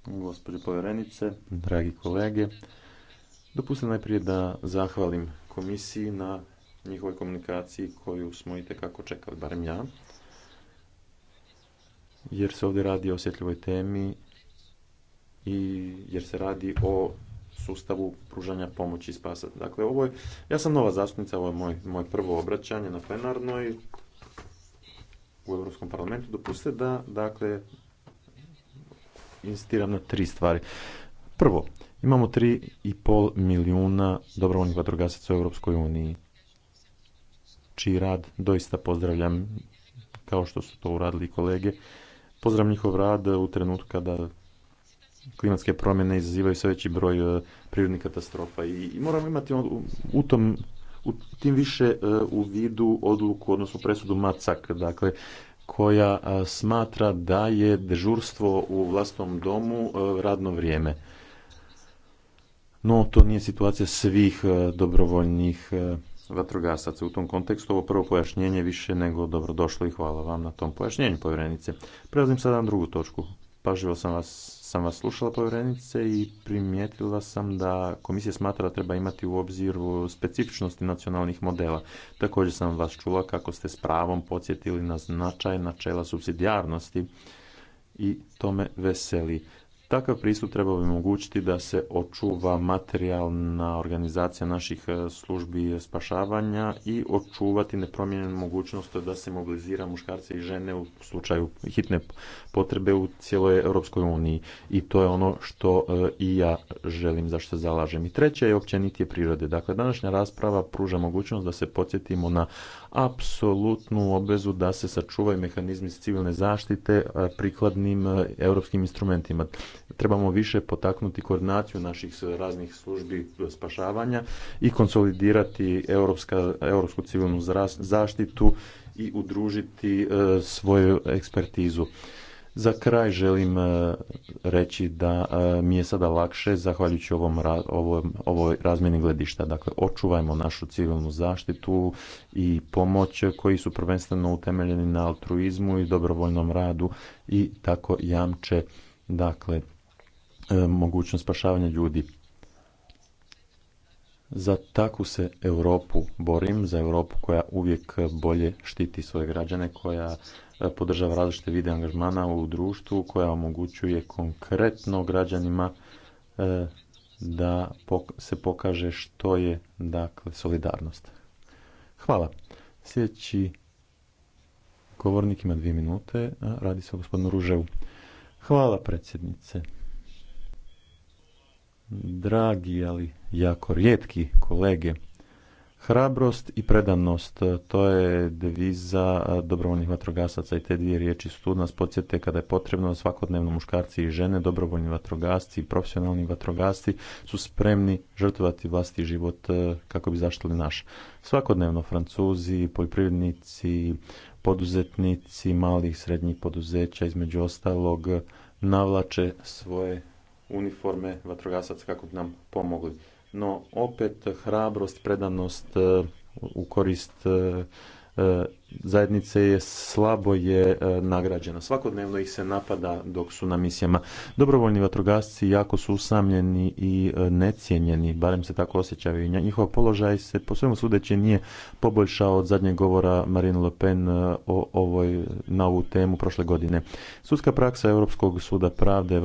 gospođo povjerenice, dragi kolege. Dopustite najprije da zahvalim komisiji na njihovoj komunikaciji koju smo i tekako čekali, barem ja. Jer se ovdje radi o osjetljivoj temi i jer se radi o sustavu pružanja pomoći i spasa. Dakle, ovo je, ja sam nova zastupnica, ovo je moj, moje prvo obraćanje na plenarnoj u Europskom parlamentu. Dopustite da, dakle, insistiram na tri stvari. Prvo, imamo pol milijuna dobrovoljnih vatrogasaca u Europskoj uniji čiji rad doista pozdravljam, kao što su to uradili i kolege. Pozdravljam njihov rad u trenutku kada klimatske promjene izazivaju sve veći broj e, prirodnih katastrofa i, moramo imati u tom u tim više e, u vidu odluku, odnosno presudu Macak, dakle, koja smatra da je dežurstvo u vlastnom domu e, radno vrijeme. No, to nije situacija svih dobrovoljnih vatrogasaca. U tom kontekstu ovo prvo pojašnjenje više nego dobrodošlo i hvala vam na tom pojašnjenju, povjerenice. Prelazim sada na drugu točku. Pažljivo sam vas, sam vas slušala, povjerenice, i primijetila sam da komisija smatra da treba imati u obzir specifičnosti nacionalnih modela. Također sam vas čula kako ste s pravom podsjetili na značaj načela subsidijarnosti i to me veseli. Takav pristup treba bi omogućiti da se očuva materijalna organizacija naših e, službi spašavanja i očuvati nepromjenjenu mogućnost da se mobilizira muškarce i žene u slučaju hitne potrebe u cijeloj Europskoj uniji. I to je ono što e, i ja želim, zašto se zalažem. I treće je općenitije prirode. Dakle, današnja rasprava pruža mogućnost da se podsjetimo na apsolutnu obvezu da se sačuvaju mehanizmi civilne zaštite prikladnim europskim instrumentima. Trebamo više potaknuti koordinaciju naših raznih službi e, spašavanja i konsolidirati europsku civilnu zaštitu i udružiti e, svoju ekspertizu. Za kraj želim e, reći da e, mi je sada lakše zahvaljujući ovom, ovoj, ovoj razmjeni gledišta. Dakle, očuvajmo našu civilnu zaštitu i pomoć koji su prvenstveno utemeljeni na altruizmu i dobrovoljnom radu i tako jamče dakle, e, mogućnost spašavanja ljudi. Za takvu se Europu borim, za Europu koja uvijek bolje štiti svoje građane, koja podržava različite vide angažmana u društvu koja omogućuje konkretno građanima e, da se pokaže što je dakle solidarnost. Hvala. Sljedeći govornik ima dvije minute, radi se o gospodinu Ruževu. Hvala predsjednice. Dragi, ali jako rijetki kolege, Hrabrost i predanost, to je deviza dobrovoljnih vatrogasaca i te dvije riječi su nas podsjete kada je potrebno svakodnevno muškarci i žene, dobrovoljni vatrogasci i profesionalni vatrogasci su spremni žrtvovati vlastiti život kako bi zaštili naš. Svakodnevno Francuzi, poljoprivrednici, poduzetnici malih i srednjih poduzeća između ostalog navlače svoje uniforme vatrogasaca kako bi nam pomogli no opet hrabrost, predanost e, u korist e, e, zajednice je slabo je nagrađena. Svakodnevno ih se napada dok su na misijama. Dobrovoljni vatrogasci jako su usamljeni i necijenjeni, barem se tako osjećaju. Njihov položaj se po svemu sudeći nije poboljšao od zadnjeg govora Marine Le Pen o ovoj, na ovu temu prošle godine. Sudska praksa Europskog suda pravde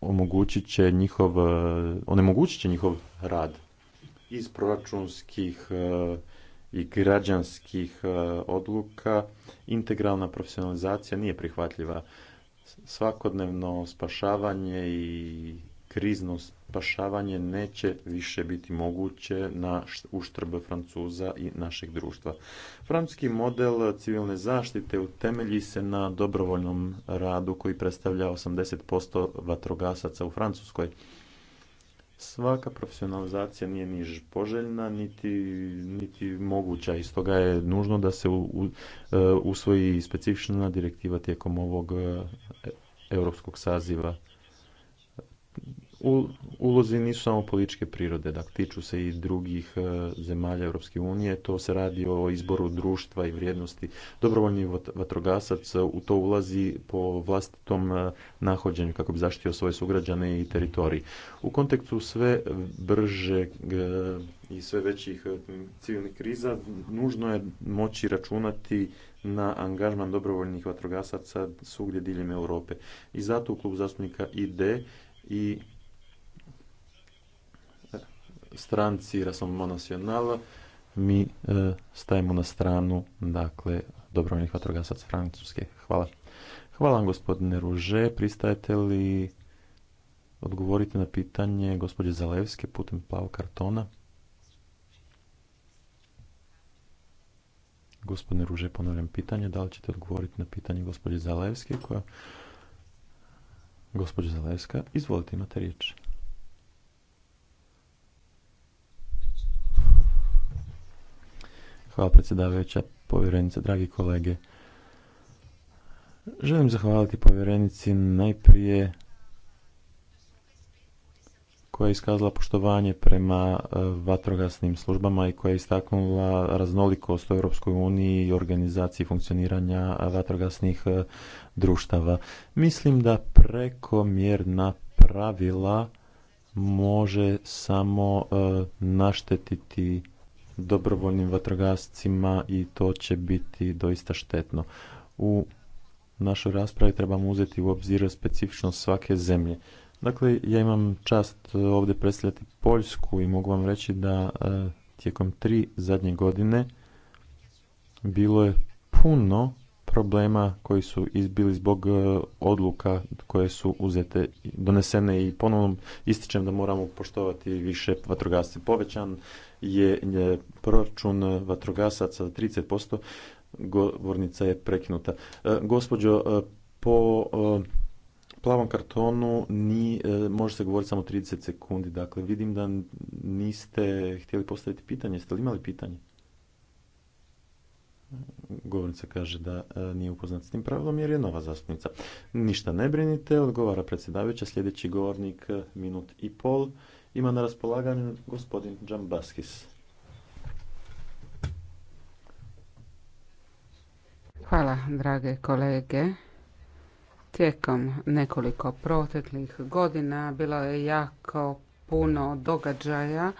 omogućit će njihov, e, onemogućit će njihov rad iz proračunskih e, i građanskih e, odluka. Integralna profesionalizacija nije prihvatljiva. Svakodnevno spašavanje i krizno spašavanje neće više biti moguće na uštrb Francuza i našeg društva. Francuski model civilne zaštite utemelji se na dobrovoljnom radu koji predstavlja 80% vatrogasaca u Francuskoj. Svaka profesionalizacija nije niž poželjna, niti, niti moguća i stoga je nužno da se e, usvoji specifična direktiva tijekom ovog e, europskog saziva ulozi nisu samo političke prirode, dakle tiču se i drugih e, zemalja Europske unije, to se radi o izboru društva i vrijednosti. Dobrovoljni vatrogasac e, u to ulazi po vlastitom e, nahođenju kako bi zaštitio svoje sugrađane i teritorij. U kontekstu sve bržeg i sve većih civilnih kriza nužno je moći računati na angažman dobrovoljnih vatrogasaca svugdje diljem Europe. I zato u klubu zastupnika ide i stranci Rassemblement National mi e, stajemo na stranu dakle dobrovoljnih vatrogasaca Francuske. Hvala. Hvala vam gospodine Ruže. Pristajete li odgovoriti na pitanje gospođe Zalevske putem plavog kartona? Gospodine Ruže, ponavljam pitanje. Da li ćete odgovoriti na pitanje gospođe Zalevske koja... gospođe Zalevska, izvolite, imate riječ. Hvala predsjedavajuća povjerenica, dragi kolege. Želim zahvaliti povjerenici najprije koja je iskazala poštovanje prema e, vatrogasnim službama i koja je istaknula raznolikost u Europskoj uniji i organizaciji funkcioniranja vatrogasnih e, društava. Mislim da prekomjerna pravila može samo e, naštetiti dobrovoljnim vatrogascima i to će biti doista štetno. U našoj raspravi trebamo uzeti u obzir specifičnost svake zemlje. Dakle, ja imam čast ovdje predstavljati Poljsku i mogu vam reći da e, tijekom tri zadnje godine bilo je puno problema koji su izbili zbog e, odluka koje su uzete, donesene i ponovno ističem da moramo poštovati više vatrogasce. Povećan je proračun vatrogasaca 30%, govornica je prekinuta. E, gospođo, e, po e, plavom kartonu ni, može se govoriti samo 30 sekundi, dakle vidim da niste htjeli postaviti pitanje, ste li imali pitanje? Govornica kaže da nije upoznat s tim pravilom jer je nova zastupnica. Ništa ne brinite, odgovara predsjedavajuća, sljedeći govornik minut i pol ima na raspolaganju gospodin Džambaskis. Hvala, drage kolege. Tijekom nekoliko proteklih godina bilo je jako puno događaja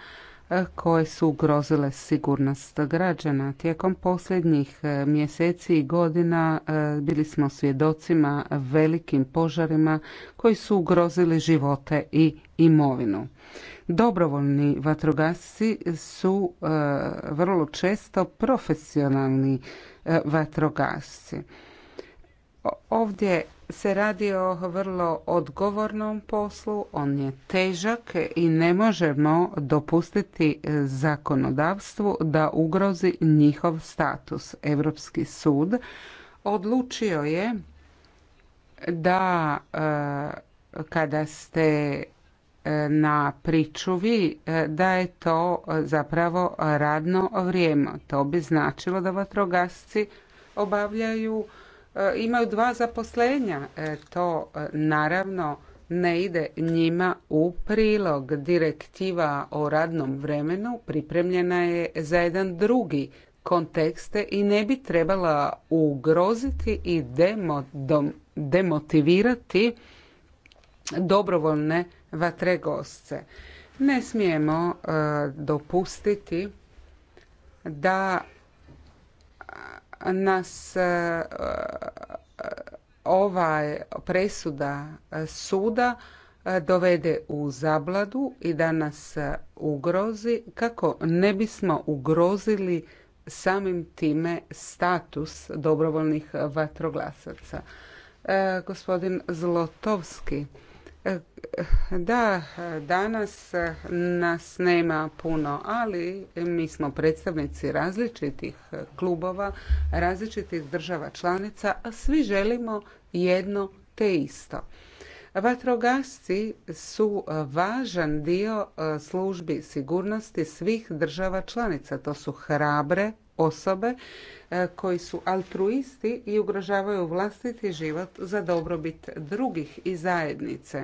koje su ugrozile sigurnost građana. Tijekom posljednjih e, mjeseci i godina e, bili smo svjedocima velikim požarima koji su ugrozili živote i imovinu. Dobrovoljni vatrogasci su e, vrlo često profesionalni vatrogasci. Ovdje se radi o vrlo odgovornom poslu, on je težak i ne možemo dopustiti zakonodavstvu da ugrozi njihov status. Europski sud odlučio je da e, kada ste e, na pričuvi e, da je to zapravo radno vrijeme. To bi značilo da vatrogasci obavljaju E, imaju dva zaposlenja. E, to e, naravno ne ide njima u prilog. Direktiva o radnom vremenu pripremljena je za jedan drugi kontekste i ne bi trebala ugroziti i demotivirati dobrovoljne vatregosce. Ne smijemo dopustiti da nas e, ova presuda e, suda e, dovede u zabladu i da nas ugrozi kako ne bismo ugrozili samim time status dobrovoljnih vatroglasaca. Gospodin Zlotovski da, danas nas nema puno, ali mi smo predstavnici različitih klubova, različitih država članica, a svi želimo jedno te isto. Vatrogasci su važan dio e, službi sigurnosti svih država članica. To su hrabre osobe e, koji su altruisti i ugrožavaju vlastiti život za dobrobit drugih i zajednice.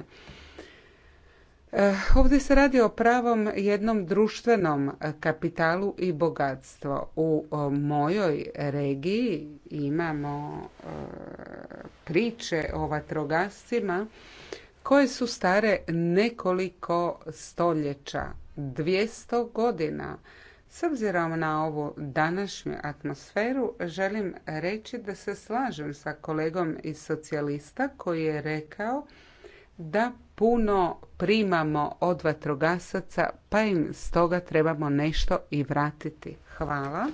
E, ovdje se radi o pravom jednom društvenom kapitalu i bogatstvo. U e, mojoj regiji imamo priče o vatrogascima koje su stare nekoliko stoljeća, 200 godina s obzirom na ovu današnju atmosferu, želim reći da se slažem sa kolegom iz socijalista koji je rekao da puno primamo od vatrogasaca, pa im stoga trebamo nešto i vratiti. Hvala.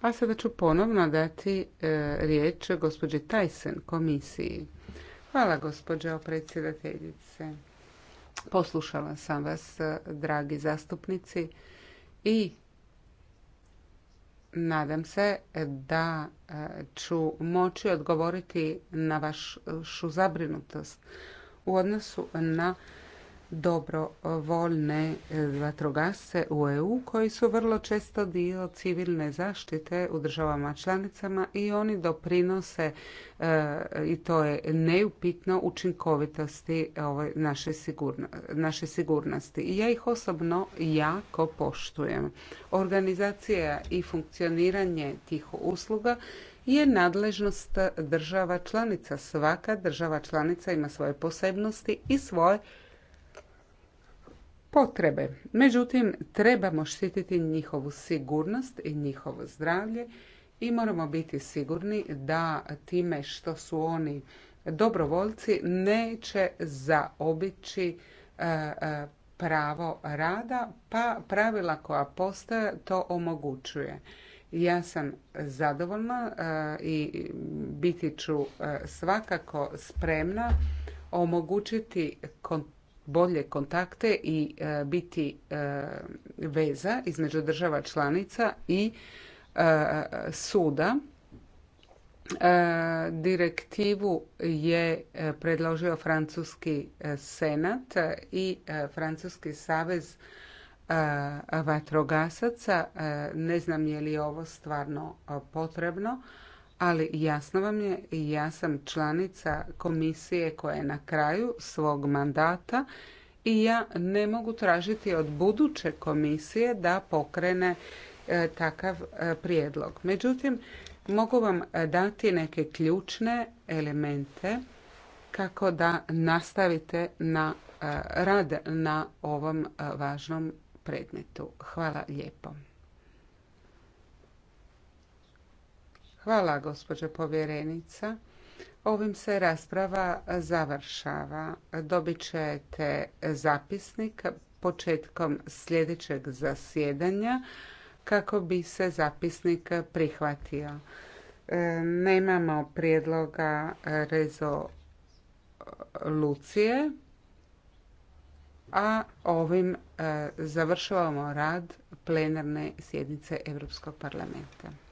A sada ću ponovno dati e, riječ gospođi Tajsen komisiji. Hvala gospođo predsjedateljice. Poslušala sam vas, eh, dragi zastupnici, i nadam se da eh, ću moći odgovoriti na vašu zabrinutost u odnosu na dobrovoljne e, vatrogasce u EU koji su vrlo često dio civilne zaštite u državama članicama i oni doprinose e, i to je neupitno učinkovitosti ovaj, naše sigurnosti. I ja ih osobno jako poštujem. Organizacija i funkcioniranje tih usluga je nadležnost država članica. Svaka država članica ima svoje posebnosti i svoje potrebe. Međutim, trebamo štititi njihovu sigurnost i njihovo zdravlje i moramo biti sigurni da time što su oni dobrovoljci neće zaobići e, e, pravo rada, pa pravila koja postoje to omogućuje. Ja sam zadovoljna e, i biti ću svakako spremna omogućiti bolje kontakte i e, biti e, veza između država članica i e, suda. Direktivu je predložio Francuski senat i Francuski savez vatrogasaca. Ne znam je li ovo stvarno potrebno, ali jasno vam je i ja sam članica komisije koja je na kraju svog mandata i ja ne mogu tražiti od buduće komisije da pokrene e, takav e, prijedlog. Međutim, mogu vam e, dati neke ključne elemente kako da nastavite na rad na ovom važnom predmetu. Hvala lijepo. Hvala, gospođo povjerenica. Ovim se rasprava završava. Dobit ćete zapisnik početkom sljedećeg zasjedanja kako bi se zapisnik prihvatio. E, nemamo prijedloga rezolucije, a ovim e, završavamo rad plenarne sjednice Europskog parlamenta.